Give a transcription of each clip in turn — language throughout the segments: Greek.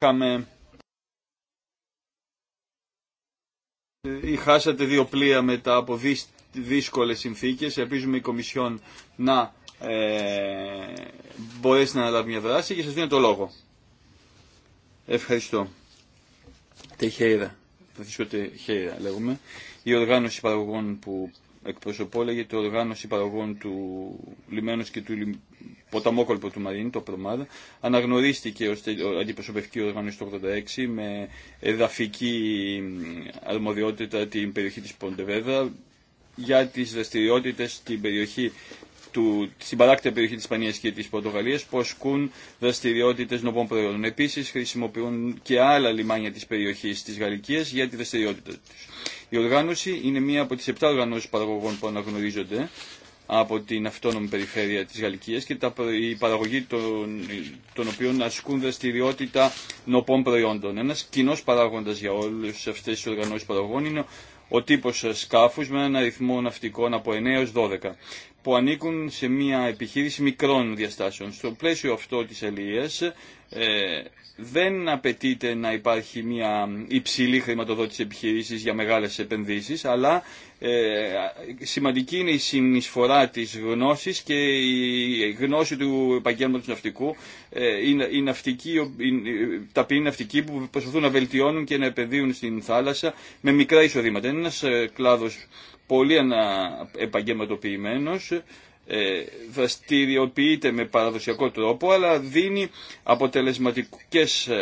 είχαμε... Χάσατε δύο πλοία μετά από δύσκολες συνθήκες. Ελπίζουμε η Κομισιόν να ε, μπορέσει να αναλάβει μια δράση και σας δίνω το λόγο. Ευχαριστώ. Τεχέιρα. Φρανσίσκο Τεχέιρα λέγουμε. Η οργάνωση παραγωγών που εκπροσωπώ λέγεται το Οργάνωση Παραγών του λιμένου και του ποταμόκολπου του Μαρίνη, το πρωμάδα Αναγνωρίστηκε ως αντιπροσωπευτική οργάνωση το 1986 με εδαφική αρμοδιότητα την περιοχή της Ποντεβέδα για τις δραστηριότητε, στην περιοχή του, στην παράκτη περιοχή τη Ισπανία και τη Πορτογαλία που ασκούν δραστηριότητε νοπών προϊόντων. Επίση χρησιμοποιούν και άλλα λιμάνια τη περιοχή τη Γαλλικία για τη δραστηριότητα του. Η οργάνωση είναι μία από τι 7 οργανώσει παραγωγών που αναγνωρίζονται από την αυτόνομη περιφέρεια της Γαλλικίας και τα, η παραγωγή των, των οποίων ασκούν δραστηριότητα νοπών προϊόντων. Ένας κοινό παράγοντα για όλες αυτέ τι οργανώσεις παραγωγών είναι ο τύπος σκάφους με έναν αριθμό ναυτικών από 9 έως 12 που ανήκουν σε μια επιχείρηση μικρών διαστάσεων. Στο πλαίσιο αυτό της ΕΛΙΕΣ ε, δεν απαιτείται να υπάρχει μια υψηλή χρηματοδότηση επιχειρήσης για μεγάλες επενδύσεις, αλλά ε, σημαντική είναι η συνεισφορά της γνώσης και η γνώση του επαγγέλματος ναυτικού. Ε, οι, τα ποιοί ναυτικοί που προσπαθούν να βελτιώνουν και να επενδύουν στην θάλασσα με μικρά εισοδήματα. Είναι ένας ε, κλάδος πολύ επαγγελματοποιημένος, ε, δραστηριοποιείται με παραδοσιακό τρόπο, αλλά δίνει αποτελεσματικές, ε,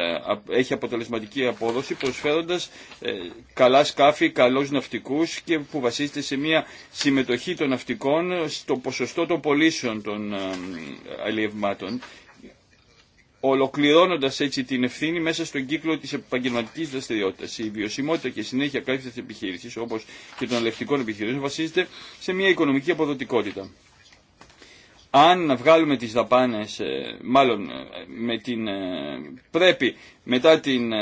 έχει αποτελεσματική απόδοση προσφέροντας ε, καλά σκάφη, καλούς ναυτικούς και που βασίζεται σε μια συμμετοχή των ναυτικών στο ποσοστό των πωλήσεων των ε, αλλιευμάτων Ολοκληρώνοντα έτσι την ευθύνη μέσα στον κύκλο της επαγγελματική δραστηριότητα, Η βιωσιμότητα και η συνέχεια κάθε της όπω όπως και των ελεκτικών επιχειρήσεων, βασίζεται σε μια οικονομική αποδοτικότητα αν βγάλουμε τις δαπάνες, ε, μάλλον ε, με την, ε, πρέπει μετά την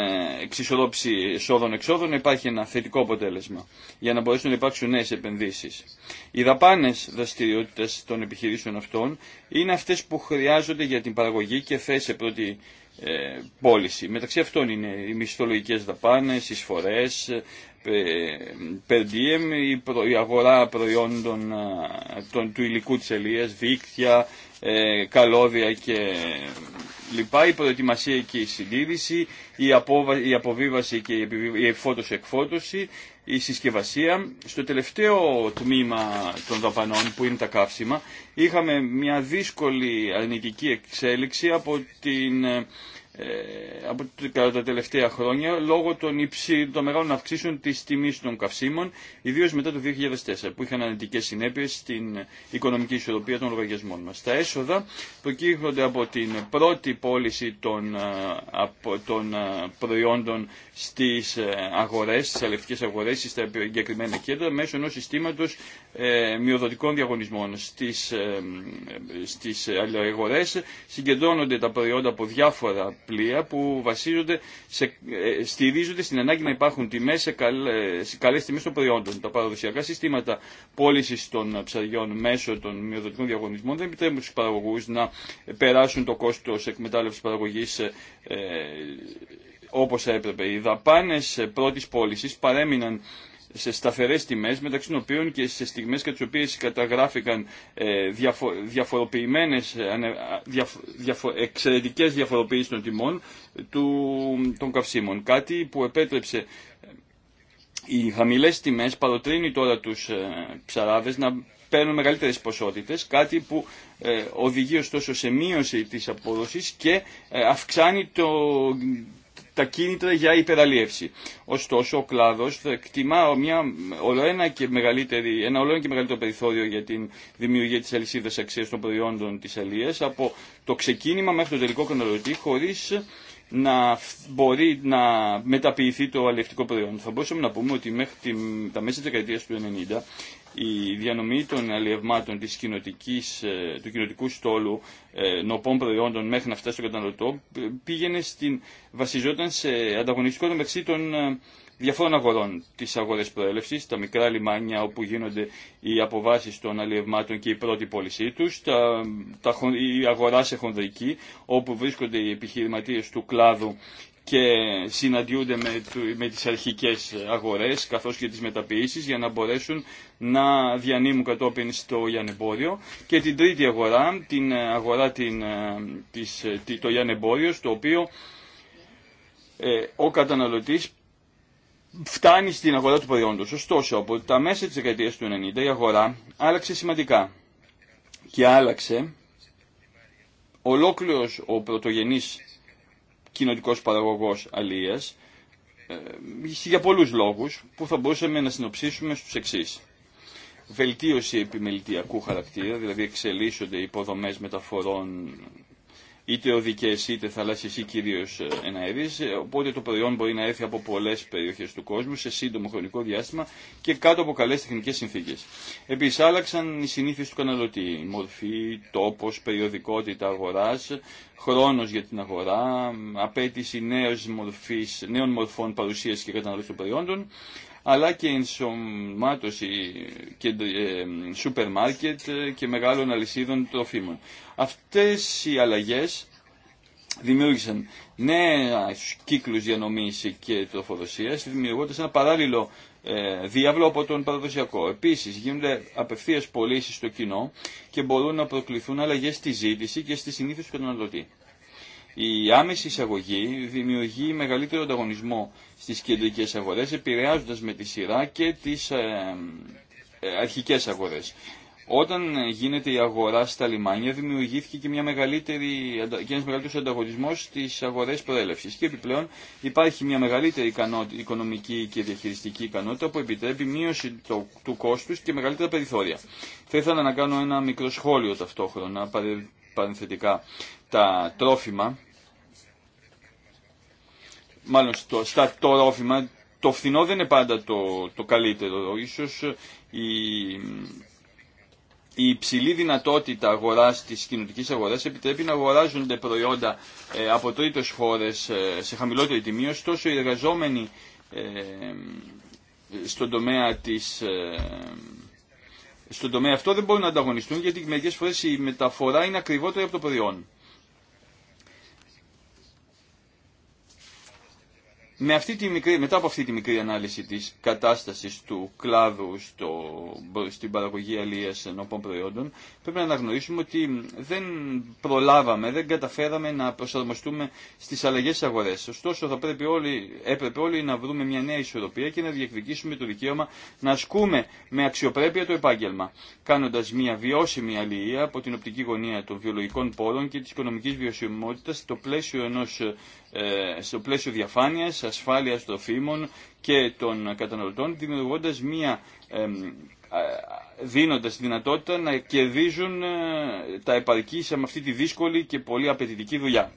εξισορρόψη εσόδων-εξόδων υπάρχει ένα θετικό αποτέλεσμα για να μπορέσουν να υπάρξουν νέες επενδύσεις. Οι δαπάνες δραστηριότητε των επιχειρήσεων αυτών είναι αυτές που χρειάζονται για την παραγωγή και θέση πρώτη πώληση. Μεταξύ αυτών είναι οι μισθολογικές δαπάνες, οι σφορές, per ε, ε, η, αγορά προϊόντων ε, του υλικού της ελίας, δίκτυα, καλώδια και λοιπά, η προετοιμασία και η συντήρηση, η, αποβίβαση και η, η εκφωτωση η συσκευασία. Στο τελευταίο τμήμα των δαπανών που είναι τα καύσιμα είχαμε μια δύσκολη αρνητική εξέλιξη από την ε, από τα τελευταία χρόνια λόγω των, υψη, των μεγάλων αυξήσεων της τιμής των καυσίμων, ιδίως μετά το 2004, που είχαν ανετικέ συνέπειες στην οικονομική ισορροπία των λογαριασμών μας. Τα έσοδα προκύρχονται από την πρώτη πώληση των, ε, από, των ε, προϊόντων στις αγορές, στις αλευτικές αγορές, στα εγκεκριμένα κέντρα, μέσω ενός συστήματος ε, μειοδοτικών διαγωνισμών. Στις, ε, στις αγορές συγκεντρώνονται τα προϊόντα από διάφορα πλοία που βασίζονται σε, ε, στηρίζονται στην ανάγκη να υπάρχουν τιμές σε, καλές, ε, σε καλές τιμές των προϊόντων. Τα παραδοσιακά συστήματα πώληση των ψαριών μέσω των μειοδοτικών διαγωνισμών δεν επιτρέπουν στους παραγωγούς να περάσουν το κόστος εκμετάλλευσης παραγωγής ε, ε όπως έπρεπε. Οι δαπάνες πρώτης πώληση παρέμειναν σε σταθερές τιμές, μεταξύ των οποίων και σε στιγμές κατά τις οποίες καταγράφηκαν ε, διαφο, διαφοροποιημένες, διαφοροποιήσεις των τιμών ε, του, των καυσίμων. Κάτι που επέτρεψε ε, οι χαμηλές τιμές παροτρύνει τώρα τους ε, ψαράδες να παίρνουν μεγαλύτερες ποσότητες, κάτι που ε, οδηγεί ωστόσο σε μείωση της απόδοσης και αυξάνει το, τα κίνητρα για υπεραλίευση. Ωστόσο, ο κλάδο εκτιμά μια, ολοένα και μεγαλύτερη, ένα ολοένα και μεγαλύτερο περιθώριο για την δημιουργία τη αλυσίδα αξία των προϊόντων τη αλία από το ξεκίνημα μέχρι το τελικό καταναλωτή χωρί να μπορεί να μεταποιηθεί το αλληλευτικό προϊόν. Θα μπορούσαμε να πούμε ότι μέχρι τα μέσα της δεκαετίας του 1990 η διανομή των αλληλευμάτων της ε, του κοινοτικού στόλου ε, νοπών προϊόντων μέχρι να φτάσει στον καταναλωτό πήγαινε στην, βασιζόταν σε ανταγωνιστικό μεταξύ των ε, διαφόρων αγορών. Τι αγορέ προέλευση, τα μικρά λιμάνια όπου γίνονται οι αποβάσει των αλλιευμάτων και η πρώτη πώλησή του, τα, η αγορά σε χονδρική όπου βρίσκονται οι επιχειρηματίε του κλάδου και συναντιούνται με, με τις αρχικές αγορές καθώς και τις μεταποιήσεις για να μπορέσουν να διανύμουν κατόπιν στο λιανεμπόριο και την τρίτη αγορά, την αγορά την, της, το λιανεμπόριο στο οποίο ε, ο καταναλωτής φτάνει στην αγορά του προϊόντος. Ωστόσο, από τα μέσα της δεκαετίας του 90 η αγορά άλλαξε σημαντικά και άλλαξε ολόκληρος ο πρωτογενής κοινοτικός παραγωγός αλίας ε, για πολλούς λόγους που θα μπορούσαμε να συνοψίσουμε στους εξής. Βελτίωση επιμελητιακού χαρακτήρα, δηλαδή εξελίσσονται οι υποδομές μεταφορών είτε οδικέ είτε θαλάσσιες ή κυριω ε, εναερίε. Ε, οπότε το προϊόν μπορεί να έρθει από πολλές περιοχές του κόσμου σε σύντομο χρονικό διάστημα και κάτω από καλε τεχνικές συνθήκες. Επίσης άλλαξαν οι συνηθειε του καναλωτή, μορφή, τοπο περιοδικότητα αγοράς, χρόνος για την αγορά, απέτηση νέων μορφών παρουσίας και καταναλωτή των προϊόντων, αλλά και ενσωμάτωση και ε, σούπερ μάρκετ ε, και μεγάλων αλυσίδων τροφίμων. Αυτές οι αλλαγές δημιούργησαν νέα κύκλους διανομής και τροφοδοσίας, δημιουργώντας ένα παράλληλο ε, διάβλο από τον παραδοσιακό. Επίσης γίνονται απευθείας πωλήσει στο κοινό και μπορούν να προκληθούν αλλαγές στη ζήτηση και στη συνήθεια του καταναλωτή. Η άμεση εισαγωγή δημιουργεί μεγαλύτερο ανταγωνισμό στις κεντρικές αγορές, επηρεάζοντας με τη σειρά και τις ε, ε, αρχικές αγορές. Όταν γίνεται η αγορά στα λιμάνια, δημιουργήθηκε και, μια μεγαλύτερη, και ένας μεγαλύτερος ανταγωνισμός στις αγορές προέλευσης. Και επιπλέον υπάρχει μια μεγαλύτερη οικονομική και διαχειριστική ικανότητα που επιτρέπει μείωση του κόστους και μεγαλύτερα περιθώρια. Θα ήθελα να κάνω ένα μικρό σχόλιο ταυτόχρονα, παρενθετικά τα τρόφιμα, μάλλον στο, στα τρόφιμα, το φθηνό δεν είναι πάντα το, το καλύτερο. Ίσως η, η υψηλή δυνατότητα αγοράς της κοινωτικής αγοράς επιτρέπει να αγοράζονται προϊόντα ε, από τρίτες χώρες ε, σε χαμηλότερη τιμή, ωστόσο οι εργαζόμενοι ε, στον τομέα της ε, στον τομέα αυτό δεν μπορούν να ανταγωνιστούν γιατί μερικές φορές η μεταφορά είναι ακριβότερη από το προϊόν. Με αυτή τη μικρή, μετά από αυτή τη μικρή ανάλυση της κατάστασης του κλάδου στο, στην παραγωγή αλίας ενώπων προϊόντων, πρέπει να αναγνωρίσουμε ότι δεν προλάβαμε, δεν καταφέραμε να προσαρμοστούμε στις αλλαγές της αγορές. Ωστόσο θα πρέπει όλοι, έπρεπε όλοι να βρούμε μια νέα ισορροπία και να διεκδικήσουμε το δικαίωμα να ασκούμε με αξιοπρέπεια το επάγγελμα, κάνοντας μια βιώσιμη αλληλεία από την οπτική γωνία των βιολογικών πόρων και της οικονομικής βιωσιμότητας στο πλαίσιο, ενός, ε, στο πλαίσιο διαφάνειας, ασφάλειας τροφίμων και των καταναλωτών, δίνοντας μία δίνοντας δυνατότητα να κερδίζουν ε, τα επαρκή σε αυτή τη δύσκολη και πολύ απαιτητική δουλειά.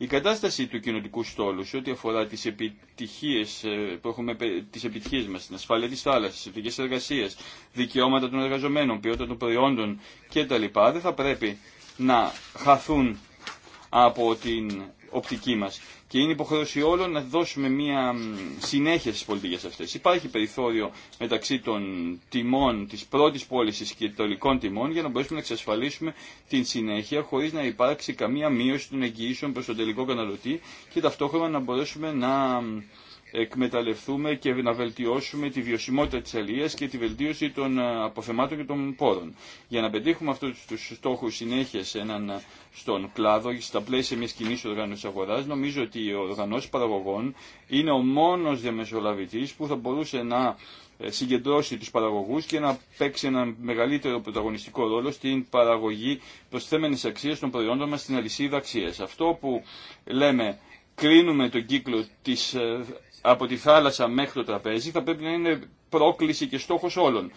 Η κατάσταση του κοινοτικού στόλου σε ό,τι αφορά τις επιτυχίες, ε, που έχουμε, τις επιτυχίες μας στην ασφάλεια της θάλασσας, τις ευτυχές εργασίες, δικαιώματα των εργαζομένων, ποιότητα των προϊόντων κτλ. δεν θα πρέπει να χαθούν από την οπτική μας. Και είναι υποχρέωση όλων να δώσουμε μια συνέχεια στις πολιτικές αυτές. Υπάρχει περιθώριο μεταξύ των τιμών της πρώτης πώληση και των τιμών για να μπορέσουμε να εξασφαλίσουμε την συνέχεια χωρίς να υπάρξει καμία μείωση των εγγυήσεων προς τον τελικό καταναλωτή και ταυτόχρονα να μπορέσουμε να εκμεταλλευτούμε και να βελτιώσουμε τη βιωσιμότητα της αλληλείας και τη βελτίωση των ε, αποθεμάτων και των πόρων. Για να πετύχουμε αυτούς τους στόχους συνέχεια έναν ε, στον κλάδο, στα πλαίσια μιας κοινή οργάνωσης αγοράς, νομίζω ότι ο οργανώσεις παραγωγών είναι ο μόνος διαμεσολαβητής που θα μπορούσε να ε, συγκεντρώσει τους παραγωγούς και να παίξει ένα μεγαλύτερο πρωταγωνιστικό ρόλο στην παραγωγή προσθέμενης αξίας των προϊόντων μας στην αλυσίδα αξίας. Αυτό που λέμε κλείνουμε τον κύκλο της από τη θάλασσα μέχρι το τραπέζι θα πρέπει να είναι πρόκληση και στόχος όλων.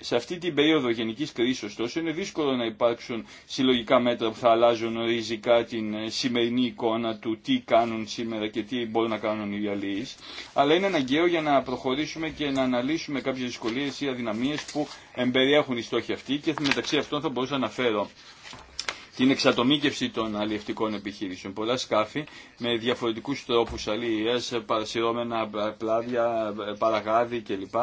Σε αυτή την περίοδο γενικής κρίσης, ωστόσο, είναι δύσκολο να υπάρξουν συλλογικά μέτρα που θα αλλάζουν ριζικά την ε, σημερινή εικόνα του τι κάνουν σήμερα και τι μπορούν να κάνουν οι αλληλείς αλλά είναι αναγκαίο για να προχωρήσουμε και να αναλύσουμε κάποιες δυσκολίες ή αδυναμίες που εμπεριέχουν οι στόχοι αυτοί και μεταξύ αυτών θα μπορούσα να αναφέρω την εξατομίκευση των αλλιευτικών επιχειρήσεων. Πολλά σκάφη με διαφορετικούς τρόπους αλλιείας, παρασυρώμενα πλάδια, παραγάδι κλπ.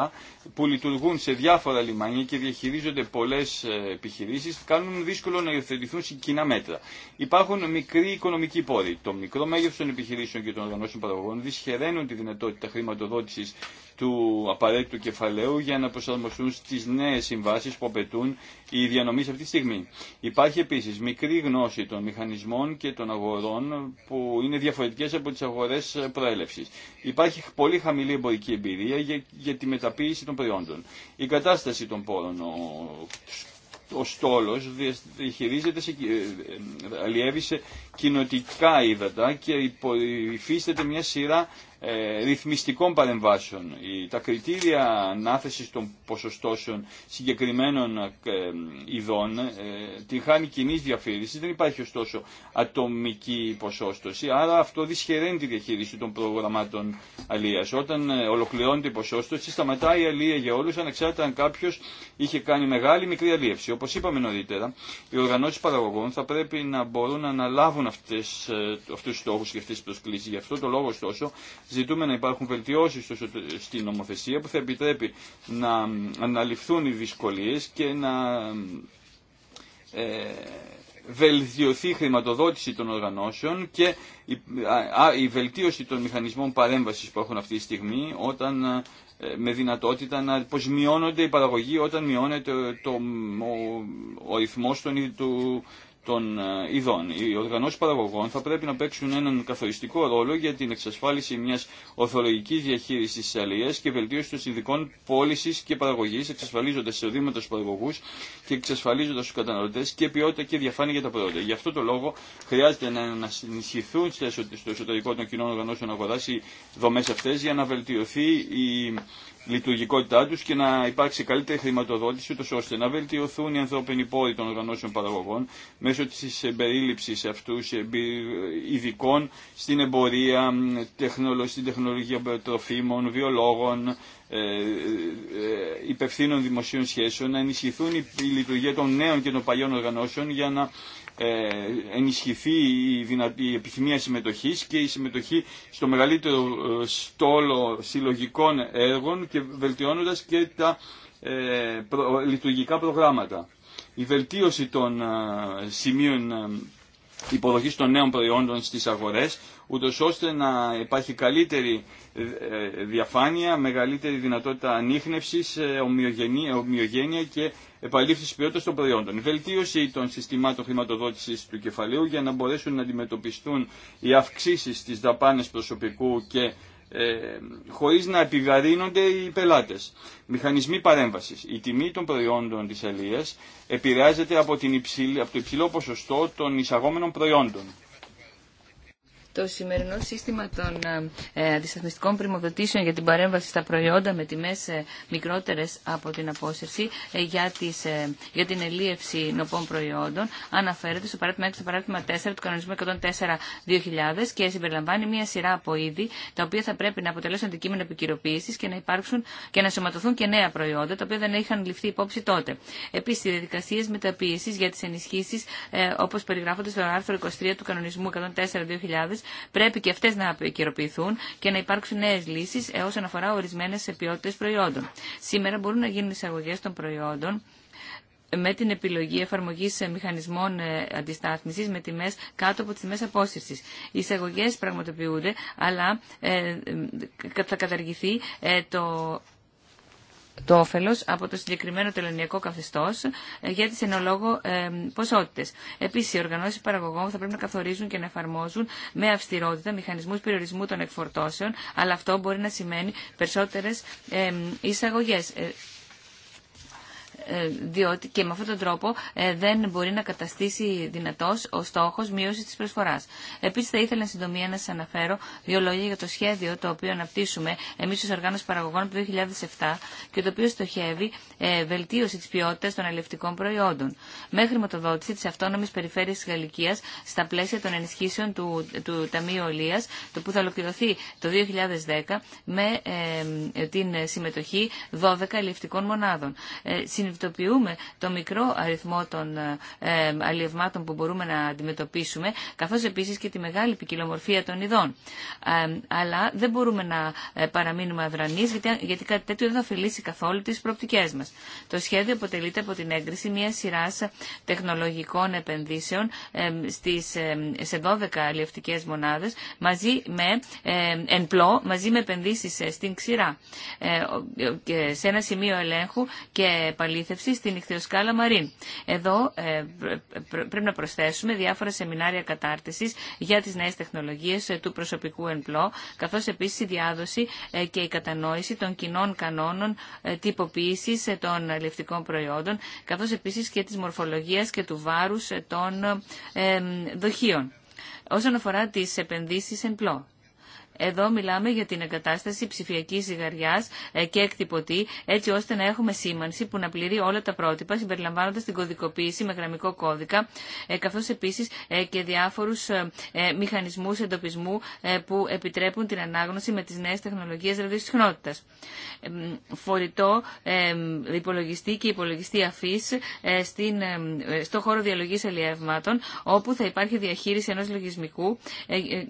που λειτουργούν σε διάφορα λιμάνια και διαχειρίζονται πολλές ε, επιχειρήσεις, κάνουν δύσκολο να υιοθετηθούν σε κοινά μέτρα. Υπάρχουν μικροί οικονομικοί πόροι. Το μικρό μέγεθος των επιχειρήσεων και των οργανώσεων παραγωγών δυσχεραίνουν τη δυνατότητα χρηματοδότησης του απαραίτητου κεφαλαίου για να προσαρμοστούν στις νέες συμβάσεις που απαιτούν οι διανομή αυτή τη στιγμή. Υπάρχει επίσης μικρή γνώση των μηχανισμών και των αγορών που είναι διαφορετικές από τις αγορές προέλευσης. Υπάρχει πολύ χαμηλή εμπορική εμπειρία για, τη μεταποίηση των προϊόντων. Η κατάσταση των πόρων, ο, ο στόλο σε, ε, ε, αλλιεύει σε κοινοτικά ύδατα και υφίσταται μια σειρά ε, ρυθμιστικών παρεμβάσεων. Τα κριτήρια ανάθεσης των ποσοστώσεων συγκεκριμένων ε, ειδών ε, την χάνει κοινή διαφήμιση. Δεν υπάρχει ωστόσο ατομική ποσόστοση, άρα αυτό δυσχεραίνει τη διαχείριση των προγραμμάτων αλίας. Όταν ολοκληρώνεται η ποσόστοση, σταματάει η αλία για όλους, ανεξάρτητα αν κάποιο είχε κάνει μεγάλη μικρή αλίευση. Όπως είπαμε νωρίτερα, οι οργανώσει παραγωγών θα πρέπει να μπορούν να αναλάβουν αυτού του στόχου και αυτέ τι προσκλήσει, Γι' αυτό το λόγο, ωστόσο, Ζητούμε να υπάρχουν βελτιώσεις στην νομοθεσία που θα επιτρέπει να αναλυφθούν οι δυσκολίες και να ε, βελτιωθεί η χρηματοδότηση των οργανώσεων και η βελτίωση των μηχανισμών παρέμβασης που έχουν αυτή τη στιγμή όταν ε, με δυνατότητα να πως μειώνονται οι παραγωγοί όταν μειώνεται το, ο, ο, των, του, των ε, ειδών. Οι οργανώσει παραγωγών θα πρέπει να παίξουν έναν καθοριστικό ρόλο για την εξασφάλιση μια ορθολογική διαχείριση τη αλληλεία και βελτίωση των συνδικών πώληση και παραγωγή, εξασφαλίζοντα εισοδήματα στου παραγωγού και εξασφαλίζοντα στου καταναλωτέ και ποιότητα και διαφάνεια για τα πρώτα. Γι' αυτό το λόγο χρειάζεται να ενισχυθούν στο εσωτερικό των κοινών οργανώσεων αγορά οι δομέ αυτέ για να βελτιωθεί η λειτουργικότητά του και να υπάρξει καλύτερη χρηματοδότηση ώστε να βελτιωθούν οι ανθρώπινοι πόροι των οργανώσεων παραγωγών μέσω της περίληψης αυτούς ειδικών στην εμπορία, στην τεχνολογία τροφίμων, βιολόγων, ε, ε, υπευθύνων δημοσίων σχέσεων, να ενισχυθούν η λειτουργία των νέων και των παλιών οργανώσεων για να ε, ενισχυθεί η επιθυμία συμμετοχής και η συμμετοχή στο μεγαλύτερο ε, στόλο συλλογικών έργων και βελτιώνοντας και τα ε, λειτουργικά προγράμματα. Η βελτίωση των σημείων υποδοχής των νέων προϊόντων στις αγορές, ούτως ώστε να υπάρχει καλύτερη διαφάνεια, μεγαλύτερη δυνατότητα ανείχνευσης, ομοιογένεια και επαλήφθηση ποιότητα των προϊόντων. Η βελτίωση των συστημάτων χρηματοδότηση του κεφαλαίου για να μπορέσουν να αντιμετωπιστούν οι αυξήσει στι δαπάνε προσωπικού και ε, χωρί να επιβαρύνονται οι πελάτε. Μηχανισμοί παρέμβαση. Η τιμή των προϊόντων τη Ελία επηρεάζεται από, την από το υψηλό ποσοστό των εισαγόμενων προϊόντων το σημερινό σύστημα των ε, ε, αντισταθμιστικών πρημοδοτήσεων για την παρέμβαση στα προϊόντα με τιμές ε, μικρότερες από την απόσυρση για, για την ελίευση νοπών προϊόντων αναφέρεται στο παράδειγμα 6 στο παράδειγμα 4 του κανονισμού 104-2000 και συμπεριλαμβάνει μια σειρά από είδη τα οποία θα πρέπει να αποτελέσουν αντικείμενο επικυροποίησης και να υπάρξουν και να σωματωθούν και νέα προϊόντα τα οποία δεν είχαν ληφθεί υπόψη τότε. Επίσης, οι διαδικασίες μεταποίησης για τις ενισχύσεις όπως περιγράφονται στο άρθρο 23 του κανονισμού 104-2000 πρέπει και αυτέ να επικαιροποιηθούν και να υπάρξουν νέε λύσει ε, όσον αφορά ορισμένε ποιότητε προϊόντων. Σήμερα μπορούν να γίνουν εισαγωγέ των προϊόντων με την επιλογή εφαρμογή μηχανισμών ε, αντιστάθμιση με τιμέ κάτω από τι τιμέ απόσυρση. Οι εισαγωγέ πραγματοποιούνται, αλλά ε, θα καταργηθεί το το όφελος από το συγκεκριμένο τελωνιακό καθεστώς ε, για τις ενολόγω ε, ποσότητες. Επίσης, οι οργανώσεις παραγωγών θα πρέπει να καθορίζουν και να εφαρμόζουν με αυστηρότητα μηχανισμούς περιορισμού των εκφορτώσεων, αλλά αυτό μπορεί να σημαίνει περισσότερες ε, εισαγωγές. Ε, ε, διότι και με αυτόν τον τρόπο ε, δεν μπορεί να καταστήσει δυνατό ο στόχο μείωση τη προσφορά. Επίση, θα ήθελα συντομία να σα αναφέρω δύο λόγια για το σχέδιο το οποίο αναπτύσσουμε εμεί ως οργάνωση παραγωγών το 2007 και το οποίο στοχεύει ε, βελτίωση της ποιότητα των αλληλευτικών προϊόντων. Με χρηματοδότηση της αυτόνομης περιφέρειας της Γαλλικία στα πλαίσια των ενισχύσεων του, του Ταμείου Ολία, το που θα ολοκληρωθεί το 2010 με την συμμετοχή 12 αλληλευτικών μονάδων συνειδητοποιούμε το μικρό αριθμό των ε, ε, αλλιευμάτων που μπορούμε να αντιμετωπίσουμε, καθώς επίσης και τη μεγάλη ποικιλομορφία των ειδών. Ε, αλλά δεν μπορούμε να ε, παραμείνουμε αδρανείς, γιατί, γιατί κάτι τέτοιο δεν θα ωφελήσει καθόλου τις προοπτικές μας. Το σχέδιο αποτελείται από την έγκριση μια σειρά τεχνολογικών επενδύσεων ε, στις, σε 12 αλλιευτικές μονάδες, μαζί με εν πλώ, μαζί με επενδύσεις στην ξηρά. σε ένα σημείο ελέγχου και επαλήθευση στην Ιχθυροσκάλα Μαρίν. Εδώ ε, πρέπει να προσθέσουμε διάφορα σεμινάρια κατάρτιση για τι νέε τεχνολογίε ε, του προσωπικού εμπλό, καθώ επίση η διάδοση ε, και η κατανόηση των κοινών κανόνων τυποποίηση των λευτικών προϊόντων, καθώ επίση και τη μορφολογία και του βάρου των δοχείων. Όσον αφορά τι επενδύσει εμπλό, εδώ μιλάμε για την εγκατάσταση ψηφιακή ζυγαριά ε, και εκτυπωτή, έτσι ώστε να έχουμε σήμανση που να πληρεί όλα τα πρότυπα, συμπεριλαμβάνοντα την κωδικοποίηση με γραμμικό κώδικα, ε, καθώ επίση ε, και διάφορου μηχανισμού εντοπισμού που επιτρέπουν την ανάγνωση με τι νέε τεχνολογίε ραδιοσυχνότητα. Φορητό υπολογιστή και υπολογιστή αφή στο χώρο διαλογή αλλιεύματων, όπου θα υπάρχει διαχείριση ενό λογισμικού,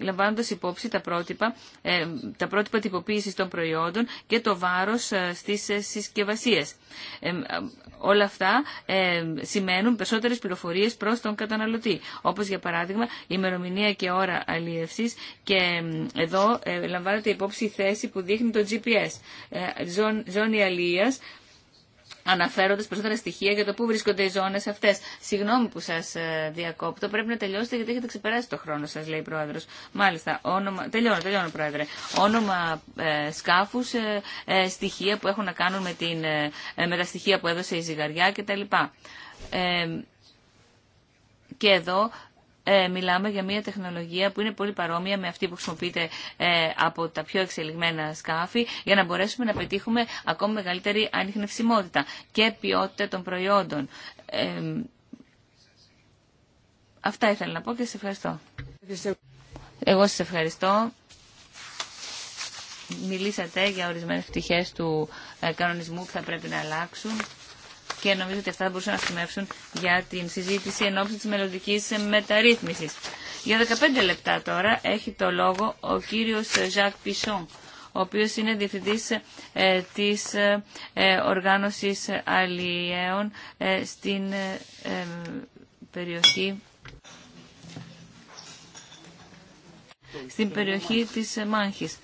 λαμβάνοντα υπόψη τα πρότυπα ε, τα πρότυπα τυποποίηση των προϊόντων και το βάρος ε, στις ε, συσκευασίε. Όλα αυτά σημαίνουν περισσότερες πληροφορίες προς τον καταναλωτή, όπως για παράδειγμα ημερομηνία και ώρα αλλίευση και εδώ λαμβάνεται υπόψη η θέση που δείχνει το GPS. Ζώνη αλλίας αναφέροντας περισσότερα στοιχεία για το πού βρίσκονται οι ζώνες αυτές. Συγγνώμη που σας ε, διακόπτω, πρέπει να τελειώσετε γιατί έχετε ξεπεράσει το χρόνο σας, λέει η Πρόεδρος. Μάλιστα, όνομα... τελειώνω, τελειώνω Πρόεδρε. Όνομα ε, σκάφους, ε, ε, στοιχεία που έχουν να κάνουν με, την, με τα στοιχεία που έδωσε η ζυγαριά κτλ. Ε, και εδώ ε, μιλάμε για μια τεχνολογία που είναι πολύ παρόμοια με αυτή που χρησιμοποιείται ε, από τα πιο εξελιγμένα σκάφη για να μπορέσουμε να πετύχουμε ακόμη μεγαλύτερη ανιχνευσιμότητα και ποιότητα των προϊόντων. Ε, αυτά ήθελα να πω και σας ευχαριστώ. Εγώ σας ευχαριστώ. Μιλήσατε για ορισμένες πτυχές του ε, κανονισμού που θα πρέπει να αλλάξουν και νομίζω ότι αυτά θα μπορούσαν να σημεύσουν για την συζήτηση εν ώψη της μελλοντική μεταρρύθμισης. Για 15 λεπτά τώρα έχει το λόγο ο κύριος Ζακ Πισόν, ο οποίος είναι διευθυντής ε, της ε, ε οργάνωσης αλλιέων ε, στην ε, περιοχή στην περιοχή της Μάνχης.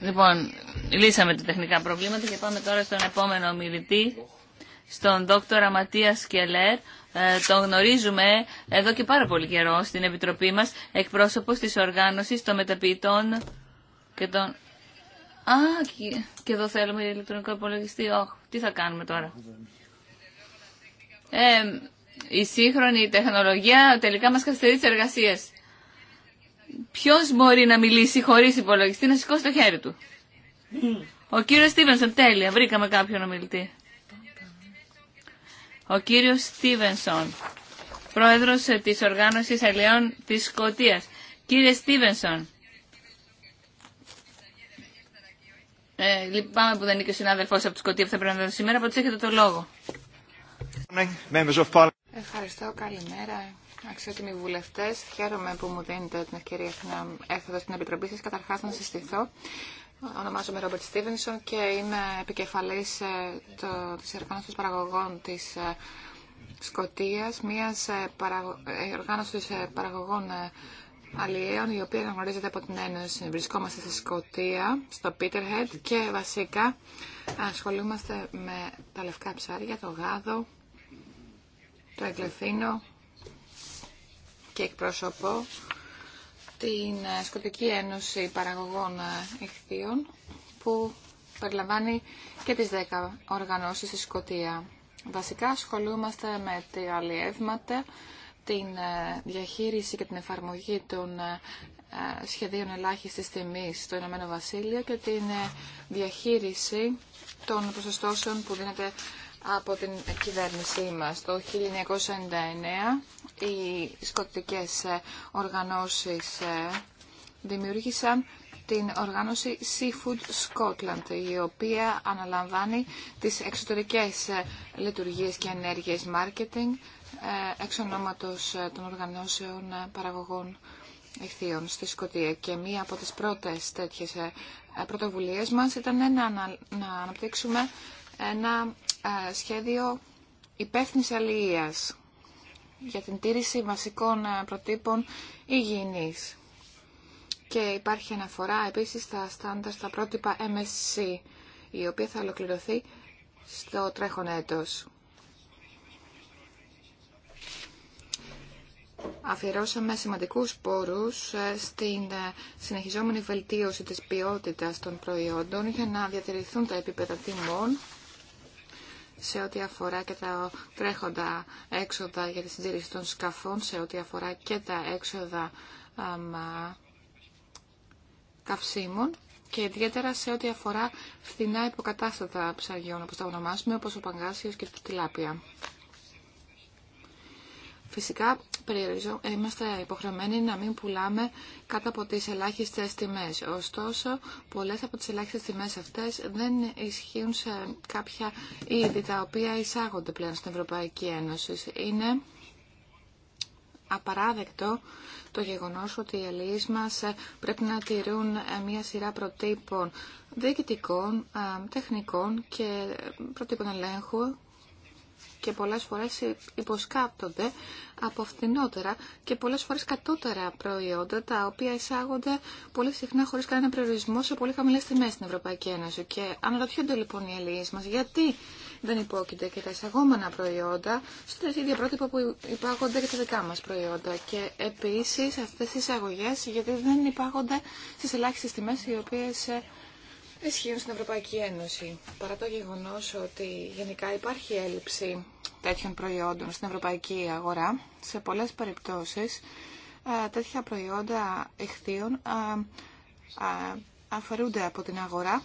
Λοιπόν, λύσαμε τα τεχνικά προβλήματα και πάμε τώρα στον επόμενο μιλητή, στον δόκτωρα Ματία Κελερ. Ε, τον γνωρίζουμε εδώ και πάρα πολύ καιρό στην Επιτροπή μας, εκπρόσωπος της οργάνωσης των μεταποιητών και των... Α, και, εδώ θέλουμε ηλεκτρονικό υπολογιστή. Όχι, τι θα κάνουμε τώρα. Ε, η σύγχρονη τεχνολογία τελικά μας καθυστερεί τις εργασίες. Ποιο μπορεί να μιλήσει χωρί υπολογιστή να σηκώσει το χέρι του. Ο κύριο Στίβενσον, τέλεια, βρήκαμε κάποιον ομιλητή. Ο κύριο Στίβενσον, πρόεδρο ε, τη οργάνωση Αλλιών τη Σκωτία. Κύριε Στίβενσον, ε, λυπάμαι που δεν είναι και ο συνάδελφό από τη Σκωτία που θα πρέπει να σήμερα, από έχετε το λόγο. Ευχαριστώ, καλημέρα Αξιότιμοι βουλευτέ, χαίρομαι που μου δίνετε την ευκαιρία να έρθω εδώ στην Επιτροπή σα. Καταρχά, να συστηθώ. Ονομάζομαι Ρόμπερτ Στίβενσον και είμαι επικεφαλή ε, τη οργάνωση παραγωγών τη ε, Σκοτία, μια ε, οργάνωση παραγωγών αλλιέων, η οποία γνωρίζεται από την Ένωση. Βρισκόμαστε στη Σκοτία, στο Πίτερχετ και βασικά ασχολούμαστε με τα λευκά ψάρια, το γάδο, το εγκλεφίνο και εκπροσωπώ την ε, Σκοτική Ένωση Παραγωγών Εχθείων που περιλαμβάνει και τις 10 οργανώσεις στη Σκοτία. Βασικά ασχολούμαστε με τα αλλιεύματα, την ε, διαχείριση και την εφαρμογή των ε, σχεδίων ελάχιστης τιμής στο Ηνωμένο Βασίλειο και την διαχείριση των ποσοστώσεων που δίνεται από την κυβέρνησή μας. Το 1999 οι σκοτικές ε, οργανώσεις ε, δημιούργησαν την οργάνωση Seafood Scotland, η οποία αναλαμβάνει τις εξωτερικές ε, λειτουργίες και ενέργειες marketing εξ ονόματος των οργανώσεων παραγωγών ηχθείων στη Σκωτία. Και μία από τις πρώτες τέτοιες πρωτοβουλίες μας ήταν να αναπτύξουμε ένα σχέδιο υπεύθυνης αλληλείας για την τήρηση βασικών ε, προτύπων υγιεινής. Και υπάρχει αναφορά επίσης στα στάνταρ, στα πρότυπα MSC, η οποία θα ολοκληρωθεί στο τρέχον έτος. Αφιερώσαμε σημαντικούς πόρους ε, στην ε, συνεχιζόμενη βελτίωση της ποιότητας των προϊόντων για να διατηρηθούν τα επίπεδα τιμών σε ό,τι αφορά και τα τρέχοντα έξοδα για τη συντήρηση των σκαφών, σε ό,τι αφορά και τα έξοδα καυσίμων και ιδιαίτερα σε ό,τι αφορά φθηνά υποκατάστατα ψαριών, όπως τα ονομάζουμε, όπως ο Παγκάσιος και το Τιλάπια. Φυσικά, περιορίζω, είμαστε υποχρεωμένοι να μην πουλάμε κάτω από τις ελάχιστες τιμές. Ωστόσο, πολλές από τις ελάχιστες τιμές αυτές δεν ισχύουν σε κάποια είδη τα οποία εισάγονται πλέον στην Ευρωπαϊκή Ένωση. Είναι απαράδεκτο το γεγονός ότι οι αλληλείς μας πρέπει να τηρούν μια σειρά προτύπων διοικητικών, ε, τεχνικών και προτύπων ελέγχου και πολλές φορές υποσκάπτονται από φθηνότερα και πολλές φορές κατώτερα προϊόντα τα οποία εισάγονται πολύ συχνά χωρίς κανένα προορισμό σε πολύ χαμηλές τιμές στην Ευρωπαϊκή Ένωση. Και αναρωτιούνται λοιπόν οι αλληλείς μα, γιατί δεν υπόκειται και τα εισαγόμενα προϊόντα στο ίδια πρότυπα που υπάγονται και τα δικά μας προϊόντα. Και επίσης αυτές οι εισαγωγές γιατί δεν υπάγονται στις ελάχιστες τιμές οι οποίες ε, ισχύουν στην Ευρωπαϊκή Ένωση. Παρά το γεγονό ότι γενικά υπάρχει έλλειψη τέτοιων προϊόντων στην ευρωπαϊκή αγορά, σε πολλές περιπτώσεις ε, τέτοια προϊόντα εχθείων ε, ε, αφαιρούνται από την αγορά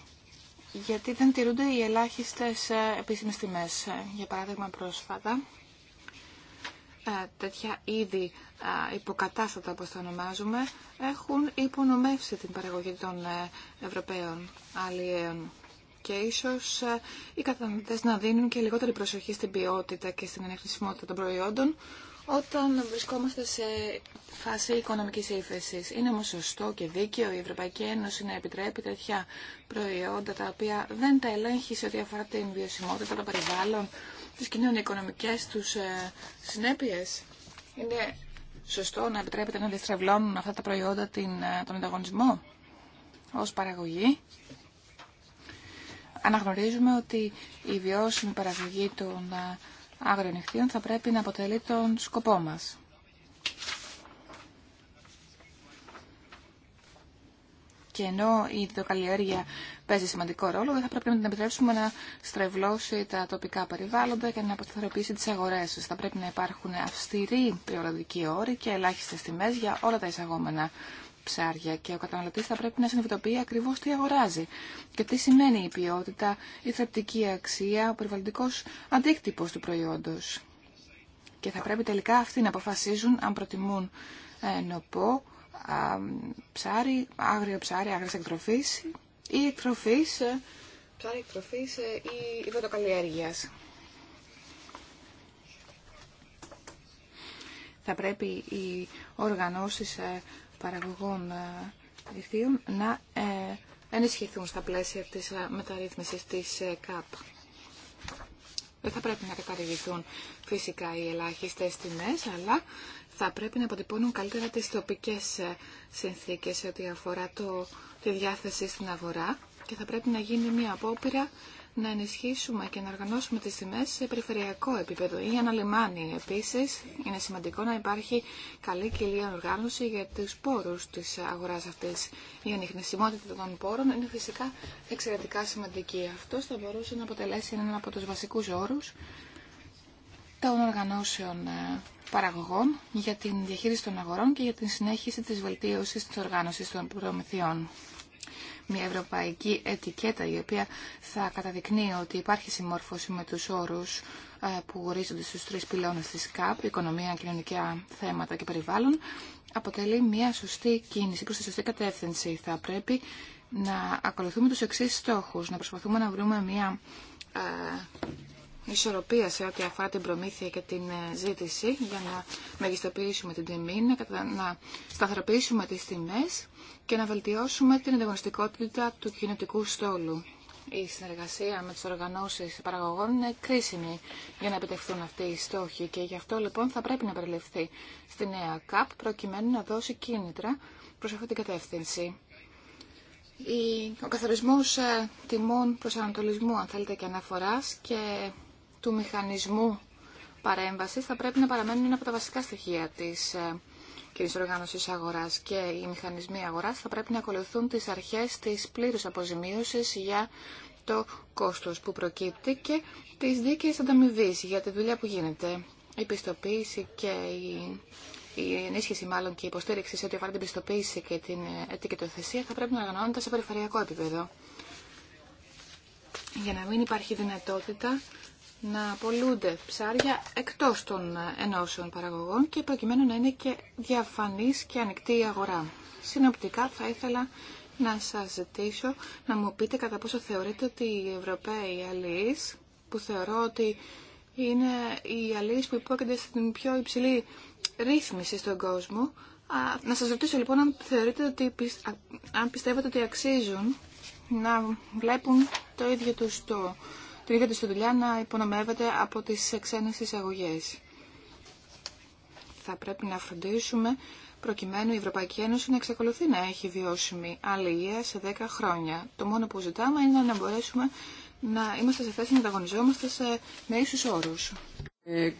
γιατί δεν τηρούνται οι ελάχιστες επίσημες τιμέ. Για παράδειγμα πρόσφατα ε, τέτοια είδη υποκατάστατα, όπως τα ονομάζουμε, έχουν υπονομεύσει την παραγωγή των ε, Ευρωπαίων αλλιέων. Και ίσως ε, οι καταναλωτές να δίνουν και λιγότερη προσοχή στην ποιότητα και στην ανεχνησιμότητα των προϊόντων όταν βρισκόμαστε σε φάση οικονομικής ύφεση. Είναι όμως σωστό και δίκαιο η Ευρωπαϊκή Ένωση να επιτρέπει τέτοια προϊόντα τα οποία δεν τα ελέγχει σε ό,τι αφορά την βιωσιμότητα των περιβάλλων, τις κοινωνικονομικές τους ε, συνέπειες. Είναι σωστό να επιτρέπεται να διστρεβλώνουν αυτά τα προϊόντα την, ε, τον ανταγωνισμό ως παραγωγή. Αναγνωρίζουμε ότι η βιώσιμη παραγωγή των ε, άγριων νυχτίων θα πρέπει να αποτελεί τον σκοπό μας. Και ενώ η παίζει σημαντικό ρόλο, δεν θα πρέπει να την επιτρέψουμε να στρεβλώσει τα τοπικά περιβάλλοντα και να αποσταθεροποιήσει τι αγορέ. Θα πρέπει να υπάρχουν αυστηροί περιορατικοί όροι και ελάχιστε τιμέ για όλα τα εισαγόμενα ψάρια και ο καταναλωτή θα πρέπει να συνειδητοποιεί ακριβώ τι αγοράζει και τι σημαίνει η ποιότητα, η θρεπτική αξία, ο περιβαλλοντικό αντίκτυπο του προϊόντο. Και θα πρέπει τελικά αυτοί να αποφασίζουν αν προτιμούν ε, νοπό, ψάρι, άγριο ψάρι, άγριες εκτροφή ή εκτροφής, ε, ψάρι εκτροφής ε, ή υδατοκαλλιέργειας. Θα πρέπει οι οργανώσεις ε, παραγωγών δικτύων να ενισχυθούν στα πλαίσια της μεταρρύθμισης της ΚΑΠ. Δεν θα πρέπει να καταργηθούν φυσικά οι ελάχιστες τιμές, αλλά θα πρέπει να αποτυπώνουν καλύτερα τις τοπικές ε, συνθήκες σε ό,τι αφορά τη διάθεση στην αγορά και θα πρέπει να γίνει μια απόπειρα να ενισχύσουμε και να οργανώσουμε τις τιμές σε περιφερειακό επίπεδο ή ένα λιμάνι. Επίσης, είναι σημαντικό να υπάρχει καλή κοιλία οργάνωση για τους πόρους της αγοράς αυτής. Η ανοιχνησιμότητα των πόρων είναι φυσικά εξαιρετικά σημαντική. Αυτό θα μπορούσε να αποτελέσει έναν από τους βασικούς όρους των οργανώσεων ε, παραγωγών για την διαχείριση των αγορών και για την συνέχιση της βελτίωσης της οργάνωσης των προμηθειών. Μια ευρωπαϊκή ετικέτα η οποία θα καταδεικνύει ότι υπάρχει συμμόρφωση με τους όρους ε, που ορίζονται στους τρεις πυλώνες της ΚΑΠ, οικονομία, κοινωνικά θέματα και περιβάλλον, αποτελεί μια σωστή κίνηση προς τη σωστή κατεύθυνση. Θα πρέπει να ακολουθούμε τους εξής στόχους, να προσπαθούμε να βρούμε μια ε, ισορροπία σε ό,τι αφορά την προμήθεια και την ε, ζήτηση για να μεγιστοποιήσουμε την τιμή, να, σταθεροποιήσουμε τις τιμές και να βελτιώσουμε την ανταγωνιστικότητα του κοινωτικού στόλου. Η συνεργασία με τις οργανώσεις παραγωγών είναι κρίσιμη για να επιτευχθούν αυτοί οι στόχοι και γι' αυτό λοιπόν θα πρέπει να περιληφθεί στη νέα ΚΑΠ προκειμένου να δώσει κίνητρα προς αυτή την κατεύθυνση. Ο καθορισμός ε, τιμών προσανατολισμού, αν θέλετε, και αναφοράς και του μηχανισμού παρέμβασης θα πρέπει να παραμένουν ένα από τα βασικά στοιχεία της ε, κοινή οργάνωσης αγοράς και οι μηχανισμοί αγοράς θα πρέπει να ακολουθούν τις αρχές της πλήρους αποζημίωσης για το κόστος που προκύπτει και τις δίκαιες ανταμοιβή για τη δουλειά που γίνεται. Η πιστοποίηση και η, η ενίσχυση μάλλον και η υποστήριξη σε ό,τι αφορά την πιστοποίηση και την ετικετοθεσία θα πρέπει να οργανώνεται σε περιφερειακό επίπεδο για να μην υπάρχει δυνατότητα να απολούνται ψάρια εκτός των ενώσεων παραγωγών και προκειμένου να είναι και διαφανής και ανοιχτή η αγορά. Συνοπτικά θα ήθελα να σας ζητήσω να μου πείτε κατά πόσο θεωρείτε ότι οι Ευρωπαίοι αλληλείς, που θεωρώ ότι είναι οι αλληλείς που υπόκεινται στην πιο υψηλή ρύθμιση στον κόσμο, να σας ρωτήσω λοιπόν αν, θεωρείτε ότι, αν πιστεύετε ότι αξίζουν να βλέπουν το ίδιο τους το την ίδια δουλειά να υπονομεύεται από τις ξένες εισαγωγέ. Θα πρέπει να φροντίσουμε προκειμένου η Ευρωπαϊκή Ένωση να εξακολουθεί να έχει βιώσιμη αλληλεία σε 10 χρόνια. Το μόνο που ζητάμε είναι να μπορέσουμε να είμαστε σε θέση να ανταγωνιζόμαστε σε, με ίσους όρους. Ε,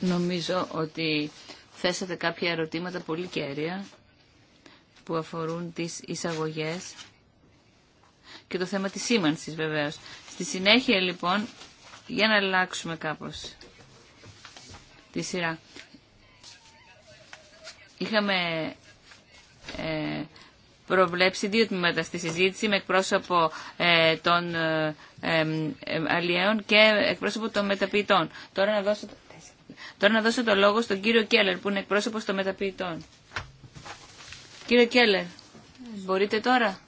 νομίζω ότι θέσατε κάποια ερωτήματα πολύ κέρια που αφορούν τις εισαγωγές και το θέμα της σήμανσης βεβαίως. Στη συνέχεια λοιπόν, για να αλλάξουμε κάπως τη σειρά. Είχαμε ε, προβλέψει δύο τμήματα στη συζήτηση με εκπρόσωπο ε, των ε, αλλιέων και εκπρόσωπο των μεταποιητών. Τώρα να δώσω, τώρα να δώσω το λόγο στον κύριο Κέλλερ που είναι εκπρόσωπος των μεταποιητών. Κύριε Κέλλερ, μπορείτε τώρα.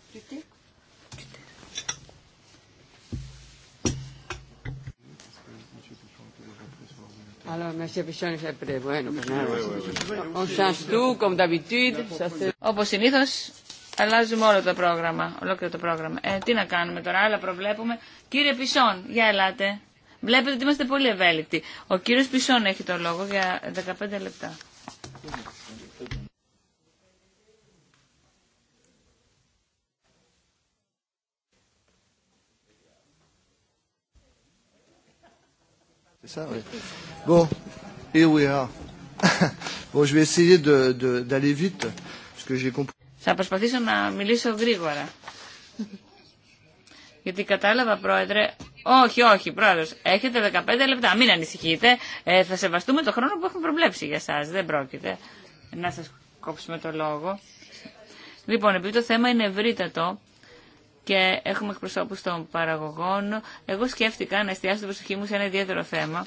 Όπω συνήθω, αλλάζουμε όλο το πρόγραμμα, ολόκληρο το πρόγραμμα. Ε, τι να κάνουμε τώρα, άλλα προβλέπουμε. Κύριε Πισόν, για ελάτε. Βλέπετε ότι είμαστε πολύ ευέλικτοι. Ο κύριο Πισόν έχει το λόγο για 15 λεπτά. ça, oui. Bon, here bon, je vais essayer d'aller vite, parce que j'ai compris. Θα προσπαθήσω να μιλήσω γρήγορα. Γιατί κατάλαβα, Πρόεδρε, όχι, όχι, πρόεδρο. Έχετε 15 λεπτά. Μην ανησυχείτε. Ε, θα σεβαστούμε το χρόνο που έχουμε προβλέψει για εσά. Δεν πρόκειται να σα κόψουμε το λόγο. Λοιπόν, επειδή το θέμα είναι ευρύτατο, και έχουμε εκπροσώπου των παραγωγών. Εγώ σκέφτηκα να εστιάσω την προσοχή μου σε ένα ιδιαίτερο θέμα,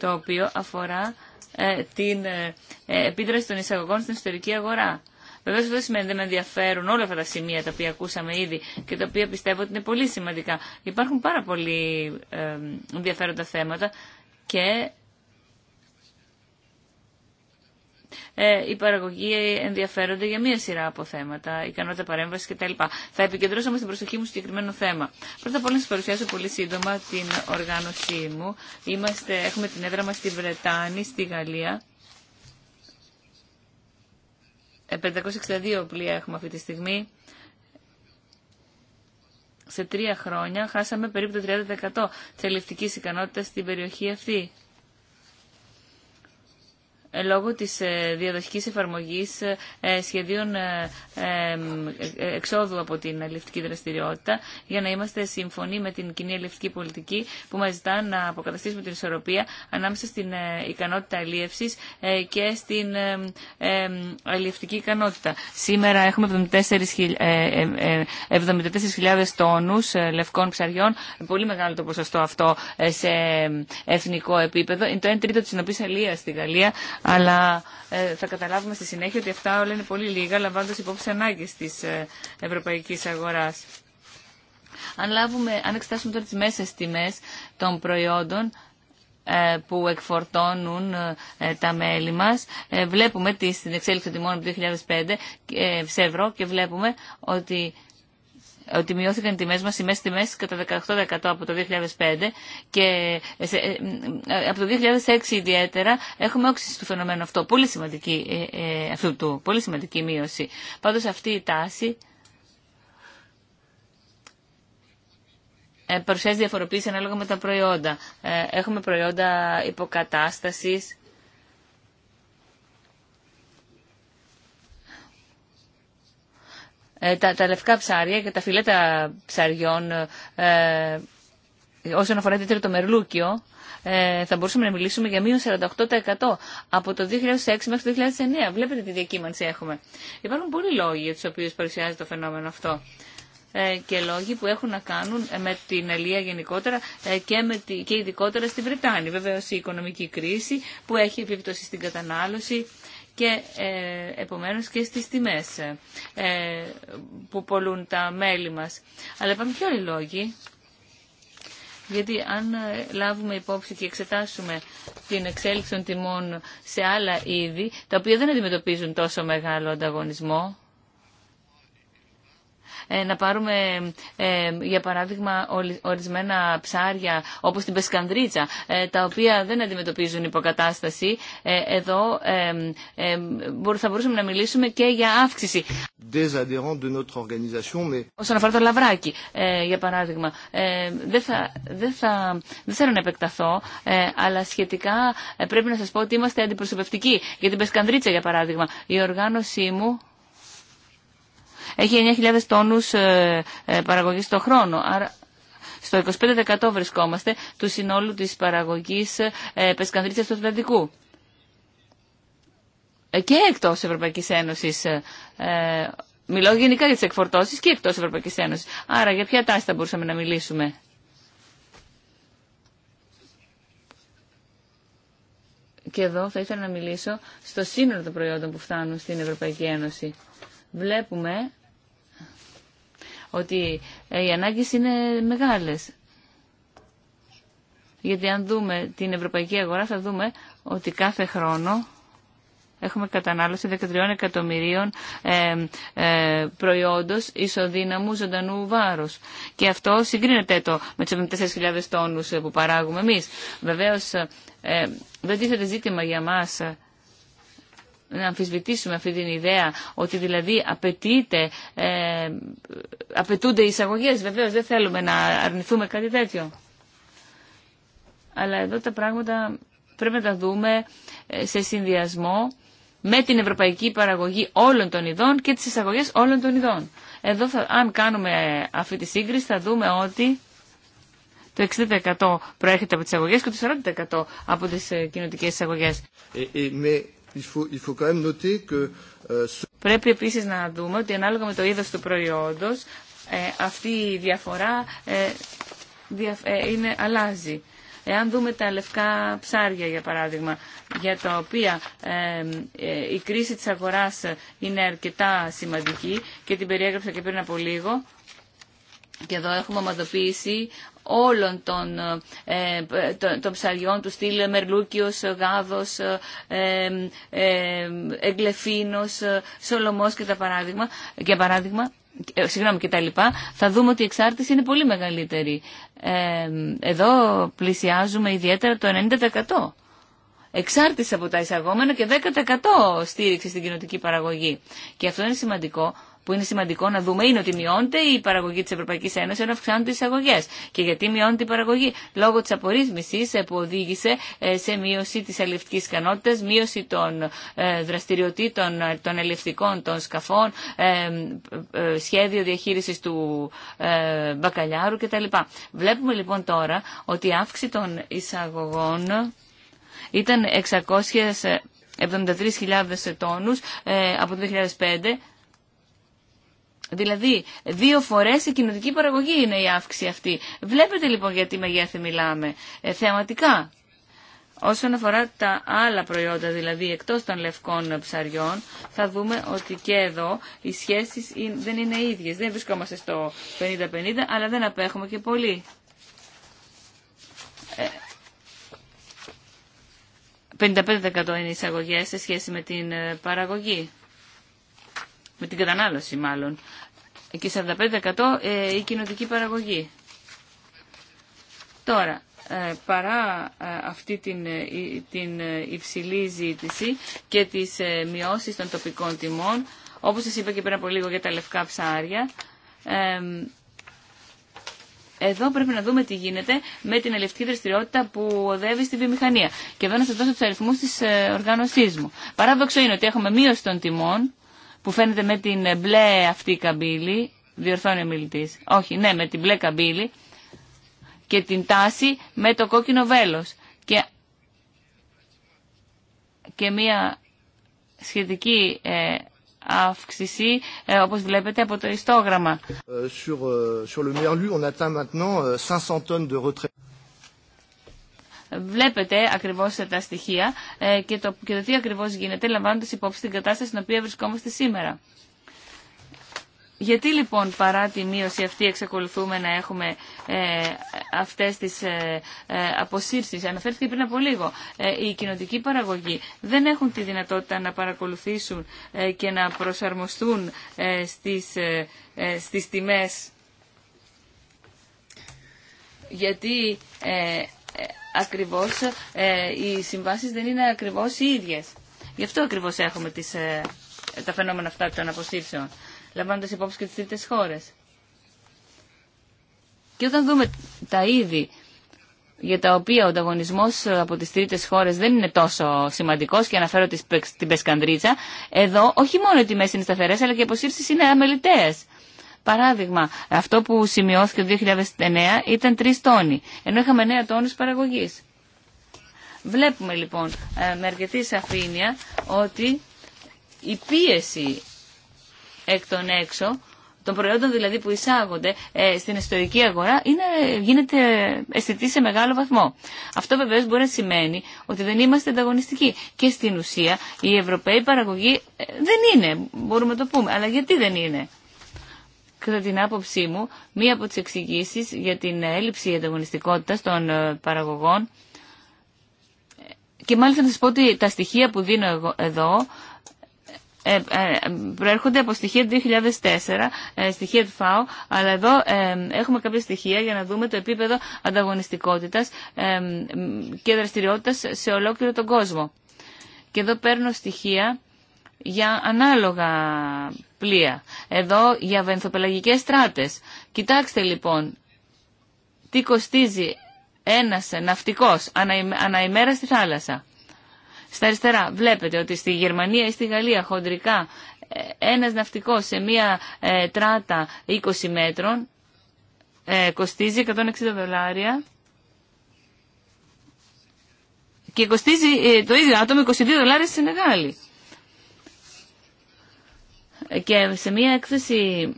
το οποίο αφορά ε, την ε, ε, επίδραση των εισαγωγών στην εσωτερική αγορά. Βεβαίω αυτό σημαίνει δεν με ενδιαφέρουν όλα αυτά τα σημεία τα οποία ακούσαμε ήδη και τα οποία πιστεύω ότι είναι πολύ σημαντικά. Υπάρχουν πάρα πολύ ενδιαφέροντα θέματα και ε, οι παραγωγοί ενδιαφέρονται για μία σειρά από θέματα, ικανότητα παρέμβαση κτλ. Θα επικεντρώσαμε στην προσοχή μου στο συγκεκριμένο θέμα. Πρώτα απ' όλα να σα παρουσιάσω πολύ σύντομα την οργάνωσή μου. Είμαστε, έχουμε την έδρα μα στη Βρετάνη, στη Γαλλία. 562 ε, πλοία έχουμε αυτή τη στιγμή. Σε τρία χρόνια χάσαμε περίπου το 30% της ελληνικής ικανότητας στην περιοχή αυτή. Ε, λόγω της ε, διαδοχικής εφαρμογής ε, σχεδίων εξόδου από την αλληλευτική δραστηριότητα για να είμαστε σύμφωνοι με την κοινή αλληλευτική πολιτική που μας ζητά να αποκαταστήσουμε την ισορροπία ανάμεσα στην ικανότητα αλλήλευσης και στην αλληλευτική ικανότητα. Σήμερα έχουμε 74.000 τόνους λευκών ψαριών, πολύ μεγάλο το ποσοστό αυτό σε εθνικό επίπεδο. Είναι το 1 τρίτο της συνοπής αλίας στη Γαλλία, αλλά ε, θα καταλάβουμε στη συνέχεια ότι αυτά όλα είναι πολύ λίγα, λαμβάνοντα υπόψη ανάγκε τη ε, ευρωπαϊκή αγορά. Αν, αν εξετάσουμε τώρα τις μέσες τιμές των προϊόντων ε, που εκφορτώνουν τα μέλη μας, βλέπουμε την εξέλιξη των τιμών από το 2005 σε ευρώ και βλέπουμε ότι ότι μειώθηκαν οι τιμές μας, οι μέσες τιμές κατά 18% από το 2005 και ε, ε, ε, από το 2006 ιδιαίτερα έχουμε όξιση του φαινομένου αυτό, πολύ σημαντική, αυτού του, πολύ σημαντική μείωση. Πάντως αυτή η τάση παρουσιάζει διαφοροποίηση ανάλογα με τα προϊόντα. Έχουμε προϊόντα υποκατάστασης, Ε, τα, τα λευκά ψάρια και τα φιλέτα ψαριών ε, ε όσον αφορά το το μερλούκιο, ε, θα μπορούσαμε να μιλήσουμε για μείον 48% από το 2006 μέχρι το 2009. Βλέπετε τι διακύμανση έχουμε. Υπάρχουν πολλοί λόγοι για τους οποίους παρουσιάζει το φαινόμενο αυτό ε, και λόγοι που έχουν να κάνουν με την Αλία γενικότερα και, με τη, και ειδικότερα στην Βρετάνη. Βέβαια, η οικονομική κρίση που έχει επίπτωση στην κατανάλωση, και ε, επομένως και στις τιμές ε, που πολλούν τα μέλη μας. Αλλά υπάρχουν και άλλοι λόγοι, γιατί αν ε, λάβουμε υπόψη και εξετάσουμε την εξέλιξη των τιμών σε άλλα είδη, τα οποία δεν αντιμετωπίζουν τόσο μεγάλο ανταγωνισμό, ε, να πάρουμε, ε, για παράδειγμα, ορισμένα ψάρια όπως την πεσκανδρίτσα, ε, τα οποία δεν αντιμετωπίζουν υποκατάσταση. Εδώ θα μπορούσαμε να μιλήσουμε και για αύξηση. Όσον αφορά το λαβράκι, για παράδειγμα, δεν, θα, δεν, θα, δεν θέλω να επεκταθώ, αλλά σχετικά πρέπει να σας πω ότι είμαστε αντιπροσωπευτικοί. Για την Πεσκανδρίτσα, για παράδειγμα, η οργάνωσή μου έχει 9.000 τόνους ε, ε, παραγωγής το χρόνο. Άρα στο 25% βρισκόμαστε του συνόλου της παραγωγής ε, πεσκανδρίτσας του Ατλαντικού. Και εκτός Ευρωπαϊκής Ένωσης Μιλώ γενικά για τις εκφορτώσεις και εκτός Ευρωπαϊκής Ένωσης. Άρα για ποια τάση θα μπορούσαμε να μιλήσουμε. Και εδώ θα ήθελα να μιλήσω στο σύνολο των προϊόντων που φτάνουν στην Ευρωπαϊκή Ένωση. Βλέπουμε ότι οι ανάγκε είναι μεγάλες. Γιατί αν δούμε την ευρωπαϊκή αγορά θα δούμε ότι κάθε χρόνο έχουμε κατανάλωση 13 εκατομμυρίων ε, ε, προϊόντος ισοδύναμου ζωντανού βάρους. Και αυτό συγκρίνεται το με τις 74.000 τόνους που παράγουμε εμείς. Βεβαίως ε, δεν τίθεται ζήτημα για μας ε, να αμφισβητήσουμε αυτή την ιδέα ότι δηλαδή απαιτείται, ε, απαιτούνται οι Βεβαίω δεν θέλουμε να αρνηθούμε κάτι τέτοιο. Αλλά εδώ τα πράγματα πρέπει να τα δούμε ε, σε συνδυασμό με την ευρωπαϊκή παραγωγή όλων των ειδών και τις εισαγωγές όλων των ειδών. Εδώ αν κάνουμε ε, αυτή τη σύγκριση θα δούμε ότι το 60% προέρχεται από τις εισαγωγές και το 40% από τις κοινωτικές εισαγωγές. Ε, Πρέπει επίσης να δούμε ότι ανάλογα με το είδος του προϊόντος ε, αυτή η διαφορά ε, ε, είναι, αλλάζει. Εάν δούμε τα λευκά ψάρια, για παράδειγμα, για τα οποία η κρίση της αγοράς είναι αρκετά σημαντική και την περιέγραψα και πριν από λίγο, και εδώ έχουμε ομαδοποίηση όλων των, ε, ε, των, των ψαριών του στυλ Μερλούκιος, Γάδος, ε, ε, ε Εγκλεφίνος, ε, Σολομός και τα παράδειγμα, και παράδειγμα συγγνώμη και τα λοιπά, θα δούμε ότι η εξάρτηση είναι πολύ μεγαλύτερη. εδώ πλησιάζουμε ιδιαίτερα το 90% εξάρτηση από τα εισαγόμενα και 10% στήριξη στην κοινοτική παραγωγή. Και αυτό είναι σημαντικό που είναι σημαντικό να δούμε είναι ότι μειώνεται η παραγωγή τη Ευρωπαϊκή Ένωση ενώ αυξάνονται οι εισαγωγέ. Και γιατί μειώνεται η παραγωγή. Λόγω τη απορρίθμιση που οδήγησε ε, σε μείωση τη αλληλευτική ικανότητα, μείωση των ε, δραστηριοτήτων ε, των αλληλευτικών, των σκαφών, σχέδιο διαχείριση του μπακαλιάρου κτλ. Βλέπουμε λοιπόν τώρα ότι η αύξηση των εισαγωγών ήταν 673.000 τόνους από το 2005 Δηλαδή, δύο φορέ η κοινωνική παραγωγή είναι η αύξηση αυτή. Βλέπετε λοιπόν γιατί μεγέθη μιλάμε. Ε, θεαματικά. Όσον αφορά τα άλλα προϊόντα, δηλαδή εκτός των λευκών ψαριών, θα δούμε ότι και εδώ οι σχέσεις δεν είναι ίδιες. Δεν βρισκόμαστε στο 50-50, αλλά δεν απέχουμε και πολύ. 55% ε, είναι οι εισαγωγές σε σχέση με την ε, παραγωγή με την κατανάλωση μάλλον, και 45% ε, η κοινοτική παραγωγή. Τώρα, ε, παρά ε, αυτή την, την υψηλή ζήτηση και τις μειώσεις των τοπικών τιμών, όπως σας είπα και πριν από λίγο για τα λευκά ψάρια, εδώ πρέπει να δούμε τι γίνεται με την ελευτική δραστηριότητα που οδεύει στη βιομηχανία. Και εδώ να σας δώσω του αριθμού τη οργάνωσή μου. Παράδοξο είναι ότι έχουμε μείωση των τιμών που φαίνεται με την μπλε αυτή καμπύλη, διορθώνει ο μιλητής, όχι, ναι, με την μπλε καμπύλη και την τάση με το κόκκινο βέλος. Και, και μία σχετική ε, αύξηση, ε, όπως βλέπετε από το ιστόγραμμα. Ε, sur, ε, sur le Merlu, on atteint maintenant 500 ε, tonnes de retraite βλέπετε ακριβώ τα στοιχεία ε, και το, και το τι ακριβώ γίνεται, λαμβάνοντα υπόψη την κατάσταση στην οποία βρισκόμαστε σήμερα. Γιατί λοιπόν παρά τη μείωση αυτή εξακολουθούμε να έχουμε ε, αυτές τις ε, ε, αποσύρσεις. Αναφέρθηκε πριν από λίγο. Οι κοινοτικοί παραγωγοί δεν έχουν τη δυνατότητα να παρακολουθήσουν και να προσαρμοστούν στις, στις τιμές. Γιατί ακριβώς ε, οι συμβάσεις δεν είναι ακριβώς οι ίδιες. Γι' αυτό ακριβώς έχουμε τις, ε, τα φαινόμενα αυτά των αποσύρσεων, λαμβάνοντας υπόψη και τις τρίτες χώρες. Και όταν δούμε τα είδη για τα οποία ο ανταγωνισμό ε, από τι τρίτε χώρε δεν είναι τόσο σημαντικό και αναφέρω την Πεσκανδρίτσα, εδώ όχι μόνο οι τιμέ είναι σταθερέ, αλλά και οι αποσύρσει είναι αμεληταίε. Παράδειγμα, αυτό που σημειώθηκε το 2009 ήταν 3 τόνοι, ενώ είχαμε νέα τόνους παραγωγής. Βλέπουμε λοιπόν ε, με αρκετή σαφήνεια ότι η πίεση εκ των έξω, των προϊόντων δηλαδή που εισάγονται ε, στην ιστορική αγορά, είναι, γίνεται αισθητή σε μεγάλο βαθμό. Αυτό βεβαίως μπορεί να σημαίνει ότι δεν είμαστε ανταγωνιστικοί. Και στην ουσία η Ευρωπαίοι παραγωγή ε, δεν είναι, μπορούμε να το πούμε. Αλλά γιατί δεν είναι κατά την άποψή μου, μία από τις εξηγήσει για την έλλειψη ανταγωνιστικότητας των ε, παραγωγών και μάλιστα να σας πω ότι τα στοιχεία που δίνω εγώ εδώ ε, ε, προέρχονται από στοιχεία 2004, στοιχεία του ΦΑΟ, αλλά εδώ έχουμε κάποια στοιχεία για να δούμε το επίπεδο ανταγωνιστικότητας και δραστηριότητας σε ολόκληρο τον κόσμο. Και εδώ παίρνω στοιχεία για ανάλογα πλοία, εδώ για βενθοπελαγικές στράτες. Κοιτάξτε λοιπόν τι κοστίζει ένας ναυτικός αναημέρα στη θάλασσα. Στα αριστερά βλέπετε ότι στη Γερμανία ή στη Γαλλία χοντρικά ε, ένας ναυτικός σε μία ε, τράτα 20 μέτρων ε, κοστίζει 160 δολάρια και κοστίζει το ίδιο άτομο 22 δολάρια στην Σενεγάλη. Και σε μία έκθεση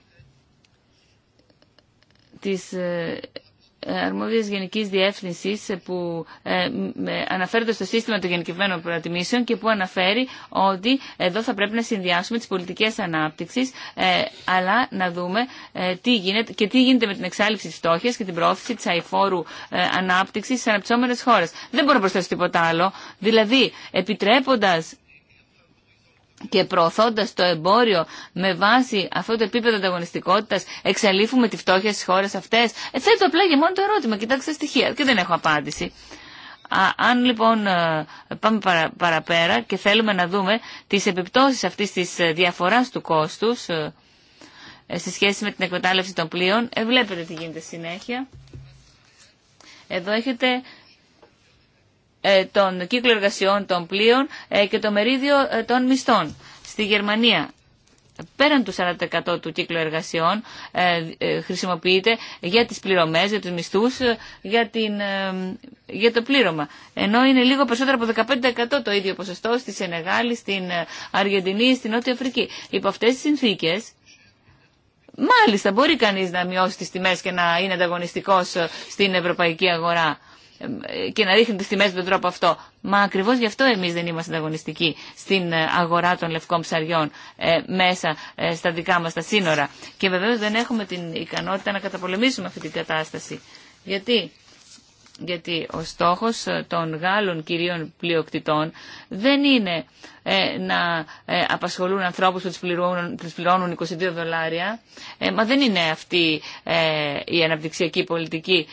της ε, αρμόδιας γενικής διεύθυνσης ε, που ε, αναφέρεται στο σύστημα των γενικευμένων προατιμήσεων και που αναφέρει ότι εδώ θα πρέπει να συνδυάσουμε τις πολιτικές ανάπτυξης αλλά να δούμε τι γίνεται και τι γίνεται με την εξάλληψη της φτώχειας και την πρόθεση της αηφόρου ανάπτυξης στις αναπτυσσόμενες χώρες. Δεν μπορώ να προσθέσω τίποτα άλλο. Δηλαδή, επιτρέποντας και προωθώντα το εμπόριο με βάση αυτό το επίπεδο ανταγωνιστικότητα, εξαλείφουμε τη φτώχεια στι χώρε αυτέ. Ε, θέτω απλά για μόνο το ερώτημα, κοιτάξτε τα στοιχεία και δεν έχω απάντηση. αν λοιπόν ε, πάμε παραπέρα και θέλουμε να δούμε τις επιπτώσεις αυτής της ε, διαφοράς του κόστους στη ε, σε σχέση με την εκμετάλλευση των πλοίων, βλέπετε τι γίνεται συνέχεια. Εδώ έχετε ε, τον κύκλο εργασιών των πλοίων ε, και το μερίδιο ε, των μισθών. Στη Γερμανία πέραν του 40% του κύκλου εργασιών χρησιμοποιείται για τις πληρωμές, για τους μισθούς, για, την, για το πλήρωμα. Ενώ είναι λίγο περισσότερο από 15% το ίδιο ποσοστό στη Σενεγάλη, στην Αργεντινή, στην Νότια Αφρική. Υπό αυτές τις συνθήκες Μάλιστα, μπορεί κανεί να μειώσει τις τιμές και να είναι ανταγωνιστικός στην ευρωπαϊκή αγορά. Ε, και να ρίχνει τις τιμές με τον τρόπο αυτό. Μα ακριβώς γι' αυτό εμείς δεν είμαστε ανταγωνιστικοί στην ε, αγορά των λευκών ψαριών ε, μέσα στα δικά μας τα σύνορα. Και βεβαίως δεν έχουμε την ικανότητα να καταπολεμήσουμε αυτή την κατάσταση. Γιατί γιατί ο στόχος ε, των Γάλλων κυρίων πλειοκτητών δεν είναι ε, να ε, απασχολούν ανθρώπους που τους πληρώνουν, πληρώνουν 22 δολάρια, μα δεν είναι αυτή η αναπτυξιακή πολιτική.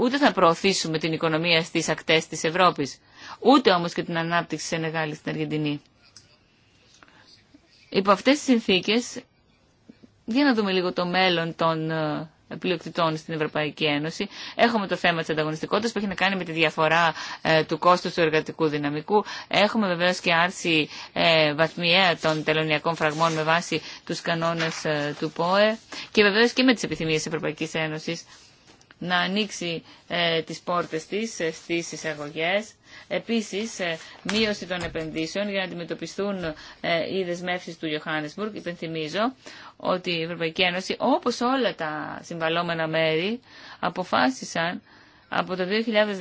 ούτε θα προωθήσουμε την οικονομία στις ακτές της Ευρώπης, ούτε όμως και την ανάπτυξη σε Νεγάλη στην Αργεντινή. Υπό αυτές τις συνθήκες, για να δούμε λίγο το μέλλον των πλειοκτητών στην Ευρωπαϊκή Ένωση. Έχουμε το θέμα τη ανταγωνιστικότητα που έχει να κάνει με τη διαφορά ε, του κόστου του εργατικού δυναμικού. Έχουμε βεβαίω και άρση ε, βαθμιαία των τελωνιακών φραγμών με βάση του κανόνε ε, του ΠΟΕ και βεβαίω και με τι επιθυμίε της Ευρωπαϊκή Ένωση να ανοίξει ε, τις πόρτες της ε, στις εισαγωγές. Επίσης, ε, μείωση των επενδύσεων για να αντιμετωπιστούν ε, οι δεσμεύσεις του Johannesburg. Υπενθυμίζω ότι η Ευρωπαϊκή Ένωση, όπως όλα τα συμβαλώμενα μέρη, αποφάσισαν από το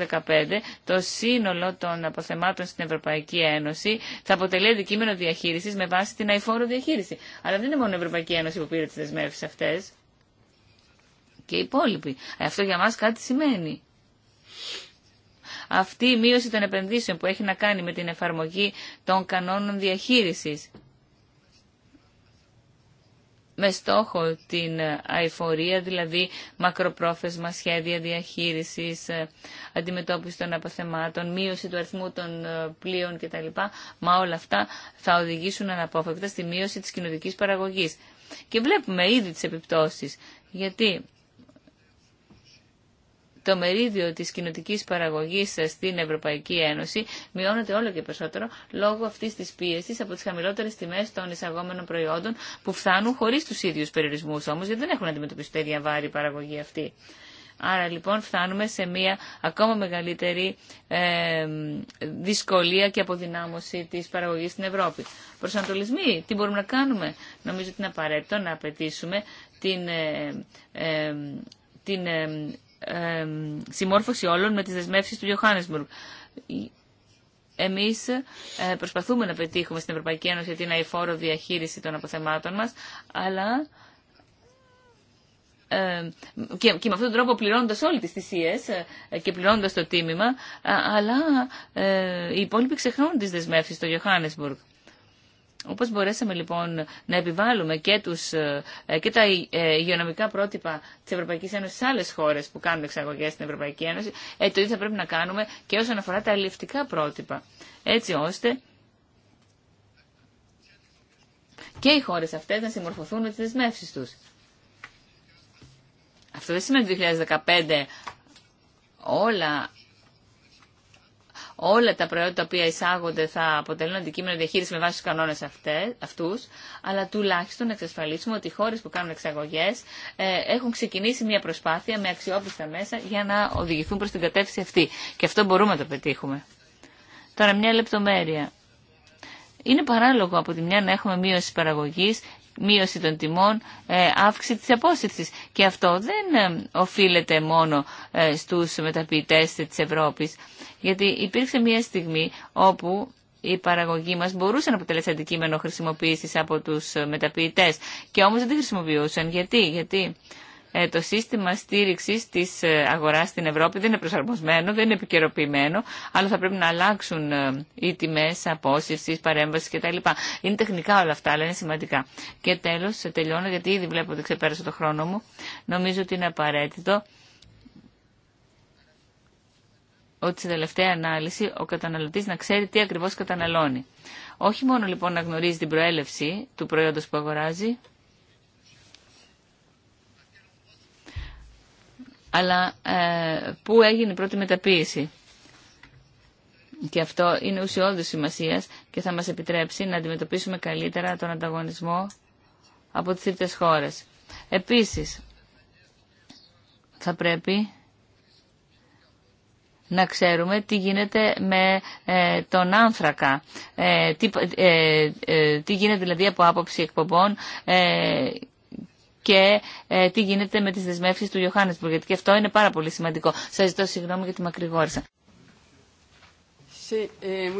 2015 το σύνολο των αποθεμάτων στην Ευρωπαϊκή Ένωση θα αποτελεί αντικείμενο διαχείρισης με βάση την αηφόρο διαχείριση. Αλλά δεν είναι μόνο η Ευρωπαϊκή Ένωση που πήρε τις δεσμεύσεις αυτές και οι υπόλοιποι. Ε, αυτό για μας κάτι σημαίνει. Αυτή η μείωση των επενδύσεων που έχει να κάνει με την εφαρμογή των κανόνων διαχείρισης με στόχο την αηφορία, δηλαδή μακροπρόθεσμα σχέδια διαχείρισης, ε, αντιμετώπιση των αποθεμάτων, μείωση του αριθμού των ε, πλοίων κτλ. Μα όλα αυτά θα οδηγήσουν αναπόφευκτα στη μείωση της κοινωνικής παραγωγής. Και βλέπουμε ήδη τις επιπτώσεις, γιατί το μερίδιο της κοινοτικής παραγωγής στην Ευρωπαϊκή Ένωση μειώνεται όλο και περισσότερο λόγω αυτής της πίεσης από τις χαμηλότερες τιμές των εισαγόμενων προϊόντων που φτάνουν χωρίς τους ίδιους περιορισμούς όμως γιατί δεν έχουν αντιμετωπίσει τέτοια βάρη η παραγωγή αυτή. Άρα λοιπόν φτάνουμε σε μια ακόμα μεγαλύτερη ε, δυσκολία και αποδυνάμωση της παραγωγής στην Ευρώπη. Προσανατολισμοί, τι μπορούμε να κάνουμε. Νομίζω ότι είναι απαραίτητο να απαιτήσουμε την, ε, ε την ε, συμμόρφωση όλων με τις δεσμεύσεις του Johannesburg. Εμείς ε, προσπαθούμε να πετύχουμε στην Ευρωπαϊκή Ένωση την αηφόρο διαχείριση των αποθεμάτων μας, αλλά και, και με αυτόν τον τρόπο πληρώνοντας όλες τις θυσίες ε, και πληρώνοντας το τίμημα, ε, αλλά οι υπόλοιποι ξεχνούν τις δεσμεύσεις του Johannesburg. Όπως μπορέσαμε λοιπόν να επιβάλλουμε και, τους, ε, ε, και τα ε, υγειονομικά πρότυπα της Ευρωπαϊκής Ένωσης σε άλλες χώρες που κάνουν εξαγωγές στην Ευρωπαϊκή Ένωση, το ίδιο θα πρέπει να κάνουμε και όσον αφορά τα αλληλευτικά πρότυπα. Έτσι ώστε και οι χώρες αυτές να συμμορφωθούν με τις δεσμεύσεις τους. Αυτό δεν σημαίνει ότι 2015 όλα όλα τα προϊόντα τα οποία εισάγονται θα αποτελούν αντικείμενο διαχείριση με βάση του κανόνε αυτού, αλλά τουλάχιστον να εξασφαλίσουμε ότι οι χώρε που κάνουν εξαγωγέ ε, έχουν ξεκινήσει μια προσπάθεια με αξιόπιστα μέσα για να οδηγηθούν προ την κατεύθυνση αυτή. Και αυτό μπορούμε να το πετύχουμε. Τώρα μια λεπτομέρεια. Είναι παράλογο από τη μια να έχουμε μείωση παραγωγή μείωση των τιμών, ε, αύξηση της απόσυρσης. Και αυτό δεν ε, οφείλεται μόνο ε, στους μεταποιητές της Ευρώπης, γιατί υπήρξε μια στιγμή όπου η παραγωγή μας μπορούσε να αποτελέσει αντικείμενο χρησιμοποίησης από τους μεταποιητές και όμως δεν τη χρησιμοποιούσαν. Γιατί, γιατί ε, το σύστημα στήριξης της ε, αγορά στην Ευρώπη δεν είναι προσαρμοσμένο, δεν είναι επικαιροποιημένο, αλλά θα πρέπει να αλλάξουν ε, οι τιμέ απόσυρση, παρέμβαση κτλ. Είναι τεχνικά όλα αυτά, αλλά είναι σημαντικά. Και τέλος, τελειώνω, γιατί ήδη βλέπω ότι ξεπέρασα το χρόνο μου. Νομίζω ότι είναι απαραίτητο ότι στην τελευταία ανάλυση ο καταναλωτής να ξέρει τι ακριβώς καταναλώνει. Όχι μόνο λοιπόν να γνωρίζει την προέλευση του προϊόντος που αγοράζει, αλλά ε, πού έγινε η πρώτη μεταποίηση. Και αυτό είναι ουσιώδης σημασία και θα μας επιτρέψει να αντιμετωπίσουμε καλύτερα τον ανταγωνισμό από τις τρίτες χώρες. Επίσης, θα πρέπει να ξέρουμε τι γίνεται με ε, τον άνθρακα, ε, τι, τι γίνεται δηλαδή από άποψη εκπομπών και ε, τι γίνεται με τις δεσμεύσεις του Ιωάννησμπουργκ, γιατί και αυτό είναι πάρα πολύ σημαντικό. Σας ζητώ συγγνώμη τη μακρηγόρησα. Eh,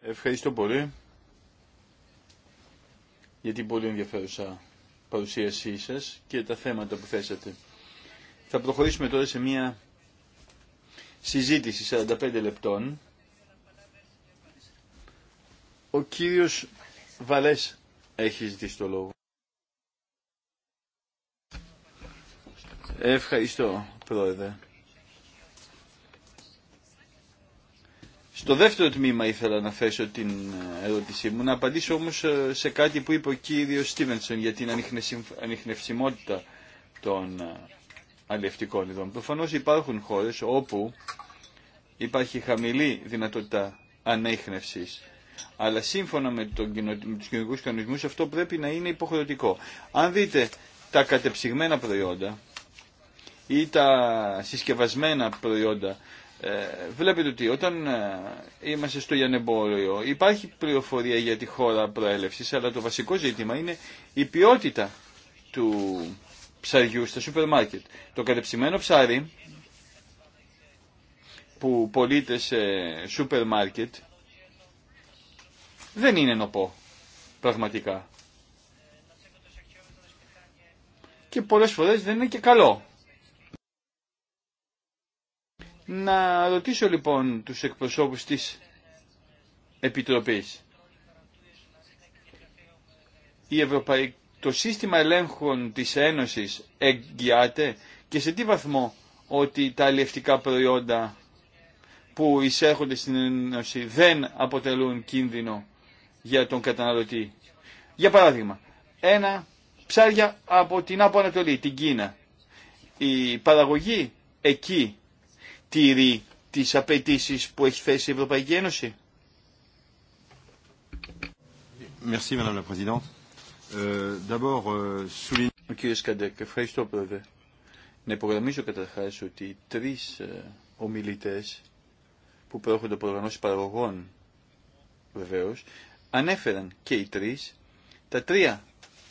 Ευχαριστώ πολύ για την πολύ ενδιαφέρουσα παρουσίασή σας και τα θέματα που θέσατε. Θα προχωρήσουμε τώρα σε μια συζήτηση 45 λεπτών. Ο κύριος Βαλές έχει ζητήσει το λόγο. Ευχαριστώ, Πρόεδρε. Στο δεύτερο τμήμα ήθελα να θέσω την ε, ερώτησή μου, να απαντήσω όμως ε, σε κάτι που είπε ο κύριος Στίβενσον για την ανιχνευσιμότητα των ε, αλλιευτικών ειδών. Προφανώς υπάρχουν χώρες όπου υπάρχει χαμηλή δυνατότητα ανέχνευσης, αλλά σύμφωνα με, τον, με τους κοινωνικούς αυτό πρέπει να είναι υποχρεωτικό. Αν δείτε τα κατεψυγμένα προϊόντα, ή τα συσκευασμένα προϊόντα. Ε, βλέπετε ότι όταν ε, είμαστε στο Ιανεμπόριο υπάρχει πληροφορία για τη χώρα προέλευσης, αλλά το βασικό ζήτημα είναι η ποιότητα του ψαριού στα σούπερ μάρκετ. Το κατεψημένο ψάρι που πωλείται σε σούπερ μάρκετ δεν είναι νοπό πραγματικά. Και πολλές φορές δεν είναι και καλό. Να ρωτήσω λοιπόν τους εκπροσώπους της Επιτροπής. Η το σύστημα ελέγχων της Ένωσης εγγυάται και σε τι βαθμό ότι τα αλληλευτικά προϊόντα που εισέρχονται στην Ένωση δεν αποτελούν κίνδυνο για τον καταναλωτή. Για παράδειγμα, ένα ψάρια από την Άπο την Κίνα. Η παραγωγή εκεί τήρει τις απαιτήσει που έχει θέσει η Ευρωπαϊκή Ένωση. Merci, Madame la euh, euh, ευχαριστώ πρόεδρε. Να υπογραμμίζω καταρχάς ότι οι τρει ε, ομιλητές που προέρχονται από οργανώσει παραγωγών βεβαίω ανέφεραν και οι τρει τα τρία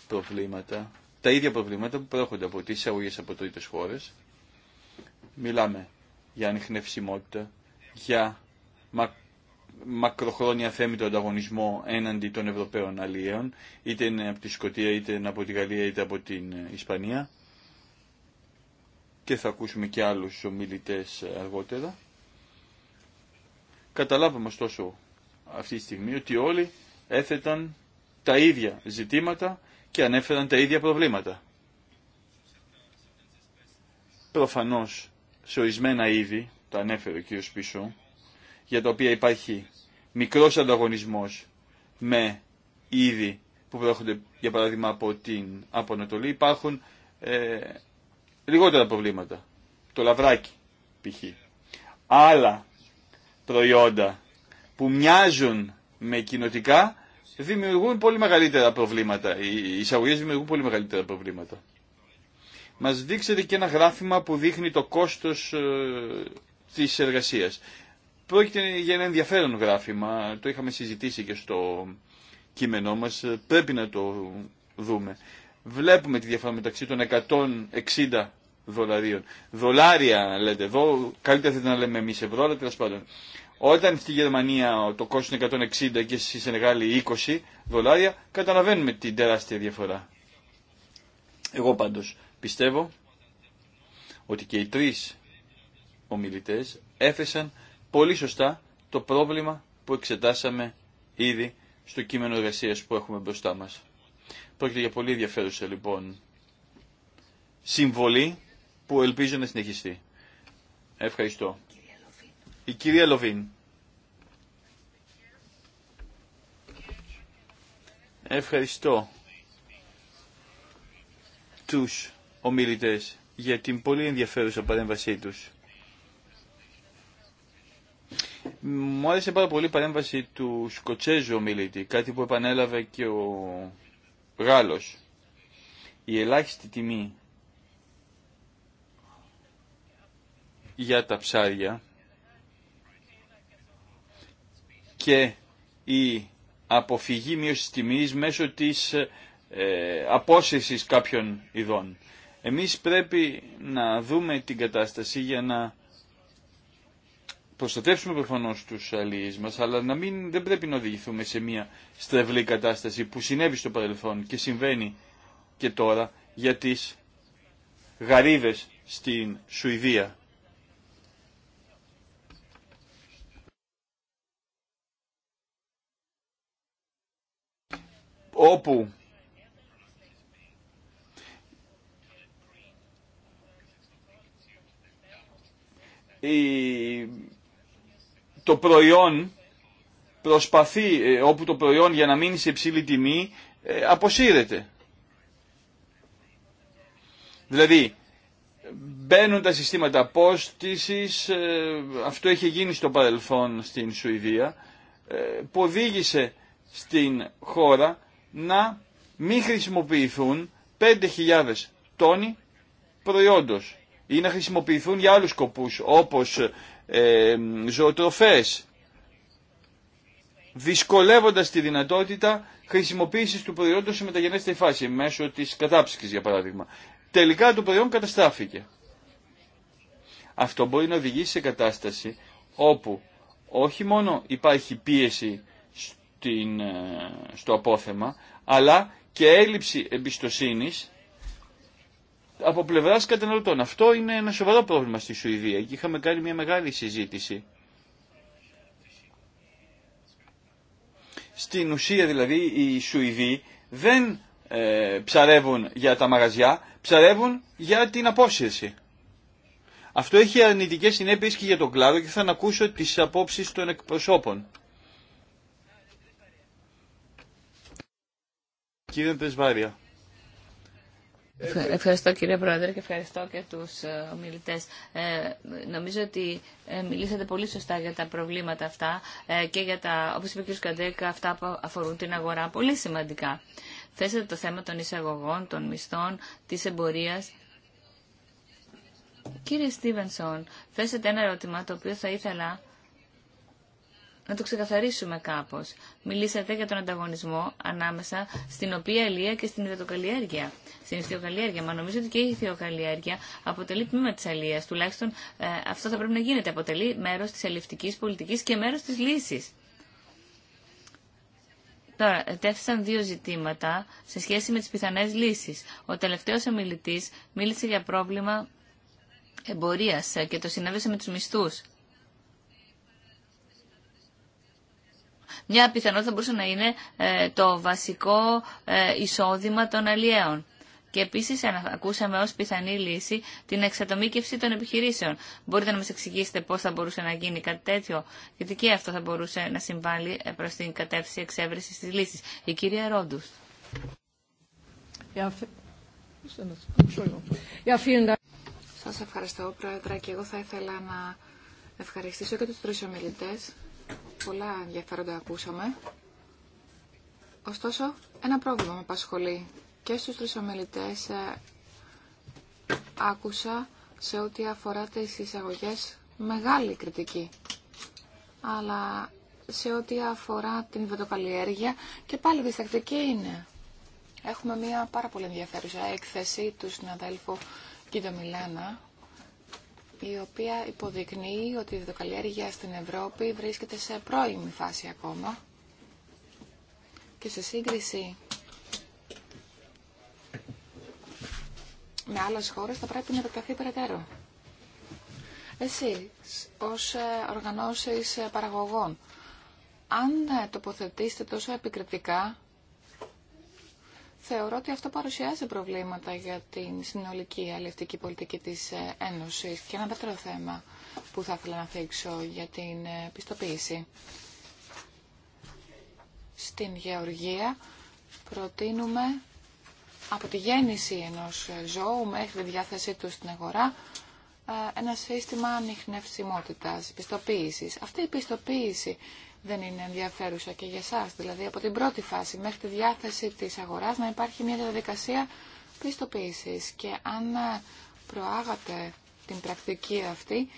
προβλήματα, τα ίδια προβλήματα που προέρχονται από τι εισαγωγέ από τρίτε χώρε. Μιλάμε για ανιχνευσιμότητα, για μακροχρόνια μακροχρόνια θέμητο ανταγωνισμό έναντι των Ευρωπαίων αλλιέων, είτε είναι από τη Σκωτία, είτε είναι από τη Γαλλία, είτε από την ε, Ισπανία. Και θα ακούσουμε και άλλους ομιλητές ε, αργότερα. Καταλάβαμε ωστόσο αυτή τη στιγμή ότι όλοι έθεταν τα ίδια ζητήματα και ανέφεραν τα ίδια προβλήματα. Προφανώς σε ορισμένα είδη, το ανέφερε ο κύριος Πίσω, για τα οποία υπάρχει μικρός ανταγωνισμός με είδη που προέρχονται για παράδειγμα από την από υπάρχουν ε, λιγότερα προβλήματα. Το λαβράκι π.χ. Άλλα προϊόντα που μοιάζουν με κοινοτικά δημιουργούν πολύ μεγαλύτερα προβλήματα. Οι εισαγωγέ δημιουργούν πολύ μεγαλύτερα προβλήματα. Μας δείξετε και ένα γράφημα που δείχνει το κόστος ε, της εργασίας. Πρόκειται για ένα ενδιαφέρον γράφημα, το είχαμε συζητήσει και στο κείμενό μας, πρέπει να το δούμε. Βλέπουμε τη διαφορά μεταξύ των 160 δολαρίων. Δολάρια λέτε εδώ, καλύτερα θα να λέμε εμείς ευρώ, αλλά τέλος πάντων. Όταν στη Γερμανία το κόστος είναι 160 και στη Σενεγάλη 20 δολάρια, καταλαβαίνουμε την τεράστια διαφορά. Εγώ πάντως Πιστεύω ότι και οι τρεις ομιλητές έφεσαν πολύ σωστά το πρόβλημα που εξετάσαμε ήδη στο κείμενο εργασία που έχουμε μπροστά μας. Πρόκειται για πολύ ενδιαφέρουσα λοιπόν συμβολή που ελπίζω να συνεχιστεί. Ευχαριστώ. Η κυρία Λοβίν. Ευχαριστώ τους ομιλητές για την πολύ ενδιαφέρουσα παρέμβασή τους. Μου άρεσε πάρα πολύ η παρέμβαση του Σκοτσέζου ομιλητή, κάτι που επανέλαβε και ο Γάλλος. Η ελάχιστη τιμή για τα ψάρια και η αποφυγή μείωσης τιμής μέσω της ε, απόσυρσης κάποιων ειδών. Εμείς πρέπει να δούμε την κατάσταση για να προστατεύσουμε προφανώς τους αλληλείς μας, αλλά να μην, δεν πρέπει να οδηγηθούμε σε μια στρεβλή κατάσταση που συνέβη στο παρελθόν και συμβαίνει και τώρα για τις γαρίδες στην Σουηδία. όπου το προϊόν προσπαθεί, ε, όπου το προϊόν για να μείνει σε υψηλή τιμή, ε, αποσύρεται. Δηλαδή, μπαίνουν τα συστήματα απόστησης, ε, αυτό έχει γίνει στο παρελθόν στην Σουηδία, που οδήγησε στην χώρα να μην χρησιμοποιηθούν 5.000 τόνοι προϊόντος ή να χρησιμοποιηθούν για άλλους σκοπούς όπως ε, ζωοτροφές δυσκολεύοντας τη δυνατότητα χρησιμοποίησης του προϊόντος σε μεταγενέστερη φάση μέσω της κατάψυξης για παράδειγμα. Τελικά το προϊόν καταστράφηκε. Αυτό μπορεί να οδηγήσει σε κατάσταση όπου όχι μόνο υπάρχει πίεση στην, ε, στο απόθεμα αλλά και έλλειψη εμπιστοσύνης από πλευρά καταναλωτών. Αυτό είναι ένα σοβαρό πρόβλημα στη Σουηδία και είχαμε κάνει μια μεγάλη συζήτηση. Στην ουσία δηλαδή οι Σουηδοί δεν ε, ψαρεύουν για τα μαγαζιά, ψαρεύουν για την απόσυρση. Αυτό έχει αρνητικέ συνέπειε και για τον κλάδο και θα ανακούσω τι απόψει των εκπροσώπων. Κύριε Πρεσβάρια. Ε, ευχαριστώ κύριε Πρόεδρε και ευχαριστώ και τους ε, ομιλητές. Ε, νομίζω ότι μιλήσατε πολύ σωστά για τα προβλήματα αυτά και για τα, όπως είπε ο κ. Καντέκα, αυτά που αφορούν την αγορά πολύ σημαντικά. Θέσατε το θέμα των εισαγωγών, των μισθών, της εμπορίας. Κύριε Στίβενσον, θέσατε ένα ερώτημα το οποίο θα ήθελα να το ξεκαθαρίσουμε κάπω. Μιλήσατε για τον ανταγωνισμό ανάμεσα στην οποία αλία και στην υδατοκαλλιέργεια, στην ιστιοκαλλιέργεια. Μα νομίζω ότι και η ιστιοκαλλιέργεια αποτελεί τμήμα τη αλίας. Τουλάχιστον ε, αυτό θα πρέπει να γίνεται. Αποτελεί μέρο τη αλληλευτικής πολιτική και μέρος τη λύση. Τώρα, τέθησαν δύο ζητήματα σε σχέση με τι πιθανέ λύσει. Ο τελευταίο ομιλητής μίλησε για πρόβλημα εμπορία και το συνέβησε με του μισθού. Μια πιθανότητα θα μπορούσε να είναι ε, το βασικό ε, εισόδημα των αλλιέων. Και επίση ακούσαμε ω πιθανή λύση την εξατομίκευση των επιχειρήσεων. Μπορείτε να μα εξηγήσετε πώ θα μπορούσε να γίνει κάτι τέτοιο, γιατί και αυτό θα μπορούσε να συμβάλλει ε, προ την κατεύθυνση εξέβρεση τη λύση. Η κυρία Ρόντου. Σα ευχαριστώ, Πρόεδρε, και εγώ θα ήθελα να ευχαριστήσω και του τρει ομιλητέ πολλά ενδιαφέροντα ακούσαμε. Ωστόσο, ένα πρόβλημα με απασχολεί και στους τρεις ομιλητές ε, άκουσα σε ό,τι αφορά τις εισαγωγές μεγάλη κριτική. Αλλά σε ό,τι αφορά την βετοκαλλιέργεια και πάλι διστακτική είναι. Έχουμε μια πάρα πολύ ενδιαφέρουσα έκθεση του συναδέλφου Κίντο Μιλάνα η οποία υποδεικνύει ότι η διδοκαλλιέργεια στην Ευρώπη βρίσκεται σε πρώιμη φάση ακόμα και σε σύγκριση με άλλες χώρες θα πρέπει να επεκταθεί περαιτέρω. Εσείς, ως ε, οργανώσεις παραγωγών, αν ε, τοποθετήσετε τόσο επικριτικά Θεωρώ ότι αυτό παρουσιάζει προβλήματα για την συνολική αλληλευτική πολιτική της ε, Ένωσης. Και ένα δεύτερο θέμα που θα ήθελα να θίξω για την ε, πιστοποίηση. Στην Γεωργία προτείνουμε από τη γέννηση ενός ζώου μέχρι τη διάθεσή του στην αγορά ε, ένα σύστημα ανιχνευσιμότητας, πιστοποίησης. Αυτή η πιστοποίηση δεν είναι ενδιαφέρουσα και για εσά. Δηλαδή από την πρώτη φάση μέχρι τη διάθεση της αγοράς να υπάρχει μια διαδικασία πιστοποίηση. και αν ε, προάγατε την πρακτική αυτή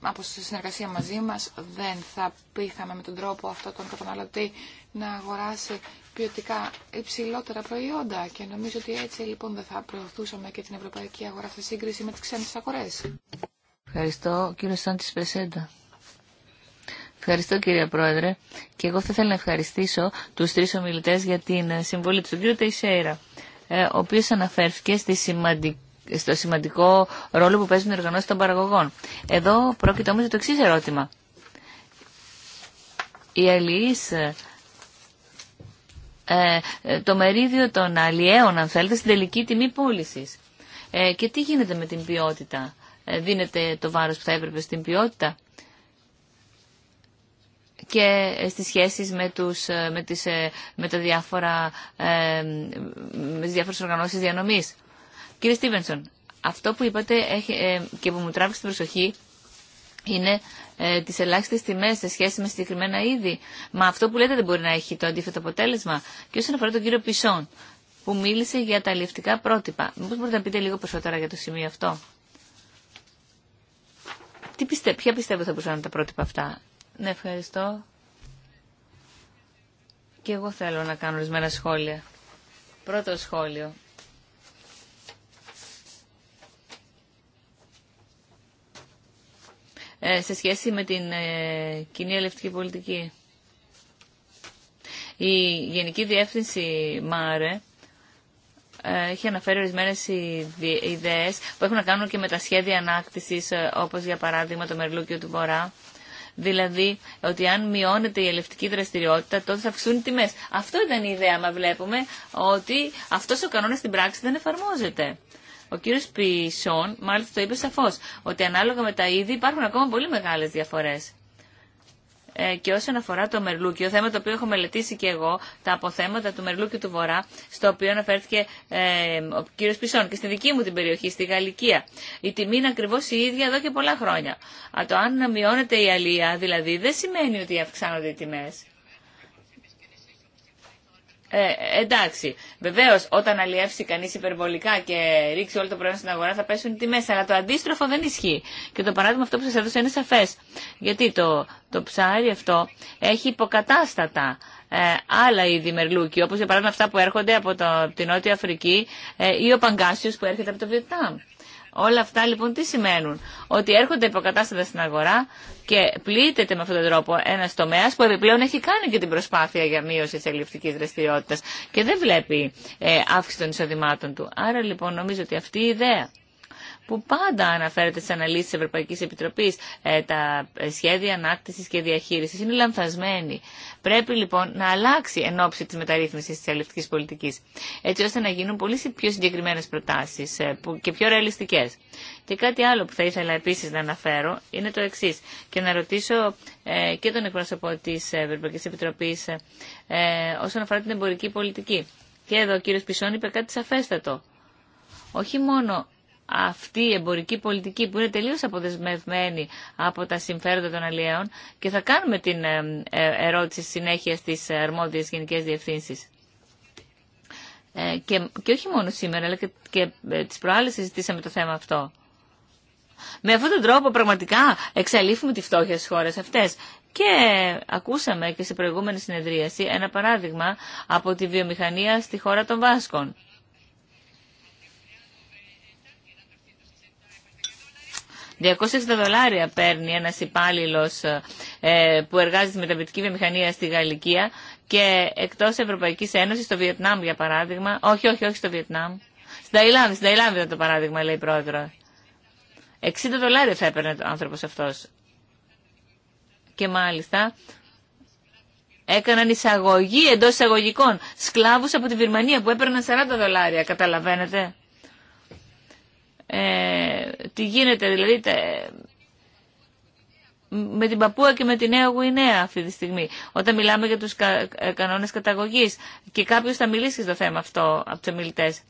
από συνεργασία μαζί μας δεν θα πείθαμε με τον τρόπο αυτό τον καταναλωτή να αγοράσει ποιοτικά υψηλότερα προϊόντα και νομίζω ότι έτσι λοιπόν δεν θα προωθούσαμε και την ευρωπαϊκή αγορά σε σύγκριση με τι ξένε αγορέ. Ευχαριστώ κύριε Σάντη Πεσέντα. Ευχαριστώ κύριε Πρόεδρε και εγώ θα ήθελα να ευχαριστήσω τους τρεις ομιλητές για την ε, συμβολή του κύριου Τεϊσέιρα, ο οποίος αναφέρθηκε στη στο σημαντικό ρόλο που παίζουν οι οργανώσει των παραγωγών. Εδώ πρόκειται όμω για το εξή ερώτημα. Οι αλληλεί. ε, το μερίδιο των αλλιέων, αν θέλετε, στην τελική τιμή πώληση. Ε, και τι γίνεται με την ποιότητα. Ε, δίνεται το βάρος που θα έπρεπε στην ποιότητα και ε, στις σχέσεις με, τους, ε, με, τις, ε, με τα διάφορα, με τις διάφορες οργανώσεις διανομής. Κύριε Στίβενσον, αυτό που είπατε και που μου τράβηξε την προσοχή είναι ε, τι ελάχιστε τιμέ σε σχέση με συγκεκριμένα είδη. Μα αυτό που λέτε δεν μπορεί να έχει το αντίθετο αποτέλεσμα. Και όσον αφορά τον κύριο Πισόν, που μίλησε για τα αλληλευτικά πρότυπα, μήπω μπορείτε να πείτε λίγο περισσότερα για το σημείο αυτό. Τι πιστε, ποια πιστεύω θα μπορούσαν τα πρότυπα αυτά. Ναι, ευχαριστώ. Και εγώ θέλω να κάνω ορισμένα σχόλια. Πρώτο σχόλιο. Ε, σε σχέση με την ε, κοινή ελευτική πολιτική. Η Γενική Διεύθυνση ΜΑΡΕ ε, έχει αναφέρει ορισμένε ιδέε που έχουν να κάνουν και με τα σχέδια ανάκτηση, ε, όπω για παράδειγμα το Μερλούκιο του Βορρά Δηλαδή ότι αν μειώνεται η ελευτική δραστηριότητα τότε θα αυξούν οι τιμές. Αυτό ήταν η ιδέα, μα βλέπουμε ότι αυτός ο κανόνας στην πράξη δεν εφαρμόζεται. Ο κύριος Πισόν μάλιστα το είπε σαφώς ότι ανάλογα με τα είδη υπάρχουν ακόμα πολύ μεγάλες διαφορές. Ε, και όσον αφορά το Μερλούκιο, θέμα το οποίο έχω μελετήσει και εγώ, τα αποθέματα του Μερλούκιου του Βορρά, στο οποίο αναφέρθηκε ε, ο κύριο Πισόν και στη δική μου την περιοχή, στη Γαλλικία. Η τιμή είναι ακριβώ η ίδια εδώ και πολλά χρόνια. Α, το αν μειώνεται η αλία, δηλαδή, δεν σημαίνει ότι αυξάνονται οι τιμέ. Ε, εντάξει, βεβαίω όταν αλλιεύσει κανεί υπερβολικά και ρίξει όλο το προϊόν στην αγορά θα πέσουν οι τιμέ, αλλά το αντίστροφο δεν ισχύει. Και το παράδειγμα αυτό που σα έδωσα είναι σαφέ. Γιατί το, το ψάρι αυτό έχει υποκατάστατα ε, άλλα είδη μερλούκι, όπω για παράδειγμα αυτά που έρχονται από, το, από τη Νότια Αφρική ε, ή ο παγκάσιο που έρχεται από το Βιετνάμ. Όλα αυτά λοιπόν τι σημαίνουν. Ότι έρχονται υποκατάστατα στην αγορά και πλήττεται με αυτόν τον τρόπο ένα τομέα που επιπλέον έχει κάνει και την προσπάθεια για μείωση τη ελληνική δραστηριότητα και δεν βλέπει ε, αύξηση των εισοδημάτων του. Άρα λοιπόν νομίζω ότι αυτή η ιδέα που πάντα αναφέρεται στι αναλύσει τη Ευρωπαϊκή Επιτροπή, ε, τα ε, σχέδια ανάκτηση και διαχείριση είναι λανθασμένη. Πρέπει λοιπόν να αλλάξει εν ώψη τη μεταρρύθμιση τη αλληλευτική πολιτική, έτσι ώστε να γίνουν πολύ πιο συγκεκριμένε προτάσει ε, και πιο ρεαλιστικέ. Και κάτι άλλο που θα ήθελα επίση να αναφέρω είναι το εξή και να ρωτήσω ε, και τον εκπρόσωπο τη Ευρωπαϊκή Επιτροπή ε, όσον αφορά την εμπορική πολιτική. Και εδώ ο κύριο Πισόν είπε κάτι σαφέστατο. Όχι μόνο αυτή η εμπορική πολιτική που είναι τελείως αποδεσμευμένη από τα συμφέροντα των αλλιέων και θα κάνουμε την ε, ε, ερώτηση συνέχεια στις αρμόδιες γενικές διευθύνσεις. Ε, και, και όχι μόνο σήμερα, αλλά και, και τις προάλλες συζητήσαμε το θέμα αυτό. Με αυτόν τον τρόπο πραγματικά εξαλείφουμε τη φτώχεια στις χώρες αυτές. Και ακούσαμε και σε προηγούμενη συνεδρίαση ένα παράδειγμα από τη βιομηχανία στη χώρα των Βάσκων. 260 δολάρια παίρνει ένας υπάλληλος ε, που εργάζεται στη βιτική βιομηχανία στη Γαλλικία και εκτό Ευρωπαϊκή Ένωση στο Βιετνάμ για παράδειγμα, όχι, όχι, όχι στο Βιετνάμ, στην Ταϊλάνδη, στην Ταϊλάνδη ήταν το παράδειγμα, λέει η πρόεδρο. 60 δολάρια θα έπαιρνε ο άνθρωπο αυτό. Και μάλιστα έκαναν εισαγωγή εντό εισαγωγικών σκλάβου από τη Βυρμανία που έπαιρναν 40 δολάρια. Καταλαβαίνετε ε, τι γίνεται δηλαδή με την παππούα και με τη Νέα Γουινέα αυτή τη στιγμή. Όταν μιλάμε για τους κα, ε, κανόνες καταγωγής και κάποιος θα μιλήσει στο θέμα αυτό από τους ομιλητές.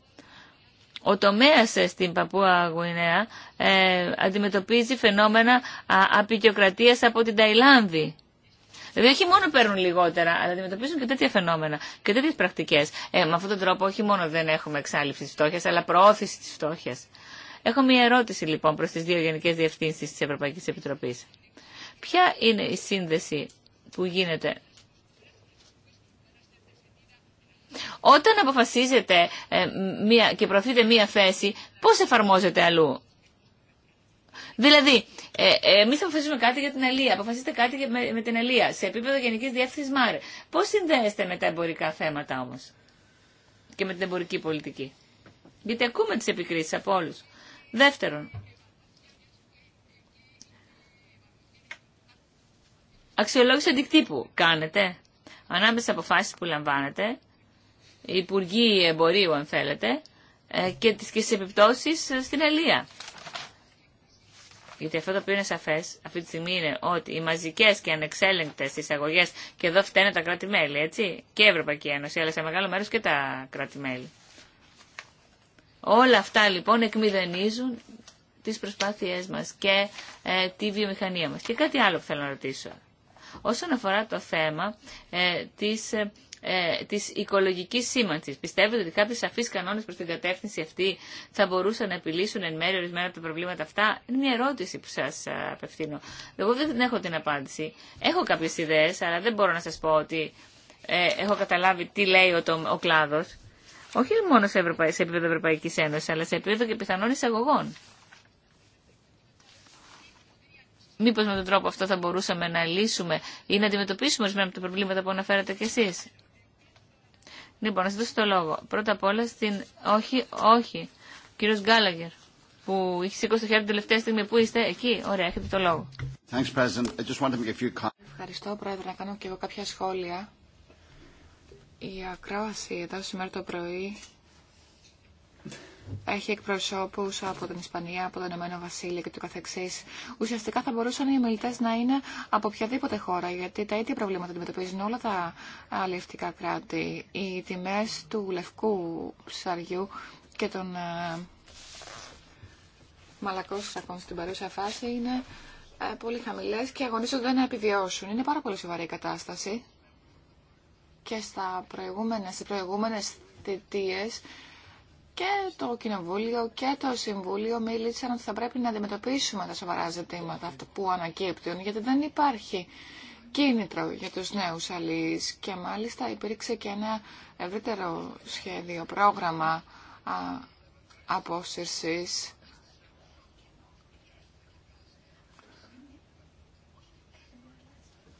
Ο τομέας ε, στην παππούα Γουινέα ε, αντιμετωπίζει φαινόμενα απεικιοκρατίας από την Ταϊλάνδη. Δηλαδή, όχι μόνο παίρνουν λιγότερα, αλλά αντιμετωπίζουν και τέτοια φαινόμενα και τέτοιε πρακτικέ. Ε, με αυτόν τον τρόπο, όχι μόνο δεν έχουμε εξάλληψη τη φτώχεια, αλλά προώθηση τη φτώχεια. Έχω μια ερώτηση λοιπόν προς τις δύο Γενικές Διευθύνσεις της Ευρωπαϊκής Επιτροπής. Ποια είναι η σύνδεση που γίνεται όταν αποφασίζετε μια, και προωθείτε μία θέση, πώς εφαρμόζεται αλλού. Δηλαδή, ε, ε εμεί αποφασίζουμε κάτι για την Ελία, αποφασίζετε κάτι με, με την Ελία, σε επίπεδο Γενική Διεύθυνση ΜΑΡΕ. Πώ συνδέεστε με τα εμπορικά θέματα όμω και με την εμπορική πολιτική. Γιατί ακούμε τι επικρίσει από όλου. Δεύτερον, αξιολόγηση αντικτύπου κάνετε ανάμεσα στις αποφάσεις που λαμβάνετε, οι υπουργοί εμπορίου αν θέλετε, ε, και τις, και επιπτώσεις ε, στην Ελία. Γιατί αυτό το οποίο είναι σαφέ αυτή τη στιγμή είναι ότι οι μαζικέ και ανεξέλεγκτε εισαγωγέ, και εδώ φταίνε τα κράτη-μέλη, έτσι, και η Ευρωπαϊκή Ένωση, αλλά σε μεγάλο μέρο και τα κράτη-μέλη. Όλα αυτά λοιπόν εκμηδενίζουν τις προσπάθειές μας και ε, τη βιομηχανία μας. Και κάτι άλλο που θέλω να ρωτήσω. Όσον αφορά το θέμα ε, της, ε, ε της οικολογικής σήμανσης, πιστεύετε ότι κάποιοι σαφείς κανόνες προς την κατεύθυνση αυτή θα μπορούσαν να επιλύσουν εν μέρει ορισμένα από τα προβλήματα αυτά. Είναι μια ερώτηση που σας ε, απευθύνω. Εγώ δεν έχω την απάντηση. Έχω κάποιες ιδέες, αλλά δεν μπορώ να σας πω ότι ε, έχω καταλάβει τι λέει ο, ο κλάδος όχι μόνο σε, σε επίπεδο Ευρωπαϊκής Ένωσης, αλλά σε επίπεδο και πιθανών εισαγωγών. Μήπως με τον τρόπο αυτό θα μπορούσαμε να λύσουμε ή να αντιμετωπίσουμε ορισμένα από τα προβλήματα που αναφέρατε κι εσείς. Λοιπόν, να σας δώσω το λόγο. Πρώτα απ' όλα στην... Όχι, όχι. Ο κύριος Γκάλαγκερ που είχε σηκώσει το χέρι την τελευταία στιγμή. Πού είστε, εκεί. Ωραία, έχετε το λόγο. Ευχαριστώ, Πρόεδρε, να κάνω και εγώ κάποια σχόλια η ακρόαση εδώ σήμερα το πρωί έχει εκπροσώπου από την Ισπανία, από το Ηνωμένο Βασίλειο και του καθεξή. Ουσιαστικά θα μπορούσαν οι ομιλητέ να είναι από οποιαδήποτε χώρα, γιατί τα ίδια προβλήματα αντιμετωπίζουν όλα τα αλληλευτικά κράτη. Οι τιμέ του λευκού ψαριού και των ε, μαλακών σακών στην παρούσα φάση είναι ε, πολύ χαμηλέ και αγωνίζονται να επιβιώσουν. Είναι πάρα πολύ σοβαρή η κατάσταση και στα προηγούμενα, σε προηγούμενες θητείες και το Κοινοβούλιο και το Συμβούλιο μίλησαν ότι θα πρέπει να αντιμετωπίσουμε τα σοβαρά ζητήματα αυτά που ανακύπτουν, γιατί δεν υπάρχει κίνητρο για τους νέους αλληλείς και μάλιστα υπήρξε και ένα ευρύτερο σχέδιο, πρόγραμμα απόσυρσης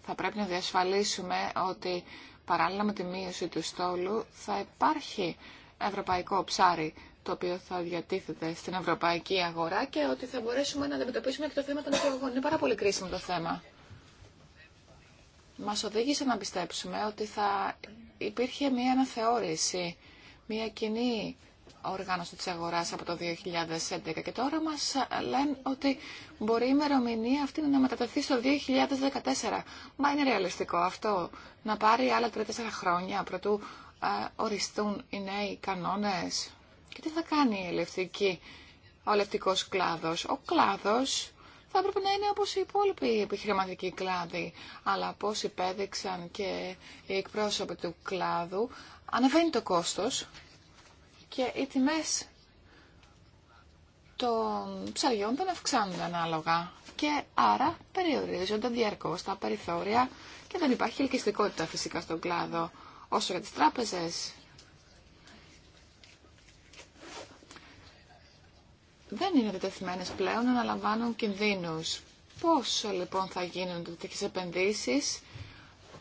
θα πρέπει να διασφαλίσουμε ότι Παράλληλα με τη μείωση του στόλου θα υπάρχει ευρωπαϊκό ψάρι το οποίο θα διατίθεται στην ευρωπαϊκή αγορά και ότι θα μπορέσουμε να αντιμετωπίσουμε και το θέμα των εκλογών. Είναι πάρα πολύ κρίσιμο το θέμα. Μας οδήγησε να πιστέψουμε ότι θα υπήρχε μια αναθεώρηση, μια κοινή οργάνωση της αγοράς από το 2011 και τώρα μας λένε ότι μπορεί η ημερομηνία αυτή να μετατεθεί στο 2014. Μα είναι ρεαλιστικό αυτό, να πάρει άλλα 3-4 χρόνια προτού ε, οριστούν οι νέοι κανόνες. Και τι θα κάνει η ελευτική, ο ελευτικός κλάδος. Ο κλάδος θα έπρεπε να είναι όπως οι υπόλοιποι επιχειρηματικοί κλάδοι. Αλλά πώς υπέδειξαν και οι εκπρόσωποι του κλάδου, ανεβαίνει το κόστος και οι τιμές των ψαριών δεν αυξάνονται ανάλογα και άρα περιορίζονται διαρκώς τα περιθώρια και δεν υπάρχει ελκυστικότητα φυσικά στον κλάδο όσο για τις τράπεζες. Δεν είναι διτεθειμένες πλέον να αναλαμβάνουν κινδύνους. Πόσο λοιπόν θα γίνουν τέτοιες επενδύσεις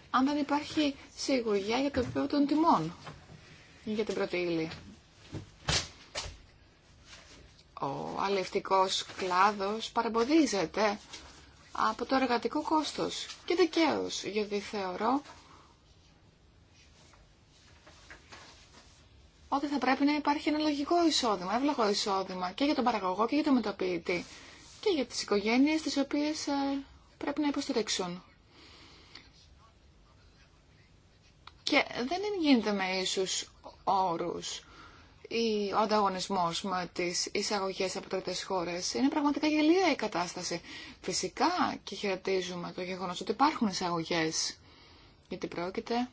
αν δεν υπάρχει σιγουριά για το επίπεδο των τιμών για την πρώτη ο αλευτικός κλάδος παρεμποδίζεται από το εργατικό κόστος και δικαίως, γιατί θεωρώ ότι θα πρέπει να υπάρχει ένα λογικό εισόδημα, εύλογο εισόδημα και για τον παραγωγό και για τον μεταποιητή και για τις οικογένειες τις οποίες ε, πρέπει να υποστηρίξουν. Και δεν γίνεται με ίσους όρους ο ανταγωνισμό με τι εισαγωγέ από τρίτε χώρες. Είναι πραγματικά γελία η κατάσταση. Φυσικά και χαιρετίζουμε το γεγονός ότι υπάρχουν εισαγωγέ. Γιατί πρόκειται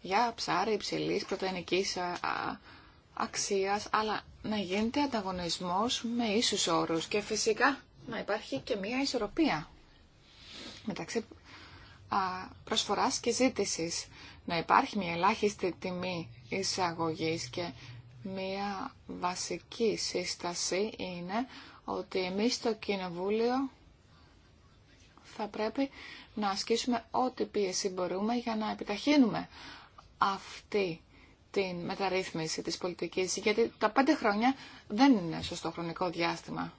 για ψάρι υψηλή πρωτεϊνικής αξίας, αλλά να γίνεται ανταγωνισμός με ίσους όρους και φυσικά να υπάρχει και μία ισορροπία μεταξύ προσφοράς και ζήτησης. Να υπάρχει μια ελάχιστη τιμή εισαγωγής και μία βασική σύσταση είναι ότι εμείς στο Κοινοβούλιο θα πρέπει να ασκήσουμε ό,τι πίεση μπορούμε για να επιταχύνουμε αυτή την μεταρρύθμιση της πολιτικής, γιατί τα πέντε χρόνια δεν είναι σωστό χρονικό διάστημα.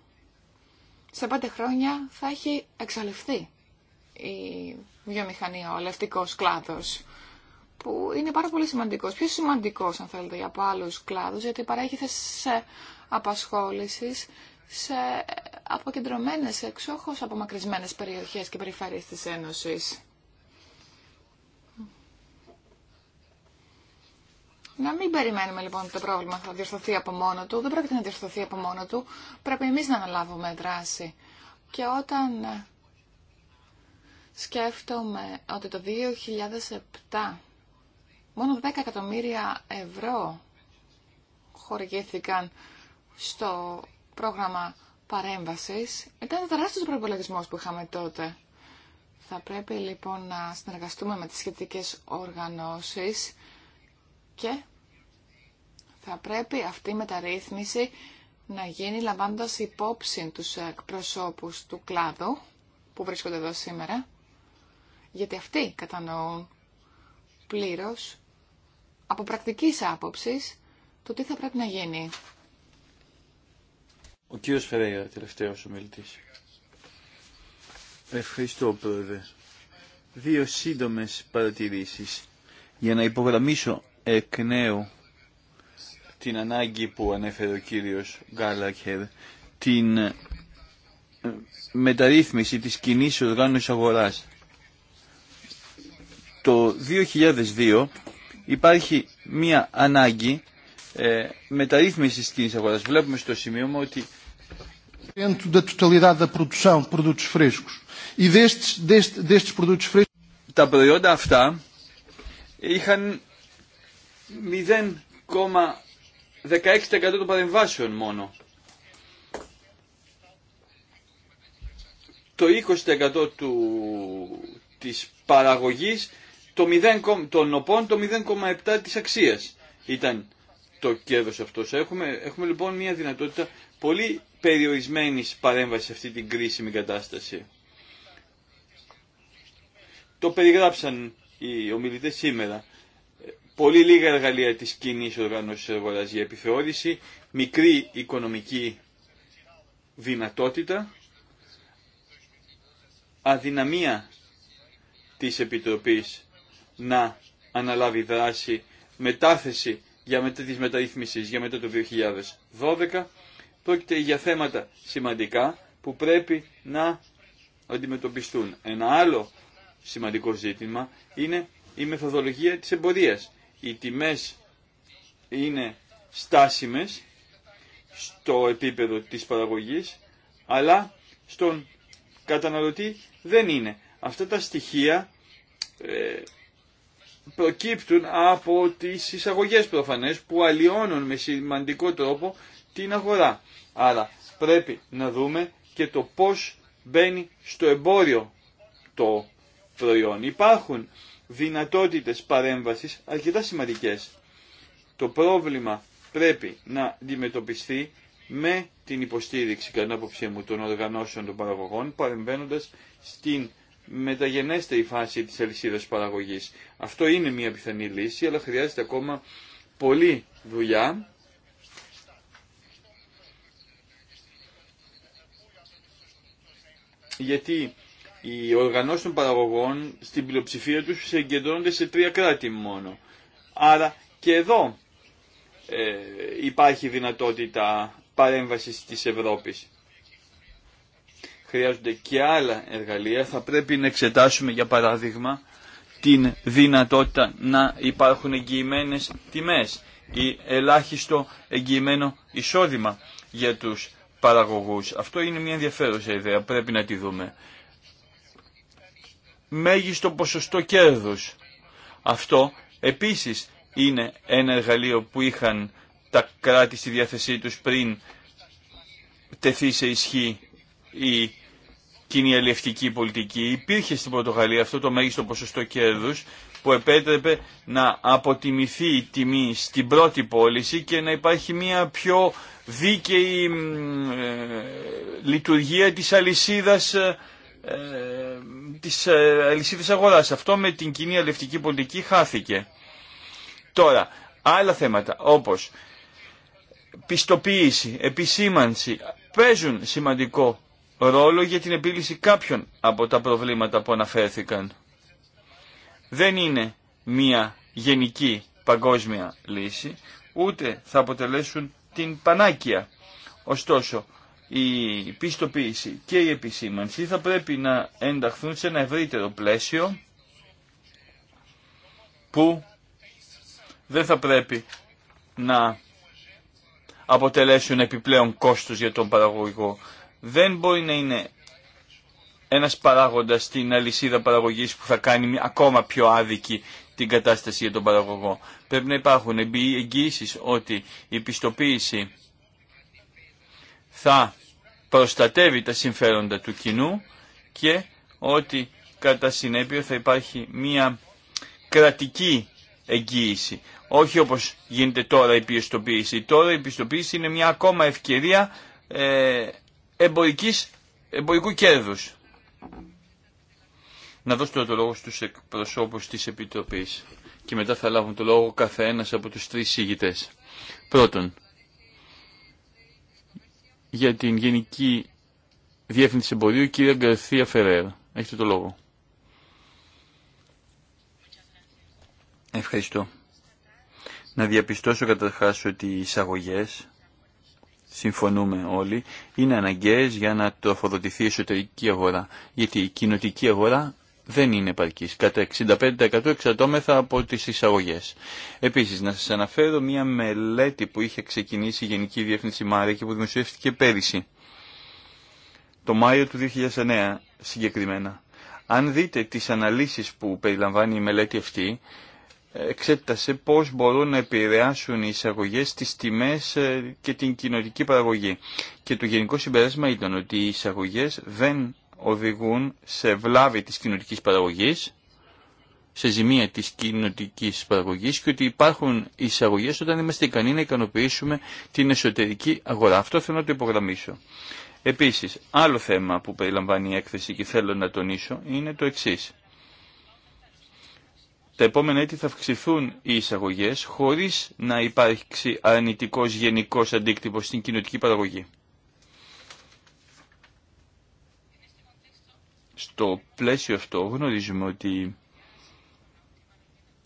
Σε πέντε χρόνια θα έχει εξαλειφθεί η βιομηχανία, ο αλευτικός κλάδος που είναι πάρα πολύ σημαντικός. Πιο σημαντικός, αν θέλετε, για από άλλου κλάδους, γιατί παρέχει θέσεις απασχόλησης σε αποκεντρωμένες, εξόχως απομακρυσμένες περιοχές και περιφέρειες της Ένωσης. Να μην περιμένουμε λοιπόν ότι το πρόβλημα θα διορθωθεί από μόνο του. Δεν πρέπει να διορθωθεί από μόνο του. Πρέπει εμείς να αναλάβουμε δράση. Και όταν σκέφτομαι ότι το 2007 Μόνο 10 εκατομμύρια ευρώ χορηγήθηκαν στο πρόγραμμα παρέμβασης. Ήταν τεράστιος προπολογισμό που είχαμε τότε. Θα πρέπει λοιπόν να συνεργαστούμε με τις σχετικές οργανώσεις και θα πρέπει αυτή η μεταρρύθμιση να γίνει λαμβάνοντας υπόψη τους εκπροσώπους του κλάδου που βρίσκονται εδώ σήμερα, γιατί αυτοί κατανοούν πλήρως από πρακτικής άποψης το τι θα πρέπει να γίνει. Ο κύριος Φερέιρα, τελευταίος ομιλητής. Ευχαριστώ, πρόεδρε. Δύο σύντομε παρατηρήσει για να υπογραμμίσω εκ νέου την ανάγκη που ανέφερε ο κύριος Γκάλαχερ, την ε, μεταρρύθμιση της κοινή οργάνωση αγοράς. Το 2002 υπάρχει μία ανάγκη ε, μεταρρύθμισης της αγοράς. Βλέπουμε στο σημείο μου ότι e τα προϊόντα αυτά είχαν 0,16% των παρεμβάσεων μόνο. Το 20% του, της παραγωγής το 0, των οπών το 0,7 της αξίας ήταν το κέρδος αυτός. Έχουμε, έχουμε λοιπόν μια δυνατότητα πολύ περιορισμένης παρέμβασης σε αυτή την κρίσιμη κατάσταση. Το περιγράψαν οι ομιλητές σήμερα. Πολύ λίγα εργαλεία της κοινή οργάνωσης εργολάς για επιθεώρηση, μικρή οικονομική δυνατότητα, αδυναμία της Επιτροπής να αναλάβει δράση, μετάθεση για μετά τις για μετά το 2012. Πρόκειται για θέματα σημαντικά που πρέπει να αντιμετωπιστούν. Ένα άλλο σημαντικό ζήτημα είναι η μεθοδολογία της εμπορίας. Οι τιμές είναι στάσιμες στο επίπεδο της παραγωγής, αλλά στον καταναλωτή δεν είναι. Αυτά τα στοιχεία ε, προκύπτουν από τις εισαγωγές προφανές που αλλοιώνουν με σημαντικό τρόπο την αγορά. Άρα πρέπει να δούμε και το πώς μπαίνει στο εμπόριο το προϊόν. Υπάρχουν δυνατότητες παρέμβασης αρκετά σημαντικές. Το πρόβλημα πρέπει να αντιμετωπιστεί με την υποστήριξη κατά άποψή μου των οργανώσεων των παραγωγών παρεμβαίνοντας στην η φάση της αλυσίδας παραγωγής. Αυτό είναι μια πιθανή λύση, αλλά χρειάζεται ακόμα πολλή δουλειά. Γιατί οι οργανώσει των παραγωγών στην πλειοψηφία τους συγκεντρώνονται σε τρία κράτη μόνο. Άρα και εδώ ε, υπάρχει δυνατότητα παρέμβασης της Ευρώπης χρειάζονται και άλλα εργαλεία. Θα πρέπει να εξετάσουμε για παράδειγμα την δυνατότητα να υπάρχουν εγγυημένε τιμές ή ελάχιστο εγγυημένο εισόδημα για τους παραγωγούς. Αυτό είναι μια ενδιαφέρουσα ιδέα, πρέπει να τη δούμε. Μέγιστο ποσοστό κέρδους. Αυτό επίσης είναι ένα εργαλείο που είχαν τα κράτη στη διάθεσή τους πριν τεθεί σε ισχύ η κοινή αλληλευτική πολιτική. Υπήρχε στην Πορτογαλία αυτό το μέγιστο ποσοστό κέρδους που επέτρεπε να αποτιμηθεί η τιμή στην πρώτη πώληση και να υπάρχει μια πιο δίκαιη ε, λειτουργία της αλυσίδας ε, της ε, αλυσίδας αγοράς. Αυτό με την κοινή αλευτική πολιτική χάθηκε. Τώρα, άλλα θέματα όπως πιστοποίηση, επισήμανση παίζουν σημαντικό ρόλο για την επίλυση κάποιων από τα προβλήματα που αναφέρθηκαν. Δεν είναι μία γενική παγκόσμια λύση, ούτε θα αποτελέσουν την πανάκια. Ωστόσο, η πιστοποίηση και η επισήμανση θα πρέπει να ενταχθούν σε ένα ευρύτερο πλαίσιο που δεν θα πρέπει να αποτελέσουν επιπλέον κόστος για τον παραγωγικό δεν μπορεί να είναι ένας παράγοντας στην αλυσίδα παραγωγής που θα κάνει ακόμα πιο άδικη την κατάσταση για τον παραγωγό. Πρέπει να υπάρχουν εγγύησεις ότι η πιστοποίηση θα προστατεύει τα συμφέροντα του κοινού και ότι κατά συνέπειο θα υπάρχει μία κρατική εγγύηση. Όχι όπως γίνεται τώρα η πιστοποίηση. Τώρα η πιστοποίηση είναι μια ακόμα ευκαιρία ε, εμποϊκής, εμπορικού κέρδους. Να δώσω το λόγο στους εκπροσώπους της Επιτροπής και μετά θα λάβουν το λόγο καθένας από τους τρεις συγητές. Πρώτον, για την Γενική Διεύθυνση Εμπορίου, κύριε Γκαρθία Φεραίρα. Έχετε το λόγο. Ευχαριστώ. Να διαπιστώσω καταρχάς ότι οι εισαγωγές συμφωνούμε όλοι, είναι αναγκαίες για να τροφοδοτηθεί η εσωτερική αγορά. Γιατί η κοινοτική αγορά δεν είναι επαρκής. Κατά 65% εξαρτώμεθα από τις εισαγωγές. Επίσης, να σας αναφέρω μια μελέτη που είχε ξεκινήσει η Γενική Διεύθυνση Μάρια και που δημοσιεύτηκε πέρυσι. Το Μάιο του 2009 συγκεκριμένα. Αν δείτε τις αναλύσεις που περιλαμβάνει η μελέτη αυτή, εξέτασε πώς μπορούν να επηρεάσουν οι εισαγωγές τις τιμές ε, και την κοινωνική παραγωγή. Και το γενικό συμπέρασμα ήταν ότι οι εισαγωγές δεν οδηγούν σε βλάβη της κοινωνικής παραγωγής, σε ζημία της κοινωνικής παραγωγής και ότι υπάρχουν εισαγωγές όταν είμαστε ικανοί να ικανοποιήσουμε την εσωτερική αγορά. Αυτό θέλω να το υπογραμμίσω. Επίσης, άλλο θέμα που περιλαμβάνει η έκθεση και θέλω να τονίσω είναι το εξής τα επόμενα έτη θα αυξηθούν οι εισαγωγές χωρίς να υπάρξει αρνητικός γενικός αντίκτυπος στην κοινωτική παραγωγή. Στο πλαίσιο αυτό γνωρίζουμε ότι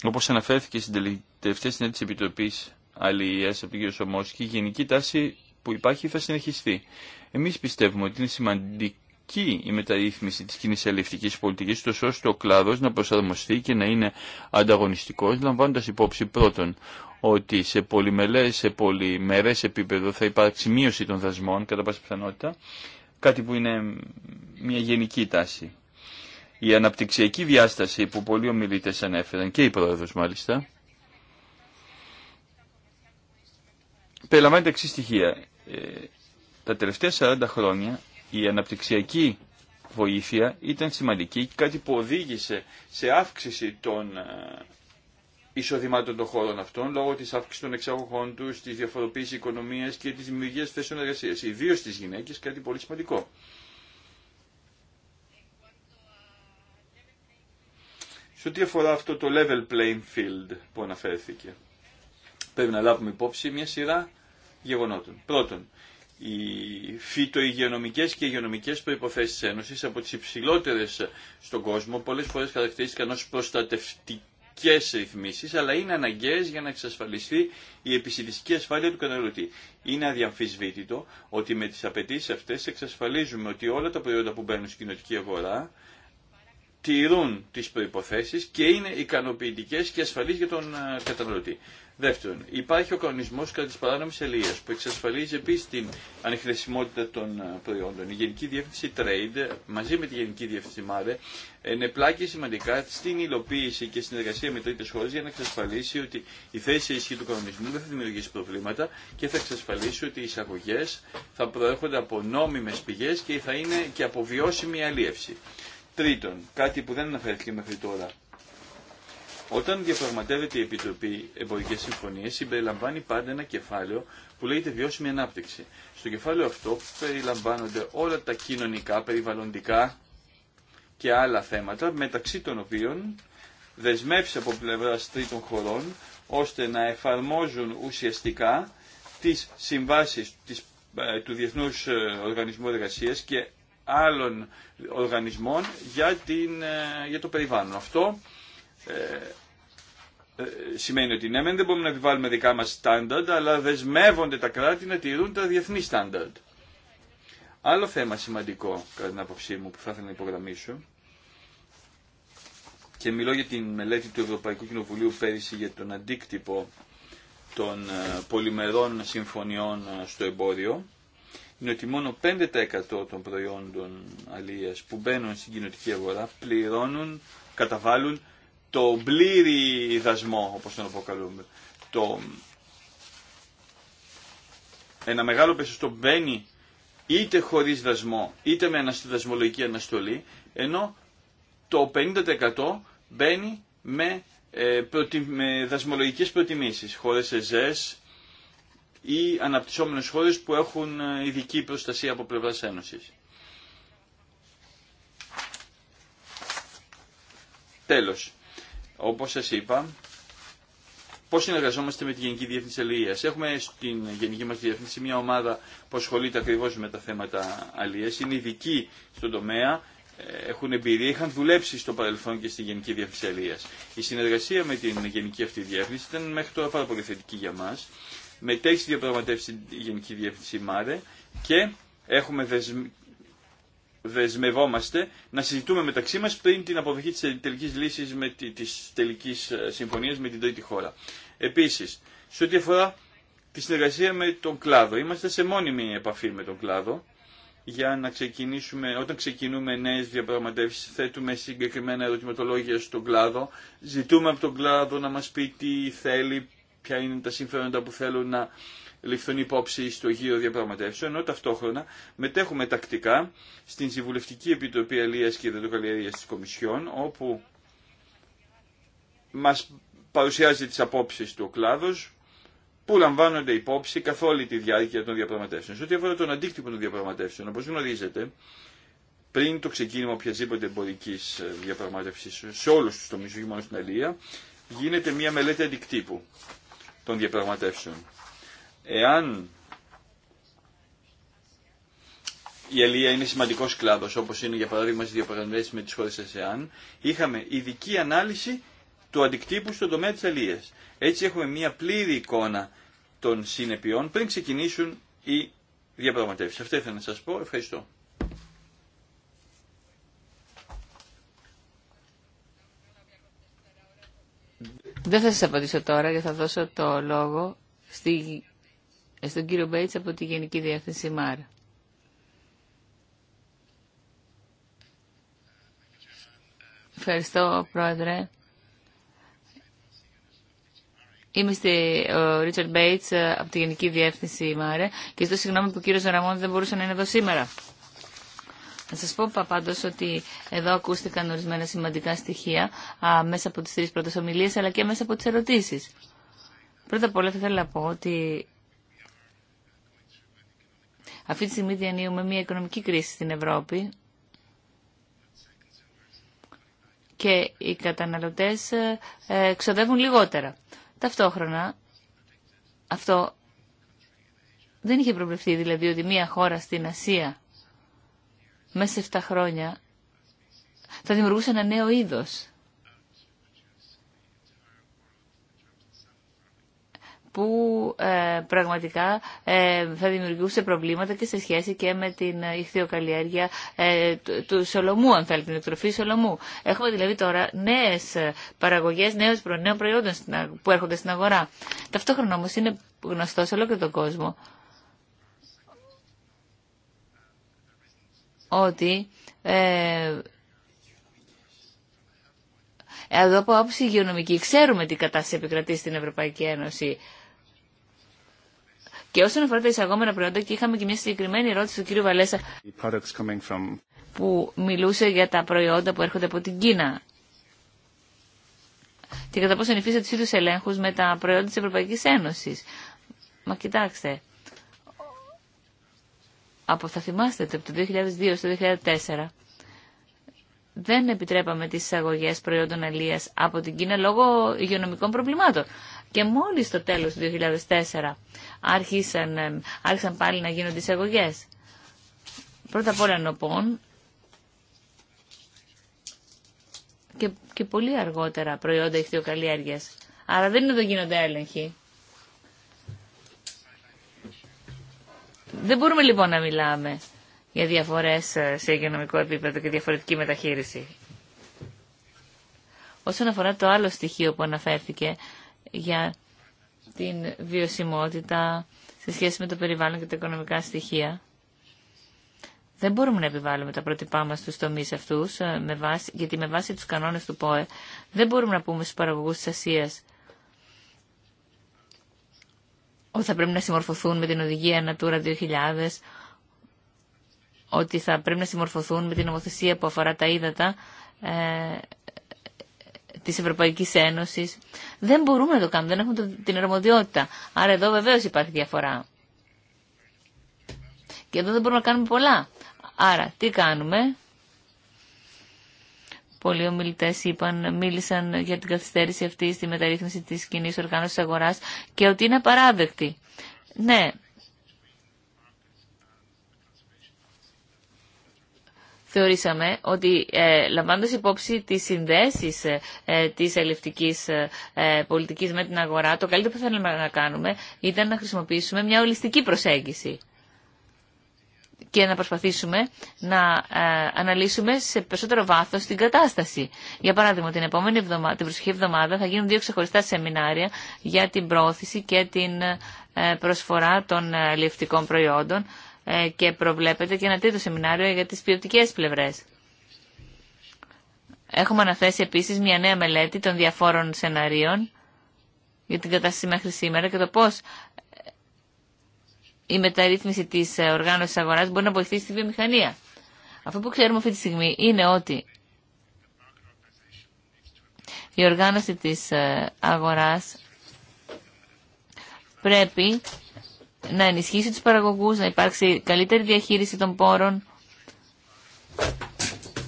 όπως αναφέρθηκε στην τελευταία συνέντευξη της Επιτροπής Αλληλείας από τον κ. η γενική τάση που υπάρχει θα συνεχιστεί. Εμείς πιστεύουμε ότι είναι σημαντικό σημαντική η μεταρρύθμιση της κοινής αλληλευτικής πολιτικής, τόσο ώστε ο κλάδος να προσαρμοστεί και να είναι ανταγωνιστικός, λαμβάνοντας υπόψη πρώτον ότι σε πολυμελές, σε πολυμερές επίπεδο θα υπάρξει μείωση των δασμών κατά πάση πιθανότητα, κάτι που είναι μια γενική τάση. Η αναπτυξιακή διάσταση που πολλοί ομιλητές ανέφεραν και η πρόεδρος μάλιστα, περιλαμβάνει τα εξή στοιχεία. Ε, τα τελευταία 40 χρόνια η αναπτυξιακή βοήθεια ήταν σημαντική και κάτι που οδήγησε σε αύξηση των ε, εισοδημάτων των χώρων αυτών λόγω της αύξησης των εξαγωγών τους, της διαφοροποίησης οικονομίας και της δημιουργίας θέσεων εργασίας, ιδίω στις γυναίκες, κάτι πολύ σημαντικό. Σε ό,τι αφορά αυτό το level playing field που αναφέρθηκε, πρέπει να λάβουμε υπόψη μια σειρά γεγονότων. Πρώτον, οι φυτοϊγειονομικές και υγειονομικές προϋποθέσεις της Ένωσης από τις υψηλότερες στον κόσμο πολλές φορές χαρακτηρίστηκαν ως προστατευτικές ρυθμίσεις αλλά είναι αναγκαίες για να εξασφαλιστεί η επισητιστική ασφάλεια του καταναλωτή. Είναι αδιαμφισβήτητο ότι με τις απαιτήσει αυτές εξασφαλίζουμε ότι όλα τα προϊόντα που μπαίνουν στην κοινωτική αγορά τηρούν τις προϋποθέσεις και είναι ικανοποιητικές και ασφαλείς για τον καταναλωτή. Δεύτερον, υπάρχει ο κανονισμό κατά τη παράνομη ελεία που εξασφαλίζει επίση την ανεχρεσιμότητα των ε, προϊόντων. Η Γενική Διεύθυνση Trade μαζί με τη Γενική Διεύθυνση Mare ενεπλάκει σημαντικά στην υλοποίηση και συνεργασία με τρίτε χώρε για να εξασφαλίσει ότι η θέση ισχύ του κανονισμού δεν θα δημιουργήσει προβλήματα και θα εξασφαλίσει ότι οι εισαγωγέ θα προέρχονται από νόμιμε πηγέ και θα είναι και από βιώσιμη αλίευση. Τρίτον, κάτι που δεν αναφέρθηκε μέχρι τώρα όταν διαπραγματεύεται η Επιτροπή Εμπορικέ Συμφωνίε, συμπεριλαμβάνει πάντα ένα κεφάλαιο που λέγεται Βιώσιμη Ανάπτυξη. Στο κεφάλαιο αυτό περιλαμβάνονται όλα τα κοινωνικά, περιβαλλοντικά και άλλα θέματα, μεταξύ των οποίων δεσμεύσει από πλευρά τρίτων χωρών ώστε να εφαρμόζουν ουσιαστικά τις συμβάσεις ε, του Διεθνούς ε, Οργανισμού Εργασίας και άλλων οργανισμών για, την, ε, για το περιβάλλον. Αυτό ε, ε, σημαίνει ότι ναι, δεν μπορούμε να επιβάλλουμε δικά μας στάνταρντ, αλλά δεσμεύονται τα κράτη να τηρούν τα διεθνή στάνταρντ. Άλλο θέμα σημαντικό, κατά την άποψή μου, που θα ήθελα να υπογραμμίσω, και μιλώ για την μελέτη του Ευρωπαϊκού Κοινοβουλίου πέρυσι για τον αντίκτυπο των ε, πολυμερών συμφωνιών στο εμπόριο, είναι ότι μόνο 5% των προϊόντων αλίας που μπαίνουν στην κοινωτική αγορά πληρώνουν, καταβάλουν το πλήρη δασμό, όπως τον αποκαλούμε. Το... Ένα μεγάλο ποσοστό μπαίνει είτε χωρίς δασμό, είτε με δασμολογική αναστολή, ενώ το 50% μπαίνει με, ε, προτι... με δασμολογικές προτιμήσεις, χώρες ΕΖΕΣ ή αναπτυσσόμενες χώρες που έχουν ε, ειδική προστασία από πλευράς Ένωσης. Τέλος, όπως σας είπα, πώς συνεργαζόμαστε με τη Γενική Διεύθυνση Αλληλεία. Έχουμε στην Γενική μας Διεύθυνση μια ομάδα που ασχολείται ακριβώ με τα θέματα αλληλεία. Είναι ειδικοί στον τομέα, ε, έχουν εμπειρία, είχαν δουλέψει στο παρελθόν και στη Γενική Διεύθυνση Αλληλεία. Η συνεργασία με την Γενική αυτή Διεύθυνση ήταν μέχρι τώρα πάρα πολύ θετική για μα. Μετέχει στη διαπραγματεύση η Γενική Διεύθυνση ΜΑΡΕ και έχουμε δεσμ δεσμευόμαστε να συζητούμε μεταξύ μας πριν την αποδοχή της τελικής λύσης με τη, τελική τελικής ε, συμφωνίας με την τρίτη χώρα. Επίσης, σε ό,τι αφορά τη συνεργασία με τον κλάδο, είμαστε σε μόνιμη επαφή με τον κλάδο για να ξεκινήσουμε, όταν ξεκινούμε νέες διαπραγματεύσεις θέτουμε συγκεκριμένα ερωτηματολόγια στον κλάδο, ζητούμε από τον κλάδο να μας πει τι θέλει, ποια είναι τα συμφέροντα που θέλουν να ληφθούν υπόψη στο γύρο διαπραγματεύσεων, ενώ ταυτόχρονα μετέχουμε τακτικά στην Συμβουλευτική Επιτροπή Αλίας και Ιδετοκαλλιέργειας της Κομισιόν, όπου μας παρουσιάζει τις απόψεις του ο κλάδος, που λαμβάνονται υπόψη καθ' όλη τη διάρκεια των διαπραγματεύσεων. Σε ό,τι αφορά τον αντίκτυπο των διαπραγματεύσεων, όπως γνωρίζετε, πριν το ξεκίνημα οποιασδήποτε εμπορική ε, διαπραγμάτευση σε όλου του τομεί, όχι μόνο στην Αλία, γίνεται μια μελέτη αντικτύπου των διαπραγματεύσεων. Εάν η Ελία είναι σημαντικό κλάδο, όπω είναι για παράδειγμα στι διαπραγματεύσει με τι χώρε ΕΣΕΑΝ, είχαμε ειδική ανάλυση του αντικτύπου στον τομέα τη Ελία. Έτσι έχουμε μια πλήρη εικόνα των συνεπειών πριν ξεκινήσουν οι διαπραγματεύσει. Αυτό ήθελα να σα πω. Ευχαριστώ. Δεν θα σας απαντήσω τώρα γιατί θα δώσω το λόγο στη στον κύριο Μπέιτς από τη Γενική Διεύθυνση ΜΑΡ. Ευχαριστώ, Πρόεδρε. Είμαι στη, ο Ρίτσαρντ Μπέιτς ε, από τη Γενική Διεύθυνση ΜΑΡΕ και ζητώ συγγνώμη που ο κύριος Ραμόν δεν μπορούσε να είναι εδώ σήμερα. Να σας πω πάντως ότι εδώ ακούστηκαν ορισμένα σημαντικά στοιχεία μέσα από τις τρεις πρώτες ομιλίες αλλά και μέσα από τις ερωτήσεις. Πρώτα απ' όλα θα ήθελα να πω ότι αυτή τη στιγμή διανύουμε μια οικονομική κρίση στην Ευρώπη και οι καταναλωτές ε, ξοδεύουν λιγότερα. Ταυτόχρονα, αυτό δεν είχε προβλεφθεί, δηλαδή ότι μια χώρα στην Ασία μέσα σε 7 χρόνια θα δημιουργούσε ένα νέο είδος που ε, πραγματικά ε, θα δημιουργούσε προβλήματα και σε σχέση και με την ηχθειοκαλλιέργεια ε, του, του σολομού, αν θέλετε, την εκτροφή σολομού. Έχουμε δηλαδή τώρα νέε παραγωγέ νέων προϊόντων που έρχονται στην αγορά. Ταυτόχρονα όμω είναι γνωστό σε και τον κόσμο ότι ε, εδώ από άποψη υγειονομική ξέρουμε τι κατάσταση επικρατεί στην Ευρωπαϊκή Ένωση. Και όσον αφορά τα εισαγόμενα προϊόντα, και είχαμε και μια συγκεκριμένη ερώτηση του κ. Βαλέσα που μιλούσε για τα προϊόντα που έρχονται από την Κίνα και κατά πόσο ανηφίσατε του ίδιου ελέγχου με τα προϊόντα τη Ευρωπαϊκή Ένωση. Μα κοιτάξτε, από θα θυμάστε ότι από το 2002 στο 2004 δεν επιτρέπαμε τις εισαγωγέ προϊόντων αλίας από την Κίνα λόγω υγειονομικών προβλημάτων. Και μόλις το τέλος του 2004 άρχισαν, ε, άρχισαν πάλι να γίνονται εισαγωγέ. Πρώτα απ' όλα νοπών και, και πολύ αργότερα προϊόντα ηχθειοκαλλιέργειας. Άρα δεν είναι εδώ γίνονται έλεγχοι. Δεν μπορούμε λοιπόν να μιλάμε για διαφορές ε, σε οικονομικό επίπεδο και διαφορετική μεταχείριση. Όσον αφορά το άλλο στοιχείο που αναφέρθηκε για την βιωσιμότητα σε σχέση με το περιβάλλον και τα οικονομικά στοιχεία. Δεν μπορούμε να επιβάλλουμε τα πρότυπά μας στους τομείς αυτούς, ε, με βάση, γιατί με βάση τους κανόνες του ΠΟΕ δεν μπορούμε να πούμε στους παραγωγούς της Ασίας ότι θα πρέπει να συμμορφωθούν με την οδηγία Natura 2000, ότι θα πρέπει να συμμορφωθούν με την νομοθεσία που αφορά τα ύδατα, ε, της Ευρωπαϊκής Ένωσης. Δεν μπορούμε να το κάνουμε, δεν έχουμε την αρμοδιότητα. Άρα εδώ βεβαίως υπάρχει διαφορά. Και εδώ δεν μπορούμε να κάνουμε πολλά. Άρα, τι κάνουμε. Πολλοί ομιλητέ είπαν, μίλησαν για την καθυστέρηση αυτή στη μεταρρύθμιση τη κοινή οργάνωση αγορά και ότι είναι απαράδεκτη. Ναι, θεωρήσαμε ότι ε, λαμβάνοντας υπόψη τις συνδέσεις ε, ε της πολιτική ε, ε, πολιτικής με την αγορά, το καλύτερο που θέλαμε να κάνουμε ήταν να χρησιμοποιήσουμε μια ολιστική προσέγγιση και να προσπαθήσουμε να αναλύσουμε σε περισσότερο βάθο την κατάσταση. Για παράδειγμα, την επόμενη εβδομάδα, την προσεχή εβδομάδα θα γίνουν δύο ξεχωριστά σεμινάρια για την πρόθεση και την προσφορά των ελληνικών προϊόντων ε, και προβλέπεται και ένα τρίτο σεμινάριο για τις ποιοτικέ πλευρές. Έχουμε αναθέσει επίσης μια νέα μελέτη των διαφόρων σεναρίων για την κατάσταση μέχρι σήμερα και το πώς η μεταρρύθμιση της οργάνωσης αγοράς μπορεί να βοηθήσει τη βιομηχανία. Αυτό που ξέρουμε αυτή τη στιγμή είναι ότι η οργάνωση της ε, αγοράς πρέπει να ενισχύσει τους παραγωγούς, να υπάρξει καλύτερη διαχείριση των πόρων,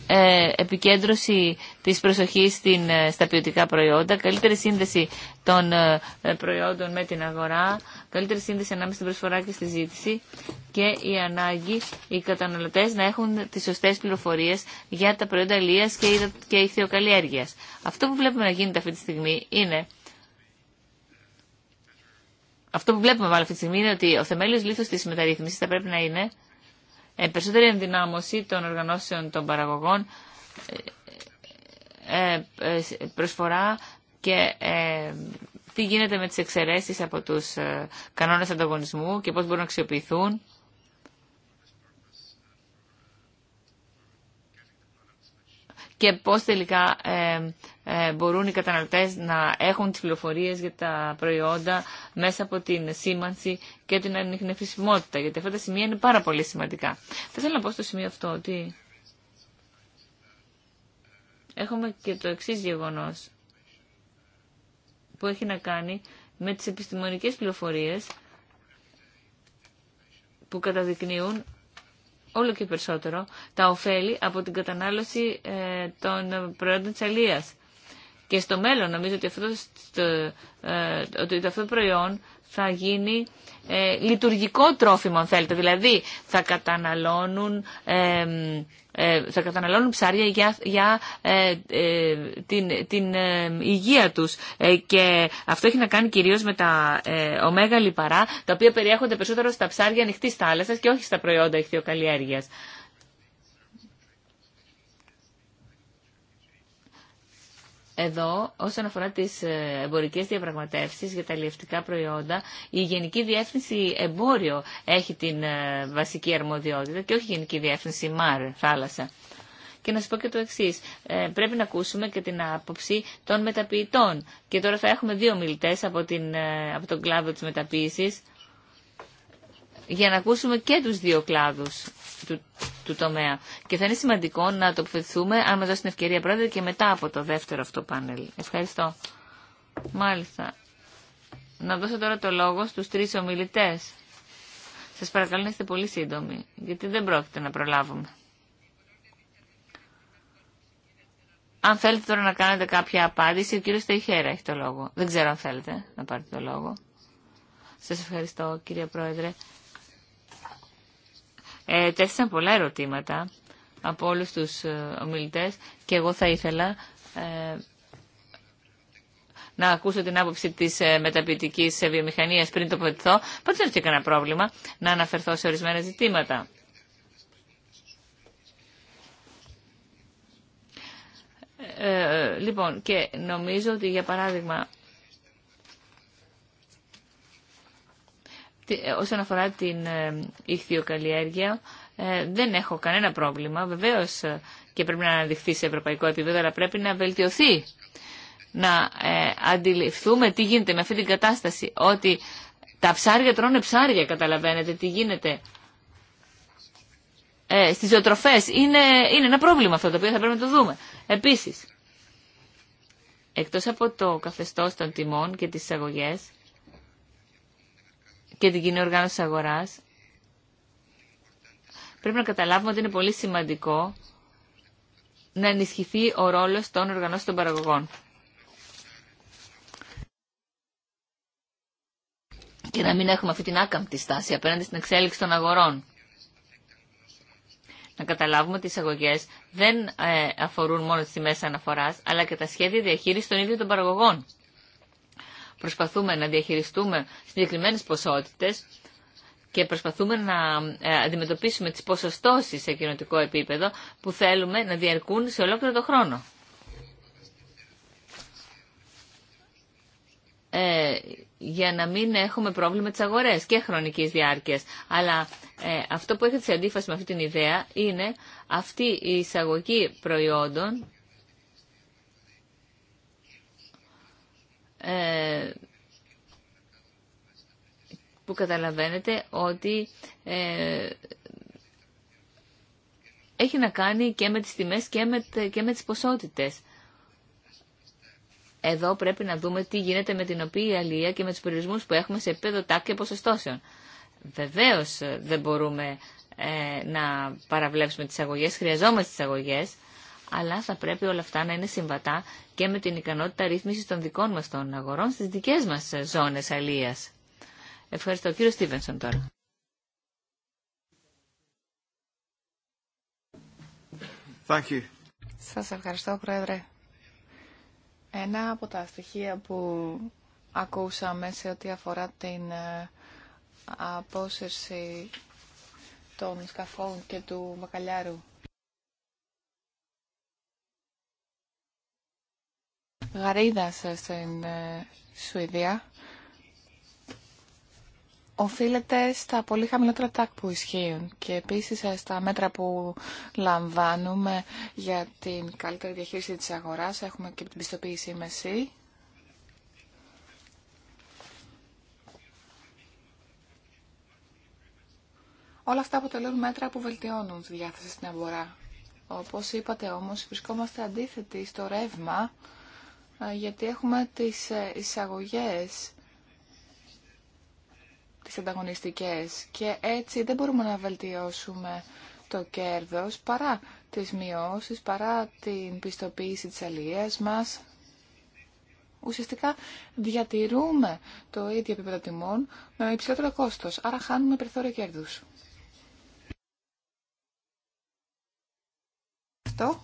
ε, επικέντρωση της προσοχής στην, ε, στα ποιοτικά προϊόντα, καλύτερη σύνδεση των ε, προϊόντων με την αγορά, καλύτερη σύνδεση ανάμεσα στην προσφορά και στη ζήτηση και η ανάγκη οι καταναλωτές να έχουν τις σωστές πληροφορίες για τα προϊόντα λίας και, και ηχθειοκαλλιέργειας. Αυτό που βλέπουμε να γίνεται αυτή τη στιγμή είναι αυτό που βλέπουμε αυτή τη στιγμή είναι ότι ο θεμέλιος λήθος της μεταρρύθμισης θα πρέπει να είναι ε, περισσότερη ενδυνάμωση των οργανώσεων των παραγωγών, ε, ε, προσφορά και τι γίνεται με τις εξαιρέσεις από τους κανόνες ανταγωνισμού και πώς μπορούν να αξιοποιηθούν. Και πώς τελικά ε, μπορούν οι καταναλωτές να έχουν τις πληροφορίες για τα προϊόντα μέσα από την σήμανση και την ανιχνευσιμότητα, γιατί αυτά τα σημεία είναι πάρα πολύ σημαντικά. Θα ήθελα να πω στο σημείο αυτό ότι έχουμε και το εξής γεγονός που έχει να κάνει με τις επιστημονικές πληροφορίες που καταδεικνύουν όλο και περισσότερο τα ωφέλη από την κατανάλωση ε, των προϊόντων της αλίας. Και στο μέλλον νομίζω ότι αυτό το, ε, ότι αυτό το προϊόν θα γίνει ε, λειτουργικό τρόφιμο, αν θέλετε. Δηλαδή, θα καταναλώνουν, ε, θα καταναλώνουν ψάρια για, για την, την υγεία τους. και αυτό έχει να κάνει κυρίως με τα ωμέγα λιπαρά, τα οποία περιέχονται περισσότερο στα ψάρια ανοιχτή θάλασσα και όχι στα προϊόντα ηχθειοκαλλιέργειας. εδώ, όσον αφορά τι ε, εμπορικέ διαπραγματεύσει για τα αλλιευτικά προϊόντα, η Γενική Διεύθυνση Εμπόριο έχει την ε, βασική αρμοδιότητα και όχι η Γενική Διεύθυνση ΜΑΡ, θάλασσα. Και να σα πω και το εξή. Ε, πρέπει να ακούσουμε και την άποψη των μεταποιητών. Και τώρα θα έχουμε δύο μιλητέ από, από τον κλάδο τη μεταποίηση για να ακούσουμε και τους δύο κλάδους του, του τομέα. Και θα είναι σημαντικό να τοποθετηθούμε, αν μας δώσει την ευκαιρία πρόεδρε, και μετά από το δεύτερο αυτό πάνελ. Ευχαριστώ. Μάλιστα. Να δώσω τώρα το λόγο στους τρεις ομιλητές. Σας παρακαλώ να είστε πολύ σύντομοι, γιατί δεν πρόκειται να προλάβουμε. Αν θέλετε τώρα να κάνετε κάποια απάντηση, ο κύριος Τεϊχέρα έχει το λόγο. Δεν ξέρω αν θέλετε να πάρετε το λόγο. Σας ευχαριστώ κύριε Πρόεδρε. Ε, τέθησαν πολλά ερωτήματα από όλους τους ε, ομιλητέ, και εγώ θα ήθελα ε, να ακούσω την άποψη τη ε, μεταποιητική βιομηχανία πριν τοποθετηθώ. Πάντω δεν έχει κανένα πρόβλημα να αναφερθώ σε ορισμένα ζητήματα. Ε, λοιπόν, και νομίζω ότι για παράδειγμα όσον αφορά την ε, ηχθειοκαλλιέργεια, ε, δεν έχω κανένα πρόβλημα. Βεβαίω ε, και πρέπει να αναδειχθεί σε ευρωπαϊκό επίπεδο, αλλά πρέπει να βελτιωθεί. Να αντιληφθούμε τι γίνεται με αυτή την κατάσταση. Ότι τα ψάρια τρώνε ψάρια, καταλαβαίνετε τι γίνεται. Ε, στις ζωοτροφές είναι, είναι ένα πρόβλημα αυτό το οποίο θα πρέπει να το δούμε. Επίσης, εκτός από το καθεστώς των τιμών και τις εισαγωγές, και την κοινή οργάνωση αγοράς, πρέπει να καταλάβουμε ότι είναι πολύ σημαντικό να ενισχυθεί ο ρόλος των οργανώσεων των παραγωγών. Και να μην έχουμε αυτή την άκαμπτη στάση απέναντι στην εξέλιξη των αγορών. Να καταλάβουμε ότι οι εισαγωγέ δεν ε, αφορούν μόνο τι τιμέ αναφορά, αλλά και τα σχέδια διαχείριση των ίδιων των παραγωγών προσπαθούμε να διαχειριστούμε συγκεκριμένε ποσότητε και προσπαθούμε να ε, αντιμετωπίσουμε τις ποσοστώσεις σε κοινοτικό επίπεδο που θέλουμε να διαρκούν σε ολόκληρο τον χρόνο. Ε, για να μην έχουμε πρόβλημα τις αγορές και χρονικής διάρκειας. Αλλά ε, αυτό που έχετε σε αντίφαση με αυτή την ιδέα είναι αυτή η εισαγωγή προϊόντων Ε, που καταλαβαίνετε ότι ε, έχει να κάνει και με τις τιμές και με, και με τις ποσότητες. Εδώ πρέπει να δούμε τι γίνεται με την οποία η αλία και με τους περιορισμούς που έχουμε σε επίπεδο τάκ και ποσοστώσεων. Βεβαίως ε, δεν μπορούμε να παραβλέψουμε τις αγωγές, χρειαζόμαστε τις αγωγές, αλλά θα πρέπει όλα αυτά να είναι συμβατά και με την ικανότητα ρύθμισης των δικών μας των αγορών στις δικές μας ζώνες αλίας. Ευχαριστώ. Κύριο Στίβενσον τώρα. Thank you. Σας ευχαριστώ, Πρόεδρε. Ένα από τα στοιχεία που ακούσαμε σε ό,τι αφορά την ε, απόσυρση των σκαφών και του μακαλιάρου γαρίδας ε, στην ε, Σουηδία οφείλεται στα πολύ χαμηλότερα τάκ που ισχύουν και επίσης ε, στα μέτρα που λαμβάνουμε για την καλύτερη διαχείριση της αγοράς. Έχουμε και την πιστοποίηση μεσή. Όλα αυτά αποτελούν μέτρα που βελτιώνουν τη διάθεση στην αγορά. Όπως είπατε όμως, βρισκόμαστε αντίθετοι στο ρεύμα γιατί έχουμε τις ε, εισαγωγές τις ανταγωνιστικές και έτσι δεν μπορούμε να βελτιώσουμε το κέρδος παρά τις μειώσεις, παρά την πιστοποίηση της αλληλείας μας. Ουσιαστικά διατηρούμε το ίδιο επίπεδο τιμών με υψηλότερο κόστος, άρα χάνουμε περιθώριο κέρδους. Αυτό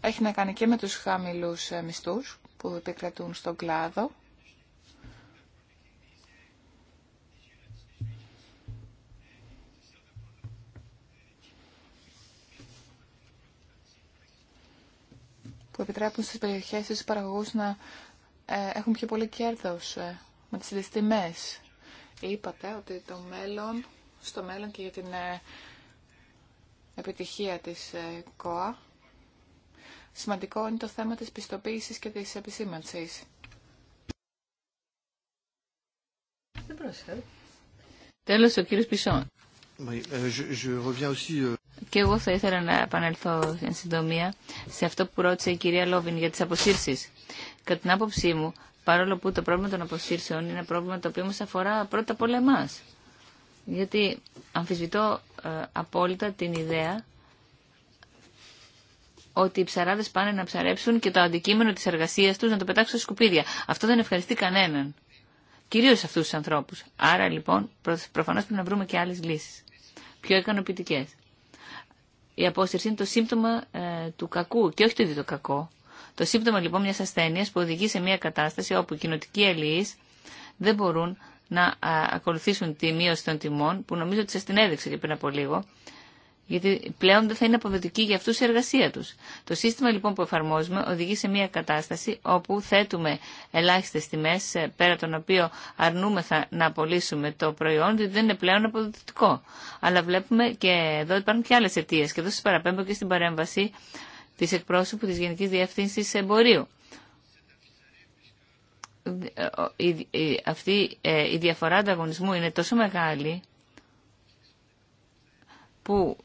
έχει να κάνει και με τους χαμηλούς ε, μισθούς που επικρατούν στον κλάδο. που επιτρέπουν στις περιοχές στους παραγωγούς να ε, έχουν πιο πολύ κέρδος ε, με τις τιμές. Είπατε ότι το μέλλον, στο μέλλον και για την επιτυχία της ΚΟΑ σημαντικό είναι το θέμα της πιστοποίησης και της επισήμανσης. Δεν Τέλος, ο κύριος Πισόν. Euh, euh, και εγώ θα ήθελα να επανέλθω εν συντομία σε αυτό που ρώτησε η κυρία Λόβιν για τις αποσύρσεις. Κατά την άποψή μου, παρόλο που το πρόβλημα των αποσύρσεων είναι πρόβλημα το οποίο μας αφορά πρώτα απ' όλα εμάς. Γιατί αμφισβητώ ε, απόλυτα την ιδέα ότι οι ψαράδες πάνε να ψαρέψουν και το αντικείμενο της εργασίας τους να το πετάξουν στα σκουπίδια. Αυτό δεν ευχαριστεί κανέναν. Κυρίως αυτούς τους ανθρώπους. Άρα λοιπόν προφανώς πρέπει να βρούμε και άλλες λύσεις. Πιο ικανοποιητικέ. Η απόσυρση είναι το σύμπτωμα ε, του κακού και όχι το ίδιο το κακό. Το σύμπτωμα λοιπόν μιας ασθένεια που οδηγεί σε μια κατάσταση όπου οι κοινοτικοί αλληλείς δεν μπορούν να ακολουθήσουν τη μείωση των τιμών που νομίζω ότι σας την έδειξε και πριν από λίγο γιατί πλέον δεν θα είναι αποδοτική για αυτούς η εργασία τους. Το σύστημα λοιπόν που εφαρμόζουμε οδηγεί σε μια κατάσταση όπου θέτουμε ελάχιστες τιμές ε, πέρα των οποίων αρνούμεθα να απολύσουμε το προϊόν διότι δεν είναι πλέον αποδοτικό. Αλλά βλέπουμε και εδώ υπάρχουν και άλλες αιτίε και εδώ σας παραπέμπω και στην παρέμβαση της εκπρόσωπου της Γενικής Διευθύνση Εμπορίου. Αυτή ε, η διαφορά ανταγωνισμού είναι τόσο μεγάλη που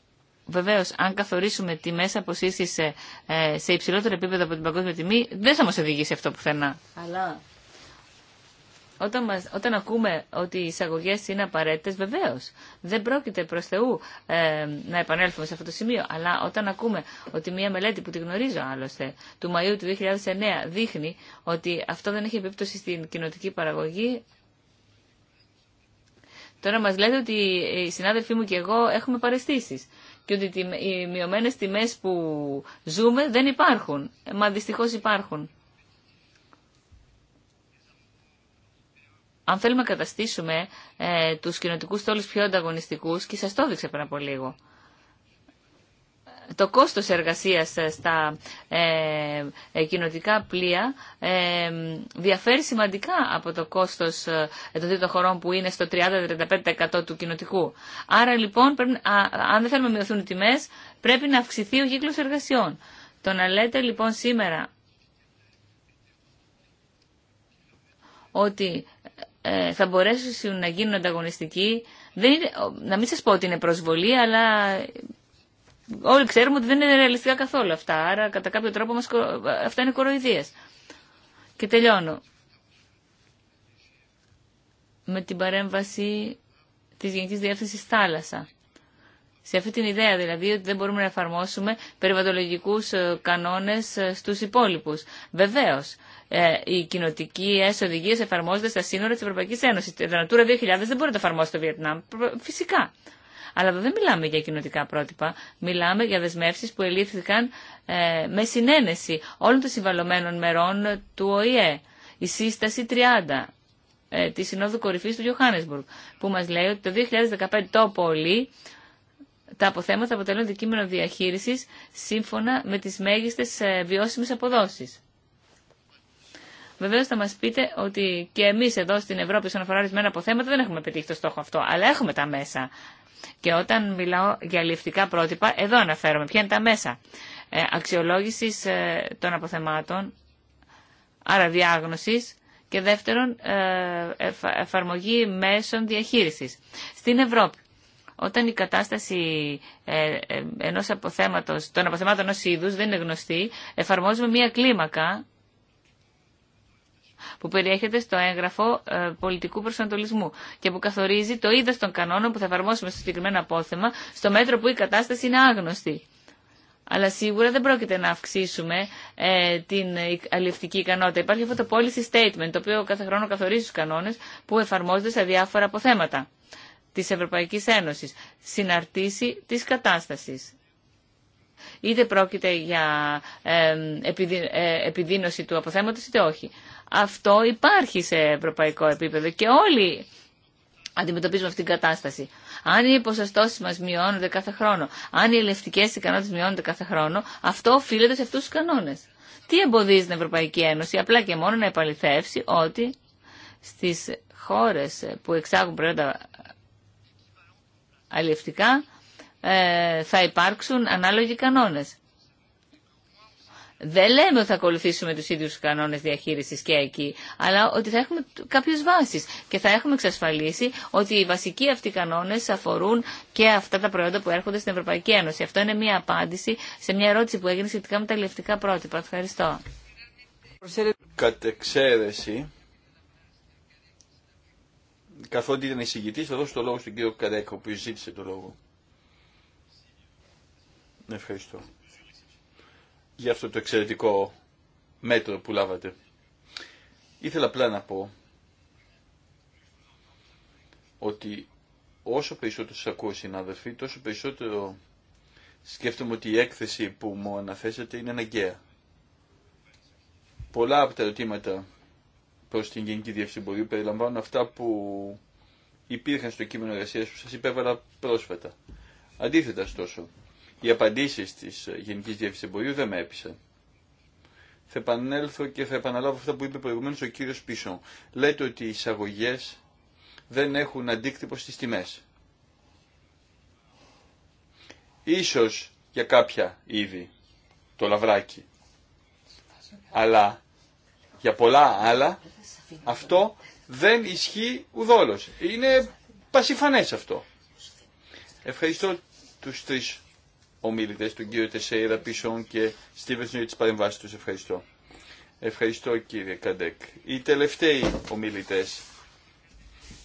Βεβαίω, αν καθορίσουμε τη μέσα σε, ε, σε υψηλότερο επίπεδο από την παγκόσμια τιμή, δεν θα μα οδηγήσει αυτό πουθενά. Αλλά όταν, μας, όταν ακούμε ότι οι εισαγωγέ είναι απαραίτητε, βεβαίω δεν πρόκειται προ Θεού ε, να επανέλθουμε σε αυτό το σημείο. Αλλά όταν ακούμε ότι μια μελέτη που τη γνωρίζω άλλωστε του Μαΐου του 2009 δείχνει ότι αυτό δεν έχει επίπτωση στην κοινοτική παραγωγή, τώρα μα λέτε ότι οι συνάδελφοί μου και εγώ έχουμε παρεστήσει και ότι οι μειωμένε τιμέ που ζούμε δεν υπάρχουν. Ε, μα δυστυχώ υπάρχουν. Αν θέλουμε να καταστήσουμε ε, τους κοινοτικούς τόλους πιο ανταγωνιστικούς, και σας το έδειξα πριν από λίγο, το κόστος εργασίας ε, στα ε, ε, κοινοτικά πλοία ε, διαφέρει σημαντικά από το κόστος ε, των τρίτων χωρών που είναι στο 30-35% του κοινοτικού. Άρα λοιπόν, πρέπει, αν δεν θέλουμε να μειωθούν οι τιμές, πρέπει να αυξηθεί ο κύκλος εργασιών. Το να λέτε λοιπόν σήμερα ότι θα μπορέσουν να γίνουν ανταγωνιστικοί, δεν να μην σας πω ότι είναι προσβολή, αλλά Όλοι ξέρουμε ότι δεν είναι ρεαλιστικά καθόλου αυτά, άρα κατά κάποιο τρόπο μας, αυτά είναι κοροϊδίες. Και τελειώνω. Με την παρέμβαση της Γενικής Διεύθυνσης Θάλασσα. Σε αυτή την ιδέα δηλαδή ότι δεν μπορούμε να εφαρμόσουμε περιβαλλοντικούς ε, κανόνες ε, στους υπόλοιπους. Βεβαίως, οι ε, κοινοτικέ οδηγίε εφαρμόζονται στα σύνορα τη Ευρωπαϊκή Ένωση. Τα Natura 2000 δεν μπορεί να το εφαρμόσει το Βιετνάμ. Φυσικά. Αλλά εδώ δεν μιλάμε για κοινοτικά πρότυπα. Μιλάμε για δεσμεύσει που ελήφθηκαν ε, με συνένεση όλων των συμβαλωμένων μερών του ΟΗΕ. Η σύσταση 30 ε, τη Συνόδου Κορυφή του Johannesburg, που μα λέει ότι το 2015 το πολύ τα αποθέματα αποτελούν αντικείμενο διαχείριση σύμφωνα με τι μέγιστε βιώσιμε αποδόσει. Βεβαίω θα μα πείτε ότι και εμεί εδώ στην Ευρώπη, όσον αφορά ορισμένα αποθέματα, δεν έχουμε πετύχει το στόχο αυτό, αλλά έχουμε τα μέσα και όταν μιλάω για ληφτικά πρότυπα, εδώ αναφέρομαι. Ποια είναι τα μέσα ε, αξιολόγησης ε, των αποθεμάτων, άρα διάγνωσης, και δεύτερον ε, εφαρμογή μέσων διαχείρισης. Στην Ευρώπη, όταν η κατάσταση ε, ενός αποθέματος, των αποθεμάτων ενός είδους δεν είναι γνωστή, εφαρμόζουμε μία κλίμακα που περιέχεται στο έγγραφο ε, πολιτικού προσανατολισμού και που καθορίζει το είδο των κανόνων που θα εφαρμόσουμε στο συγκεκριμένο απόθεμα, στο μέτρο που η κατάσταση είναι άγνωστη. Αλλά σίγουρα δεν πρόκειται να αυξήσουμε ε, την αλληλευτική ικανότητα. Υπάρχει αυτό το policy statement, το οποίο κάθε χρόνο καθορίζει του κανόνε που εφαρμόζονται σε διάφορα αποθέματα τη Ευρωπαϊκή Ένωση. Συναρτήσει τη κατάσταση. Είτε πρόκειται για ε, επιδείνωση του αποθέματος είτε όχι. Αυτό υπάρχει σε ευρωπαϊκό επίπεδο και όλοι αντιμετωπίζουμε αυτήν την κατάσταση. Αν οι ποσοστώσει μα μειώνονται κάθε χρόνο, αν οι ελευτικέ ικανότητε μειώνονται κάθε χρόνο, αυτό οφείλεται σε αυτού του κανόνε. Τι εμποδίζει την Ευρωπαϊκή Ένωση απλά και μόνο να επαληθεύσει ότι στι χώρε που εξάγουν προϊόντα αλληλευτικά ε, θα υπάρξουν ανάλογοι κανόνες. Δεν λέμε ότι θα ακολουθήσουμε τους ίδιους κανόνες διαχείρισης και εκεί, αλλά ότι θα έχουμε κάποιες βάσεις. και θα έχουμε εξασφαλίσει ότι οι βασικοί αυτοί κανόνες αφορούν και αυτά τα προϊόντα που έρχονται στην Ευρωπαϊκή Ένωση. Αυτό είναι μία απάντηση σε μια ερώτηση που έγινε σχετικά με τα λεφτικά πρότυπα. Ευχαριστώ. Κατ' εξαίρεση, καθότι ήταν εισηγητή, θα δώσω το λόγο στον κύριο Καρέκο που ζήτησε το λόγο. Ευχαριστώ για αυτό το εξαιρετικό μέτρο που λάβατε. Ήθελα απλά να πω ότι όσο περισσότερο σας ακούω συνάδελφοι, τόσο περισσότερο σκέφτομαι ότι η έκθεση που μου αναθέσατε είναι αναγκαία. Πολλά από τα ερωτήματα προς την Γενική Διεύθυνση περιλαμβάνουν αυτά που υπήρχαν στο κείμενο εργασία που σας υπέβαλα πρόσφατα. Αντίθετα, ωστόσο, οι απαντήσεις της Γενικής Διεύθυνσης Εμπορίου δεν με έπεισαν. Θα επανέλθω και θα επαναλάβω αυτά που είπε προηγουμένως ο κύριος Πίσω. Λέτε ότι οι εισαγωγέ δεν έχουν αντίκτυπο στις τιμές. Ίσως για κάποια είδη το λαβράκι. Αλλά για πολλά άλλα αυτό δεν ισχύει ουδόλως. Είναι πασιφανές αυτό. Ευχαριστώ τους τρεις ομιλητές, του κύριο Τεσέιρα Πίσον και Στίβεσον για τις παρεμβάσεις τους. Ευχαριστώ. Ευχαριστώ κύριε Καντέκ. Οι τελευταίοι ομιλητές,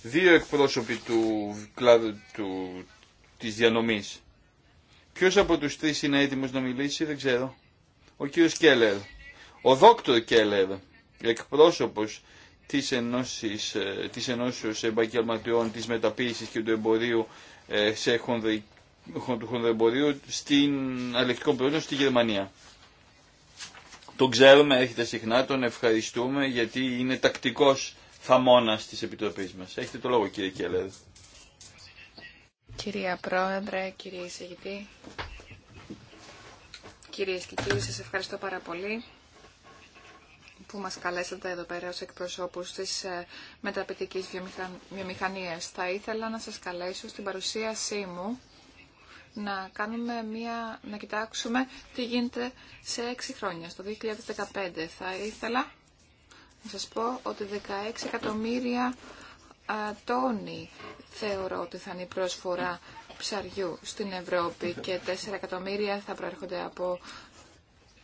δύο εκπρόσωποι του κλάδου του, της διανομής. Ποιος από τους τρεις είναι έτοιμος να μιλήσει δεν ξέρω. Ο κύριος Κέλλερ, ο δόκτωρ Κέλλερ, εκπρόσωπος της, ενώσης, ε, της Ενώσεως μεταποίηση της και του Εμπορίου ε, σε χονδρική του χονδρεμπορίου στην αλεκτικό πρόεδρο στη Γερμανία. Τον ξέρουμε, έρχεται συχνά, τον ευχαριστούμε γιατί είναι τακτικός θαμώνας της Επιτροπής μας. Έχετε το λόγο κύριε Κέλλερ. Κυρία Πρόεδρε, κύριε Εισηγητή, κυρίες και κύριοι, σας ευχαριστώ πάρα πολύ που μας καλέσατε εδώ πέρα ως εκπροσώπους της ε, μεταπητικής βιομηχανίας. Θα ήθελα να σας καλέσω στην παρουσίασή μου να, κάνουμε μια, να κοιτάξουμε τι γίνεται σε 6 χρόνια, στο 2015. Θα ήθελα να σας πω ότι 16 εκατομμύρια τόνοι θεωρώ ότι θα είναι η προσφορά ψαριού στην Ευρώπη και 4 εκατομμύρια θα προέρχονται από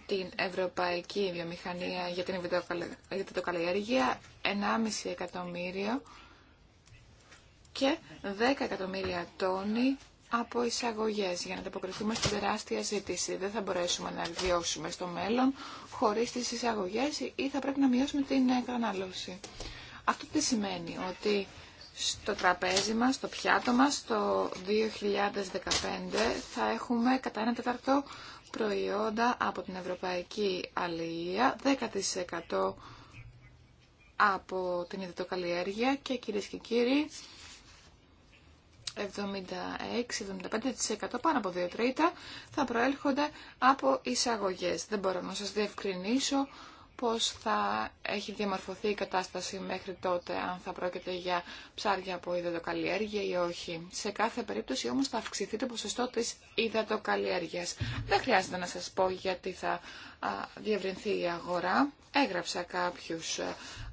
την Ευρωπαϊκή Βιομηχανία για την Βιτοκαλλιέργεια, 1,5 εκατομμύριο και 10 εκατομμύρια τόνοι από εισαγωγέ για να ανταποκριθούμε στην τεράστια ζήτηση. Δεν θα μπορέσουμε να βιώσουμε στο μέλλον χωρί τι εισαγωγέ ή θα πρέπει να μειώσουμε την ε, κατανάλωση. Αυτό τι σημαίνει, ότι στο τραπέζι μα, στο πιάτο μα το 2015 θα έχουμε κατά ένα τέταρτο προϊόντα από την Ευρωπαϊκή Αλληλεία, 10% από την καλλιέργεια και κυρίε και κύριοι 76-75% πάνω από 2 τρίτα θα προέρχονται από εισαγωγές. Δεν μπορώ να σας διευκρινίσω πώς θα έχει διαμορφωθεί η κατάσταση μέχρι τότε, αν θα πρόκειται για ψάρια από υδατοκαλλιέργεια ή όχι. Σε κάθε περίπτωση όμως θα αυξηθεί το ποσοστό της υδατοκαλλιέργειας. Δεν χρειάζεται να σας πω γιατί θα διευρυνθεί η αγορά. Έγραψα κάποιους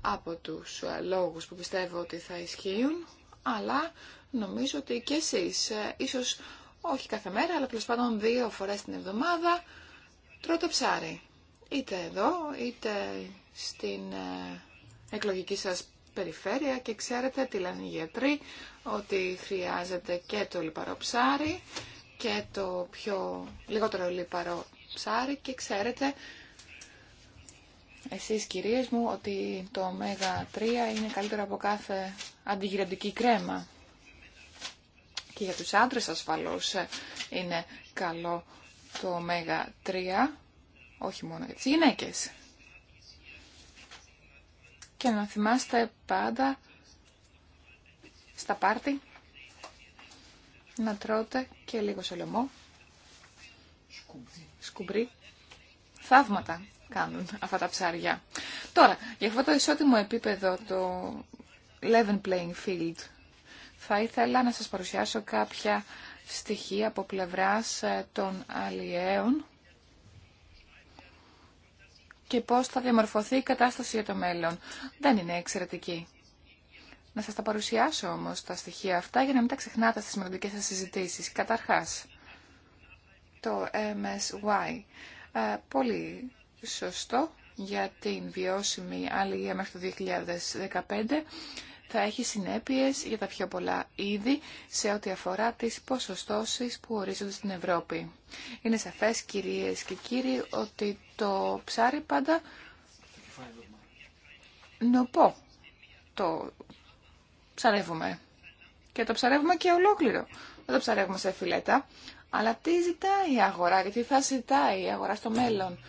από τους λόγους που πιστεύω ότι θα ισχύουν, αλλά νομίζω ότι και εσείς, ε, ίσως όχι κάθε μέρα, αλλά πλέον δύο φορές την εβδομάδα, τρώτε ψάρι. Είτε εδώ, είτε στην ε, εκλογική σας περιφέρεια και ξέρετε τι λένε γιατροί, ότι χρειάζεται και το λιπαρό ψάρι και το πιο λιγότερο λιπαρό ψάρι και ξέρετε εσείς κυρίες μου ότι το ωμέγα 3 είναι καλύτερο από κάθε αντιγυραντική κρέμα και για τους άντρες ασφαλώς ε, είναι καλό το ωμέγα 3, όχι μόνο για τις γυναίκες. Και να θυμάστε πάντα στα πάρτι να τρώτε και λίγο σε Σκουμπρί. Σκουμπρί. Θαύματα κάνουν αυτά τα ψάρια. Τώρα, για αυτό το ισότιμο επίπεδο, το 11 playing field, θα ήθελα να σας παρουσιάσω κάποια στοιχεία από πλευράς ε, των αλλιέων και πώς θα διαμορφωθεί η κατάσταση για το μέλλον. Δεν είναι εξαιρετική. Να σας τα παρουσιάσω όμως τα στοιχεία αυτά για να μην τα ξεχνάτε στις μελλοντικές σας συζητήσεις. Καταρχάς, το MSY. Ε, πολύ σωστό για την βιώσιμη αλληλεία μέχρι το 2015 θα έχει συνέπειες για τα πιο πολλά είδη σε ό,τι αφορά τις ποσοστώσεις που ορίζονται στην Ευρώπη. Είναι σαφές κυρίες και κύριοι ότι το ψάρι πάντα νοπό το ψαρεύουμε. Και το ψαρεύουμε και ολόκληρο. Δεν το ψαρεύουμε σε φιλέτα. Αλλά τι ζητάει η αγορά και τι θα ζητάει η αγορά στο μέλλον.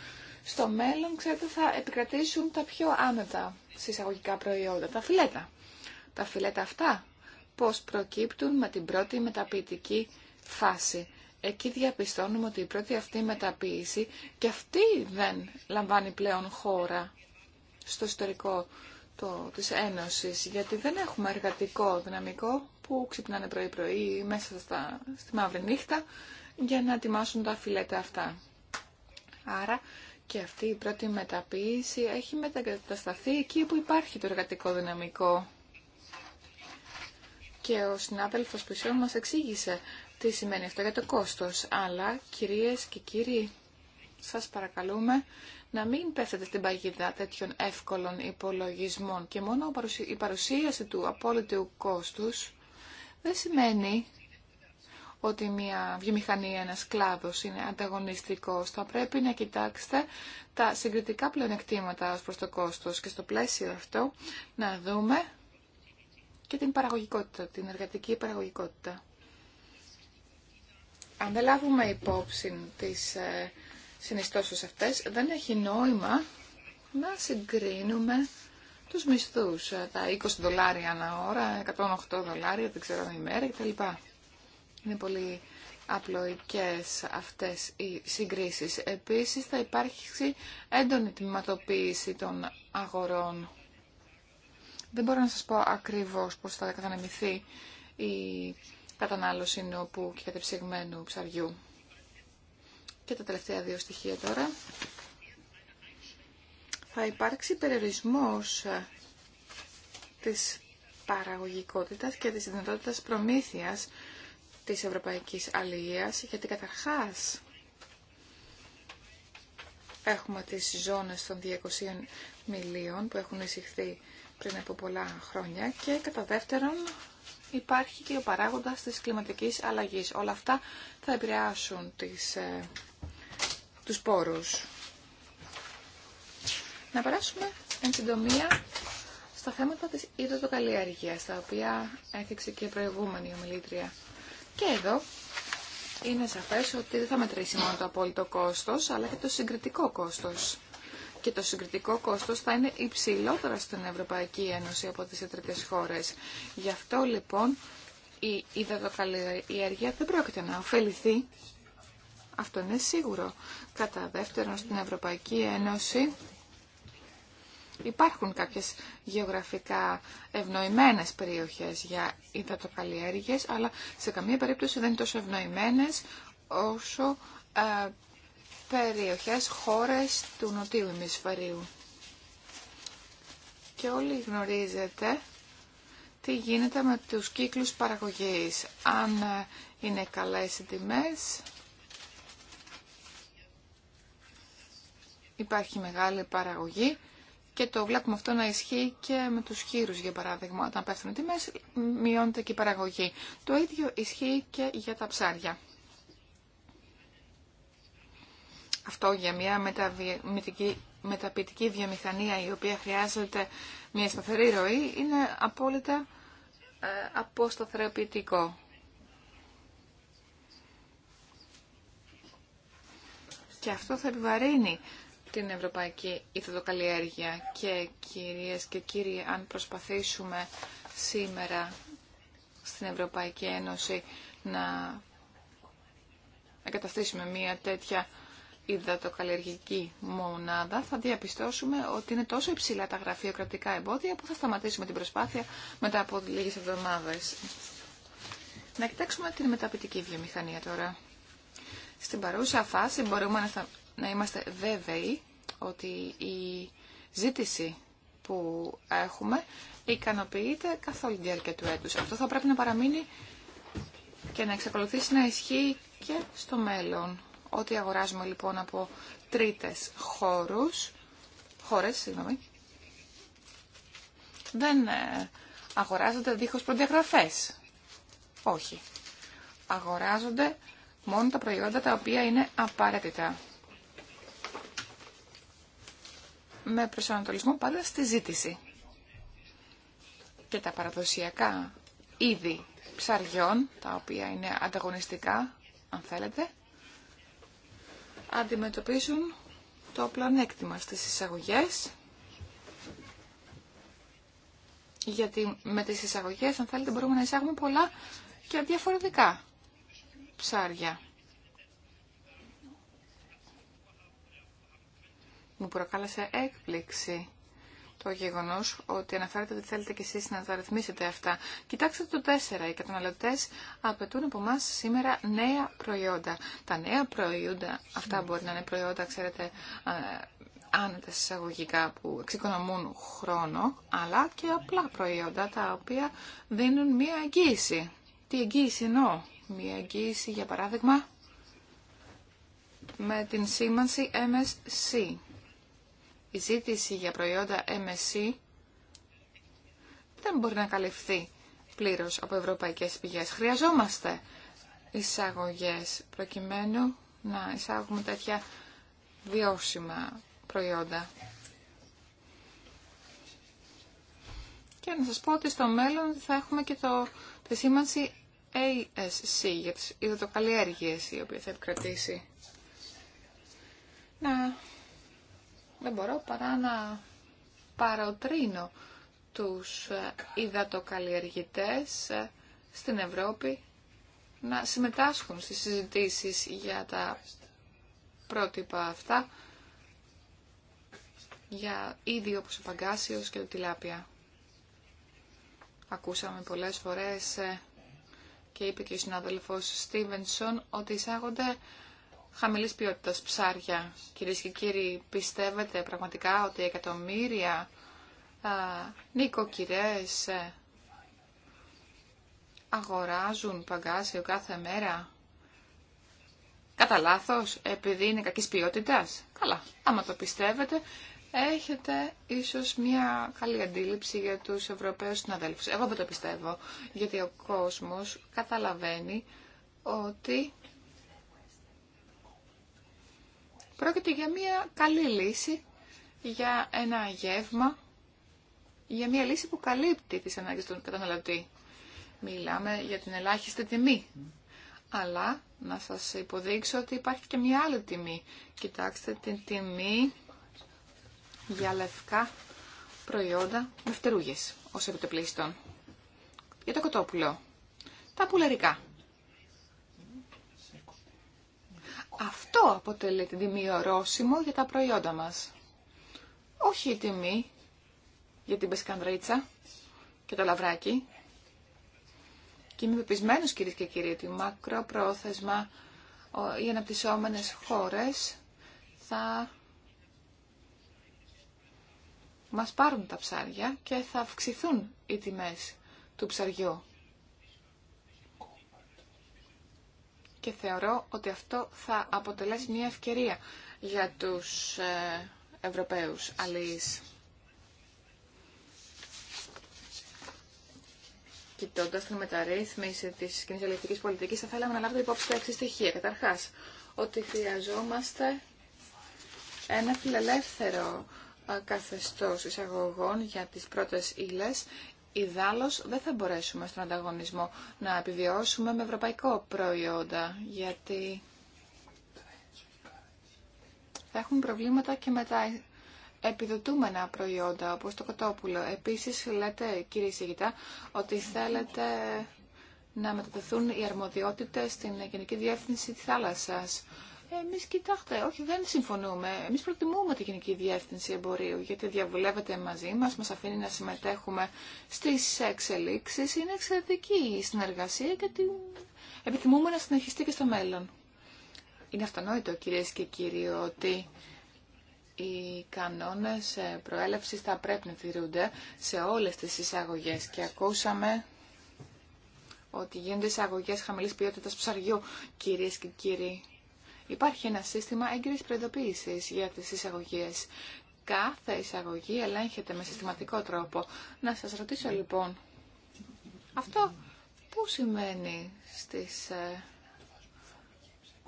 Στο μέλλον, ξέρετε, θα επικρατήσουν τα πιο άνετα συσσαγωγικά προϊόντα, τα φιλέτα. Τα φιλέτα αυτά πώς προκύπτουν με την πρώτη μεταποιητική φάση. Εκεί διαπιστώνουμε ότι η πρώτη αυτή μεταποίηση και αυτή δεν λαμβάνει πλέον χώρα στο ιστορικό το, της Ένωσης, γιατί δεν έχουμε εργατικό δυναμικό που ξυπνάνε πρωί-πρωί μέσα στα, στη μαύρη νύχτα για να ετοιμάσουν τα φιλέτα αυτά. Άρα και αυτή η πρώτη μεταποίηση έχει μετακατασταθεί εκεί που υπάρχει το εργατικό δυναμικό και ο συνάδελφος Πισό μας εξήγησε τι σημαίνει αυτό για το κόστος. Αλλά, κυρίες και κύριοι, σας παρακαλούμε να μην πέφτετε στην παγίδα τέτοιων εύκολων υπολογισμών και μόνο η παρουσίαση του απόλυτου κόστους δεν σημαίνει ότι μια βιομηχανία, ένας κλάδος είναι ανταγωνιστικός. Θα πρέπει να κοιτάξετε τα συγκριτικά πλεονεκτήματα ω προς το κόστος και στο πλαίσιο αυτό να δούμε και την παραγωγικότητα, την εργατική παραγωγικότητα. Αν δεν λάβουμε υπόψη τις ε, συνιστώσεις αυτές, δεν έχει νόημα να συγκρίνουμε τους μισθούς. Ε, τα 20 δολάρια ανά ώρα, 108 δολάρια, δεν ξέρω αν ημέρα κτλ. Είναι πολύ απλοϊκές αυτές οι συγκρίσεις. Επίσης θα υπάρχει έντονη τμηματοποίηση των αγορών. Δεν μπορώ να σας πω ακριβώς πώς θα καταναμηθεί η κατανάλωση νόπου και κατεψυγμένου ψαριού. Και τα τελευταία δύο στοιχεία τώρα. Θα υπάρξει περιορισμός ε, της παραγωγικότητας και της δυνατότητας προμήθειας της Ευρωπαϊκής Αλληλείας, γιατί καταρχάς έχουμε τις ζώνες των 200 μιλίων που έχουν εισηχθεί πριν από πολλά χρόνια και κατά δεύτερον υπάρχει και ο παράγοντας της κλιματικής αλλαγής. Όλα αυτά θα επηρεάσουν τις, ε, τους πόρους. Να περάσουμε εν συντομία στα θέματα της υδατοκαλλιέργειας, τα οποία έθιξε και η προηγούμενη ομιλήτρια. Και εδώ είναι σαφές ότι δεν θα μετρήσει μόνο το απόλυτο κόστος, αλλά και το συγκριτικό κόστος και το συγκριτικό κόστος θα είναι υψηλότερα στην Ευρωπαϊκή Ένωση από τις τρίτες χώρες. Γι' αυτό λοιπόν η υδατοκαλλιέργεια δεν πρόκειται να ωφεληθεί. Αυτό είναι σίγουρο. Κατά δεύτερον στην Ευρωπαϊκή Ένωση υπάρχουν κάποιες γεωγραφικά ευνοημένες περιοχές για υδατοκαλλιέργειες, αλλά σε καμία περίπτωση δεν είναι τόσο ευνοημένες όσο ε, περιοχές, χώρες του νοτίου ημισφαιρίου. Και όλοι γνωρίζετε τι γίνεται με τους κύκλους παραγωγής. Αν ε, είναι καλές οι τιμές, υπάρχει μεγάλη παραγωγή και το βλέπουμε αυτό να ισχύει και με τους χείρους, για παράδειγμα. Όταν πέφτουν οι τιμές, μειώνεται και η παραγωγή. Το ίδιο ισχύει και για τα ψάρια. αυτό για μια μεταποιητική βιομηχανία η οποία χρειάζεται μια σταθερή ροή είναι απόλυτα ε, αποσταθεροποιητικό. Και αυτό θα επιβαρύνει την ευρωπαϊκή ηθοδοκαλλιέργεια και κυρίες και κύριοι αν προσπαθήσουμε σήμερα στην Ευρωπαϊκή Ένωση να εγκαταστήσουμε μια τέτοια υδατοκαλλιεργική μονάδα θα διαπιστώσουμε ότι είναι τόσο υψηλά τα γραφειοκρατικά εμπόδια που θα σταματήσουμε την προσπάθεια μετά από λίγες εβδομάδε. Να κοιτάξουμε την μεταπητική βιομηχανία τώρα. Στην παρούσα φάση μπορούμε να είμαστε βέβαιοι ότι η ζήτηση που έχουμε ικανοποιείται καθ' όλη τη διάρκεια του έτους. Αυτό θα πρέπει να παραμείνει και να εξακολουθήσει να ισχύει και στο μέλλον. Ό,τι αγοράζουμε λοιπόν από τρίτες χώρους, χώρες, συγγνώμη, δεν ε, αγοράζονται δίχως προδιαγραφές. Όχι. Αγοράζονται μόνο τα προϊόντα τα οποία είναι απαραίτητα. Με προσανατολισμό πάντα στη ζήτηση. Και τα παραδοσιακά είδη ψαριών, τα οποία είναι ανταγωνιστικά, αν θέλετε, αντιμετωπίζουν το πλανέκτημα στις εισαγωγές γιατί με τις εισαγωγές αν θέλετε μπορούμε να εισάγουμε πολλά και διαφορετικά ψάρια. Μου προκάλεσε έκπληξη το γεγονό ότι αναφέρετε ότι θέλετε κι εσεί να τα ρυθμίσετε αυτά. Κοιτάξτε το 4. Οι καταναλωτέ απαιτούν από εμά σήμερα νέα προϊόντα. Τα νέα προϊόντα, αυτά μπορεί να είναι προϊόντα, ξέρετε, ε, άνετα εισαγωγικά που εξοικονομούν χρόνο, αλλά και απλά προϊόντα τα οποία δίνουν μία εγγύηση. Τι εγγύηση εννοώ. Μία εγγύηση, για παράδειγμα, με την σήμανση MSC η ζήτηση για προϊόντα MSC δεν μπορεί να καλυφθεί πλήρως από ευρωπαϊκές πηγές. Χρειαζόμαστε εισαγωγές προκειμένου να εισάγουμε τέτοια βιώσιμα προϊόντα. Και να σας πω ότι στο μέλλον θα έχουμε και το, τη σήμανση ASC για τις υδατοκαλλιέργειες η οποία θα επικρατήσει. Να δεν μπορώ παρά να παροτρύνω τους ε, υδατοκαλλιεργητές ε, στην Ευρώπη να συμμετάσχουν στις συζητήσεις για τα πρότυπα αυτά για είδη όπως ο Παγκάσιος και ο Τιλάπια. Ακούσαμε πολλές φορές ε, και είπε και ο συνάδελφος Στίβενσον ότι εισάγονται χαμηλής ποιότητας ψάρια. Κυρίες και κύριοι, πιστεύετε πραγματικά ότι εκατομμύρια α, ε, αγοράζουν παγκάσιο κάθε μέρα κατά λάθο επειδή είναι κακής ποιότητας. Καλά, άμα το πιστεύετε, έχετε ίσως μια καλή αντίληψη για τους Ευρωπαίους συναδέλφους. Εγώ δεν το πιστεύω, γιατί ο κόσμος καταλαβαίνει ότι Πρόκειται για μια καλή λύση, για ένα γεύμα, για μια λύση που καλύπτει τις ανάγκες των καταναλωτή. Μιλάμε για την ελάχιστη τιμή. Αλλά να σας υποδείξω ότι υπάρχει και μια άλλη τιμή. Κοιτάξτε την τιμή για λευκά προϊόντα με φτερούγες ως επιτεπλίστων. Για το κοτόπουλο. Τα πουλερικά. Αυτό αποτελεί την τιμή ορόσημο για τα προϊόντα μας. Όχι η τιμή για την πεσκανδρίτσα και το λαβράκι. Και είμαι πεπισμένος κυρίες και κύριοι ότι μακροπρόθεσμα οι αναπτυσσόμενες χώρες θα μας πάρουν τα ψάρια και θα αυξηθούν οι τιμές του ψαριού. και θεωρώ ότι αυτό θα αποτελέσει μια ευκαιρία για τους ε, Ευρωπαίους αλληλείς. Κοιτώντα την μεταρρύθμιση τη κοινή ελεκτική πολιτική, θα θέλαμε να λάβετε υπόψη τα εξή στοιχεία. Καταρχά, ότι χρειαζόμαστε ένα φιλελεύθερο ε, καθεστώ εισαγωγών για τις πρώτες ύλε, Ιδάλλως δεν θα μπορέσουμε στον ανταγωνισμό να επιβιώσουμε με ευρωπαϊκό προϊόντα, γιατί θα έχουμε προβλήματα και με τα επιδοτούμενα προϊόντα, όπως το κοτόπουλο. Επίσης, λέτε, κύριε Σιγητά, ότι θέλετε να μετατεθούν οι αρμοδιότητες στην Γενική Διεύθυνση της Θάλασσας. Εμεί κοιτάξτε, όχι δεν συμφωνούμε. Εμεί προτιμούμε τη Γενική Διεύθυνση Εμπορίου γιατί διαβουλεύεται μαζί μα μας αφήνει να συμμετέχουμε στι εξελίξει, Είναι εξαιρετική η συνεργασία και την επιθυμούμε να συνεχιστεί και στο μέλλον. Είναι αυτονόητο κυρίε και κύριοι ότι οι κανόνε προέλευση θα πρέπει να τηρούνται σε όλε τι εισαγωγέ και ακούσαμε ότι γίνονται εισαγωγές χαμηλή ποιότητα ψαριού, κύριε και κύριοι. Υπάρχει ένα σύστημα έγκυρης προειδοποίησης για τις εισαγωγές. Κάθε εισαγωγή ελέγχεται με συστηματικό τρόπο. Να σας ρωτήσω λοιπόν, αυτό πού σημαίνει στις ε,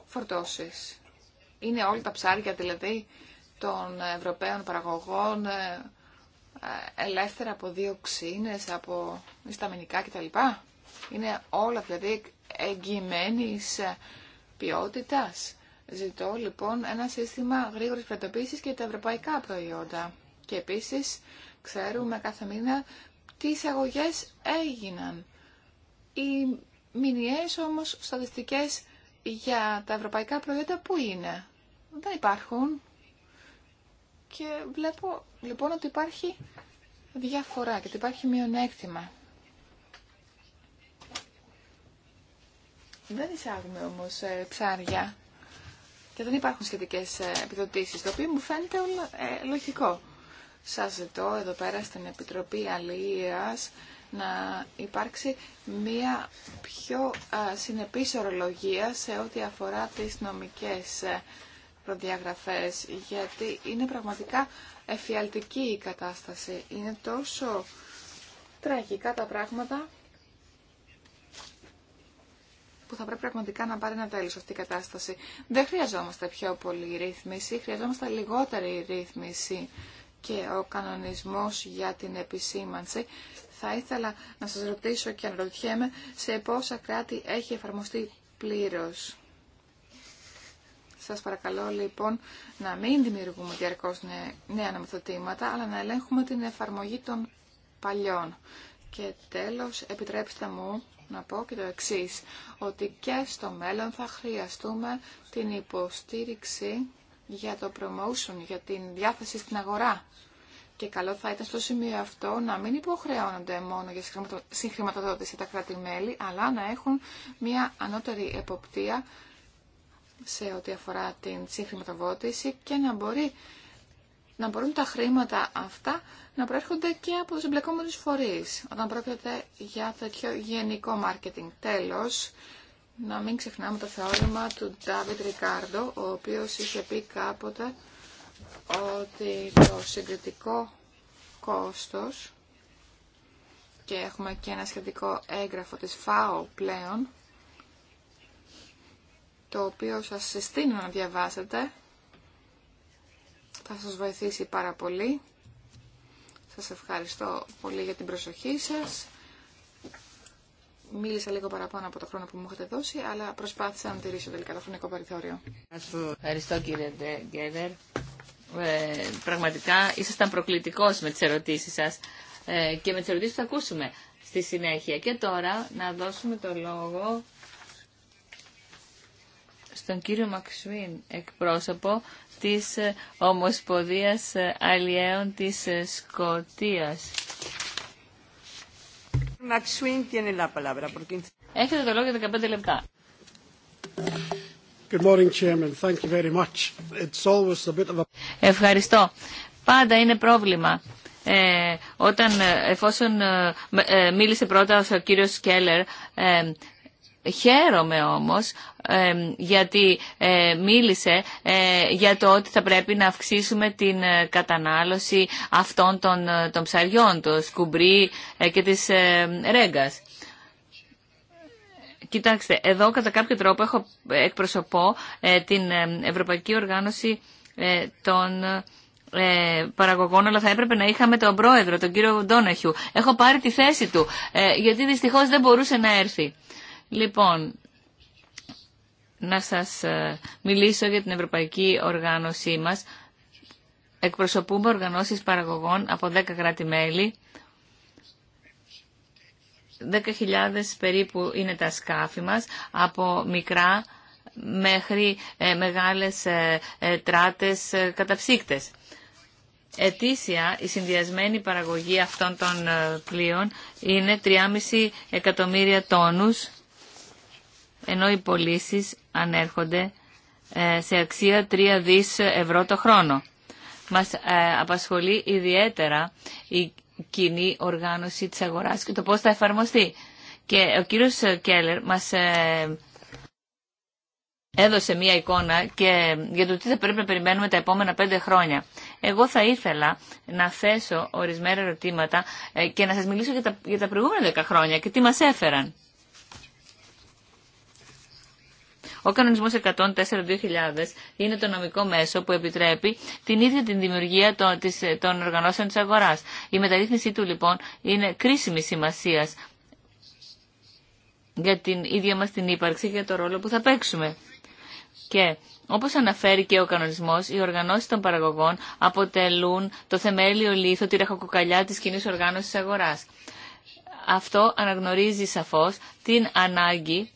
φορτώσεις. Είναι όλα τα ψάρια δηλαδή των Ευρωπαίων παραγωγών ε, ε, ελεύθερα από δύο ξύνες, από ισταμινικά κτλ. Είναι όλα δηλαδή εγγυημένης ποιότητας. Ζητώ λοιπόν ένα σύστημα γρήγορη πρατοποίηση και τα ευρωπαϊκά προϊόντα. Και επίσης ξέρουμε κάθε μήνα τι εισαγωγέ έγιναν. Οι μηνιαίες όμως στατιστικές για τα ευρωπαϊκά προϊόντα που είναι. Δεν υπάρχουν. Και βλέπω λοιπόν ότι υπάρχει διαφορά και ότι υπάρχει μειονέκτημα. Δεν εισάγουμε όμως ε, ψάρια και δεν υπάρχουν σχετικέ ε, επιδοτήσει, το οποίο μου φαίνεται ε, λογικό. Σας ζητώ εδώ πέρα στην Επιτροπή Αλληλεία να υπάρξει μια πιο ε, συνεπής ορολογία σε ό,τι αφορά τις νομικές προδιαγραφές, γιατί είναι πραγματικά εφιαλτική η κατάσταση. Είναι τόσο τραγικά τα πράγματα που θα πρέπει πραγματικά να πάρει ένα τέλο αυτή η κατάσταση. Δεν χρειαζόμαστε πιο πολύ ρύθμιση, χρειαζόμαστε λιγότερη ρύθμιση και ο κανονισμό για την επισήμανση. Θα ήθελα να σα ρωτήσω και να ρωτιέμαι σε πόσα κράτη έχει εφαρμοστεί πλήρω. Σα παρακαλώ λοιπόν να μην δημιουργούμε διαρκώ νέα νομοθετήματα, αλλά να ελέγχουμε την εφαρμογή των παλιών. Και τέλος, επιτρέψτε μου να πω και το εξή ότι και στο μέλλον θα χρειαστούμε την υποστήριξη για το promotion, για την διάθεση στην αγορά. Και καλό θα ήταν στο σημείο αυτό να μην υποχρεώνονται μόνο για συγχρηματοδότηση τα κράτη-μέλη, αλλά να έχουν μια ανώτερη εποπτεία σε ό,τι αφορά την συγχρηματοδότηση και να μπορεί να μπορούν τα χρήματα αυτά να προέρχονται και από τους εμπλεκόμενους φορείς, όταν πρόκειται για τέτοιο γενικό μάρκετινγκ. Τέλος, να μην ξεχνάμε το θεώρημα του Ντάβιτ Ρικάρντο, ο οποίος είχε πει κάποτε ότι το συγκριτικό κόστος και έχουμε και ένα σχετικό έγγραφο της ΦΑΟ πλέον, το οποίο σας συστήνω να διαβάσετε, θα σας βοηθήσει πάρα πολύ. Σας ευχαριστώ πολύ για την προσοχή σας. Μίλησα λίγο παραπάνω από το χρόνο που μου έχετε δώσει, αλλά προσπάθησα να τηρήσω τελικά το χρονικό περιθώριο. Ευχαριστώ κύριε Γκέντερ. Ε, πραγματικά ήσασταν προκλητικός με τις ερωτήσεις σας ε, και με τις ερωτήσεις που θα ακούσουμε στη συνέχεια. Και τώρα να δώσουμε το λόγο στον κύριο Μαξουίν, εκπρόσωπο της ε, Ομοσποδίας ε, Αλλιέων της ε, Σκοτίας. Έχετε το λόγο για 15 λεπτά. Good morning, Chairman. Thank you very much. It's always a bit of a... Ευχαριστώ. Πάντα είναι πρόβλημα. όταν εφόσον μίλησε πρώτα ο κύριος Σκέλλερ Χαίρομαι όμως γιατί ε, μίλησε ε, για το ότι θα πρέπει να αυξήσουμε την ε, κατανάλωση αυτών των, των ψαριών, το σκουμπρί και της ρέγκας. Κοιτάξτε, εδώ κατά κάποιο τρόπο έχω, εκπροσωπώ την Ευρωπαϊκή Οργάνωση των παραγωγών, αλλά θα έπρεπε να είχαμε τον πρόεδρο, τον κύριο Ντόναχιου. Έχω πάρει τη θέση του, γιατί δυστυχώς δεν μπορούσε να έρθει. Λοιπόν, να σας ε, μιλήσω για την ευρωπαϊκή οργάνωσή μας. Εκπροσωπούμε οργανώσεις παραγωγών από 10 κράτη-μέλη. 10.000 περίπου είναι τα σκάφη μας, από μικρά μέχρι ε, μεγάλες ε, τράτες καταψύκτες. Ετήσια η συνδυασμένη παραγωγή αυτών των πλοίων είναι 3,5 εκατομμύρια τόνους ενώ οι πωλήσει ανέρχονται ε, σε αξία 3 δις ευρώ το χρόνο. Μας ε, απασχολεί ιδιαίτερα η κοινή οργάνωση της αγοράς και το πώς θα εφαρμοστεί. Και ο κύριος Κέλλερ μας ε, έδωσε μία εικόνα και για το τι θα πρέπει να περιμένουμε τα επόμενα πέντε χρόνια. Εγώ θα ήθελα να θέσω ορισμένα ερωτήματα και να σας μιλήσω για τα, για τα προηγούμενα δέκα χρόνια και τι μας έφεραν. Ο κανονισμός 104-2000 είναι το νομικό μέσο που επιτρέπει την ίδια την δημιουργία των, των οργανώσεων της αγοράς. Η μεταρρύθμιση του λοιπόν είναι κρίσιμη σημασίας για την ίδια μας την ύπαρξη και για το ρόλο που θα παίξουμε. Και όπως αναφέρει και ο κανονισμός, οι οργανώσεις των παραγωγών αποτελούν το θεμέλιο λίθο, τη ρεχοκοκαλιά της κοινή οργάνωσης αγοράς. Αυτό αναγνωρίζει σαφώς την ανάγκη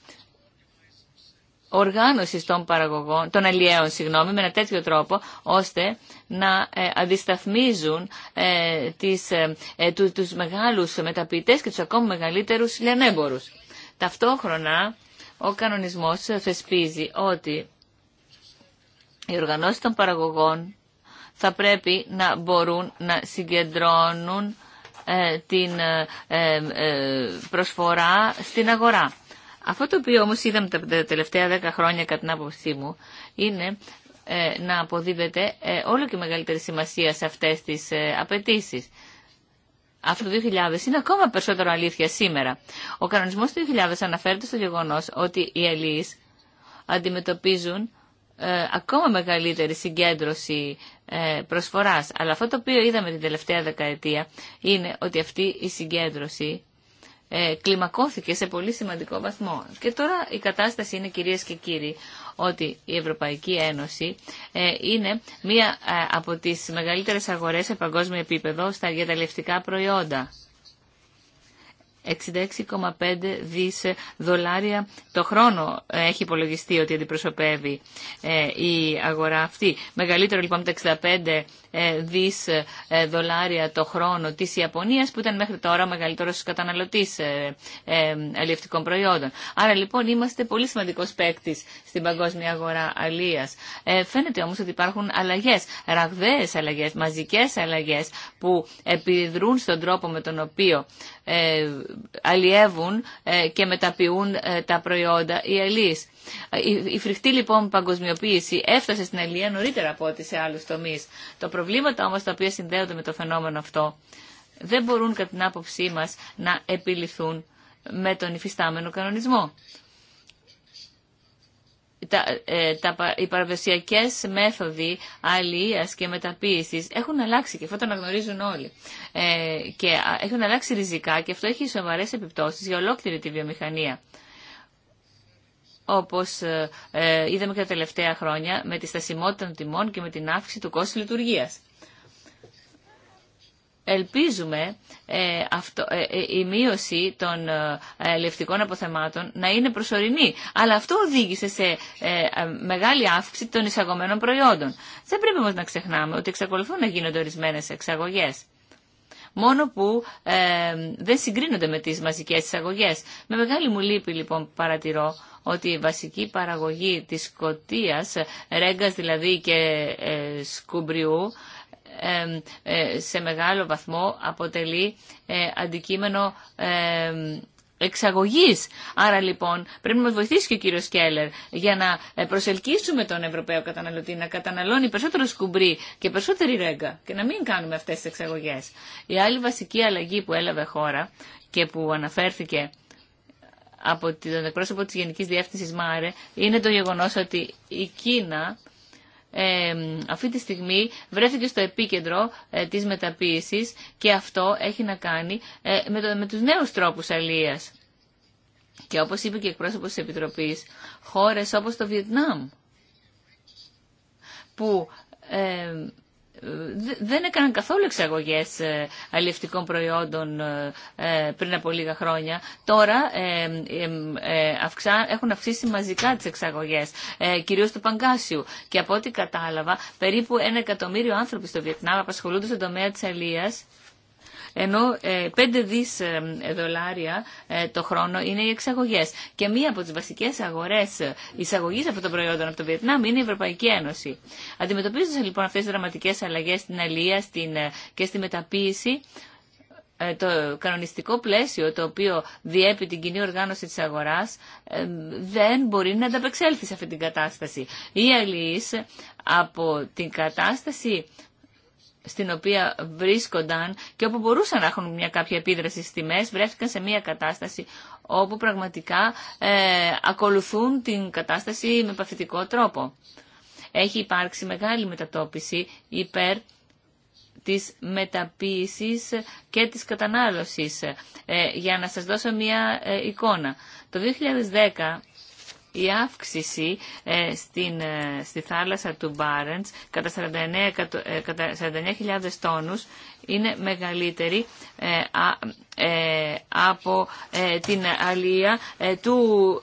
οργάνωση των παραγωγών, των αλλιέων, συγγνώμη, με ένα τέτοιο τρόπο, ώστε να ε, αντισταθμίζουν ε, τις, ε, του, τους μεγάλους μεταποιητές και τους ακόμη μεγαλύτερους λιανέμπορους. Ταυτόχρονα, ο κανονισμός θεσπίζει ότι οι οργανώσεις των παραγωγών θα πρέπει να μπορούν να συγκεντρώνουν την προσφορά στην αγορά. Αυτό το οποίο όμως είδαμε τα τελευταία δέκα χρόνια κατά την άποψή μου είναι ε, να αποδίδεται ε, όλο και μεγαλύτερη σημασία σε αυτές τις ε, απαιτήσει. Αυτό το 2000 είναι ακόμα περισσότερο αλήθεια σήμερα. Ο κανονισμός του 2000 αναφέρεται στο γεγονός ότι οι αλληλείς αντιμετωπίζουν ακόμα μεγαλύτερη συγκέντρωση ε, προσφοράς. Αλλά αυτό το οποίο είδαμε την τελευταία δεκαετία είναι ότι αυτή η συγκέντρωση ε, κλιμακώθηκε σε πολύ σημαντικό βαθμό. Και τώρα η κατάσταση είναι, κυρίες και κύριοι, ότι η Ευρωπαϊκή Ένωση ε, είναι μία ε, από τις μεγαλύτερες αγορές σε παγκόσμιο επίπεδο στα διαταλλευτικά προϊόντα. 66,5 δις δολάρια το χρόνο έχει υπολογιστεί ότι αντιπροσωπεύει ε, η αγορά αυτή. Μεγαλύτερο λοιπόν από τα 65 ε, δις ε, δολάρια το χρόνο της Ιαπωνίας που ήταν μέχρι τώρα ο μεγαλύτερος καταναλωτής αλλιευτικών προϊόντων. Άρα λοιπόν είμαστε πολύ σημαντικός παίκτη στην παγκόσμια αγορά αλίας. Φαίνεται όμως ότι υπάρχουν αλλαγές, ραγδαίες αλλαγές, μαζικές αλλαγές που επιδρούν στον τρόπο με τον οποίο αλλιεύουν ε, και μεταποιούν ε, τα προϊόντα οι αλλοίς. Η φρικτή λοιπόν παγκοσμιοποίηση έφτασε στην αλληλεία νωρίτερα από ό,τι σε άλλους τομείς. το προβλήματα όμως τα οποία συνδέονται με το φαινόμενο αυτό δεν μπορούν κατά την άποψή μας να επιληθούν με τον υφιστάμενο κανονισμό τα, ε, τα, οι παραδοσιακέ μέθοδοι αλληλεία και μεταποίηση έχουν αλλάξει και αυτό το αναγνωρίζουν όλοι. Ε, και έχουν αλλάξει ριζικά και αυτό έχει σοβαρέ επιπτώσεις για ολόκληρη τη βιομηχανία. Όπως ε, ε, είδαμε και τα τελευταία χρόνια με τη στασιμότητα των τιμών και με την αύξηση του κόστου λειτουργίας. Ελπίζουμε ε, αυτό, ε, ε, η μείωση των λευτικών αποθεμάτων να είναι προσωρινή. Αλλά αυτό οδήγησε σε μεγάλη αύξηση των εισαγωμένων προϊόντων. Δεν πρέπει όμως να ξεχνάμε ότι εξακολουθούν να γίνονται ορισμένες εξαγωγές. Μόνο που δεν συγκρίνονται με τις μαζικές εισαγωγές. Με μεγάλη μου λύπη λοιπόν παρατηρώ ότι η βασική παραγωγή της σκοτίας, ρέγκας δηλαδή και σκουμπριού, ε, σε μεγάλο βαθμό αποτελεί ε, αντικείμενο εξαγωγής. Άρα λοιπόν πρέπει να μας βοηθήσει και ο κύριος Κέλλερ για να ε, προσελκύσουμε τον Ευρωπαίο καταναλωτή να καταναλώνει περισσότερο σκουμπρί και περισσότερη ρέγγα και να μην κάνουμε αυτές τις εξαγωγές. Η άλλη βασική αλλαγή που έλαβε χώρα και που αναφέρθηκε από τον εκπρόσωπο της Γενικής Διεύθυνσης ΜΑΡΕ είναι το γεγονός ότι η Κίνα αυτή τη στιγμή βρέθηκε στο επίκεντρο ε, της μεταποίησης και αυτό έχει να κάνει ε, με, το, με τους νέους τρόπους αλίας. Και όπως είπε και εκπρόσωπος της Επιτροπής, χώρες όπως το Βιετνάμ, που δεν έκαναν καθόλου εξαγωγέ ε, αλληλευτικών προϊόντων ε, ε, πριν από λίγα χρόνια. Τώρα έχουν αυξήσει μαζικά τι εξαγωγέ, κυρίω του Παγκάσιου. Και από ό,τι κατάλαβα, περίπου ένα εκατομμύριο άνθρωποι στο Βιετνάμ απασχολούνται στον τομέα τη αλληλεία ενώ 5 ε, δις ε, δολάρια ε, το χρόνο είναι οι εξαγωγές. Και μία από τις βασικές αγορές εισαγωγής αυτών των προϊόντων από το Βιετνάμ είναι η Ευρωπαϊκή Ένωση. Αντιμετωπίζοντας λοιπόν αυτές τις δραματικές αλλαγές στην αλληλεία στην, και στη μεταποίηση, το κανονιστικό πλαίσιο το οποίο διέπει την κοινή οργάνωση της αγοράς δεν μπορεί να ανταπεξέλθει σε αυτή την κατάσταση. Η αλληλείς από την κατάσταση στην οποία βρίσκονταν και όπου μπορούσαν να έχουν μια κάποια επίδραση στις τιμές, βρέθηκαν σε μια κατάσταση όπου πραγματικά ε, ακολουθούν την κατάσταση με παθητικό τρόπο. Έχει υπάρξει μεγάλη μετατόπιση υπέρ της μεταποίησης και της κατανάλωσης. Ε, για να σας δώσω μια ε, εικόνα. Το 2010 η αύξηση ε, στην, ε, στη θάλασσα του Μπάρεντς κατά 49.000 49 ε, τόνους είναι μεγαλύτερη από την αλία του,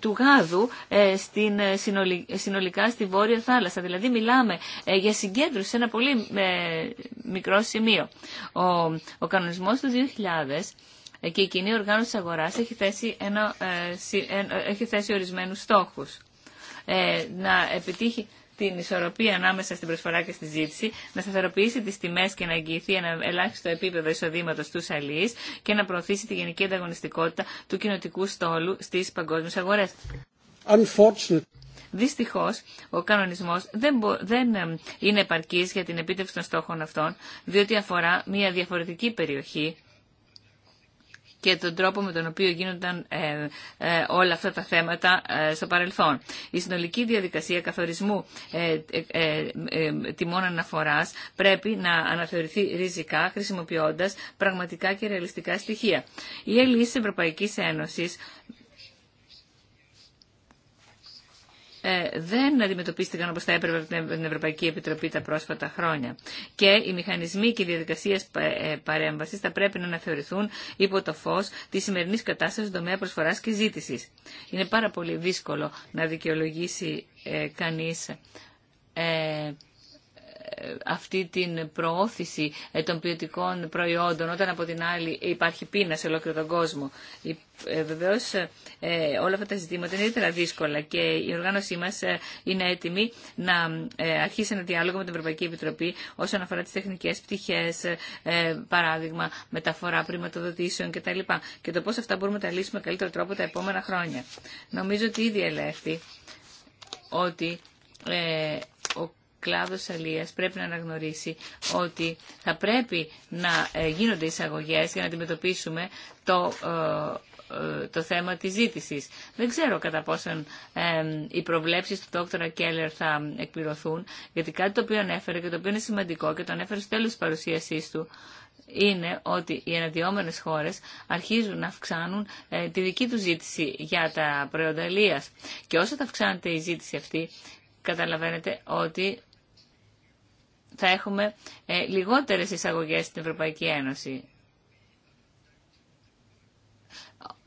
του γάδου στην, συνολικά στη Βόρεια Θάλασσα. Δηλαδή μιλάμε για συγκέντρωση σε ένα πολύ μικρό σημείο. Ο, ο κανονισμός του 2000 και η κοινή οργάνωση αγοράς έχει θέσει, ένα, ε, ε, ε, έχει θέσει ορισμένους στόχους. να επιτύχει την ισορροπία ανάμεσα στην προσφορά και στη ζήτηση, να σταθεροποιήσει τις τιμές και να εγγυηθεί ένα ελάχιστο επίπεδο εισοδήματος του Σαλή και να προωθήσει τη γενική ανταγωνιστικότητα του κοινοτικού στόλου στι παγκόσμιες αγορέ. Δυστυχώ, ο κανονισμό δεν, δεν είναι επαρκή για την επίτευξη των στόχων αυτών, διότι αφορά μια διαφορετική περιοχή και τον τρόπο με τον οποίο γίνονταν ε, ε, όλα αυτά τα θέματα ε, στο παρελθόν. Η συνολική διαδικασία καθορισμού τιμών αναφοράς πρέπει να αναθεωρηθεί ριζικά χρησιμοποιώντας πραγματικά και ρεαλιστικά στοιχεία. Η ελλείς της Ευρωπαϊκής Ένωσης Ε, δεν αντιμετωπίστηκαν όπως θα έπρεπε από την Ευρωπαϊκή Επιτροπή τα πρόσφατα χρόνια. Και οι μηχανισμοί και οι διαδικασίες ε, παρέμβαση θα πρέπει να αναθεωρηθούν υπό το φως της σημερινής κατάστασης στον τομέα προσφορά και ζήτησης. Είναι πάρα πολύ δύσκολο να δικαιολογήσει ε, κανείς αυτή την προώθηση ε, των ποιοτικών προϊόντων όταν από την άλλη υπάρχει πείνα σε ολόκληρο τον κόσμο. Ε, Βεβαίω ε, όλα αυτά τα ζητήματα είναι ιδιαίτερα δύσκολα και η οργάνωσή μα είναι έτοιμη να αρχίσει ένα διάλογο με την Ευρωπαϊκή Επιτροπή όσον αφορά τι τεχνικέ πτυχέ, παράδειγμα μεταφορά πρηματοδοτήσεων κτλ. Και το πώ αυτά μπορούμε να τα λύσουμε με καλύτερο τρόπο τα επόμενα χρόνια. Νομίζω ότι ήδη ελέγχθη ότι ο κλάδος αλίας πρέπει να αναγνωρίσει ότι θα πρέπει να ε, γίνονται εισαγωγές για να αντιμετωπίσουμε το ε, ε, το θέμα της ζήτησης. Δεν ξέρω κατά πόσον οι προβλέψεις του δόκτωρα Κέλλερ θα εκπληρωθούν, γιατί κάτι το οποίο ανέφερε και το οποίο είναι σημαντικό και το ανέφερε στο τέλος της παρουσίασής του, είναι ότι οι αναδυόμενες χώρες αρχίζουν να αυξάνουν τη δική του ζήτηση για τα προϊόντα Και όσο θα αυξάνεται η ζήτηση αυτή, καταλαβαίνετε ότι θα έχουμε ε, λιγότερες εισαγωγές στην Ευρωπαϊκή Ένωση.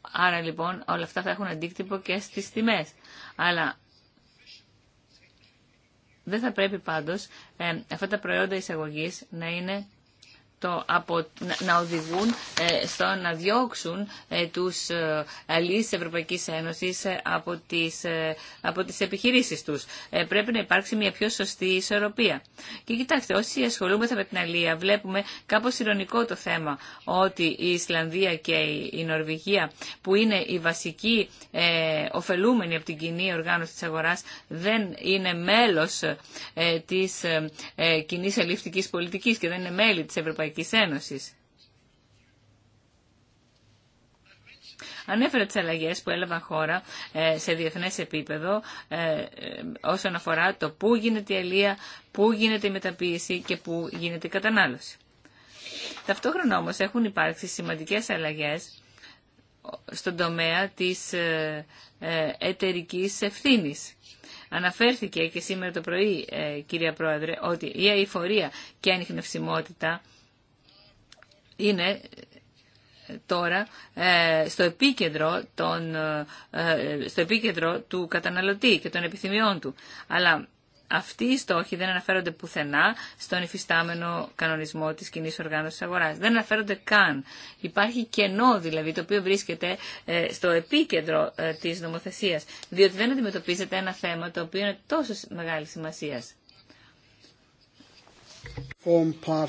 Άρα λοιπόν όλα αυτά θα έχουν αντίκτυπο και στις τιμές. Αλλά δεν θα πρέπει πάντως ε, αυτά τα προϊόντα εισαγωγής να είναι το απο, να οδηγούν ε, στο να διώξουν ε, τους ε, αλληλείς της Ευρωπαϊκής Ένωσης από τις, από τις επιχειρήσεις τους. Πρέπει να υπάρξει μια πιο σωστή ισορροπία. Και κοιτάξτε, όσοι ασχολούμαστε με την αλληλεία βλέπουμε κάπως ηρωνικό το θέμα ότι η Ισλανδία και η Νορβηγία που είναι οι βασικοί ε, ωφελούμενοι από την κοινή οργάνωση της αγοράς δεν είναι μέλος ε, της ε, κοινής αλληλευτικής πολιτικής και δεν είναι μέλη της Ευρωπαϊκής Ευρωπαϊκής Ένωσης. Ανέφερα τις αλλαγές που έλαβαν χώρα ε, σε διεθνές επίπεδο ε, ε, όσον αφορά το πού γίνεται η αλεία, πού γίνεται η μεταποίηση και πού γίνεται η κατανάλωση. Ταυτόχρονα όμως έχουν υπάρξει σημαντικές αλλαγές στον τομέα της εταιρικής ευθυνη Αναφέρθηκε και σήμερα το πρωί, κυρία Πρόεδρε, ότι η αηφορία και η ανιχνευσιμότητα είναι ε, τώρα ε, στο επίκεντρο, των, ε, στο επίκεντρο του καταναλωτή και των επιθυμιών του. Αλλά αυτοί οι στόχοι δεν αναφέρονται πουθενά στον υφιστάμενο κανονισμό της κοινή οργάνωσης αγοράς. Δεν αναφέρονται καν. Υπάρχει κενό δηλαδή το οποίο βρίσκεται στο επίκεντρο της νομοθεσίας, διότι δεν αντιμετωπίζεται ένα θέμα το οποίο είναι τόσο μεγάλη σημασία. Form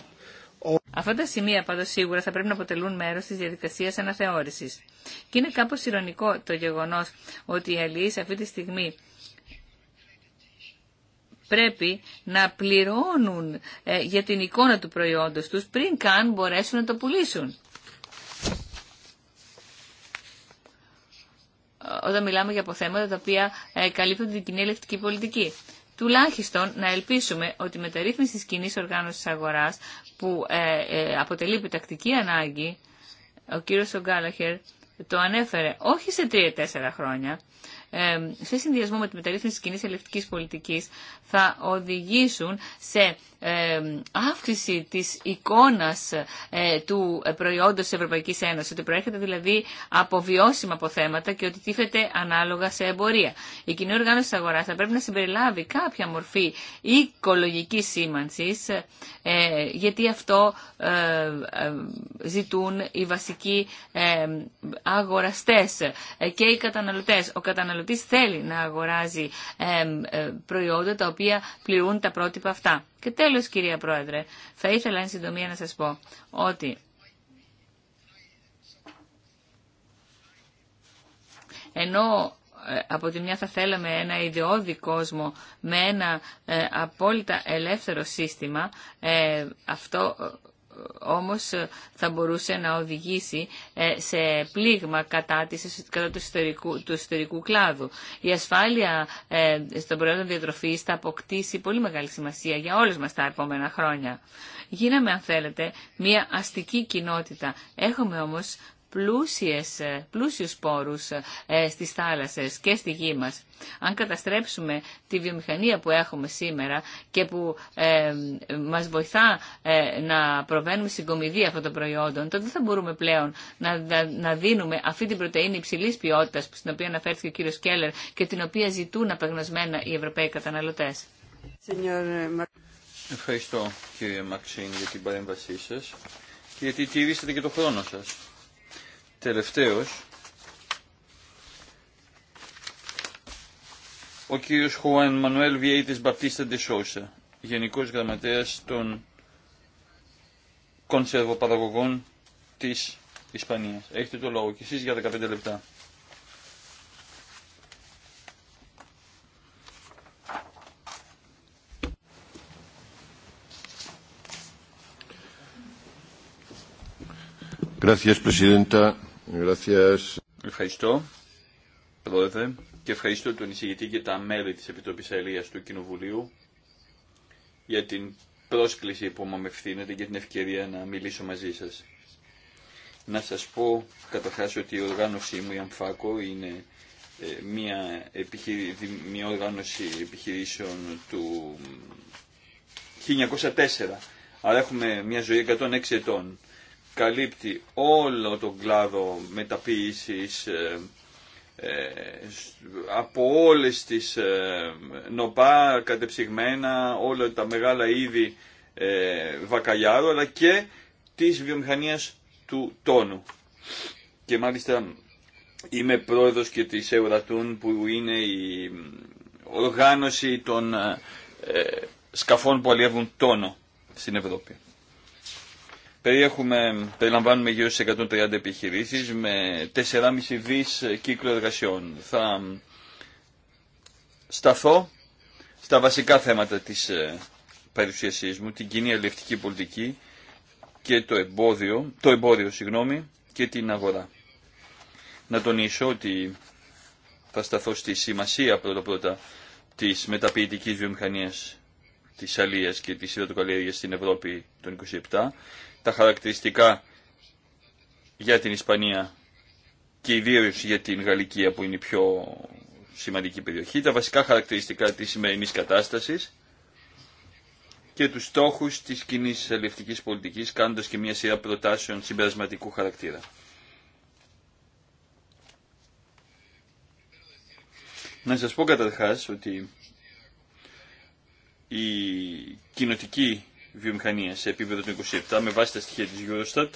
Αυτά τα σημεία πάντως σίγουρα θα πρέπει να αποτελούν μέρος της διαδικασίας αναθεώρησης. Και είναι κάπως ηρωνικό το γεγονός ότι οι αλληλείς αυτή τη στιγμή πρέπει να πληρώνουν ε, για την εικόνα του προϊόντος τους πριν καν μπορέσουν να το πουλήσουν. Όταν μιλάμε για αποθέματα τα οποία ε, καλύπτουν την κοινή ελευτική πολιτική τουλάχιστον να ελπίσουμε ότι η μεταρρύθμιση της κοινή οργάνωσης αγοράς που ε, ε, αποτελεί επιτακτική ανάγκη, ο κύριος Ογκάλαχερ το ανέφερε όχι σε τρία-τέσσερα χρόνια, ε, σε συνδυασμό με τη μεταρρύθμιση της κοινή ελευτική πολιτικής θα οδηγήσουν σε ε, αύξηση της εικόνας ε, του προϊόντος της Ευρωπαϊκής Ένωσης, ότι προέρχεται δηλαδή από βιώσιμα αποθέματα και ότι τίθεται ανάλογα σε εμπορία. Η κοινή οργάνωση της αγοράς θα πρέπει να συμπεριλάβει κάποια μορφή οικολογικής σήμανσης, ε, γιατί αυτό ζητούν οι βασικοί αγοραστές και οι καταναλωτές. Ο καταναλωτής θέλει να αγοράζει προϊόντα οποία πληρούν τα πρότυπα αυτά. Και τέλος, κυρία Πρόεδρε, θα ήθελα εν συντομία να σας πω ότι ενώ ε, από τη μια θα θέλαμε ένα ιδεώδη κόσμο με ένα ε, απόλυτα ελεύθερο σύστημα, ε, αυτό όμως ε, θα μπορούσε να οδηγήσει ε, σε πλήγμα κατά, της, κατά του, ιστορικού, κλάδου. Η ασφάλεια ε, στον προϊόντων διατροφής θα αποκτήσει πολύ μεγάλη σημασία για όλες μας τα επόμενα χρόνια. Γίναμε, αν θέλετε, μια αστική κοινότητα. Έχουμε όμως πλούσιες, ε, πλούσιους πόρους ε, στις θάλασσες και στη γη μας. Αν καταστρέψουμε τη βιομηχανία που έχουμε σήμερα και που ε, μας βοηθά ε, να προβαίνουμε στην κομιδή αυτών των προϊόντων, τότε δεν θα μπορούμε πλέον να, να, δίνουμε αυτή την πρωτεΐνη υψηλή ποιότητα στην οποία αναφέρθηκε ο κύριος Κέλλερ και την οποία ζητούν απεγνωσμένα οι Ευρωπαίοι καταναλωτές. Ε, Ευχαριστώ κύριε Μαξίν για την παρέμβασή σας και γιατί τηρήσατε και το χρόνο σας. Τελευταίος, ο κύριος Χουάν Μανουέλ Βιέιτης Μπαπτίστα Ντεσόσα, Γενικός Γραμματέας των Κονσερβοπαραγωγών της Ισπανίας. Έχετε το λόγο και εσείς για 15 λεπτά. Gracias, Presidenta. Ευχαριστώ, Πρόεδρε, και ευχαριστώ τον εισηγητή και τα μέλη της Επιτροπής Αιλίας του Κοινοβουλίου για την πρόσκληση που μου ευθύνεται και την ευκαιρία να μιλήσω μαζί σας. Να σας πω καταρχάς ότι η οργάνωσή μου, η Αμφάκο, είναι ε, μια, επιχειρη... μια οργάνωση επιχειρήσεων του 1904. Άρα έχουμε μια ζωή 106 ετών καλύπτει όλο τον κλάδο μεταποίησης ε, ε, από όλες τις ε, νοπά, κατεψυγμένα, όλα τα μεγάλα είδη βακαλιάρου, αλλά και της βιομηχανίας του τόνου. Και μάλιστα είμαι πρόεδρος και της Euratun που είναι η οργάνωση των σκαφών που αλλιεύουν τόνο στην Ευρώπη περιλαμβάνουμε γύρω στις 130 επιχειρήσεις με 4,5 δις κύκλο εργασιών. Θα σταθώ στα βασικά θέματα της ε, παρουσίασής μου, την κοινή αλληλευτική πολιτική και το εμπόδιο, το εμπόδιο συγγνώμη, και την αγορά. Να τονίσω ότι θα σταθώ στη σημασία πρώτα πρώτα της μεταποιητικής βιομηχανίας της Αλίας και της Ιδωτοκαλλιέργειας στην Ευρώπη των 27, τα χαρακτηριστικά για την Ισπανία και ιδίω για την Γαλλικία που είναι η πιο σημαντική περιοχή, τα βασικά χαρακτηριστικά της σημερινής κατάστασης και τους στόχους της κοινή ελευτικής πολιτικής, κάνοντας και μια σειρά προτάσεων συμπερασματικού χαρακτήρα. Να σας πω καταρχάς ότι η κοινοτική βιομηχανία σε επίπεδο του 27 με βάση τα στοιχεία της Eurostat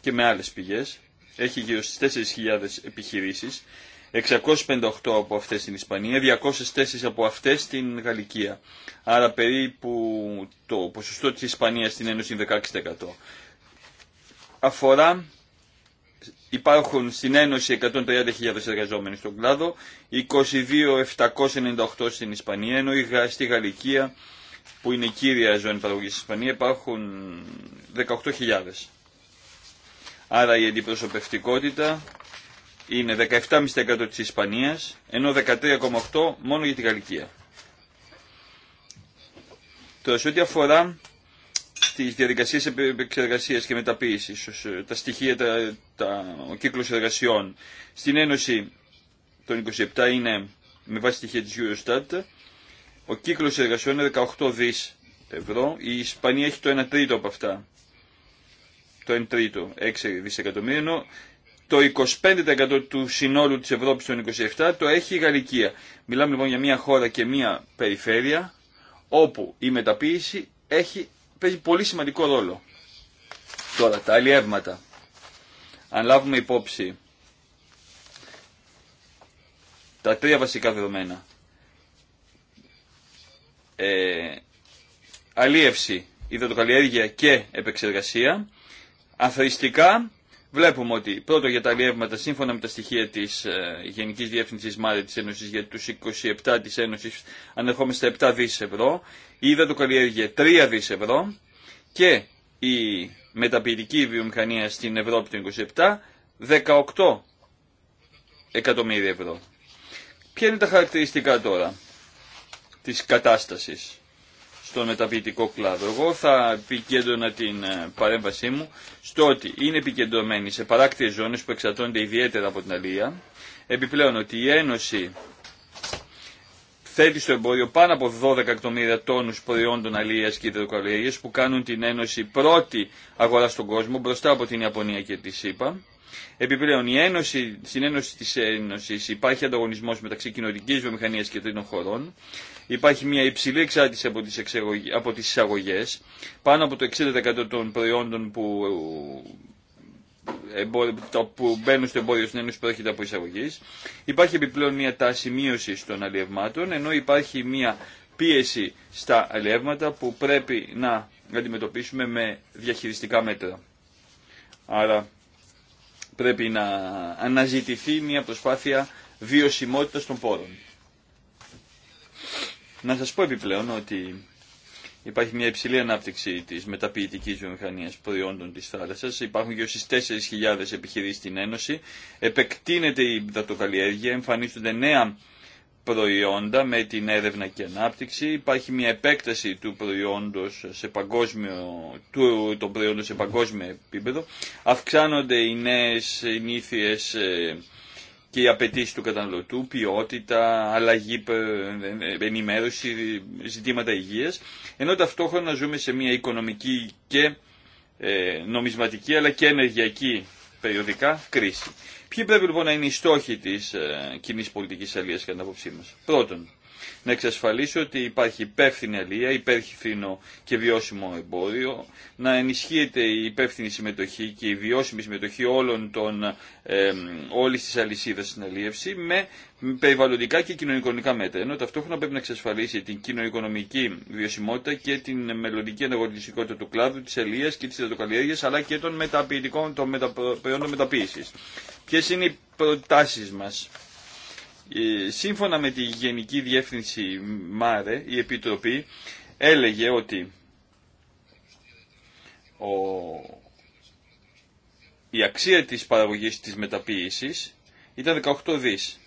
και με άλλες πηγές. Έχει γύρω 4.000 επιχειρήσεις, 658 από αυτές στην Ισπανία, 204 από αυτές στην Γαλλικία. Άρα περίπου το ποσοστό της Ισπανίας στην Ένωση είναι 16%. Αφορά Υπάρχουν στην Ένωση 130.000 εργαζόμενοι στον κλάδο, 22.798 στην Ισπανία, ενώ στη Γαλλικία που είναι η κύρια ζώνη παραγωγής στην Ισπανία, υπάρχουν 18.000. Άρα η αντιπροσωπευτικότητα είναι 17,5% της Ισπανίας, ενώ 13,8% μόνο για τη Γαλλικία. Τώρα, σε ό,τι αφορά τις διαδικασίες επεξεργασίας και μεταποίησης, ε, τα στοιχεία, τα, τα, ο κύκλος εργασιών, στην Ένωση των 27 είναι με βάση στοιχεία της Eurostat, ο κύκλος εργασιών είναι 18 δις ευρώ. Η Ισπανία έχει το 1 τρίτο από αυτά. Το 1 τρίτο, 6 δισεκατομμύρια, ενώ το 25% του συνόλου της Ευρώπης των 27 το έχει η Γαλλικία. Μιλάμε λοιπόν για μια χώρα και μια περιφέρεια όπου η μεταποίηση έχει, παίζει πολύ σημαντικό ρόλο. Τώρα, τα αλλιεύματα. Αν λάβουμε υπόψη τα τρία βασικά δεδομένα ε, αλίευση, υδατοκαλλιέργεια και επεξεργασία. Αθροιστικά βλέπουμε ότι πρώτο για τα αλίευματα σύμφωνα με τα στοιχεία της ε, Γενικής Διεύθυνσης ΜΑΡΕ της Ένωσης για τους 27 της Ένωσης ανερχόμαστε στα 7 δις ευρώ, η υδατοκαλλιέργεια 3 δις ευρώ και η μεταποιητική βιομηχανία στην Ευρώπη των 27 18 εκατομμύρια ευρώ. Ποια είναι τα χαρακτηριστικά τώρα της κατάστασης στον μεταποιητικό κλάδο. Εγώ θα επικέντρωνα την ε, παρέμβασή μου στο ότι είναι επικεντρωμένη σε παράκτιες ζώνες που εξαρτώνται ιδιαίτερα από την αλία. Επιπλέον ότι η Ένωση θέτει στο εμπόριο πάνω από 12 εκατομμύρια τόνους προϊόντων αλίας και υδροκαλλιέργειας που κάνουν την Ένωση πρώτη αγορά στον κόσμο μπροστά από την Ιαπωνία και τη ΣΥΠΑ. Επιπλέον, η Ένωση, στην Ένωση της Ένωσης υπάρχει ανταγωνισμός μεταξύ κοινωνικής βιομηχανίας και τρίτων χωρών. Υπάρχει μια υψηλή εξάρτηση από τις, εξαγωγές, εισαγωγές. Πάνω από το 60% των προϊόντων που, που μπαίνουν στο εμπόριο στην Ένωση προέρχεται από εισαγωγή. Υπάρχει επιπλέον μια τάση μείωση των αλλιευμάτων, ενώ υπάρχει μια πίεση στα αλλιεύματα που πρέπει να αντιμετωπίσουμε με διαχειριστικά μέτρα. Άρα πρέπει να αναζητηθεί μια προσπάθεια βιωσιμότητας των πόρων. Να σας πω επιπλέον ότι υπάρχει μια υψηλή ανάπτυξη της μεταποιητικής βιομηχανίας προϊόντων της θάλασσας, υπάρχουν γύρω στις 4.000 επιχειρήσεις στην Ένωση, επεκτείνεται η δατοκαλλιέργεια, εμφανίζονται νέα προϊόντα με την έρευνα και ανάπτυξη. Υπάρχει μια επέκταση του προϊόντος σε παγκόσμιο, του, των προϊόντων σε παγκόσμιο επίπεδο. Αυξάνονται οι νέες συνήθειες ε, και οι απαιτήσει του καταναλωτού, ποιότητα, αλλαγή, ε, ε, ενημέρωση, ζητήματα υγείας, ενώ ταυτόχρονα ζούμε σε μια οικονομική και νομισματική αλλά και ενεργειακή περιοδικά κρίση. Ποιοι πρέπει λοιπόν να είναι οι στόχοι της ε, κοινή πολιτικής αλληλεία κατά την απόψή μας. Πρώτον, να εξασφαλίσει ότι υπάρχει υπεύθυνη αλληλεία, φθηνό και βιώσιμο εμπόριο, να ενισχύεται η υπεύθυνη συμμετοχή και η βιώσιμη συμμετοχή όλων των, ε, όλης της αλυσίδας στην αλλήλευση με περιβαλλοντικά και κοινωνικονομικά μέτρα, ενώ ταυτόχρονα πρέπει να εξασφαλίσει την κοινοοικονομική βιωσιμότητα και την μελλοντική αναγωνιστικότητα του κλάδου, της ελεία και της υδατοκαλλιέργεια, αλλά και των μεταποιητικών των προϊόντων μεταποίηση. Ποιε είναι οι προτάσει μα ε, σύμφωνα με τη Γενική Διεύθυνση ΜΑΡΕ, η Επιτροπή έλεγε ότι ο, η αξία της παραγωγής της μεταποίησης ήταν 18 δις.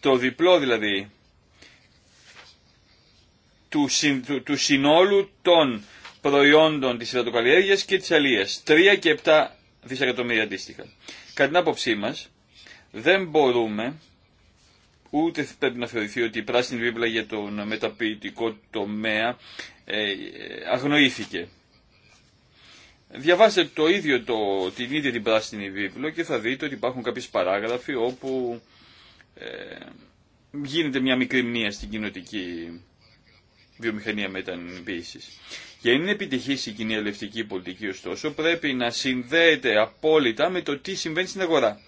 Το διπλό δηλαδή του, συνόλου των προϊόντων της υδατοκαλλιέργειας και της αλίας. 3 και 7 δισεκατομμύρια αντίστοιχα. Κατά την άποψή μας, δεν μπορούμε, ούτε πρέπει να θεωρηθεί ότι η πράσινη βίβλα για τον μεταποιητικό τομέα ε, αγνοήθηκε. Διαβάστε το ίδιο το, την ίδια την πράσινη βίβλο και θα δείτε ότι υπάρχουν κάποιες παράγραφοι όπου ε, γίνεται μια μικρή μνήμα στην κοινοτική βιομηχανία μεταποίησης. Για να είναι επιτυχής η κοινή αλληλευτική πολιτική ωστόσο πρέπει να συνδέεται απόλυτα με το τι συμβαίνει στην αγορά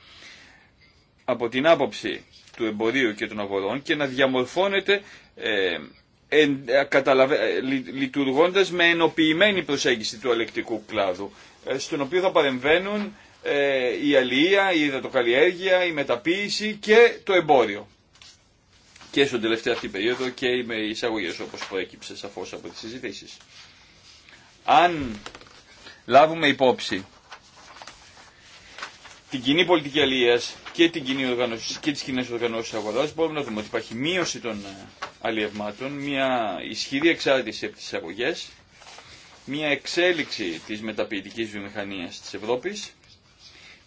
από την άποψη του εμπορίου και των αγορών και να διαμορφώνεται ε, ε, ε λειτουργώντας με ενοποιημένη προσέγγιση του αλεκτικού κλάδου, ε, στον οποίο θα παρεμβαίνουν η αλληλεία, η υδατοκαλλιέργεια, η μεταποίηση και το εμπόριο. Και στον τελευταίο αυτή περίοδο και με εισαγωγέ όπως προέκυψε σαφώς από τις συζητήσεις. Αν λάβουμε υπόψη την κοινή πολιτική αλληλείας και, την κοινή οργάνωση, και τις κοινές οργανώσεις αγοράς μπορούμε να δούμε ότι υπάρχει μείωση των ε, αλλιευμάτων, μια ισχυρή εξάρτηση από τις αγωγές, μια εξέλιξη της μεταποιητικής βιομηχανίας της Ευρώπης,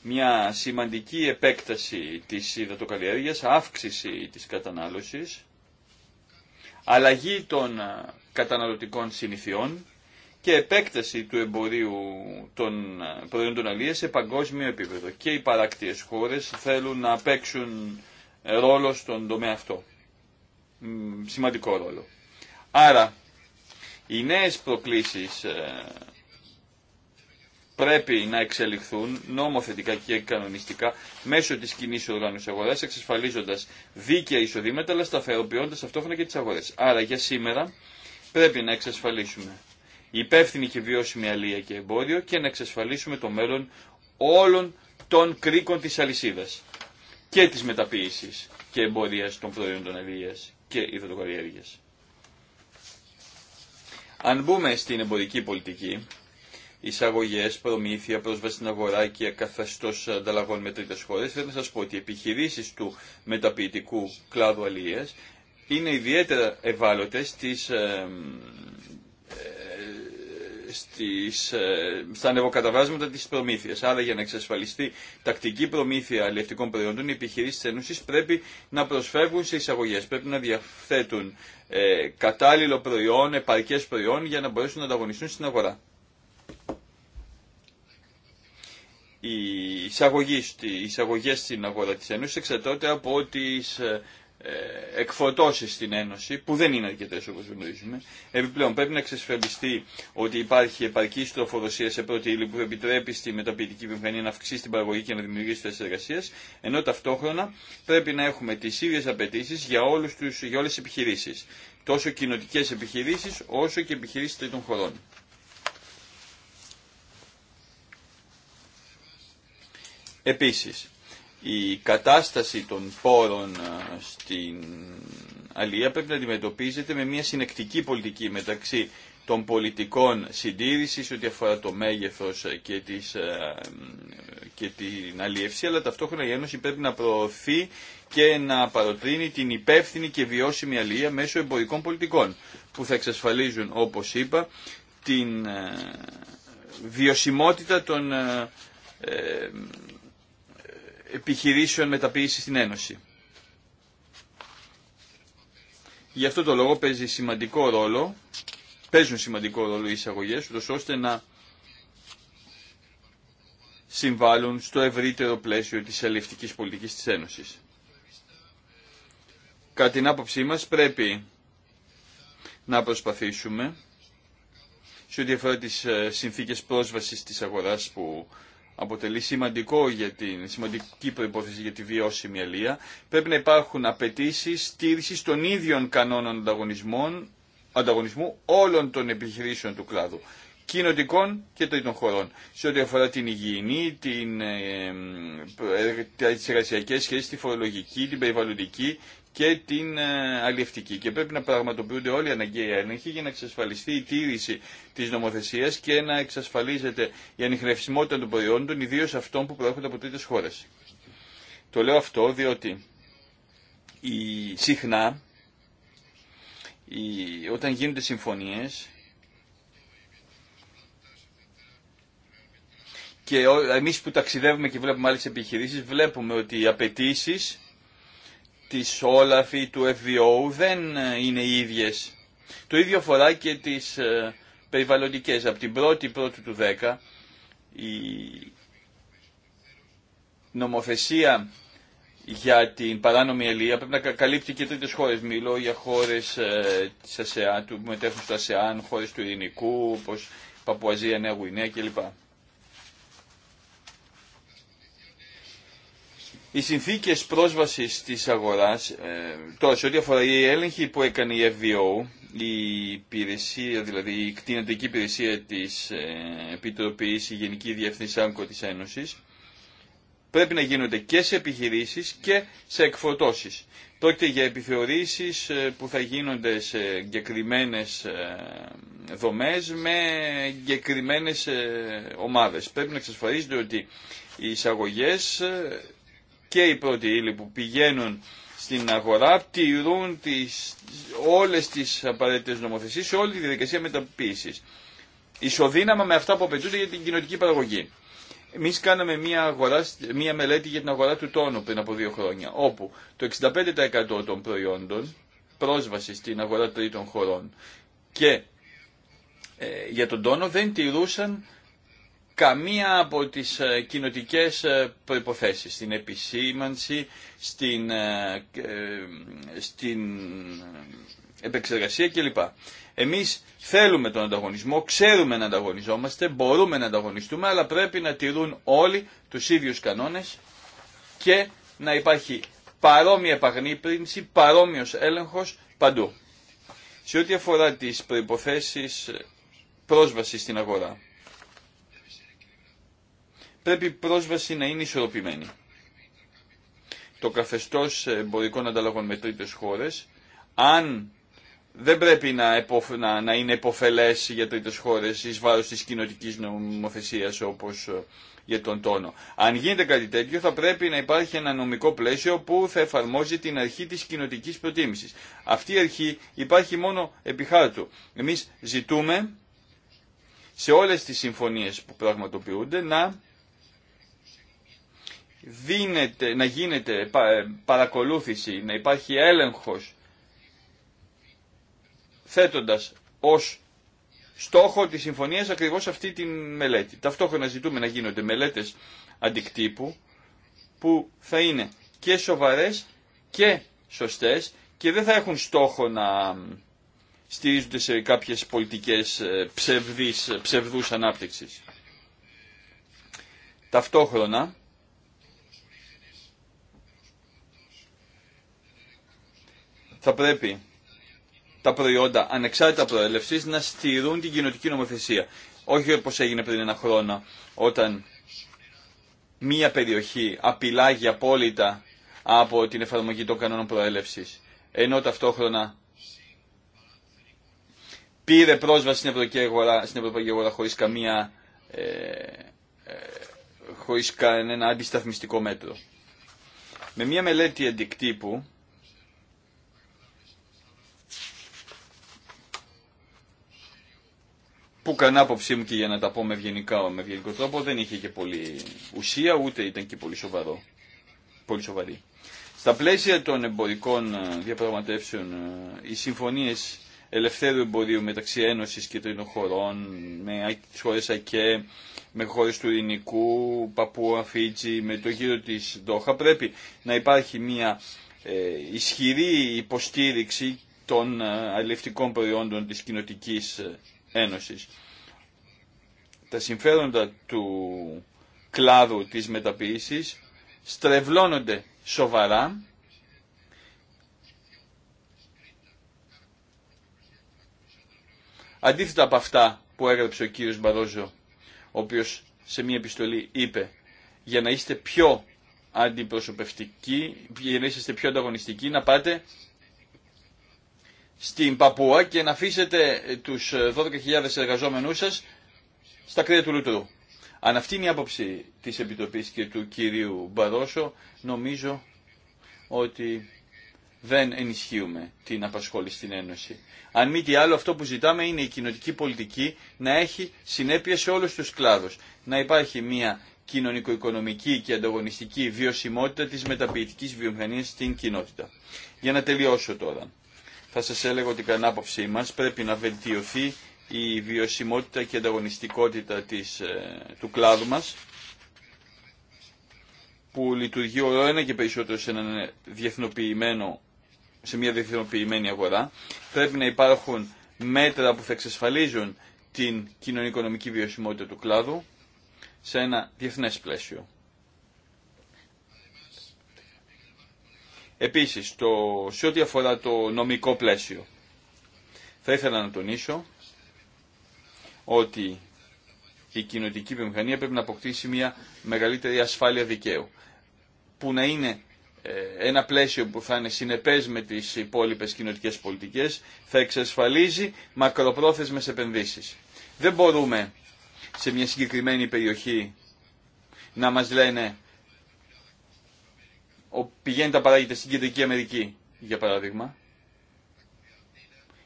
μια σημαντική επέκταση της υδατοκαλλιέργειας, αύξηση της κατανάλωσης, αλλαγή των ε, καταναλωτικών συνηθιών, και επέκταση του εμπορίου των προϊόντων αλίας σε παγκόσμιο επίπεδο. Και οι παράκτιες χώρες θέλουν να παίξουν ρόλο στον τομέα αυτό. Σημαντικό ρόλο. Άρα, οι νέες προκλήσεις ε, πρέπει να εξελιχθούν νομοθετικά και κανονιστικά μέσω της κοινή οργάνωσης αγοράς, εξασφαλίζοντας δίκαια εισοδήματα, αλλά σταθεροποιώντας αυτόχρονα και τις αγορές. Άρα, για σήμερα πρέπει να εξασφαλίσουμε υπεύθυνη και βιώσιμη αλία και εμπόδιο και να εξασφαλίσουμε το μέλλον όλων των κρίκων της αλυσίδας και της μεταποίησης και εμποδία των προϊόντων αλίας και υδατοκαλλιέργειας. Αν μπούμε στην εμπορική πολιτική, εισαγωγέ, προμήθεια, πρόσβαση στην αγορά και καθεστώ ανταλλαγών με τρίτε χώρε, θέλω να σα πω ότι οι επιχειρήσει του μεταποιητικού κλάδου αλληλεία είναι ιδιαίτερα ευάλωτε στις, ε, στα ανεβοκαταβάσματα τη προμήθεια. Άρα για να εξασφαλιστεί τακτική προμήθεια αλληλευτικών προϊόντων, οι επιχειρήσει τη Ένωσης πρέπει να προσφεύγουν σε εισαγωγέ. πρέπει να διαθέτουν ε, κατάλληλο προϊόν, επαρκέ προϊόν για να μπορέσουν να ανταγωνιστούν στην αγορά. Οι εισαγωγέ στην αγορά της Ένωσης εξαρτώνται από τις ε, ε, εκφορτώσεις στην Ένωση, που δεν είναι αρκετές όπως γνωρίζουμε. Επιπλέον πρέπει να εξασφαλιστεί ότι υπάρχει επαρκή τροφοδοσία σε πρώτη ύλη που επιτρέπει στη μεταποιητική βιομηχανία να αυξήσει την παραγωγή και να δημιουργήσει θέσει εργασία, ενώ ταυτόχρονα πρέπει να έχουμε τις ίδιες απαιτήσει για, όλους τους, για επιχειρήσεις, τόσο κοινοτικέ επιχειρήσει, όσο και επιχειρήσεις τρίτων χωρών. Επίσης, η κατάσταση των πόρων στην Αλία πρέπει να αντιμετωπίζεται με μια συνεκτική πολιτική μεταξύ των πολιτικών συντήρησης ό,τι αφορά το μέγεθος και, της, και την αλίευση, αλλά ταυτόχρονα η Ένωση πρέπει να προωθεί και να παροτρύνει την υπεύθυνη και βιώσιμη αλία μέσω εμπορικών πολιτικών, που θα εξασφαλίζουν, όπως είπα, την βιωσιμότητα των ε, επιχειρήσεων μεταποίηση στην Ένωση. Γι' αυτό το λόγο παίζει σημαντικό ρόλο, παίζουν σημαντικό ρόλο οι εισαγωγές, ώστε να συμβάλλουν στο ευρύτερο πλαίσιο της αλληλευτικής πολιτικής της Ένωσης. Κατά την άποψή μας πρέπει να προσπαθήσουμε σε ό,τι αφορά τις ε, συνθήκες πρόσβασης της αγοράς που αποτελεί σημαντικό για την, σημαντική προϋπόθεση για τη βιώσιμη αλία. Πρέπει να υπάρχουν απαιτήσει στήριξη των ίδιων κανόνων ανταγωνισμού όλων των επιχειρήσεων του κλάδου κοινοτικών και τρίτων χωρών. Σε ό,τι αφορά την υγιεινή, την, ε, ε τις εργασιακές σχέσεις, τη φορολογική, την περιβαλλοντική και την ε, αλληλευτική Και πρέπει να πραγματοποιούνται όλοι οι αναγκαίοι έλεγχοι για να εξασφαλιστεί η τήρηση τη νομοθεσία και να εξασφαλίζεται η ανιχνευσιμότητα των προϊόντων, ιδίω αυτών που προέρχονται από τρίτε χώρε. Το λέω αυτό διότι η, συχνά η, όταν γίνονται συμφωνίες και εμείς που ταξιδεύουμε και βλέπουμε άλλες επιχειρήσεις βλέπουμε ότι οι απαιτήσει Τις όλαφοι του FVO δεν ε, είναι οι ίδιες. Το ίδιο φορά και τις ε, περιβαλλοντικές. Από την 1η πρώτη του 10 η νομοθεσία για την παράνομη ελεία πρέπει να καλύπτει και τρίτες χώρες. Μιλώ για χώρες ε, της ΑΣΕΑ, που μετέχουν στο ΑΣΕΑΝ, χώρες του Ειρηνικού, όπως Παπουαζία, Νέα Γουινέα κλπ. Οι συνθήκε πρόσβαση της αγοράς, ε, τώρα σε ό,τι αφορά η έλεγχη που έκανε η FVO, η υπηρεσία, δηλαδή η κτηνατική υπηρεσία της ε, η Γενική Διευθυνσάμκο της πρέπει να γίνονται και σε επιχειρήσεις και σε εκφορτώσεις. Πρόκειται για επιθεωρήσεις ε, που θα γίνονται σε εγκεκριμένε ε, δομέ με εγκεκριμένε ομάδε. Πρέπει να εξασφαλίζονται ότι οι εισαγωγές και οι πρώτοι ύλοι που πηγαίνουν στην αγορά τηρούν τις, όλες τις απαραίτητες νομοθεσίες σε όλη τη διαδικασία μεταποίησης. Ισοδύναμα με αυτά που απαιτούνται για την κοινωνική παραγωγή. Εμεί κάναμε μια, μια μελέτη για την αγορά του τόνου πριν από δύο χρόνια, όπου το 65% των προϊόντων πρόσβαση στην αγορά τρίτων χωρών και ε, για τον τόνο δεν τηρούσαν καμία από τις ε, κοινοτικές ε, προϋποθέσεις, στην επισήμανση, στην, ε, στην επεξεργασία κλπ. Εμείς θέλουμε τον ανταγωνισμό, ξέρουμε να ανταγωνιζόμαστε, μπορούμε να ανταγωνιστούμε, αλλά πρέπει να τηρούν όλοι τους ίδιους κανόνες και να υπάρχει παρόμοια επαγνύπρινση, παρόμοιος έλεγχος παντού. Σε ό,τι αφορά τις προϋποθέσεις πρόσβασης στην αγορά πρέπει η πρόσβαση να είναι ισορροπημένη. Το καθεστώ εμπορικών ανταλλαγών με τρίτε χώρε, αν δεν πρέπει να, να, είναι υποφελέ για τρίτε χώρε ει βάρο τη κοινότική νομοθεσία, όπω ε, για τον τόνο. Αν γίνεται κάτι τέτοιο θα πρέπει να υπάρχει ένα νομικό πλαίσιο που θα εφαρμόζει την αρχή τη κοινοτική προτίμηση. Αυτή η αρχή υπάρχει μόνο επί χάρτου. Εμεί ζητούμε σε όλες τις συμφωνίες που πραγματοποιούνται να δίνεται, να γίνεται ε, παρακολούθηση, να υπάρχει έλεγχος θέτοντας ως στόχο της συμφωνίας ακριβώς αυτή τη μελέτη. Ταυτόχρονα ζητούμε να γίνονται μελέτες αντικτύπου που θα είναι και σοβαρές και σωστές και δεν θα έχουν στόχο να στηρίζονται σε κάποιες πολιτικές ε, ψευδής, ψευδούς ανάπτυξης. Ταυτόχρονα θα πρέπει τα προϊόντα ανεξάρτητα προέλευση να στηρούν την κοινοτική νομοθεσία. Όχι όπω έγινε πριν ένα χρόνο όταν μία περιοχή απειλάγει απόλυτα από την εφαρμογή των κανόνων προέλευση, ενώ ταυτόχρονα πήρε πρόσβαση στην Ευρωπαϊκή Αγορά, στην Ευρωπαϊκή αγορά χωρίς καμία ε, ε, χωρίς κανένα αντισταθμιστικό μέτρο. Με μια μελέτη αντικτύπου που κανένα άποψή μου και για να τα πω με, ευγενικά, με ευγενικό τρόπο δεν είχε και πολύ ουσία ούτε ήταν και πολύ σοβαρό. Πολύ σοβαρή. Στα πλαίσια των εμπορικών ε, διαπραγματεύσεων ε, οι συμφωνίες ελευθέρου εμπορίου μεταξύ Ένωσης και των χωρών με τι χώρες ΑΚΕ, με χώρες του Ειρηνικού, Παππού, Αφίτζη, με το γύρο της Δόχα πρέπει να υπάρχει μια ε, ισχυρή υποστήριξη των αλληλευτικών προϊόντων της κοινοτικής Ένωσης. Τα συμφέροντα του κλάδου της μεταποίησης στρεβλώνονται σοβαρά αντίθετα από αυτά που έγραψε ο κύριος Μπαρόζο, ο οποίος σε μία επιστολή είπε για να είστε πιο αντιπροσωπευτικοί, για να είστε πιο ανταγωνιστικοί, να πάτε στην Παπούα και να αφήσετε τους 12.000 εργαζόμενούς σας στα κρύα του Λουτρού. Αν αυτή είναι η άποψη της Επιτροπής και του κυρίου Μπαρόσο, νομίζω ότι δεν ενισχύουμε την απασχόληση στην Ένωση. Αν μη τι άλλο, αυτό που ζητάμε είναι η κοινωνική πολιτική να έχει συνέπεια σε όλους τους κλάδους. Να υπάρχει μια κοινωνικο-οικονομική και ανταγωνιστική βιωσιμότητα της μεταποιητικής βιομηχανίας στην κοινότητα. Για να τελειώσω τώρα θα σας έλεγα ότι κατά άποψή μας πρέπει να βελτιωθεί η βιωσιμότητα και η ανταγωνιστικότητα της, ε, του κλάδου μας που λειτουργεί όλο ένα και περισσότερο σε, έναν διεθνοποιημένο, σε μια διεθνοποιημένη αγορά. Πρέπει να υπάρχουν μέτρα που θα εξασφαλίζουν την κοινωνικονομική βιωσιμότητα του κλάδου σε ένα διεθνές πλαίσιο. Επίσης, το, σε ό,τι αφορά το νομικό πλαίσιο, θα ήθελα να τονίσω ότι η κοινωτική βιομηχανία πρέπει να αποκτήσει μια μεγαλύτερη ασφάλεια δικαίου, που να είναι ε, ένα πλαίσιο που θα είναι συνεπές με τις υπόλοιπες κοινωτικές πολιτικές, θα εξασφαλίζει μακροπρόθεσμες επενδύσεις. Δεν μπορούμε σε μια συγκεκριμένη περιοχή να μας λένε πηγαίνει τα παράγεται στην Κεντρική Αμερική, για παράδειγμα,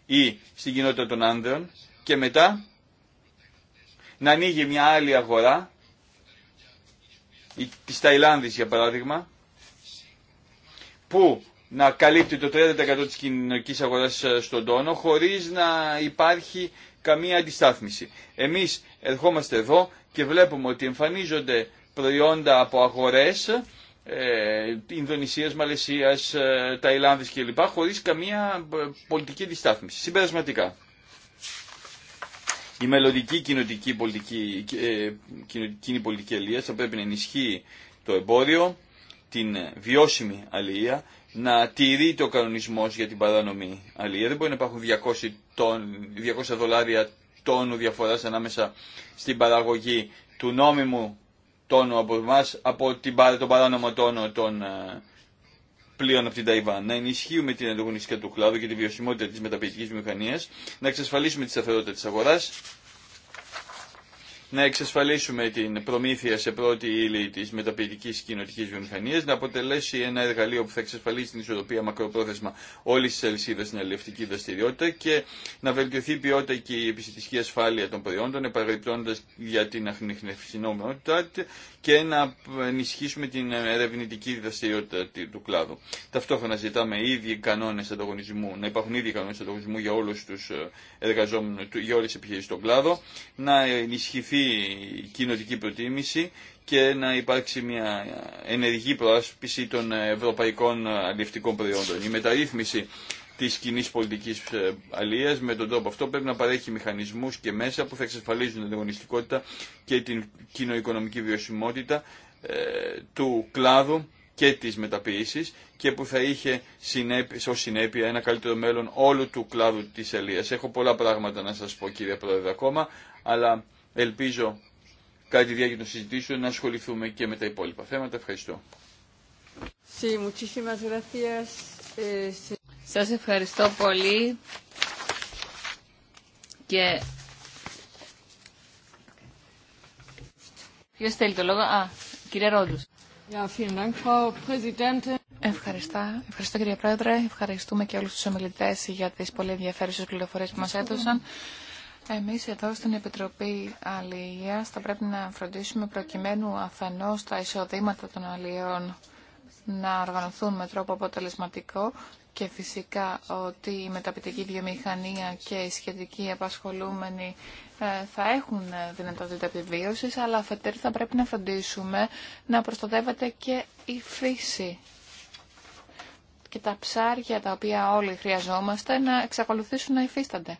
ή στην κοινότητα των άνδρων και μετά να ανοίγει μια άλλη αγορά, τη Ταϊλάνδης για παράδειγμα, που να καλύπτει το 30% της κοινωνικής αγοράς ε, στον τόνο χωρίς να υπάρχει καμία αντιστάθμιση. Εμείς ερχόμαστε εδώ και βλέπουμε ότι εμφανίζονται προϊόντα από αγορές ε, Ινδονησίας, Μαλαισίας, ε, Ταϊλάνδης κλπ. χωρίς καμία ε, πολιτική αντιστάθμιση. Συμπερασματικά. Η μελλοντική κοινωτική πολιτική, ε, κοινή πολιτική αλληλεία θα πρέπει να ενισχύει το εμπόριο, την βιώσιμη αλληλεία, να τηρεί το κανονισμό για την παρανομή αλληλεία. Δεν μπορεί να υπάρχουν 200, τόν, δολάρια τόνου διαφοράς ανάμεσα στην παραγωγή του νόμιμου τόνο από εμά από την, τον παράνομο τόνο των ε, πλοίων από την Ταϊβάν. Να ενισχύουμε την ανταγωνιστική του κλάδου και τη βιωσιμότητα τη μεταπαιδευτική μηχανία, να εξασφαλίσουμε τη σταθερότητα τη αγορά να εξασφαλίσουμε την προμήθεια σε πρώτη ύλη τη μεταποιητική κοινοτική βιομηχανία, να αποτελέσει ένα εργαλείο που θα εξασφαλίσει την ισορροπία μακροπρόθεσμα όλη τη αλυσίδα στην αλληλευτική δραστηριότητα και να βελτιωθεί η ποιότητα και η επιστημική ασφάλεια των προϊόντων, επαγρυπτώντα για την αχνηχνευσινόμενότητά και να ενισχύσουμε την ερευνητική δραστηριότητα του κλάδου. Ταυτόχρονα ζητάμε ήδη κανόνε ανταγωνισμού, να υπάρχουν ήδη κανόνε ανταγωνισμού για όλου του ε, εργαζόμενου, για όλε τι επιχειρήσει στον κλάδο, να ενισχυθεί σωστή κοινοτική προτίμηση και να υπάρξει μια ενεργή προάσπιση των ευρωπαϊκών αλληλευτικών προϊόντων. Η μεταρρύθμιση τη κοινή πολιτική ε, αλληλεία με τον τρόπο αυτό πρέπει να παρέχει μηχανισμού και μέσα που θα εξασφαλίζουν την ανταγωνιστικότητα και την κοινοοικονομική βιωσιμότητα ε, του κλάδου και της μεταποίησης και που θα είχε συνέπεια, ως συνέπεια ένα καλύτερο μέλλον όλου του κλάδου της Ελίας. Έχω πολλά πράγματα να σας πω κύριε Πρόεδρε ακόμα, αλλά Ελπίζω κάτι τη διάρκεια των συζητήσεων να ασχοληθούμε και με τα υπόλοιπα θέματα. Ευχαριστώ. Eh, Σας ευχαριστώ πολύ και... θέλει λόγο? Α, κύριε Ευχαριστώ. Ευχαριστώ κύριε Πρόεδρε. Ευχαριστούμε και όλους τους ομιλητές για τις πολύ ενδιαφέρουσες πληροφορίες που μας έδωσαν. Εμείς εδώ στην Επιτροπή Αλληλείας θα πρέπει να φροντίσουμε προκειμένου αφενός τα εισοδήματα των αλληλείων να οργανωθούν με τρόπο αποτελεσματικό και φυσικά ότι η μεταπιτική βιομηχανία και οι σχετικοί απασχολούμενοι ε, θα έχουν δυνατότητα επιβίωσης, αλλά αφετέρου θα πρέπει να φροντίσουμε να προστατεύεται και η φύση και τα ψάρια τα οποία όλοι χρειαζόμαστε να εξακολουθήσουν να υφίστανται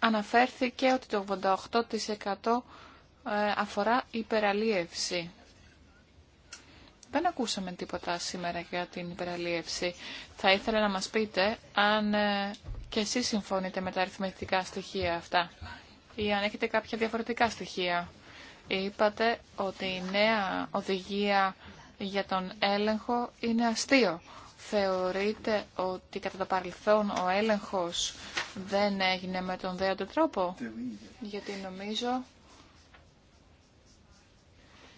αναφέρθηκε ότι το 88% ε, αφορά υπεραλίευση. Δεν ακούσαμε τίποτα σήμερα για την υπεραλίευση. Θα ήθελα να μας πείτε αν ε, και εσείς συμφωνείτε με τα αριθμητικά στοιχεία αυτά ή αν έχετε κάποια διαφορετικά στοιχεία. Είπατε ότι η νέα οδηγία για τον έλεγχο είναι αστείο. Θεωρείτε ότι κατά το παρελθόν ο έλεγχος δεν έγινε με τον δέοντο τρόπο, γιατί νομίζω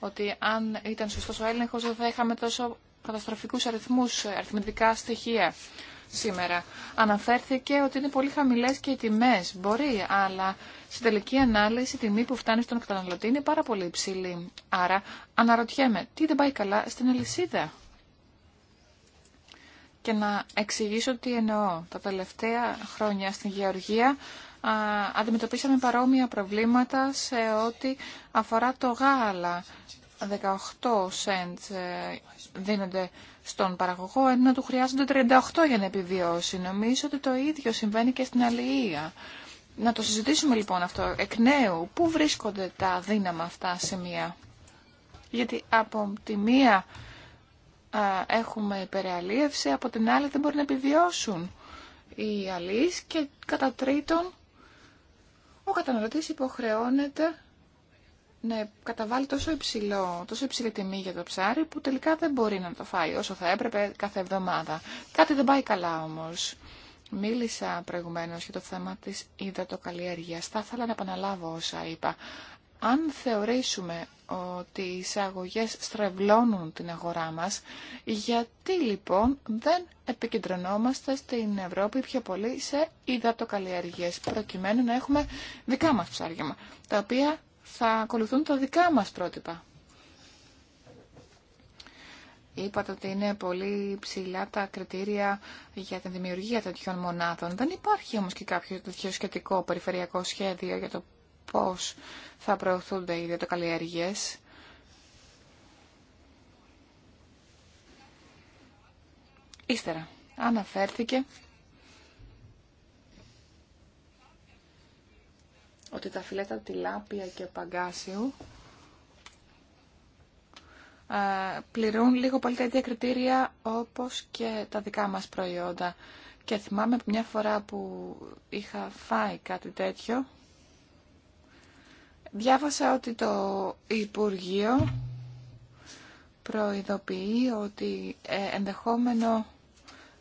ότι αν ήταν σωστός ο έλεγχος δεν θα είχαμε τόσο καταστροφικούς αριθμούς, ε, αριθμητικά στοιχεία σήμερα. Αναφέρθηκε ότι είναι πολύ χαμηλές και οι τιμές. Μπορεί, αλλά στην τελική ανάλυση η τιμή που φτάνει στον καταναλωτή είναι πάρα πολύ υψηλή. Άρα αναρωτιέμαι, τι δεν πάει καλά στην αλυσίδα και να εξηγήσω τι εννοώ. Τα τελευταία χρόνια στην Γεωργία αντιμετωπίσαμε παρόμοια προβλήματα σε ό,τι αφορά το γάλα. 18 σέντ ε, δίνονται στον παραγωγό, ενώ του χρειάζονται 38 για να επιβιώσει. Νομίζω ότι το ίδιο συμβαίνει και στην αλληλεία. Να το συζητήσουμε λοιπόν αυτό εκ νέου. Πού βρίσκονται τα δύναμα αυτά σημεία. Γιατί από τη μία έχουμε υπερεαλίευση, από την άλλη δεν μπορεί να επιβιώσουν οι αλείς και κατά τρίτον ο καταναλωτής υποχρεώνεται να καταβάλει τόσο, υψηλό, τόσο υψηλή τιμή για το ψάρι που τελικά δεν μπορεί να το φάει όσο θα έπρεπε κάθε εβδομάδα. Κάτι δεν πάει καλά όμως. Μίλησα προηγουμένως για το θέμα της υδατοκαλλιέργειας. Θα ήθελα να επαναλάβω όσα είπα. Αν θεωρήσουμε ότι οι εισαγωγές στρεβλώνουν την αγορά μας, γιατί λοιπόν δεν επικεντρωνόμαστε στην Ευρώπη πιο πολύ σε υδατοκαλλιεργίες, προκειμένου να έχουμε δικά μας ψάρια, τα οποία θα ακολουθούν τα δικά μας πρότυπα. Είπατε ότι είναι πολύ ψηλά τα κριτήρια για την δημιουργία τέτοιων μονάδων. Δεν υπάρχει όμως και κάποιο τέτοιο σχετικό περιφερειακό σχέδιο για το πώς θα προωθούνται οι ιδιωτοκαλλιέργειες. Ύστερα αναφέρθηκε ότι τα φιλέτα τηλάπια και παγκάσιου ε, πληρούν λίγο πολύ τα ίδια κριτήρια όπως και τα δικά μας προϊόντα. Και θυμάμαι μια φορά που είχα φάει κάτι τέτοιο Διάβασα ότι το Υπουργείο προειδοποιεί ότι ε, ενδεχόμενο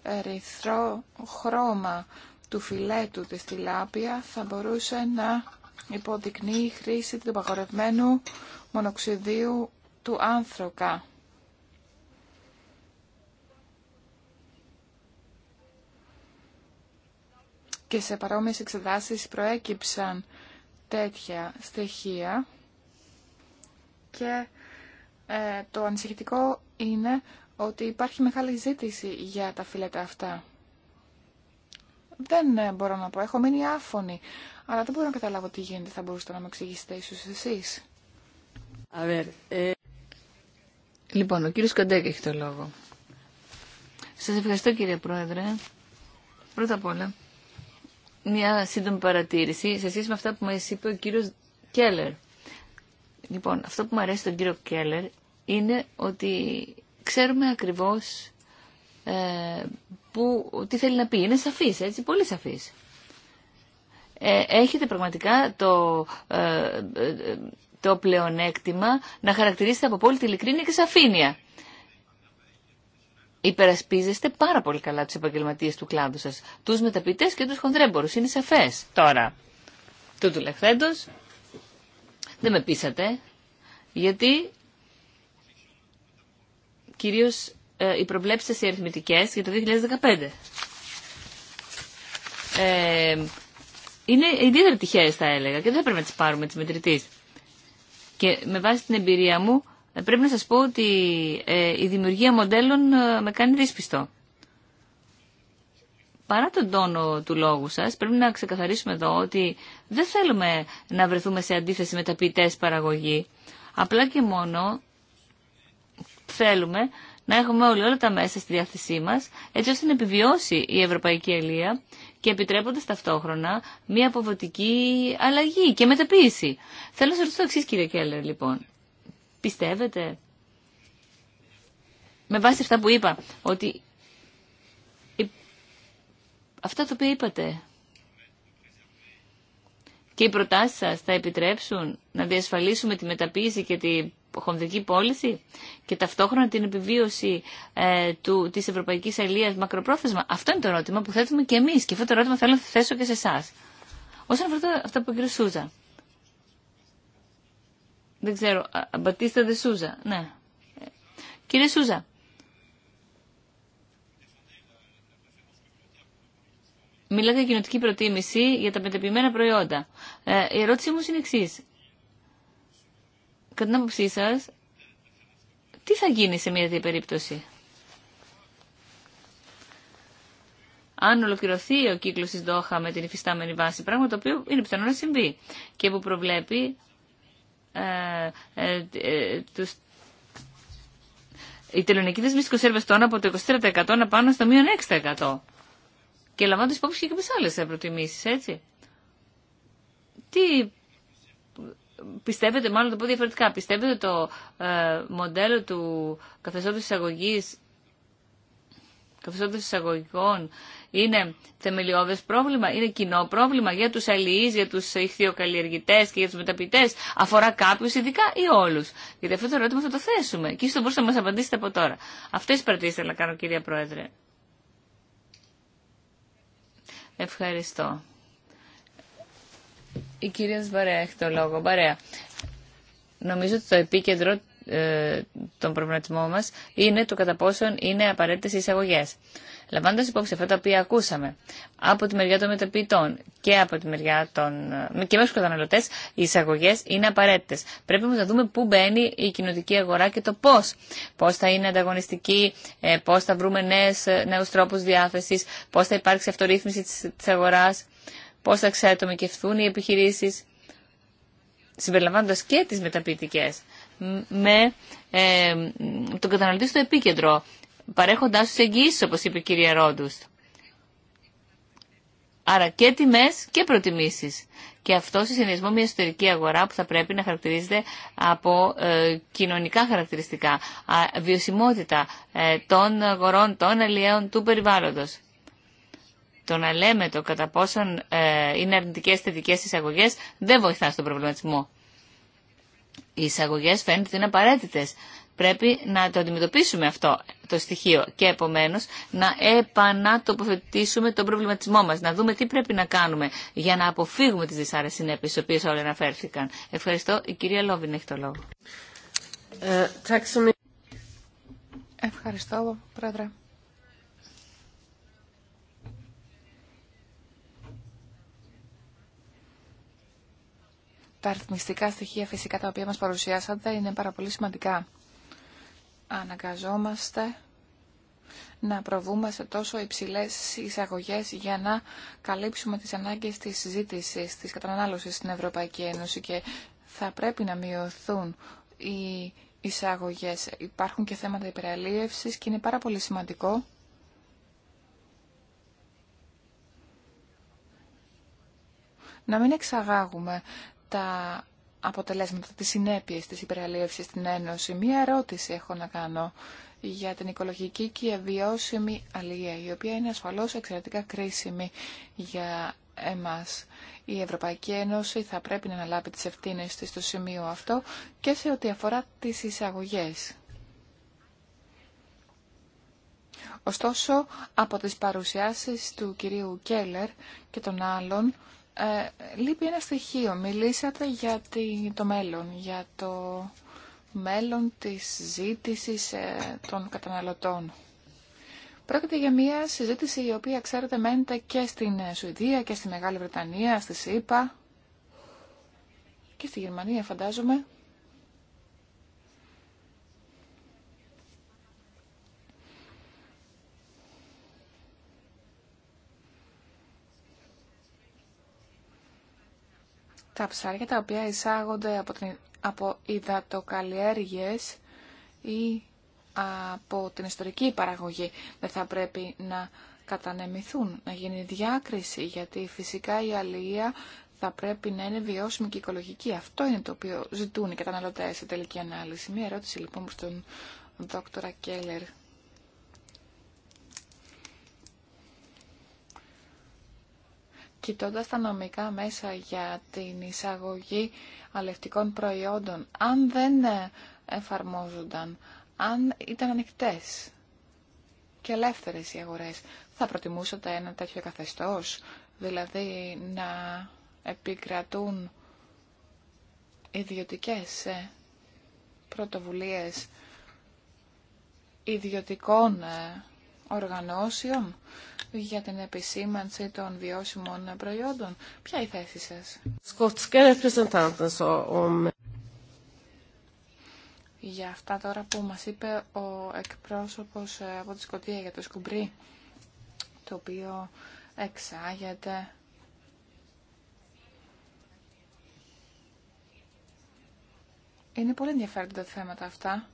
ερυθρό χρώμα του φιλέτου της τηλάπια θα μπορούσε να υποδεικνύει η χρήση του παγορευμένου μονοξιδίου του άνθρωκα. Και σε παρόμοιες εξετάσεις προέκυψαν τέτοια στοιχεία και ε, το ανησυχητικό είναι ότι υπάρχει μεγάλη ζήτηση για τα φιλέτα αυτά. Δεν ε, μπορώ να πω, έχω μείνει άφωνη, αλλά δεν μπορώ να καταλάβω τι γίνεται, θα μπορούσατε να μου εξηγήσετε ίσως εσείς. ε... Λοιπόν, ο κύριος Καντέκ έχει το λόγο. Σας ευχαριστώ κύριε Πρόεδρε. Πρώτα απ' όλα, μια σύντομη παρατήρηση σε σχέση με αυτά που μας είπε ο κύριος Κέλλερ. Λοιπόν, αυτό που μου αρέσει τον κύριο Κέλλερ είναι ότι ξέρουμε ακριβώς ε, που, τι θέλει να πει. Είναι σαφής, έτσι, πολύ σαφής. Ε, έχετε πραγματικά το, ε, ε, το πλεονέκτημα να χαρακτηρίσετε από απόλυτη ειλικρίνεια και σαφήνεια υπερασπίζεστε πάρα πολύ καλά του επαγγελματίε του κλάδου σας, τους μεταπητές και τους χονδρέμπορους, είναι σαφέ. Τώρα, το λεχθέντος, δεν με πείσατε, γιατί κυρίω ε, οι προβλέψεις οι αριθμητικέ για το 2015. Ε, είναι ιδιαίτερα τυχαίε, θα έλεγα και δεν πρέπει να τις πάρουμε τις μετρητή. Και με βάση την εμπειρία μου Πρέπει να σας πω ότι ε, η δημιουργία μοντέλων ε, με κάνει δύσπιστο. Παρά τον τόνο του λόγου σας, πρέπει να ξεκαθαρίσουμε εδώ ότι δεν θέλουμε να βρεθούμε σε αντίθεση με τα ποιητές παραγωγή. Απλά και μόνο θέλουμε να έχουμε όλοι όλα τα μέσα στη διάθεσή μας, έτσι ώστε να επιβιώσει η Ευρωπαϊκή Ελία και επιτρέποντας ταυτόχρονα μια αποδοτική αλλαγή και μεταποίηση. Θέλω να σας ρωτήσω εξής κύριε Κέλλερ λοιπόν. Πιστεύετε, με βάση αυτά που είπα, ότι αυτά τα οποία είπατε και οι προτάσεις σας θα επιτρέψουν να διασφαλίσουμε τη μεταποίηση και τη χονδρική πώληση και ταυτόχρονα την επιβίωση ε, του, της Ευρωπαϊκής Αλίας μακροπρόθεσμα. Αυτό είναι το ερώτημα που θέτουμε και εμείς και αυτό το ερώτημα θέλω να θέσω και σε εσά. Όσον αφορά αυτά που είπε ο κ. Σούζα. Δεν ξέρω. Μπατίστα δε Σούζα. Ναι. Κύριε Σούζα. Μιλάτε για κοινοτική προτίμηση για τα μετεποιημένα προϊόντα. Ε, η ερώτησή μου είναι εξή. Κατά την άποψή σα, τι θα γίνει σε μια τέτοια περίπτωση. αν ολοκληρωθεί ο κύκλο τη Δόχα με την υφιστάμενη βάση, πράγμα το οποίο είναι πιθανό να συμβεί και που προβλέπει ε, ε, ε, τους η τελωνική δεσμή τώρα από το 23% να πάνω στο μείον 6%. Και λαμβάνοντα υπόψη και κάποιε άλλε προτιμήσει, έτσι. Τι πιστεύετε, μάλλον το πω διαφορετικά, πιστεύετε το μοντέλο του καθεστώτος εισαγωγής Καθώ εισαγωγικών είναι θεμελιώδες πρόβλημα, είναι κοινό πρόβλημα για τους αλληλεί, για τους ηχθειοκαλλιεργητέ και για τους μεταπητέ. Αφορά κάποιου, ειδικά ή όλους. Γιατί αυτό το ερώτημα θα το θέσουμε και ίσω το μπορούσατε να μας απαντήσετε από τώρα. Αυτές τι παρατηρήσει θέλω να κάνω κυρία Πρόεδρε. Ευχαριστώ. Η κυρία Σβαρέα έχει το λόγο. Μπαρέα. Νομίζω ότι το επίκεντρο ε, τον προβληματισμό μας είναι το κατά πόσον είναι απαραίτητες οι εισαγωγές. Λαμβάνοντας υπόψη αυτά τα οποία ακούσαμε από τη μεριά των μεταποιητών και από τη μεριά των... Ε, και μέσα καταναλωτές, οι εισαγωγές είναι απαραίτητες. Πρέπει όμως να δούμε πού μπαίνει η κοινωτική αγορά και το πώς. Πώς θα είναι ανταγωνιστική, ε, πώς θα βρούμε νέες, νέους τρόπους διάθεσης, πώς θα υπάρξει αυτορύθμιση της, της αγοράς, πώς θα ξατομικευθούν οι επιχειρήσεις συμπεριλαμβάνοντα και τι μεταποιητικέ, με ε, τον καταναλωτή στο επίκεντρο, παρέχοντάς τους εγγύησεις, όπως είπε η κυρία Ρόντους Άρα και τιμές και προτιμήσεις. Και αυτό σε συνδυασμό μια εσωτερική αγορά που θα πρέπει να χαρακτηρίζεται από ε, κοινωνικά χαρακτηριστικά, α, βιωσιμότητα ε, των αγορών, των αλλιέων, του περιβάλλοντος. Το να λέμε το κατά πόσον είναι αρνητικές θετικές εισαγωγές δεν βοηθά στον προβληματισμό οι εισαγωγέ φαίνεται ότι είναι απαραίτητε. Πρέπει να το αντιμετωπίσουμε αυτό το στοιχείο και επομένω να επανατοποθετήσουμε τον προβληματισμό μα, να δούμε τι πρέπει να κάνουμε για να αποφύγουμε τι δυσάρεστε συνέπειε, τι οποίε όλοι αναφέρθηκαν. Ευχαριστώ. Η κυρία Λόβιν έχει το λόγο. Ε, Ευχαριστώ, Πρόεδρε. Τα αριθμιστικά στοιχεία φυσικά τα οποία μας παρουσιάσατε είναι πάρα πολύ σημαντικά. Αναγκαζόμαστε να προβούμε σε τόσο υψηλές εισαγωγές για να καλύψουμε τις ανάγκες της συζήτηση, της κατανάλωσης στην Ευρωπαϊκή Ένωση και θα πρέπει να μειωθούν οι εισαγωγές. Υπάρχουν και θέματα υπεραλίευσης και είναι πάρα πολύ σημαντικό να μην εξαγάγουμε τα αποτελέσματα, τις συνέπειες της υπεραλίευσης στην Ένωση. Μία ερώτηση έχω να κάνω για την οικολογική και βιώσιμη αλληλεία, η οποία είναι ασφαλώς εξαιρετικά κρίσιμη για εμάς. Η Ευρωπαϊκή Ένωση θα πρέπει να αναλάβει τις ευθύνες της στο σημείο αυτό και σε ό,τι αφορά τις εισαγωγές. Ωστόσο, από τις παρουσιάσεις του κυρίου Κέλλερ και των άλλων, ε, λείπει ένα στοιχείο. Μιλήσατε για το μέλλον, για το μέλλον της ζήτησης ε, των καταναλωτών. Πρόκειται για μια συζήτηση η οποία, ξέρετε, μένεται και στην ε, Σουηδία και στη Μεγάλη Βρετανία, στη ΣΥΠΑ και στη Γερμανία, φαντάζομαι. τα ψάρια τα οποία εισάγονται από, την, από υδατοκαλλιέργειες ή από την ιστορική παραγωγή δεν θα πρέπει να κατανεμηθούν, να γίνει διάκριση, γιατί φυσικά η αλληλεία θα πρέπει να είναι βιώσιμη και οικολογική. Αυτό είναι το οποίο ζητούν οι καταναλωτές σε τελική ανάλυση. Μία ερώτηση λοιπόν προς τον δόκτωρα Κέλλερ. κοιτώντας τα νομικά μέσα για την εισαγωγή αλευτικών προϊόντων, αν δεν εφαρμόζονταν, αν ήταν ανοιχτές και ελεύθερες οι αγορές, θα προτιμούσατε ένα τέτοιο καθεστώς, δηλαδή να επικρατούν ιδιωτικές ε, πρωτοβουλίες ιδιωτικών ε, οργανώσεων για την επισήμανση των βιώσιμων προϊόντων. Ποια είναι η θέση σας. Για αυτά τώρα που μας είπε ο εκπρόσωπος ε, από τη Σκοτία για το σκουμπρί, το οποίο εξάγεται Είναι πολύ ενδιαφέροντα τα θέματα αυτά.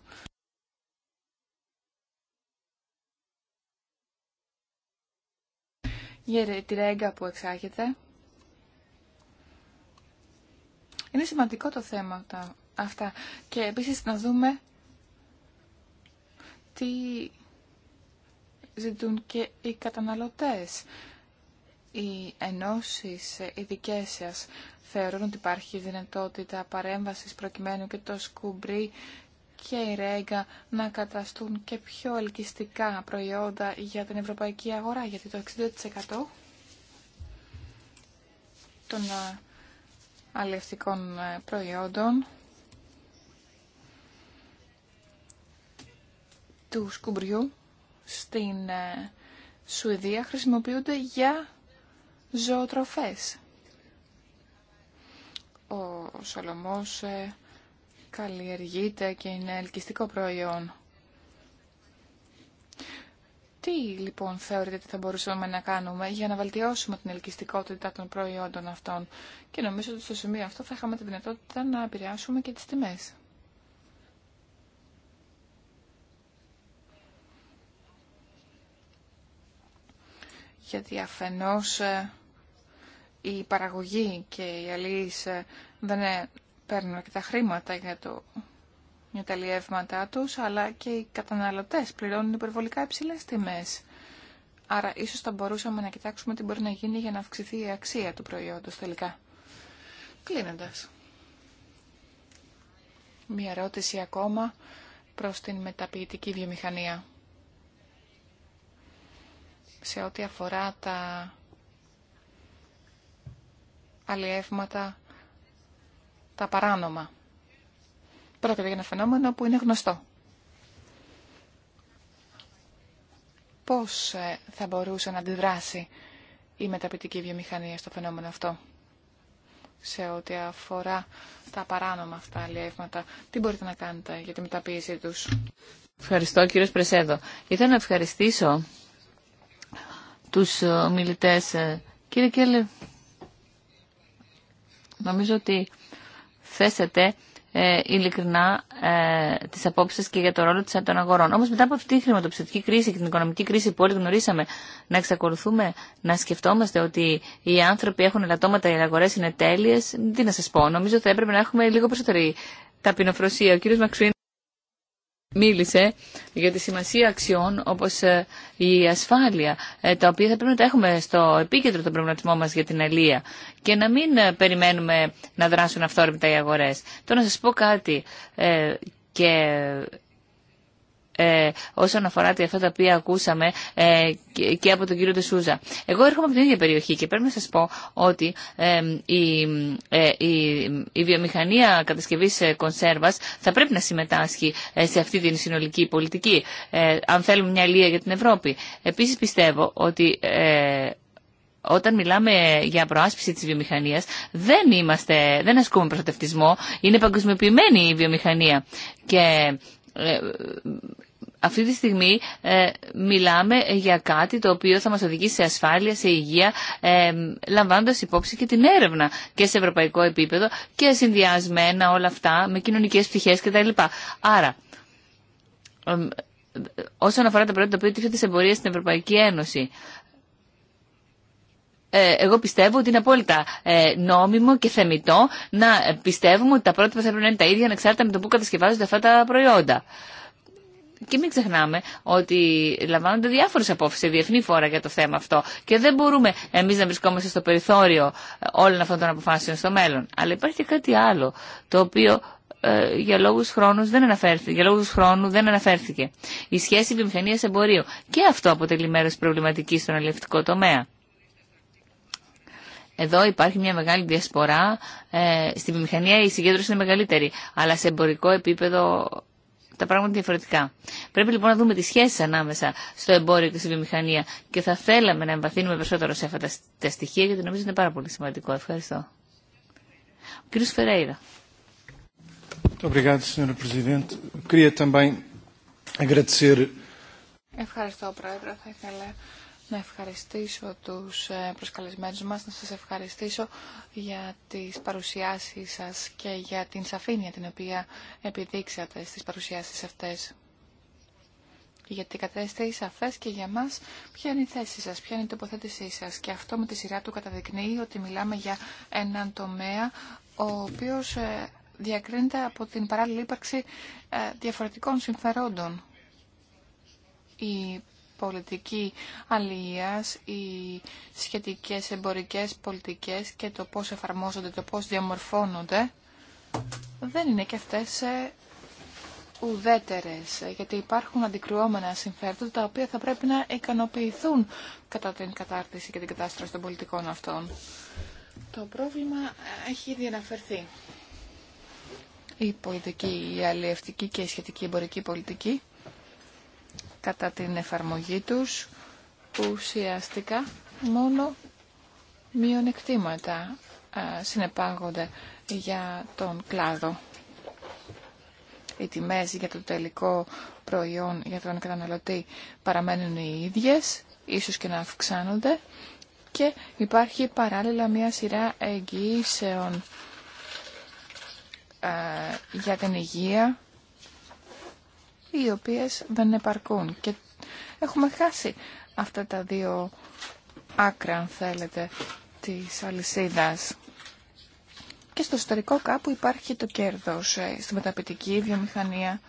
για τη ρέγγα που εξάγεται. Είναι σημαντικό το θέμα αυτά. Και επίσης να δούμε τι ζητούν και οι καταναλωτές. Οι ενώσεις οι δικές σας θεωρούν ότι υπάρχει δυνατότητα παρέμβασης προκειμένου και το σκουμπρί και η Ρέγκα να καταστούν και πιο ελκυστικά προϊόντα για την ευρωπαϊκή αγορά, γιατί το 60% των ε, αλληλευτικών ε, προϊόντων του σκουμπριού στην ε, Σουηδία χρησιμοποιούνται για ζωοτροφές. Ο Σολομός καλλιεργείται και είναι ελκυστικό προϊόν. Τι λοιπόν θεωρείτε ότι θα μπορούσαμε να κάνουμε για να βελτιώσουμε την ελκυστικότητα των προϊόντων αυτών και νομίζω ότι στο σημείο αυτό θα είχαμε τη δυνατότητα να επηρεάσουμε και τις τιμές. Γιατί αφενός ε, η παραγωγή και η αλήθεια δεν παίρνουν τα χρήματα για, το, για τα τους, αλλά και οι καταναλωτές πληρώνουν υπερβολικά υψηλές τιμές. Άρα ίσως θα μπορούσαμε να κοιτάξουμε τι μπορεί να γίνει για να αυξηθεί η αξία του προϊόντος τελικά. Κλείνοντας. Μία ερώτηση ακόμα προς την μεταποιητική βιομηχανία. Σε ό,τι αφορά τα αλλιεύματα τα παράνομα. Πρόκειται για ένα φαινόμενο που είναι γνωστό. Πώς ε, θα μπορούσε να αντιδράσει η μεταπητική βιομηχανία στο φαινόμενο αυτό σε ό,τι αφορά τα παράνομα αυτά αλλιεύματα. Τι μπορείτε να κάνετε για τη μεταποίησή τους. Ευχαριστώ κύριος Πρεσέδο. Ήθελα να ευχαριστήσω τους ε, μιλητές. Ε, κύριε Κέλλε, νομίζω ότι θέσατε ε, ειλικρινά ε, τις απόψεις και για το ρόλο της ΕΕ των αγορών. Όμως μετά από αυτή τη χρηματοπιστωτική κρίση και την οικονομική κρίση που όλοι γνωρίσαμε, να εξακολουθούμε να σκεφτόμαστε ότι οι άνθρωποι έχουν ελαττώματα, οι αγορές είναι τέλειες, τι να σας πω, νομίζω θα έπρεπε να έχουμε λίγο περισσότερη ταπεινοφροσία. Ο μίλησε για τη σημασία αξιών όπως ε, η ασφάλεια, ε, τα οποία θα πρέπει να τα έχουμε στο επίκεντρο των προβληματισμών μας για την αλία και να μην ε, περιμένουμε να δράσουν αυθόρμητα οι αγορές. Τώρα να σας πω κάτι και ε, όσον αφορά αυτά τα οποία ακούσαμε ε, και από τον κύριο Τεσούζα. Εγώ έρχομαι από την ίδια περιοχή και πρέπει να σας πω ότι ε, η, ε, η, η βιομηχανία κατασκευής κονσέρβας θα πρέπει να συμμετάσχει σε αυτή την συνολική πολιτική, αν θέλουμε μια λύα για την Ευρώπη. Επίσης πιστεύω ότι όταν μιλάμε για προάσπιση της βιομηχανίας, δεν, είμαστε, δεν ασκούμε προστατευτισμό, είναι παγκοσμιοποιημένη η βιομηχανία. Και αυτή τη στιγμή ε, μιλάμε για κάτι το οποίο θα μας οδηγήσει σε ασφάλεια, σε υγεία, ε, λαμβάνοντας υπόψη και την έρευνα και σε ευρωπαϊκό επίπεδο και συνδυασμένα όλα αυτά με κοινωνικές πτυχές κτλ. Άρα, ε, όσον αφορά τα προϊόντα τα οποία τίθεται σε εμπορία στην Ευρωπαϊκή Ένωση, ε, εγώ πιστεύω ότι είναι απόλυτα ε, νόμιμο και θεμητό να πιστεύουμε ότι τα πρότυπα θα πρέπει να είναι τα ίδια ανεξάρτητα με το που κατασκευάζονται αυτά τα προϊόντα. Και μην ξεχνάμε ότι λαμβάνονται διάφορε απόφασει σε διεθνή φόρα για το θέμα αυτό. Και δεν μπορούμε εμεί να βρισκόμαστε στο περιθώριο ε, όλων αυτών των αποφάσεων στο μέλλον. Αλλά υπάρχει και κάτι άλλο, το οποίο ε, για λόγου χρόνου δεν αναφέρθηκε. Για λόγους χρόνου δεν αναφέρθηκε. Η σχέση βιομηχανία εμπορίου. Και αυτό αποτελεί μέρο προβληματική στον αλληλευτικό τομέα. Εδώ υπάρχει μια μεγάλη διασπορά. Ε, στη βιομηχανία η συγκέντρωση είναι μεγαλύτερη. Αλλά σε εμπορικό επίπεδο τα πράγματα διαφορετικά. Πρέπει λοιπόν να δούμε τι σχέσει ανάμεσα στο εμπόριο και στη βιομηχανία και θα θέλαμε να εμβαθύνουμε περισσότερο σε αυτά τα στοιχεία γιατί νομίζω είναι πάρα πολύ σημαντικό. Ευχαριστώ. Ο κ. Φεραίρα. Ευχαριστώ, Πρόεδρε. Θα ήθελα να ευχαριστήσω τους ε, προσκαλεσμένους μας, να σας ευχαριστήσω για τις παρουσιάσεις σας και για την σαφήνεια την οποία επιδείξατε στις παρουσιάσεις αυτές. Γιατί οι σαφές και για μας ποια είναι η θέση σας, ποια είναι η τοποθέτησή σας. Και αυτό με τη σειρά του καταδεικνύει ότι μιλάμε για έναν τομέα ο οποίος ε, διακρίνεται από την παράλληλη ύπαρξη ε, διαφορετικών συμφερόντων πολιτική αλληλείας, οι σχετικές εμπορικές πολιτικές και το πώς εφαρμόζονται, το πώς διαμορφώνονται, δεν είναι και αυτές ε, ουδέτερες, γιατί υπάρχουν αντικρουόμενα συμφέροντα τα οποία θα πρέπει να ικανοποιηθούν κατά την κατάρτιση και την κατάσταση των πολιτικών αυτών. Το πρόβλημα έχει ήδη αναφερθεί. Η πολιτική, η αλληλευτική και η σχετική εμπορική πολιτική κατά την εφαρμογή τους που ουσιαστικά μόνο μειονεκτήματα ε, συνεπάγονται για τον κλάδο. Οι τιμές για το τελικό προϊόν για τον καταναλωτή παραμένουν οι ίδιες, ίσως και να αυξάνονται και υπάρχει παράλληλα μια σειρά εγγυήσεων ε, για την υγεία οι οποίες δεν επαρκούν. Και έχουμε χάσει αυτά τα δύο άκρα, αν θέλετε, της αλυσίδας. Και στο εσωτερικό κάπου υπάρχει το κέρδος ε, στη μεταπητική βιομηχανία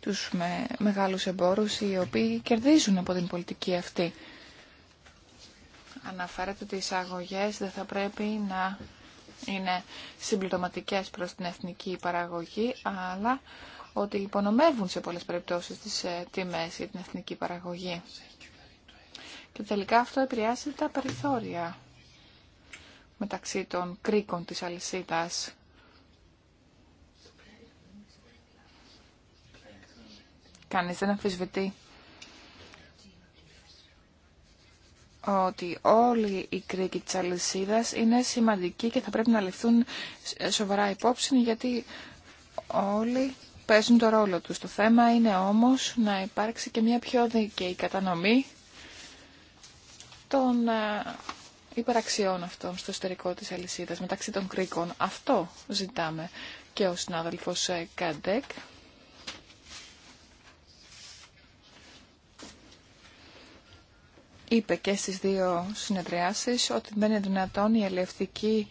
τους με μεγάλους εμπόρους οι οποίοι κερδίζουν από την πολιτική αυτή. Αναφέρεται ότι οι εισαγωγές δεν θα πρέπει να είναι συμπληρωματικές προς την εθνική παραγωγή, αλλά ότι υπονομεύουν σε πολλές περιπτώσεις τις ε, τιμές για την εθνική παραγωγή. Και τελικά αυτό επηρεάζει τα περιθώρια μεταξύ των κρίκων της αλυσίδας. Κανείς δεν αμφισβητεί ότι όλοι οι κρίκοι της αλυσίδας είναι σημαντικοί και θα πρέπει να ληφθούν σοβαρά υπόψη γιατί όλοι παίζουν το ρόλο τους. Το θέμα είναι όμως να υπάρξει και μια πιο δίκαιη κατανομή των ε, υπεραξιών αυτών στο εσωτερικό της αλυσίδα μεταξύ των κρίκων. Αυτό ζητάμε και ο συνάδελφος ε, Καντέκ. Είπε και στις δύο συνεδριάσεις ότι δεν είναι δυνατόν η αλληλευτική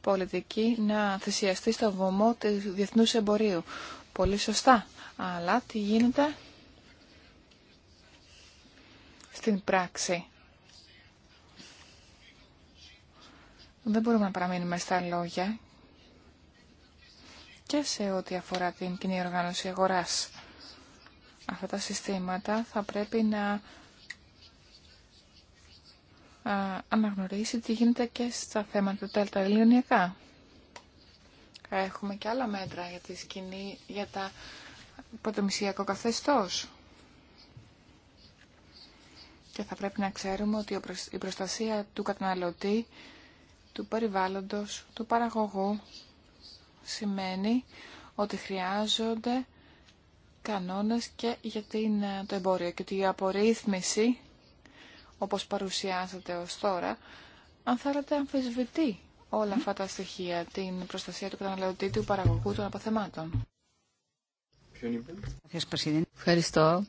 πολιτική να θυσιαστεί στο βωμό του διεθνούς εμπορίου πολύ σωστά. Αλλά τι γίνεται στην πράξη. Δεν μπορούμε να παραμείνουμε στα λόγια και σε ό,τι αφορά την κοινή οργάνωση αγοράς. Αυτά τα συστήματα θα πρέπει να αναγνωρίσει τι γίνεται και στα θέματα τα ελληνικά. Έχουμε και άλλα μέτρα για τη σκηνή, για τα ποτομισιακό καθεστώς. Και θα πρέπει να ξέρουμε ότι η προστασία του καταναλωτή, του περιβάλλοντος, του παραγωγού σημαίνει ότι χρειάζονται κανόνες και για την, το εμπόριο και ότι η απορρίθμιση, όπως παρουσιάζεται ως τώρα, αν θέλετε αμφισβητεί όλα αυτά τα στοιχεία, την προστασία του καταναλωτή, του παραγωγού, των αποθεμάτων. Ευχαριστώ.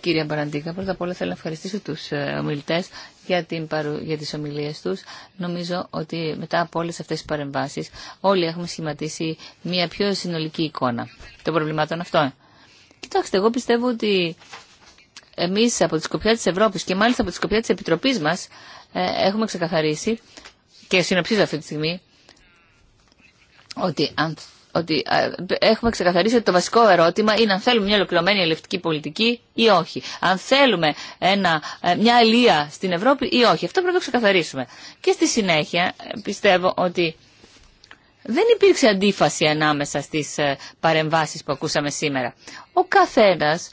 Κύριε Μπαραντίκα, πρώτα απ' όλα θέλω να ευχαριστήσω τους ε, ομιλητές για, την, για τις ομιλίες τους. Νομίζω ότι μετά από όλες αυτές τις παρεμβάσεις όλοι έχουμε σχηματίσει μια πιο συνολική εικόνα των προβλημάτων αυτών. Κοιτάξτε, εγώ πιστεύω ότι εμείς από τη σκοπιά της Ευρώπης και μάλιστα από τη σκοπιά της Επιτροπής μας ε, έχουμε ξεκαθαρίσει και συνοψίζω αυτή τη στιγμή ότι, ότι έχουμε ξεκαθαρίσει ότι το βασικό ερώτημα είναι αν θέλουμε μια ολοκληρωμένη ελευτική πολιτική ή όχι. Αν θέλουμε ένα, ε, μια ελεία στην Ευρώπη ή όχι. Αυτό πρέπει να το ξεκαθαρίσουμε. Και στη συνέχεια ε, πιστεύω ότι δεν υπήρξε αντίφαση ανάμεσα στις ε, παρεμβάσεις που ακούσαμε σήμερα. Ο καθένας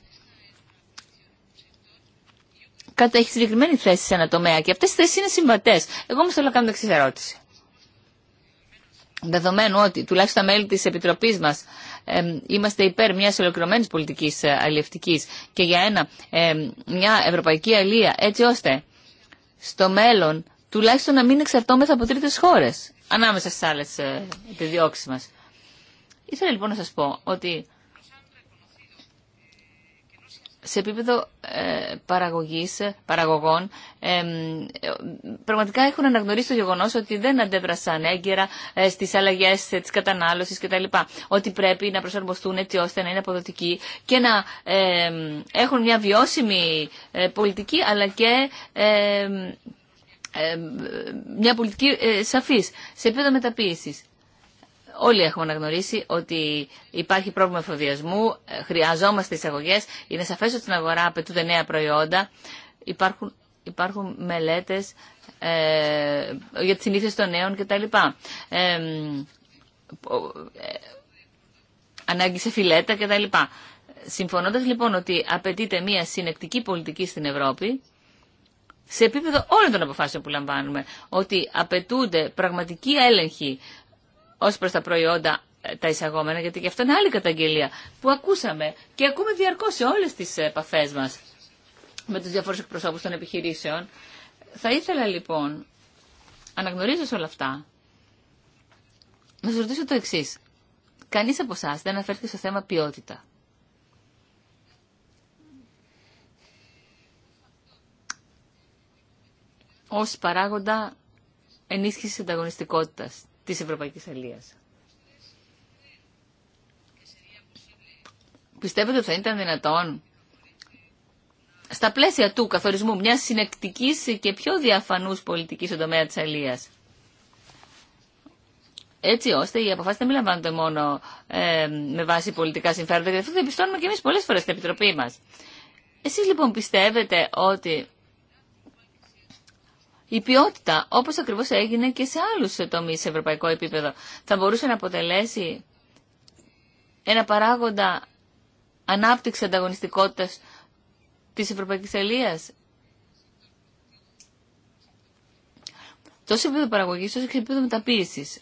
έχει συγκεκριμένη θέση σε ένα τομέα και αυτές οι θέσει είναι συμβατέ. Εγώ όμω θέλω να κάνω την ερώτηση. Δεδομένου ότι τουλάχιστον τα μέλη της Επιτροπής μας είμαστε υπέρ μια ολοκληρωμένης πολιτικής ε, αλληλευτική και για ένα, μια ευρωπαϊκή αλληλεία έτσι ώστε στο μέλλον τουλάχιστον να μην εξαρτώμεθα από τρίτε χώρε ανάμεσα στι άλλε ε, μα. Ήθελα λοιπόν να σα πω ότι σε επίπεδο ε, παραγωγής, ε, παραγωγών ε, ε, πραγματικά έχουν αναγνωρίσει το γεγονός ότι δεν αντέδρασαν έγκαιρα ε, στις αλλαγές ε, της κατανάλωσης κτλ. Ότι πρέπει να προσαρμοστούν έτσι ώστε να είναι αποδοτικοί και να έχουν μια βιώσιμη πολιτική αλλά και μια πολιτική σαφής σε επίπεδο μεταποίησης όλοι έχουμε αναγνωρίσει ότι υπάρχει πρόβλημα εφοδιασμού, ε, χρειαζόμαστε εισαγωγέ, είναι σαφέ ότι στην αγορά απαιτούνται νέα προϊόντα. Υπάρχουν, υπάρχουν μελέτε ε, για τι συνήθειε των νέων κτλ. Ε, ε, ανάγκη σε φιλέτα κτλ. Συμφωνώντας λοιπόν ότι απαιτείται μια συνεκτική πολιτική στην Ευρώπη, σε επίπεδο όλων των αποφάσεων που λαμβάνουμε, ότι απαιτούνται πραγματικοί έλεγχοι Ω προ τα προϊόντα ε, τα εισαγόμενα, γιατί και αυτό είναι άλλη καταγγελία που ακούσαμε και ακούμε διαρκώς σε όλες τις επαφέ μας με τους διάφορου εκπροσώπου των επιχειρήσεων. Θα ήθελα λοιπόν, αναγνωρίζοντα όλα αυτά, να σα ρωτήσω το εξή. Κανείς από εσά δεν αναφέρθηκε στο θέμα ποιότητα. ως παράγοντα ενίσχυσης ανταγωνιστικότητας της Ευρωπαϊκής Αλίας. Πιστεύετε ότι θα ήταν δυνατόν στα πλαίσια του καθορισμού μιας συνεκτικής και πιο διαφανούς πολιτικής στον τομέα της αλίας. Έτσι ώστε οι αποφάσει να μην λαμβάνονται μόνο ε, με βάση πολιτικά συμφέροντα, γιατί αυτό το διαπιστώνουμε και εμεί πολλέ φορέ στην Επιτροπή μα. Εσεί λοιπόν πιστεύετε ότι η ποιότητα, όπως ακριβώς έγινε και σε άλλους τομείς σε ευρωπαϊκό επίπεδο, θα μπορούσε να αποτελέσει ένα παράγοντα ανάπτυξη ανταγωνιστικότητας της ευρωπαϊκής ελίας. Τόσο επίπεδο παραγωγή τόσο και επίπεδο μεταποίηση.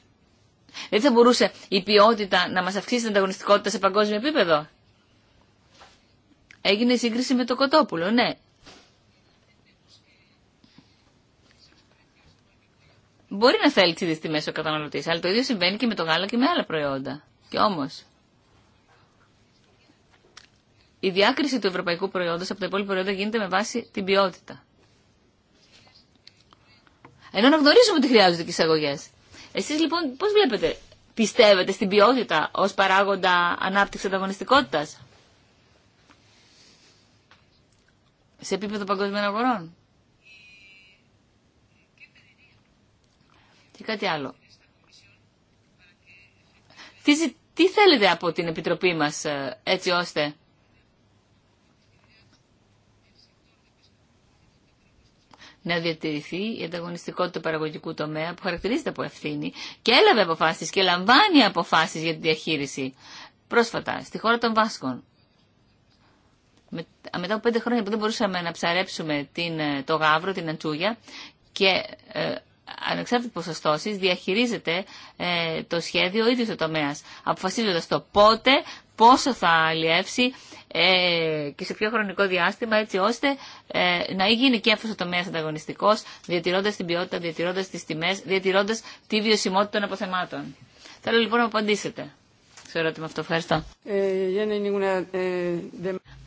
Δεν θα μπορούσε η ποιότητα να μας αυξήσει την ανταγωνιστικότητα σε παγκόσμιο επίπεδο. Έγινε σύγκριση με το κοτόπουλο, ναι. Μπορεί να θέλει τι τιμέ ο καταναλωτή, αλλά το ίδιο συμβαίνει και με το γάλα και με άλλα προϊόντα. Και όμω, η διάκριση του ευρωπαϊκού προϊόντος από τα υπόλοιπα προϊόντα γίνεται με βάση την ποιότητα. Ενώ να γνωρίζουμε ότι χρειάζονται και εισαγωγέ. Εσεί λοιπόν πώ βλέπετε, πιστεύετε στην ποιότητα ω παράγοντα ανάπτυξη ανταγωνιστικότητα σε επίπεδο παγκοσμίων αγορών. Και κάτι άλλο. Τι, τι θέλετε από την Επιτροπή μας ε, έτσι ώστε να διατηρηθεί η ανταγωνιστικότητα του παραγωγικού τομέα που χαρακτηρίζεται από ευθύνη και έλαβε αποφάσεις και λαμβάνει αποφάσεις για τη διαχείριση. Πρόσφατα, στη χώρα των Βάσκων, μετά από πέντε χρόνια που δεν μπορούσαμε να ψαρέψουμε την, ε, το γάβρο, την αντσούγια και ε, ανεξάρτητη ποσοστώση διαχειρίζεται ε, το σχέδιο ίδιο το τομέα. Αποφασίζοντα το πότε, πόσο θα αλλιεύσει ε, και σε ποιο χρονικό διάστημα, έτσι ώστε ε, να γίνει και αυτό ο τομέα ανταγωνιστικό, διατηρώντα την ποιότητα, διατηρώντα τι τιμέ, διατηρώντα τη βιωσιμότητα των αποθεμάτων. Θέλω λοιπόν να απαντήσετε στο ερώτημα αυτό. Ευχαριστώ.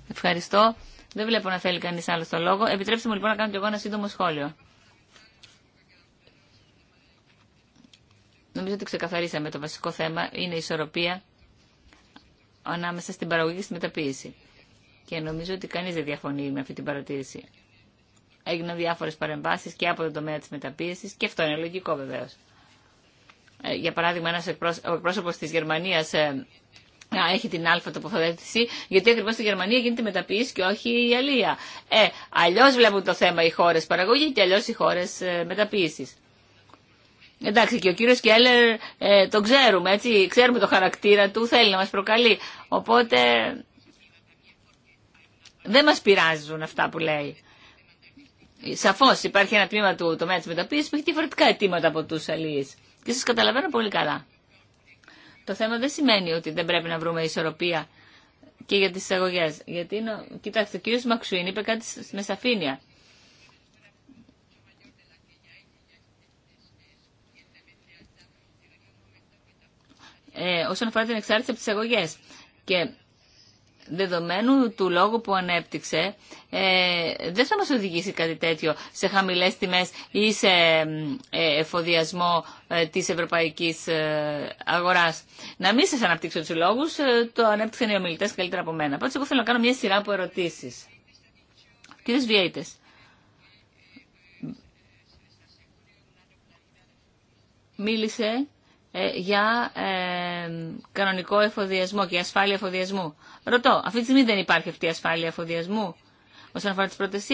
Ευχαριστώ. Δεν βλέπω να θέλει κανεί άλλο το λόγο. Επιτρέψτε μου λοιπόν να κάνω κι εγώ ένα σύντομο σχόλιο. Νομίζω ότι ξεκαθαρίσαμε το βασικό θέμα. Είναι η ισορροπία ανάμεσα στην παραγωγή και στη μεταποίηση. Και νομίζω ότι κανεί δεν διαφωνεί με αυτή την παρατήρηση. Έγιναν διάφορε παρεμβάσει και από τον τομέα τη μεταποίηση και αυτό είναι λογικό βεβαίω. Ε, για παράδειγμα, ένα εκπρόσωπο τη Γερμανία ε, έχει την αλφα τοποθέτηση, γιατί ακριβώ στη Γερμανία γίνεται μεταποίηση και όχι η αλία. Ε, αλλιώ βλέπουν το θέμα οι χώρε παραγωγή και αλλιώ οι χώρε μεταποίηση. Εντάξει και ο κύριος Κέλλερ ε, τον ξέρουμε, έτσι, ξέρουμε το χαρακτήρα του, θέλει να μας προκαλεί. Οπότε δεν μας πειράζουν αυτά που λέει. Σαφώς υπάρχει ένα τμήμα του τομέα τη μεταποίησης που έχει διαφορετικά αιτήματα από τους αλληλείς. Και σας καταλαβαίνω πολύ καλά. Το θέμα δεν σημαίνει ότι δεν πρέπει να βρούμε ισορροπία και για τις εισαγωγέ. Γιατί, κοιτάξτε, ο κύριος Μαξουίν είπε κάτι με σαφήνεια. ε, όσον αφορά την εξάρτηση από τις αγωγές. Και δεδομένου του λόγου που ανέπτυξε, ε, δεν θα μας οδηγήσει κάτι τέτοιο σε χαμηλές τιμές ή σε ε, εφοδιασμό ε, της ευρωπαϊκής ε, αγοράς. Να μην σας αναπτύξω τους λόγους, το ανέπτυξαν οι ομιλητές καλύτερα από μένα. Πάντως, εγώ θέλω να κάνω μια σειρά από ερωτήσεις. Κύριε Βιέιτες. Μίλησε ε, για ε, κανονικό εφοδιασμό και ασφάλεια εφοδιασμού. Ρωτώ, αυτή τη στιγμή δεν υπάρχει αυτή η ασφάλεια εφοδιασμού όσον αφορά τις πρώτες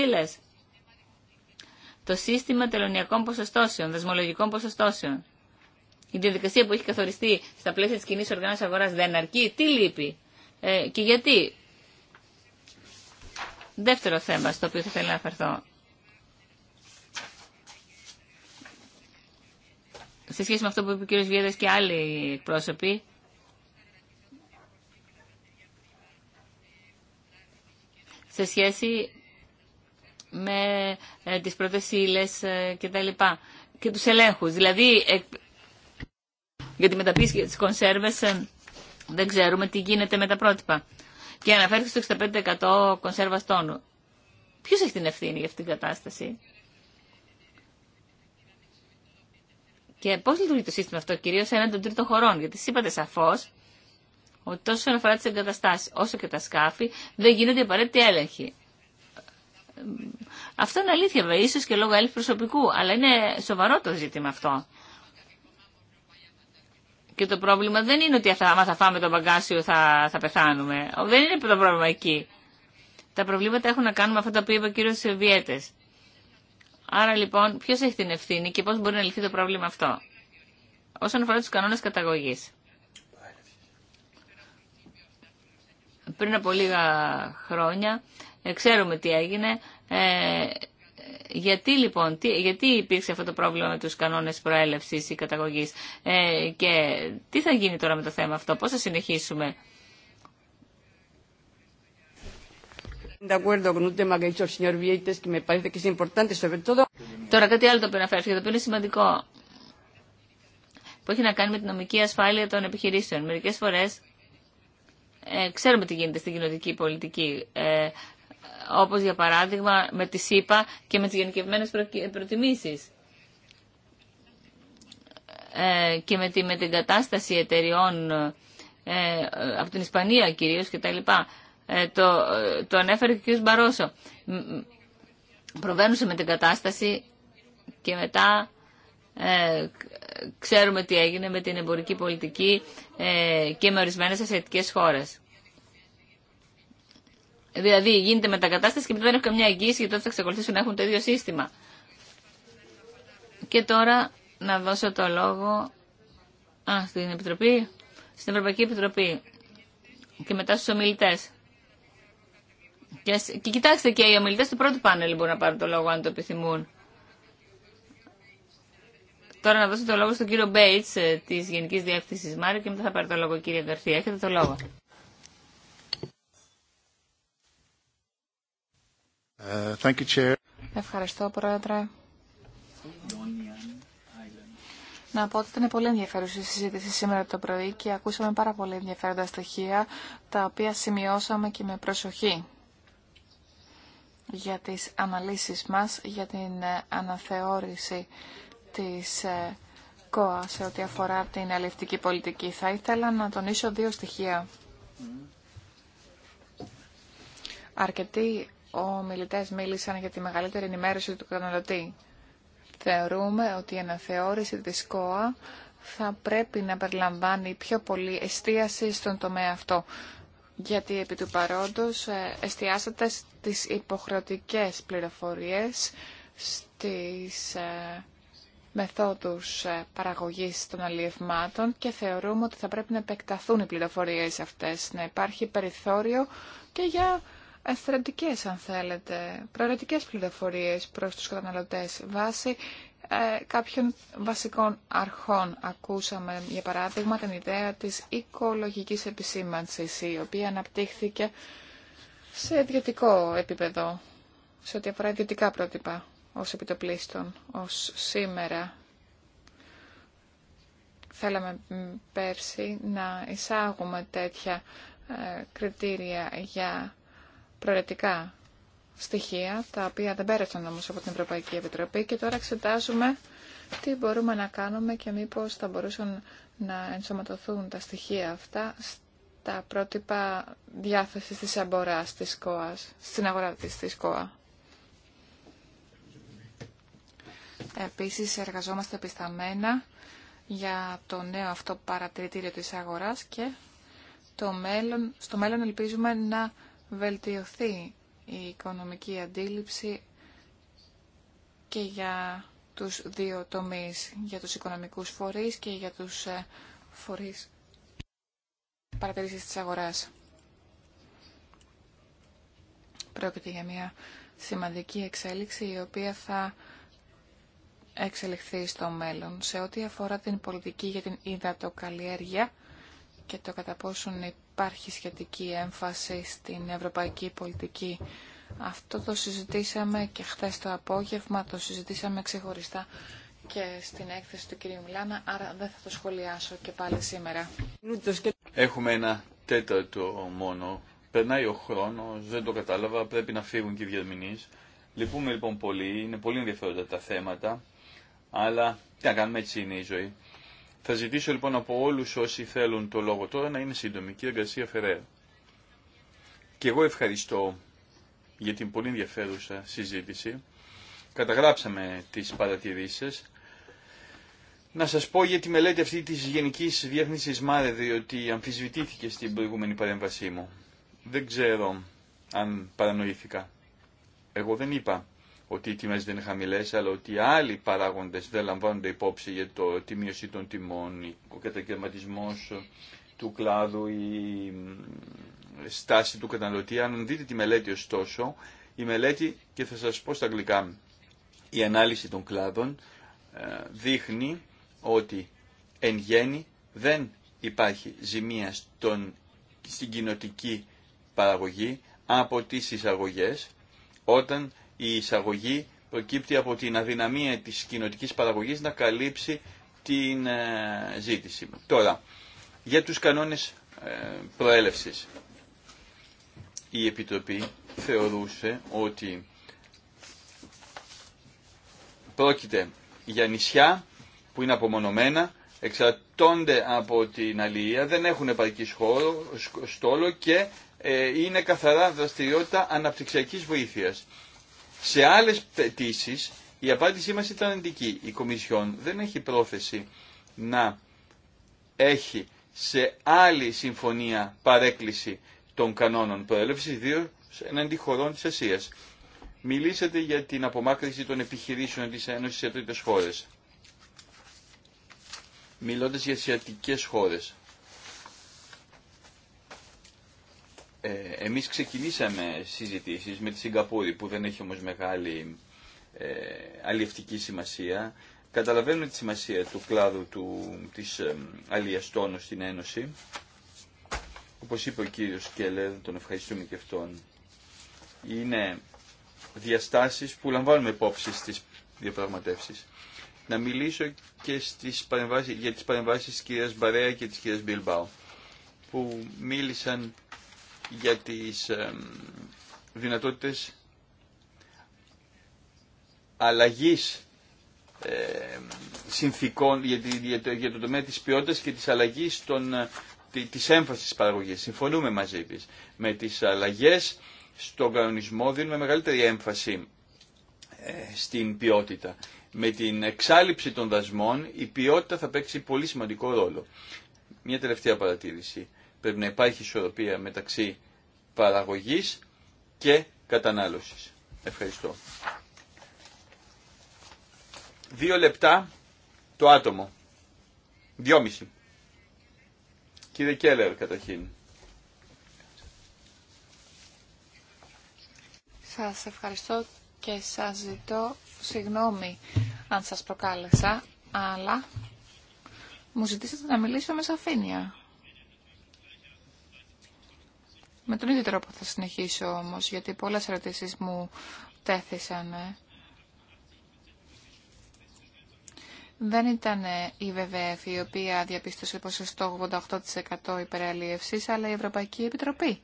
Το σύστημα τελωνιακών ποσοστώσεων, δεσμολογικών ποσοστώσεων. Η διαδικασία που έχει καθοριστεί στα πλαίσια της κοινή οργάνωσης αγοράς δεν αρκεί. Τι λείπει ε, και γιατί. Δεύτερο θέμα στο οποίο θα θέλω να αφαιρθώ. σε σχέση με αυτό που είπε ο κύριος Βιέδας και άλλοι εκπρόσωποι, σε σχέση με ε, τις πρώτες ύλες ε, και τα λοιπά και τους ελέγχους. Δηλαδή, για τη μεταποίηση της κονσέρβες ε, δεν ξέρουμε τι γίνεται με τα πρότυπα. Και αναφέρθηκε στο 65% κονσέρβας τόνου. Ποιος έχει την ευθύνη για αυτήν την κατάσταση. Και πώ λειτουργεί το σύστημα αυτό, κυρίω έναν των τρίτων χωρών, γιατί σα είπατε σαφώ ότι τόσο όσον αφορά τι εγκαταστάσει όσο και τα σκάφη δεν γίνονται απαραίτητοι έλεγχοι. Αυτό είναι αλήθεια, βέβαια, ίσω και λόγω έλλειψη προσωπικού, αλλά είναι σοβαρό το ζήτημα αυτό. Και το πρόβλημα δεν είναι ότι άμα θα φάμε το μπαγκάσιο θα, θα πεθάνουμε. Δεν είναι το πρόβλημα εκεί. Τα προβλήματα έχουν να κάνουν με αυτά τα οποία είπε ο κύριο Βιέτε. Άρα λοιπόν, ποιο έχει την ευθύνη και πώ μπορεί να λυθεί το πρόβλημα αυτό. Όσον αφορά του κανόνε καταγωγή. Πριν από λίγα χρόνια, ε, ξέρουμε τι έγινε. Ε, γιατί λοιπόν, τι, γιατί υπήρξε αυτό το πρόβλημα με τους κανόνες προέλευσης ή καταγωγής ε, και τι θα γίνει τώρα με το θέμα αυτό, πώς θα συνεχίσουμε. De acuerdo con un tema que ha dicho el señor que me parece que es importante, sobre todo. Τώρα κάτι άλλο το οποίο αναφέρθηκε, το οποίο είναι σημαντικό, που έχει να κάνει με την νομική ασφάλεια των επιχειρήσεων. Μερικέ φορέ ε, ξέρουμε τι γίνεται στην κοινωτική πολιτική, ε, όπως για παράδειγμα με τη ΣΥΠΑ και με τι γενικευμένε προτιμήσει. ε, και με, τη, με την κατάσταση εταιριών ε, ε από την Ισπανία κυρίω κτλ. Ε, το, ε, το ανέφερε και ο κ. Μπαρόσο. Προβαίνουν σε κατάσταση και μετά ε, ξέρουμε τι έγινε με την εμπορική πολιτική ε, και με ορισμένες ασιατικές χώρες. Δηλαδή γίνεται μετακατάσταση και μετά δεν έχω καμιά εγγύηση για τότε θα εξακολουθήσουν να έχουν το ίδιο σύστημα. Και τώρα να δώσω το λόγο α, στην Επιτροπή, στην Ευρωπαϊκή Επιτροπή και μετά στους ομιλητές. Και, και κοιτάξτε και οι ομιλητές του πρώτου πάνελ μπορούν να πάρουν το λόγο αν το επιθυμούν. Τώρα να δώσω το λόγο στον κύριο Μπέιτς ε, της Γενικής Διεύθυνσης Μάρη και μετά θα πάρει το λόγο κύριε Γκαρθία. Έχετε το λόγο. Ε, thank you, Ευχαριστώ, Πρόεδρε. Να πω ότι ήταν πολύ ενδιαφέρουσα η συζήτηση σήμερα το πρωί και ακούσαμε πάρα πολύ ενδιαφέροντα στοιχεία, τα οποία σημειώσαμε και με προσοχή για τις αναλύσεις μας, για την ε, αναθεώρηση της ε, ΚΟΑ σε ό,τι αφορά την αλληλευτική πολιτική. Θα ήθελα να τονίσω δύο στοιχεία. Αρκετοί ομιλητές μίλησαν για τη μεγαλύτερη ενημέρωση του καταναλωτή. Θεωρούμε ότι η αναθεώρηση της ΚΟΑ θα πρέπει να περιλαμβάνει πιο πολύ εστίαση στον τομέα αυτό γιατί επί του παρόντος ε, εστιάσατε στις υποχρεωτικές πληροφορίες, στις ε, μεθόδους ε, παραγωγής των αλλιευμάτων και θεωρούμε ότι θα πρέπει να επεκταθούν οι πληροφορίες αυτές, να υπάρχει περιθώριο και για εθελοντικές, αν θέλετε, προαιρετικές πληροφορίες προς τους καταναλωτές βάσει ε, κάποιων βασικών αρχών. Ακούσαμε, για παράδειγμα, την ιδέα της οικολογικής επισήμανσης, η οποία αναπτύχθηκε σε ιδιωτικό επίπεδο, σε ό,τι αφορά ιδιωτικά πρότυπα, ως επιτοπλίστων, ως σήμερα. Θέλαμε πέρσι να εισάγουμε τέτοια ε, κριτήρια για προαιρετικά στοιχεία τα οποία δεν πέρασαν όμως από την Ευρωπαϊκή Επιτροπή και τώρα εξετάζουμε τι μπορούμε να κάνουμε και μήπως θα μπορούσαν να ενσωματωθούν τα στοιχεία αυτά στα πρότυπα διάθεσης της αγοράς της ΚΟΑΣ, στην αγορά της, της ΚΟΑ. Επίσης εργαζόμαστε επισταμένα για το νέο αυτό παρατηρητήριο της αγοράς και το μέλλον, στο μέλλον ελπίζουμε να βελτιωθεί η οικονομική αντίληψη και για τους δύο τομείς, για τους οικονομικούς φορείς και για τους ε, φορείς παρατηρήσεις της αγοράς. Πρόκειται για μια σημαντική εξέλιξη η οποία θα εξελιχθεί στο μέλλον. Σε ό,τι αφορά την πολιτική για την υδατοκαλλιέργεια, και το κατά πόσον υπάρχει σχετική έμφαση στην ευρωπαϊκή πολιτική. Αυτό το συζητήσαμε και χθες το απόγευμα, το συζητήσαμε ξεχωριστά και στην έκθεση του κυρίου Μιλάνα, άρα δεν θα το σχολιάσω και πάλι σήμερα. Έχουμε ένα τέταρτο μόνο. Περνάει ο χρόνο, δεν το κατάλαβα, πρέπει να φύγουν και οι διερμηνείς. Λυπούμε λοιπόν πολύ, είναι πολύ ενδιαφέροντα τα θέματα, αλλά τι να κάνουμε έτσι είναι η ζωή. Θα ζητήσω λοιπόν από όλους όσοι θέλουν το λόγο τώρα να είναι σύντομοι. Κύριε Γκαρσία Φεραίρα. Και εγώ ευχαριστώ για την πολύ ενδιαφέρουσα συζήτηση. Καταγράψαμε τις παρατηρήσεις να σας πω για τη μελέτη αυτή της Γενικής Διεύθυνσης ΜΑΡΕ, διότι αμφισβητήθηκε στην προηγούμενη παρέμβασή μου. Δεν ξέρω αν παρανοήθηκα. Εγώ δεν είπα ότι οι τιμές δεν είναι χαμηλές, αλλά ότι άλλοι παράγοντες δεν λαμβάνονται υπόψη για το, τη μείωση των τιμών, ο κατακαιρματισμός του κλάδου, η στάση του καταναλωτή. Αν δείτε τη μελέτη ωστόσο, η μελέτη, και θα σας πω στα αγγλικά, η ανάλυση των κλάδων ε, δείχνει ότι εν γέννη δεν υπάρχει ζημία στον, στην κοινοτική παραγωγή από τις εισαγωγές όταν η εισαγωγή προκύπτει από την αδυναμία της κοινοτικής παραγωγής να καλύψει την ε, ζήτηση. Τώρα, για τους κανόνες ε, προέλευσης. Η Επιτροπή θεωρούσε ότι πρόκειται για νησιά που είναι απομονωμένα, εξαρτώνται από την αλληλεία, δεν έχουν επαρκή στόλο και ε, είναι καθαρά δραστηριότητα αναπτυξιακής βοήθειας. Σε άλλες αιτήσει η απάντησή μας ήταν αντική. Η Κομισιόν δεν έχει πρόθεση να έχει σε άλλη συμφωνία παρέκκληση των κανόνων προέλευσης, ιδίω εναντί χωρών της Ασίας. Μιλήσατε για την απομάκρυνση των επιχειρήσεων της Ένωσης σε τρίτες χώρες. Μιλώντας για ασιατικές χώρες. Ε, εμείς ξεκινήσαμε συζητήσεις με τη Σιγκαπούρη που δεν έχει όμως μεγάλη ε, σημασία. Καταλαβαίνουμε τη σημασία του κλάδου του, της ε, στην Ένωση. Όπως είπε ο κύριος Κέλλερ, τον ευχαριστούμε και αυτόν. Είναι διαστάσεις που λαμβάνουμε υπόψη στις διαπραγματεύσεις. Να μιλήσω και στις για τις παρεμβάσεις της κυρίας Μπαρέα και της κυρίας Μπιλμπάου που μίλησαν για τις δυνατότητες αλλαγής συνθήκων για, το, τομέα της ποιότητας και της αλλαγής των, ε, της έμφασης της παραγωγής. Συμφωνούμε μαζί της. Με τις αλλαγές στον κανονισμό δίνουμε μεγαλύτερη έμφαση ε, στην ποιότητα. Με την εξάλληψη των δασμών η ποιότητα θα παίξει πολύ σημαντικό ρόλο. Μια τελευταία παρατήρηση. Πρέπει να υπάρχει ισορροπία μεταξύ παραγωγής και κατανάλωσης. Ευχαριστώ. Δύο λεπτά το άτομο. Δυόμιση. Κύριε Κέλλερ καταρχήν. Σας ευχαριστώ και σας ζητώ συγγνώμη αν σας προκάλεσα, αλλά μου ζητήσατε να μιλήσω με σαφήνεια. Με τον ίδιο τρόπο θα συνεχίσω όμως, γιατί πολλές ερωτήσεις μου τέθησαν. Δεν ήταν η ΒΒΕΦ η οποία διαπίστωσε ποσοστό 88% υπεραλίευσης, αλλά η Ευρωπαϊκή Επιτροπή.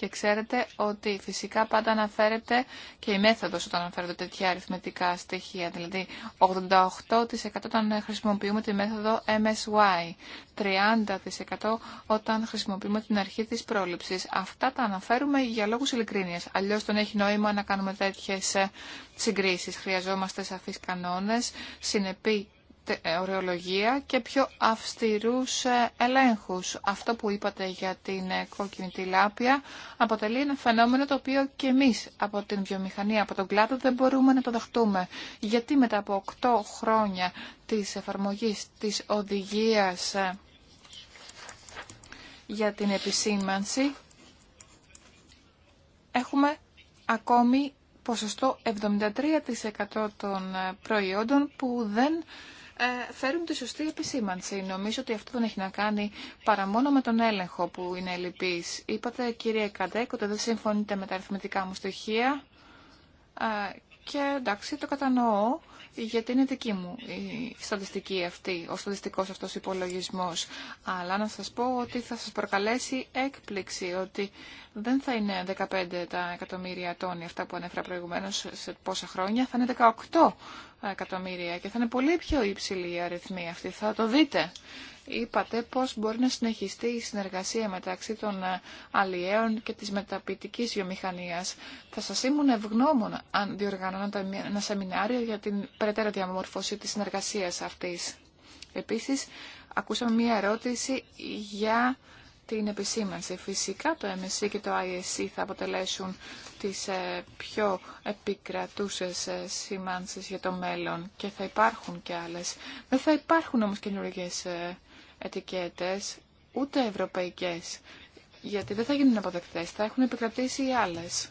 Και ξέρετε ότι φυσικά πάντα αναφέρεται και η μέθοδος όταν αναφέρονται τέτοια αριθμητικά στοιχεία. Δηλαδή 88% όταν χρησιμοποιούμε τη μέθοδο MSY, 30% όταν χρησιμοποιούμε την αρχή της πρόληψης. Αυτά τα αναφέρουμε για λόγους ειλικρίνειας. Αλλιώς τον έχει νόημα να κάνουμε τέτοιες ε, συγκρίσεις. Χρειαζόμαστε σαφείς κανόνες, συνεπή ε, και πιο αυστηρούς ε, ελέγχους. Αυτό που είπατε για την ε, κόκκινη τηλάπια αποτελεί ένα φαινόμενο το οποίο και εμείς από την βιομηχανία, από τον κλάδο δεν μπορούμε να το δεχτούμε. Γιατί μετά από 8 χρόνια της εφαρμογής της οδηγίας για την επισήμανση έχουμε ακόμη ποσοστό 73% των προϊόντων που δεν ε, φέρουν τη σωστή επισήμανση. Νομίζω ότι αυτό δεν έχει να κάνει παρά μόνο με τον έλεγχο που είναι ελλειπής. Είπατε κύριε Καντέκ ότι δεν συμφωνείτε με τα αριθμητικά μου στοιχεία ε, και εντάξει το κατανοώ γιατί είναι δική μου η στατιστική αυτή, ο στατιστικός αυτός υπολογισμός. Αλλά να σας πω ότι θα σας προκαλέσει έκπληξη ότι δεν θα είναι 15 τα εκατομμύρια τόνοι αυτά που ανέφερα προηγουμένως σε πόσα χρόνια, θα είναι 18 εκατομμύρια και θα είναι πολύ πιο υψηλή η αριθμή αυτή. Θα το δείτε είπατε πώς μπορεί να συνεχιστεί η συνεργασία μεταξύ των ε, αλλιέων και της μεταποιητικής βιομηχανίας. Θα σας ήμουν ευγνώμων αν διοργανώνατε ένα σεμινάριο για την περαιτέρω διαμόρφωση της συνεργασίας αυτής. Επίσης, ακούσαμε μία ερώτηση για την επισήμανση. Φυσικά το MSC και το ISC θα αποτελέσουν τις ε, πιο επικρατούσες ε, σημάνσεις για το μέλλον και θα υπάρχουν και άλλες. Δεν θα υπάρχουν όμως καινούργιες ετικέτες, ούτε ευρωπαϊκές, γιατί δεν θα γίνουν αποδεκτές, θα έχουν επικρατήσει οι άλλες.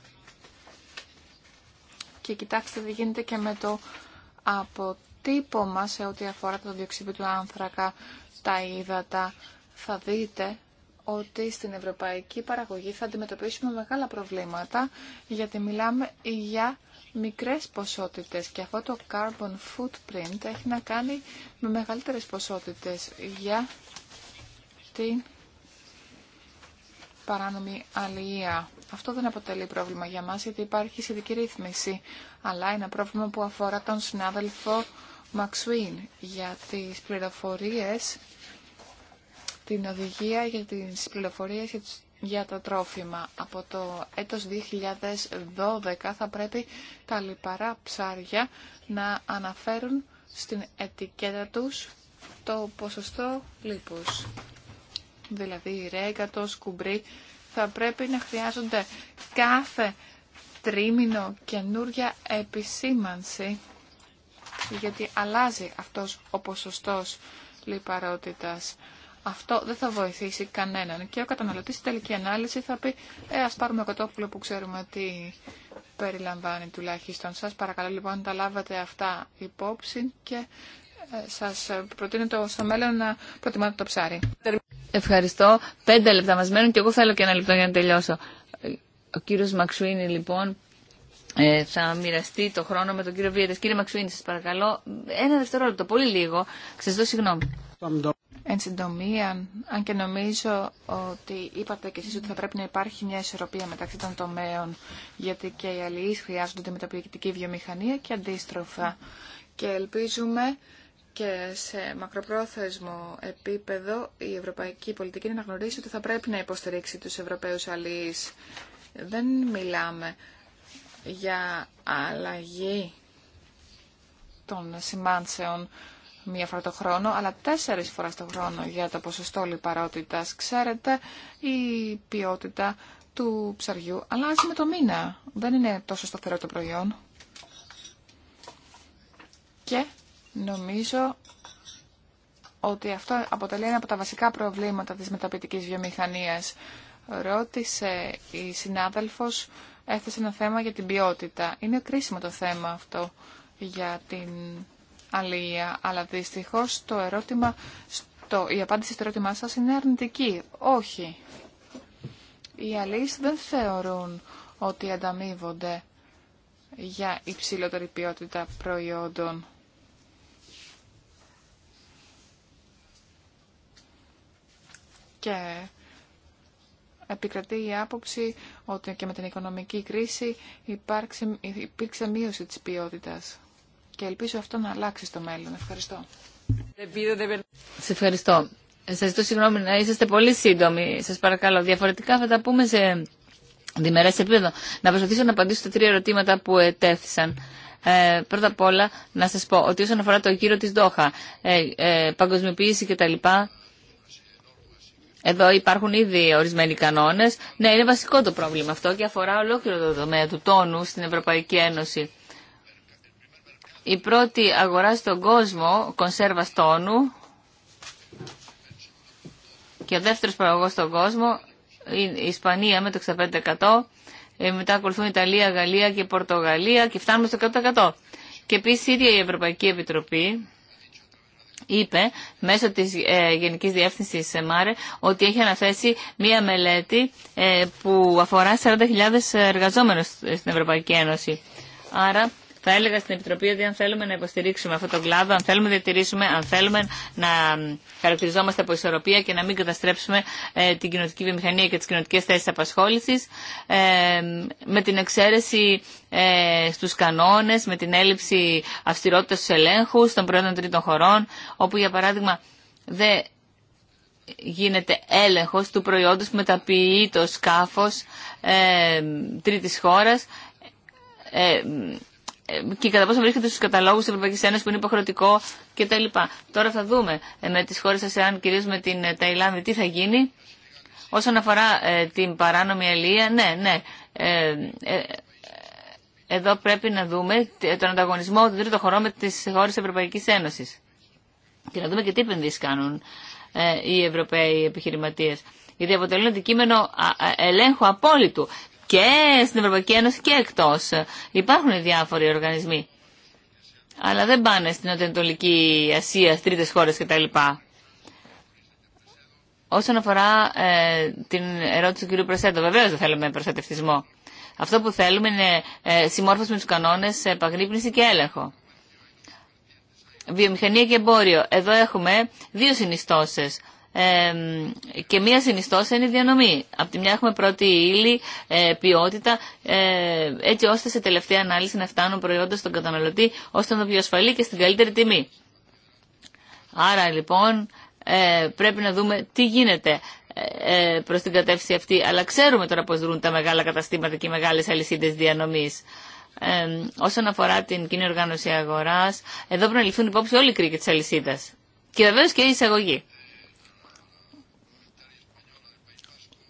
Και κοιτάξτε τι γίνεται και με το αποτύπωμα σε ό,τι αφορά το διοξείδιο του άνθρακα, τα ύδατα. Θα δείτε ότι στην ευρωπαϊκή παραγωγή θα αντιμετωπίσουμε μεγάλα προβλήματα, γιατί μιλάμε για μικρές ποσότητες και αυτό το carbon footprint έχει να κάνει με μεγαλύτερες ποσότητες για την παράνομη αλληλεία. Αυτό δεν αποτελεί πρόβλημα για μας γιατί υπάρχει σχετική ρύθμιση, αλλά είναι ένα πρόβλημα που αφορά τον συνάδελφο Μαξουίν για τις πληροφορίες, την οδηγία για τις πληροφορίες για για τα τρόφιμα. Από το έτος 2012 θα πρέπει τα λιπαρά ψάρια να αναφέρουν στην ετικέτα τους το ποσοστό λίπους. Δηλαδή η ρέγατο, σκουμπρί, θα πρέπει να χρειάζονται κάθε τρίμηνο καινούρια επισήμανση γιατί αλλάζει αυτός ο ποσοστός λιπαρότητας αυτό δεν θα βοηθήσει κανέναν. Και ο καταναλωτής στην τελική ανάλυση θα πει «Ε, ας πάρουμε κοτόπουλο που ξέρουμε τι περιλαμβάνει τουλάχιστον σας». Παρακαλώ λοιπόν να τα λάβατε αυτά υπόψη και ε, σας προτείνω το, στο μέλλον να προτιμάτε το ψάρι. Ευχαριστώ. Πέντε λεπτά μας μένουν και εγώ θέλω και ένα λεπτό για να τελειώσω. Ο κύριος Μαξουίνη λοιπόν ε, θα μοιραστεί το χρόνο με τον κύριο Βίαιτε. Κύριε Μαξουίνη, σας παρακαλώ, ένα δευτερόλεπτο, πολύ λίγο. Σας δω συγγνώμη. Εν συντομία, αν και νομίζω ότι είπατε και εσείς ότι θα πρέπει να υπάρχει μια ισορροπία μεταξύ των τομέων, γιατί και οι αλληλείς χρειάζονται τη μεταπληκτική βιομηχανία και αντίστροφα. Και ελπίζουμε και σε μακροπρόθεσμο επίπεδο η ευρωπαϊκή πολιτική να γνωρίσει ότι θα πρέπει να υποστηρίξει τους Ευρωπαίους αλληλείς. Δεν μιλάμε για αλλαγή των σημάνσεων μία φορά το χρόνο, αλλά τέσσερις φορές το χρόνο για το ποσοστό λιπαρότητας. Ξέρετε, η ποιότητα του ψαριού αλλάζει με το μήνα. Δεν είναι τόσο σταθερό το προϊόν. Και νομίζω ότι αυτό αποτελεί ένα από τα βασικά προβλήματα της μεταπητικής βιομηχανίας. Ρώτησε η συνάδελφος, έθεσε ένα θέμα για την ποιότητα. Είναι κρίσιμο το θέμα αυτό για την αλληλεία. Αλλά δυστυχώ το ερώτημα, στο, η απάντηση στο ερώτημά σας είναι αρνητική. Όχι. Οι αλληλείς δεν θεωρούν ότι ανταμείβονται για υψηλότερη ποιότητα προϊόντων. Και επικρατεί η άποψη ότι και με την οικονομική κρίση υπάρξε, υπήρξε μείωση της ποιότητας και ελπίζω αυτό να αλλάξει στο μέλλον. Ευχαριστώ. Σε ευχαριστώ. Σα ζητώ συγγνώμη να είσαστε πολύ σύντομοι. Σα παρακαλώ. Διαφορετικά θα τα πούμε σε διμερέ επίπεδο. Να προσπαθήσω να απαντήσω στα τρία ερωτήματα που ετέθησαν. Ε, πρώτα απ' όλα να σα πω ότι όσον αφορά το γύρο τη Δόχα, ε, ε, παγκοσμιοποίηση κτλ. Εδώ υπάρχουν ήδη ορισμένοι κανόνε, Ναι, είναι βασικό το πρόβλημα αυτό και αφορά ολόκληρο το τομέα του τόνου στην Ευρωπαϊκή Ένωση η πρώτη αγορά στον κόσμο κονσέρβα τόνου και ο δεύτερος παραγωγός στον κόσμο η Ισπανία με το 65%, ε, μετά ακολουθούν Ιταλία, Γαλλία και Πορτογαλία και φτάνουμε στο 100%. Και επίσης η ίδια η Ευρωπαϊκή Επιτροπή είπε μέσω της ε, Γενικής Διεύθυνσης ΜΑΡΕ ότι έχει αναθέσει μία μελέτη ε, που αφορά 40.000 εργαζόμενους στην Ευρωπαϊκή Ένωση. Άρα θα έλεγα στην Επιτροπή ότι αν θέλουμε να υποστηρίξουμε αυτό το κλάδο, αν θέλουμε να διατηρήσουμε, αν θέλουμε να χαρακτηριζόμαστε από ισορροπία και να μην καταστρέψουμε ε, την κοινωτική βιομηχανία και τι κοινωτικέ θέσει απασχόληση, ε, με την εξαίρεση ε, στου κανόνε, με την έλλειψη αυστηρότητα στου ελέγχου των προϊόντων τρίτων χωρών, όπου για παράδειγμα δεν γίνεται έλεγχος του προϊόντος που μεταποιεί το σκάφος ε, τρίτης χώρας, ε, και κατά πόσο βρίσκεται στου καταλόγου τη Ευρωπαϊκή Ένωση που είναι υποχρεωτικό κτλ. Τώρα θα δούμε ε, με τι χώρε ΑΣΕΑΝ, κυρίω με την ε, Ταϊλάνδη, τι θα γίνει. Όσον αφορά ε, την παράνομη αλληλεία, ναι, ναι. εδώ πρέπει να δούμε τον ανταγωνισμό του τρίτου χωρών με τι χώρε τη Ευρωπαϊκή Ένωση. Και να δούμε και τι επενδύσει κάνουν οι Ευρωπαίοι επιχειρηματίε. Γιατί αποτελούν αντικείμενο ελέγχου απόλυτου και στην Ευρωπαϊκή Ένωση και εκτός. Υπάρχουν διάφοροι οργανισμοί. Αλλά δεν πάνε στην Νοτιοανατολική Ασία, στις τρίτες χώρες κτλ. Όσον αφορά ε, την ερώτηση του κ. Προσέντο, βεβαίω δεν θέλουμε προστατευτισμό. Αυτό που θέλουμε είναι ε, συμμόρφωση με του κανόνε, επαγρύπνηση και έλεγχο. Βιομηχανία και εμπόριο. Εδώ έχουμε δύο συνιστώσει και μία συνιστόσα είναι η διανομή. Από τη μια έχουμε πρώτη ύλη, ε, ποιότητα, ε, έτσι ώστε σε τελευταία ανάλυση να φτάνουν προϊόντα στον καταναλωτή, ώστε να είναι πιο ασφαλή και στην καλύτερη τιμή. Άρα λοιπόν ε, πρέπει να δούμε τι γίνεται προς την κατεύθυνση αυτή. Αλλά ξέρουμε τώρα πώς δρούν τα μεγάλα καταστήματα και οι μεγάλες αλυσίδες διανομής. Ε, όσον αφορά την κοινή οργάνωση αγοράς, εδώ πρέπει να ληφθούν υπόψη όλοι οι κρίκοι της αλυσίδας. Και βεβαίω και η εισαγωγή.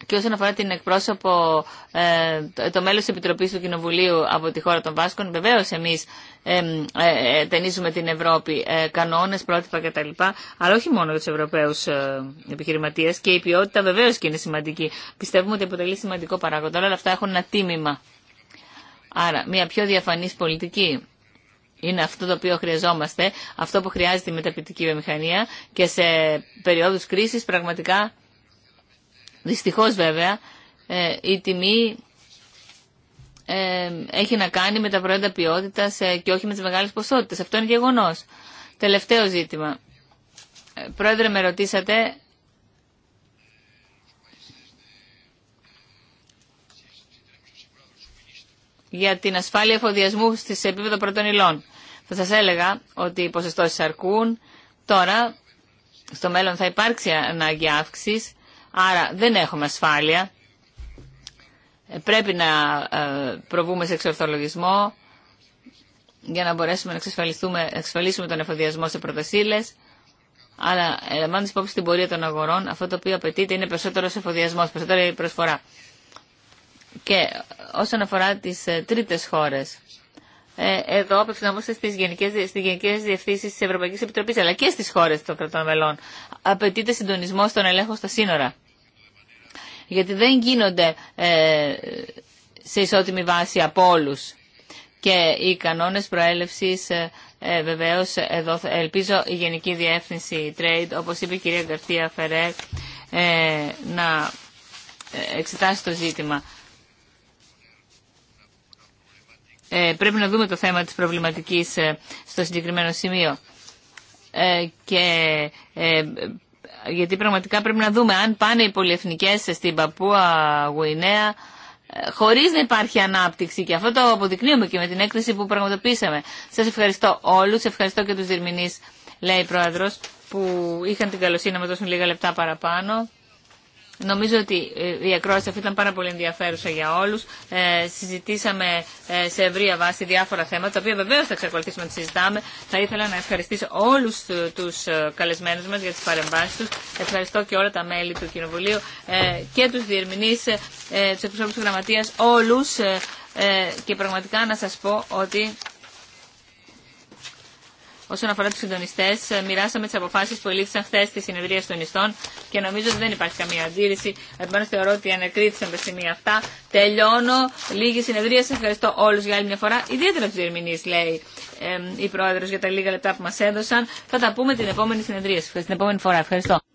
και όσον αφορά την εκπρόσωπο, ε, το μέλος της Επιτροπής του Κοινοβουλίου από τη χώρα των Βάσκων, βεβαίως εμείς ε, ε, ταινίζουμε την Ευρώπη, κανόνες, πρότυπα κτλ. Αλλά όχι μόνο για ευρωπαίου Ευρωπαίους επιχειρηματίες και η ποιότητα βεβαίως και είναι σημαντική. Πιστεύουμε ότι αποτελεί σημαντικό παράγοντα, όλα αυτά έχουν ένα τίμημα. Άρα, μια πιο διαφανής πολιτική, είναι αυτό το οποίο χρειαζόμαστε, αυτό που χρειάζεται η μεταπητική βιομηχανία και σε περιόδους κρίσης πραγματικά Δυστυχώς βέβαια ε, η τιμή ε, έχει να κάνει με τα προϊόντα ποιότητας ε, και όχι με τις μεγάλες ποσότητες. Αυτό είναι γεγονός. Τελευταίο ζήτημα. Πρόεδρε, με ρωτήσατε για την ασφάλεια εφοδιασμού σε επίπεδο πρώτων Θα σας έλεγα ότι οι ποσοστώσεις αρκούν. Τώρα, στο μέλλον θα υπάρξει ανάγκη αύξηση Άρα δεν έχουμε ασφάλεια. Ε, πρέπει να ε, προβούμε σε εξορθολογισμό για να μπορέσουμε να, εξασφαλίσουμε τον εφοδιασμό σε προτεσίλες. Αλλά ελαμβάνοντα υπόψη την πορεία των αγορών, αυτό το οποίο απαιτείται είναι περισσότερο εφοδιασμό, περισσότερη προσφορά. Και ε, όσον αφορά τι τρίτε χώρε, ε, εδώ απευθυνόμαστε στις γενικές, στις γενικές διευθύνσεις της Ευρωπαϊκής Επιτροπής, αλλά και στις χώρες των κρατών μελών. Απαιτείται συντονισμό των ελέγχων στα σύνορα. Γιατί δεν γίνονται ε, σε ισότιμη βάση από όλου. Και οι κανόνες προέλευσης ε, ε βεβαίως εδώ ελπίζω η Γενική Διεύθυνση Trade, όπως είπε η κυρία Γκαρτία Φερέκ, να εξετάσει το ζήτημα. Ε, πρέπει να δούμε το θέμα της προβληματικής ε, στο συγκεκριμένο σημείο. Ε, και, γιατί πραγματικά πρέπει να δούμε αν πάνε οι πολυεθνικές στην Παππούα Γουινέα χωρίς να υπάρχει ανάπτυξη και αυτό το αποδεικνύουμε και με την έκθεση που πραγματοποιήσαμε. Σας ευχαριστώ όλους, ευχαριστώ και τους διερμηνείς, λέει η Πρόεδρος, που είχαν την καλοσύνη να με δώσουν λίγα λεπτά παραπάνω. Νομίζω ότι ε, η ακρόαση αυτή ήταν πάρα πολύ ενδιαφέρουσα για όλους. Ε, συζητήσαμε ε, σε ευρία βάση διάφορα θέματα, τα οποία βεβαίως θα εξακολουθήσουμε να συζητάμε. Θα ήθελα να ευχαριστήσω όλους τους καλεσμένους μας για τις παρεμβάσεις τους. Ευχαριστώ και όλα τα μέλη του Κοινοβουλίου και τους διερμηνείς, ε, τους εκπροσώπους του Γραμματείας, όλους. Ε, και πραγματικά να σας πω ότι Όσον αφορά του συντονιστέ, ε, μοιράσαμε τι αποφάσει που ελήφθησαν χθε στη συνεδρία των ιστών και νομίζω ότι δεν υπάρχει καμία αντίρρηση. Επομένω, θεωρώ ότι ανακρίθησαν τα σημεία αυτά. Τελειώνω. Λίγη συνεδρία. Σα ευχαριστώ όλου για άλλη μια φορά. Ιδιαίτερα του διερμηνεί, λέει ε, η πρόεδρο, για τα λίγα λεπτά που μα έδωσαν. Θα τα πούμε την επόμενη συνεδρία. Την επόμενη φορά. Ευχαριστώ.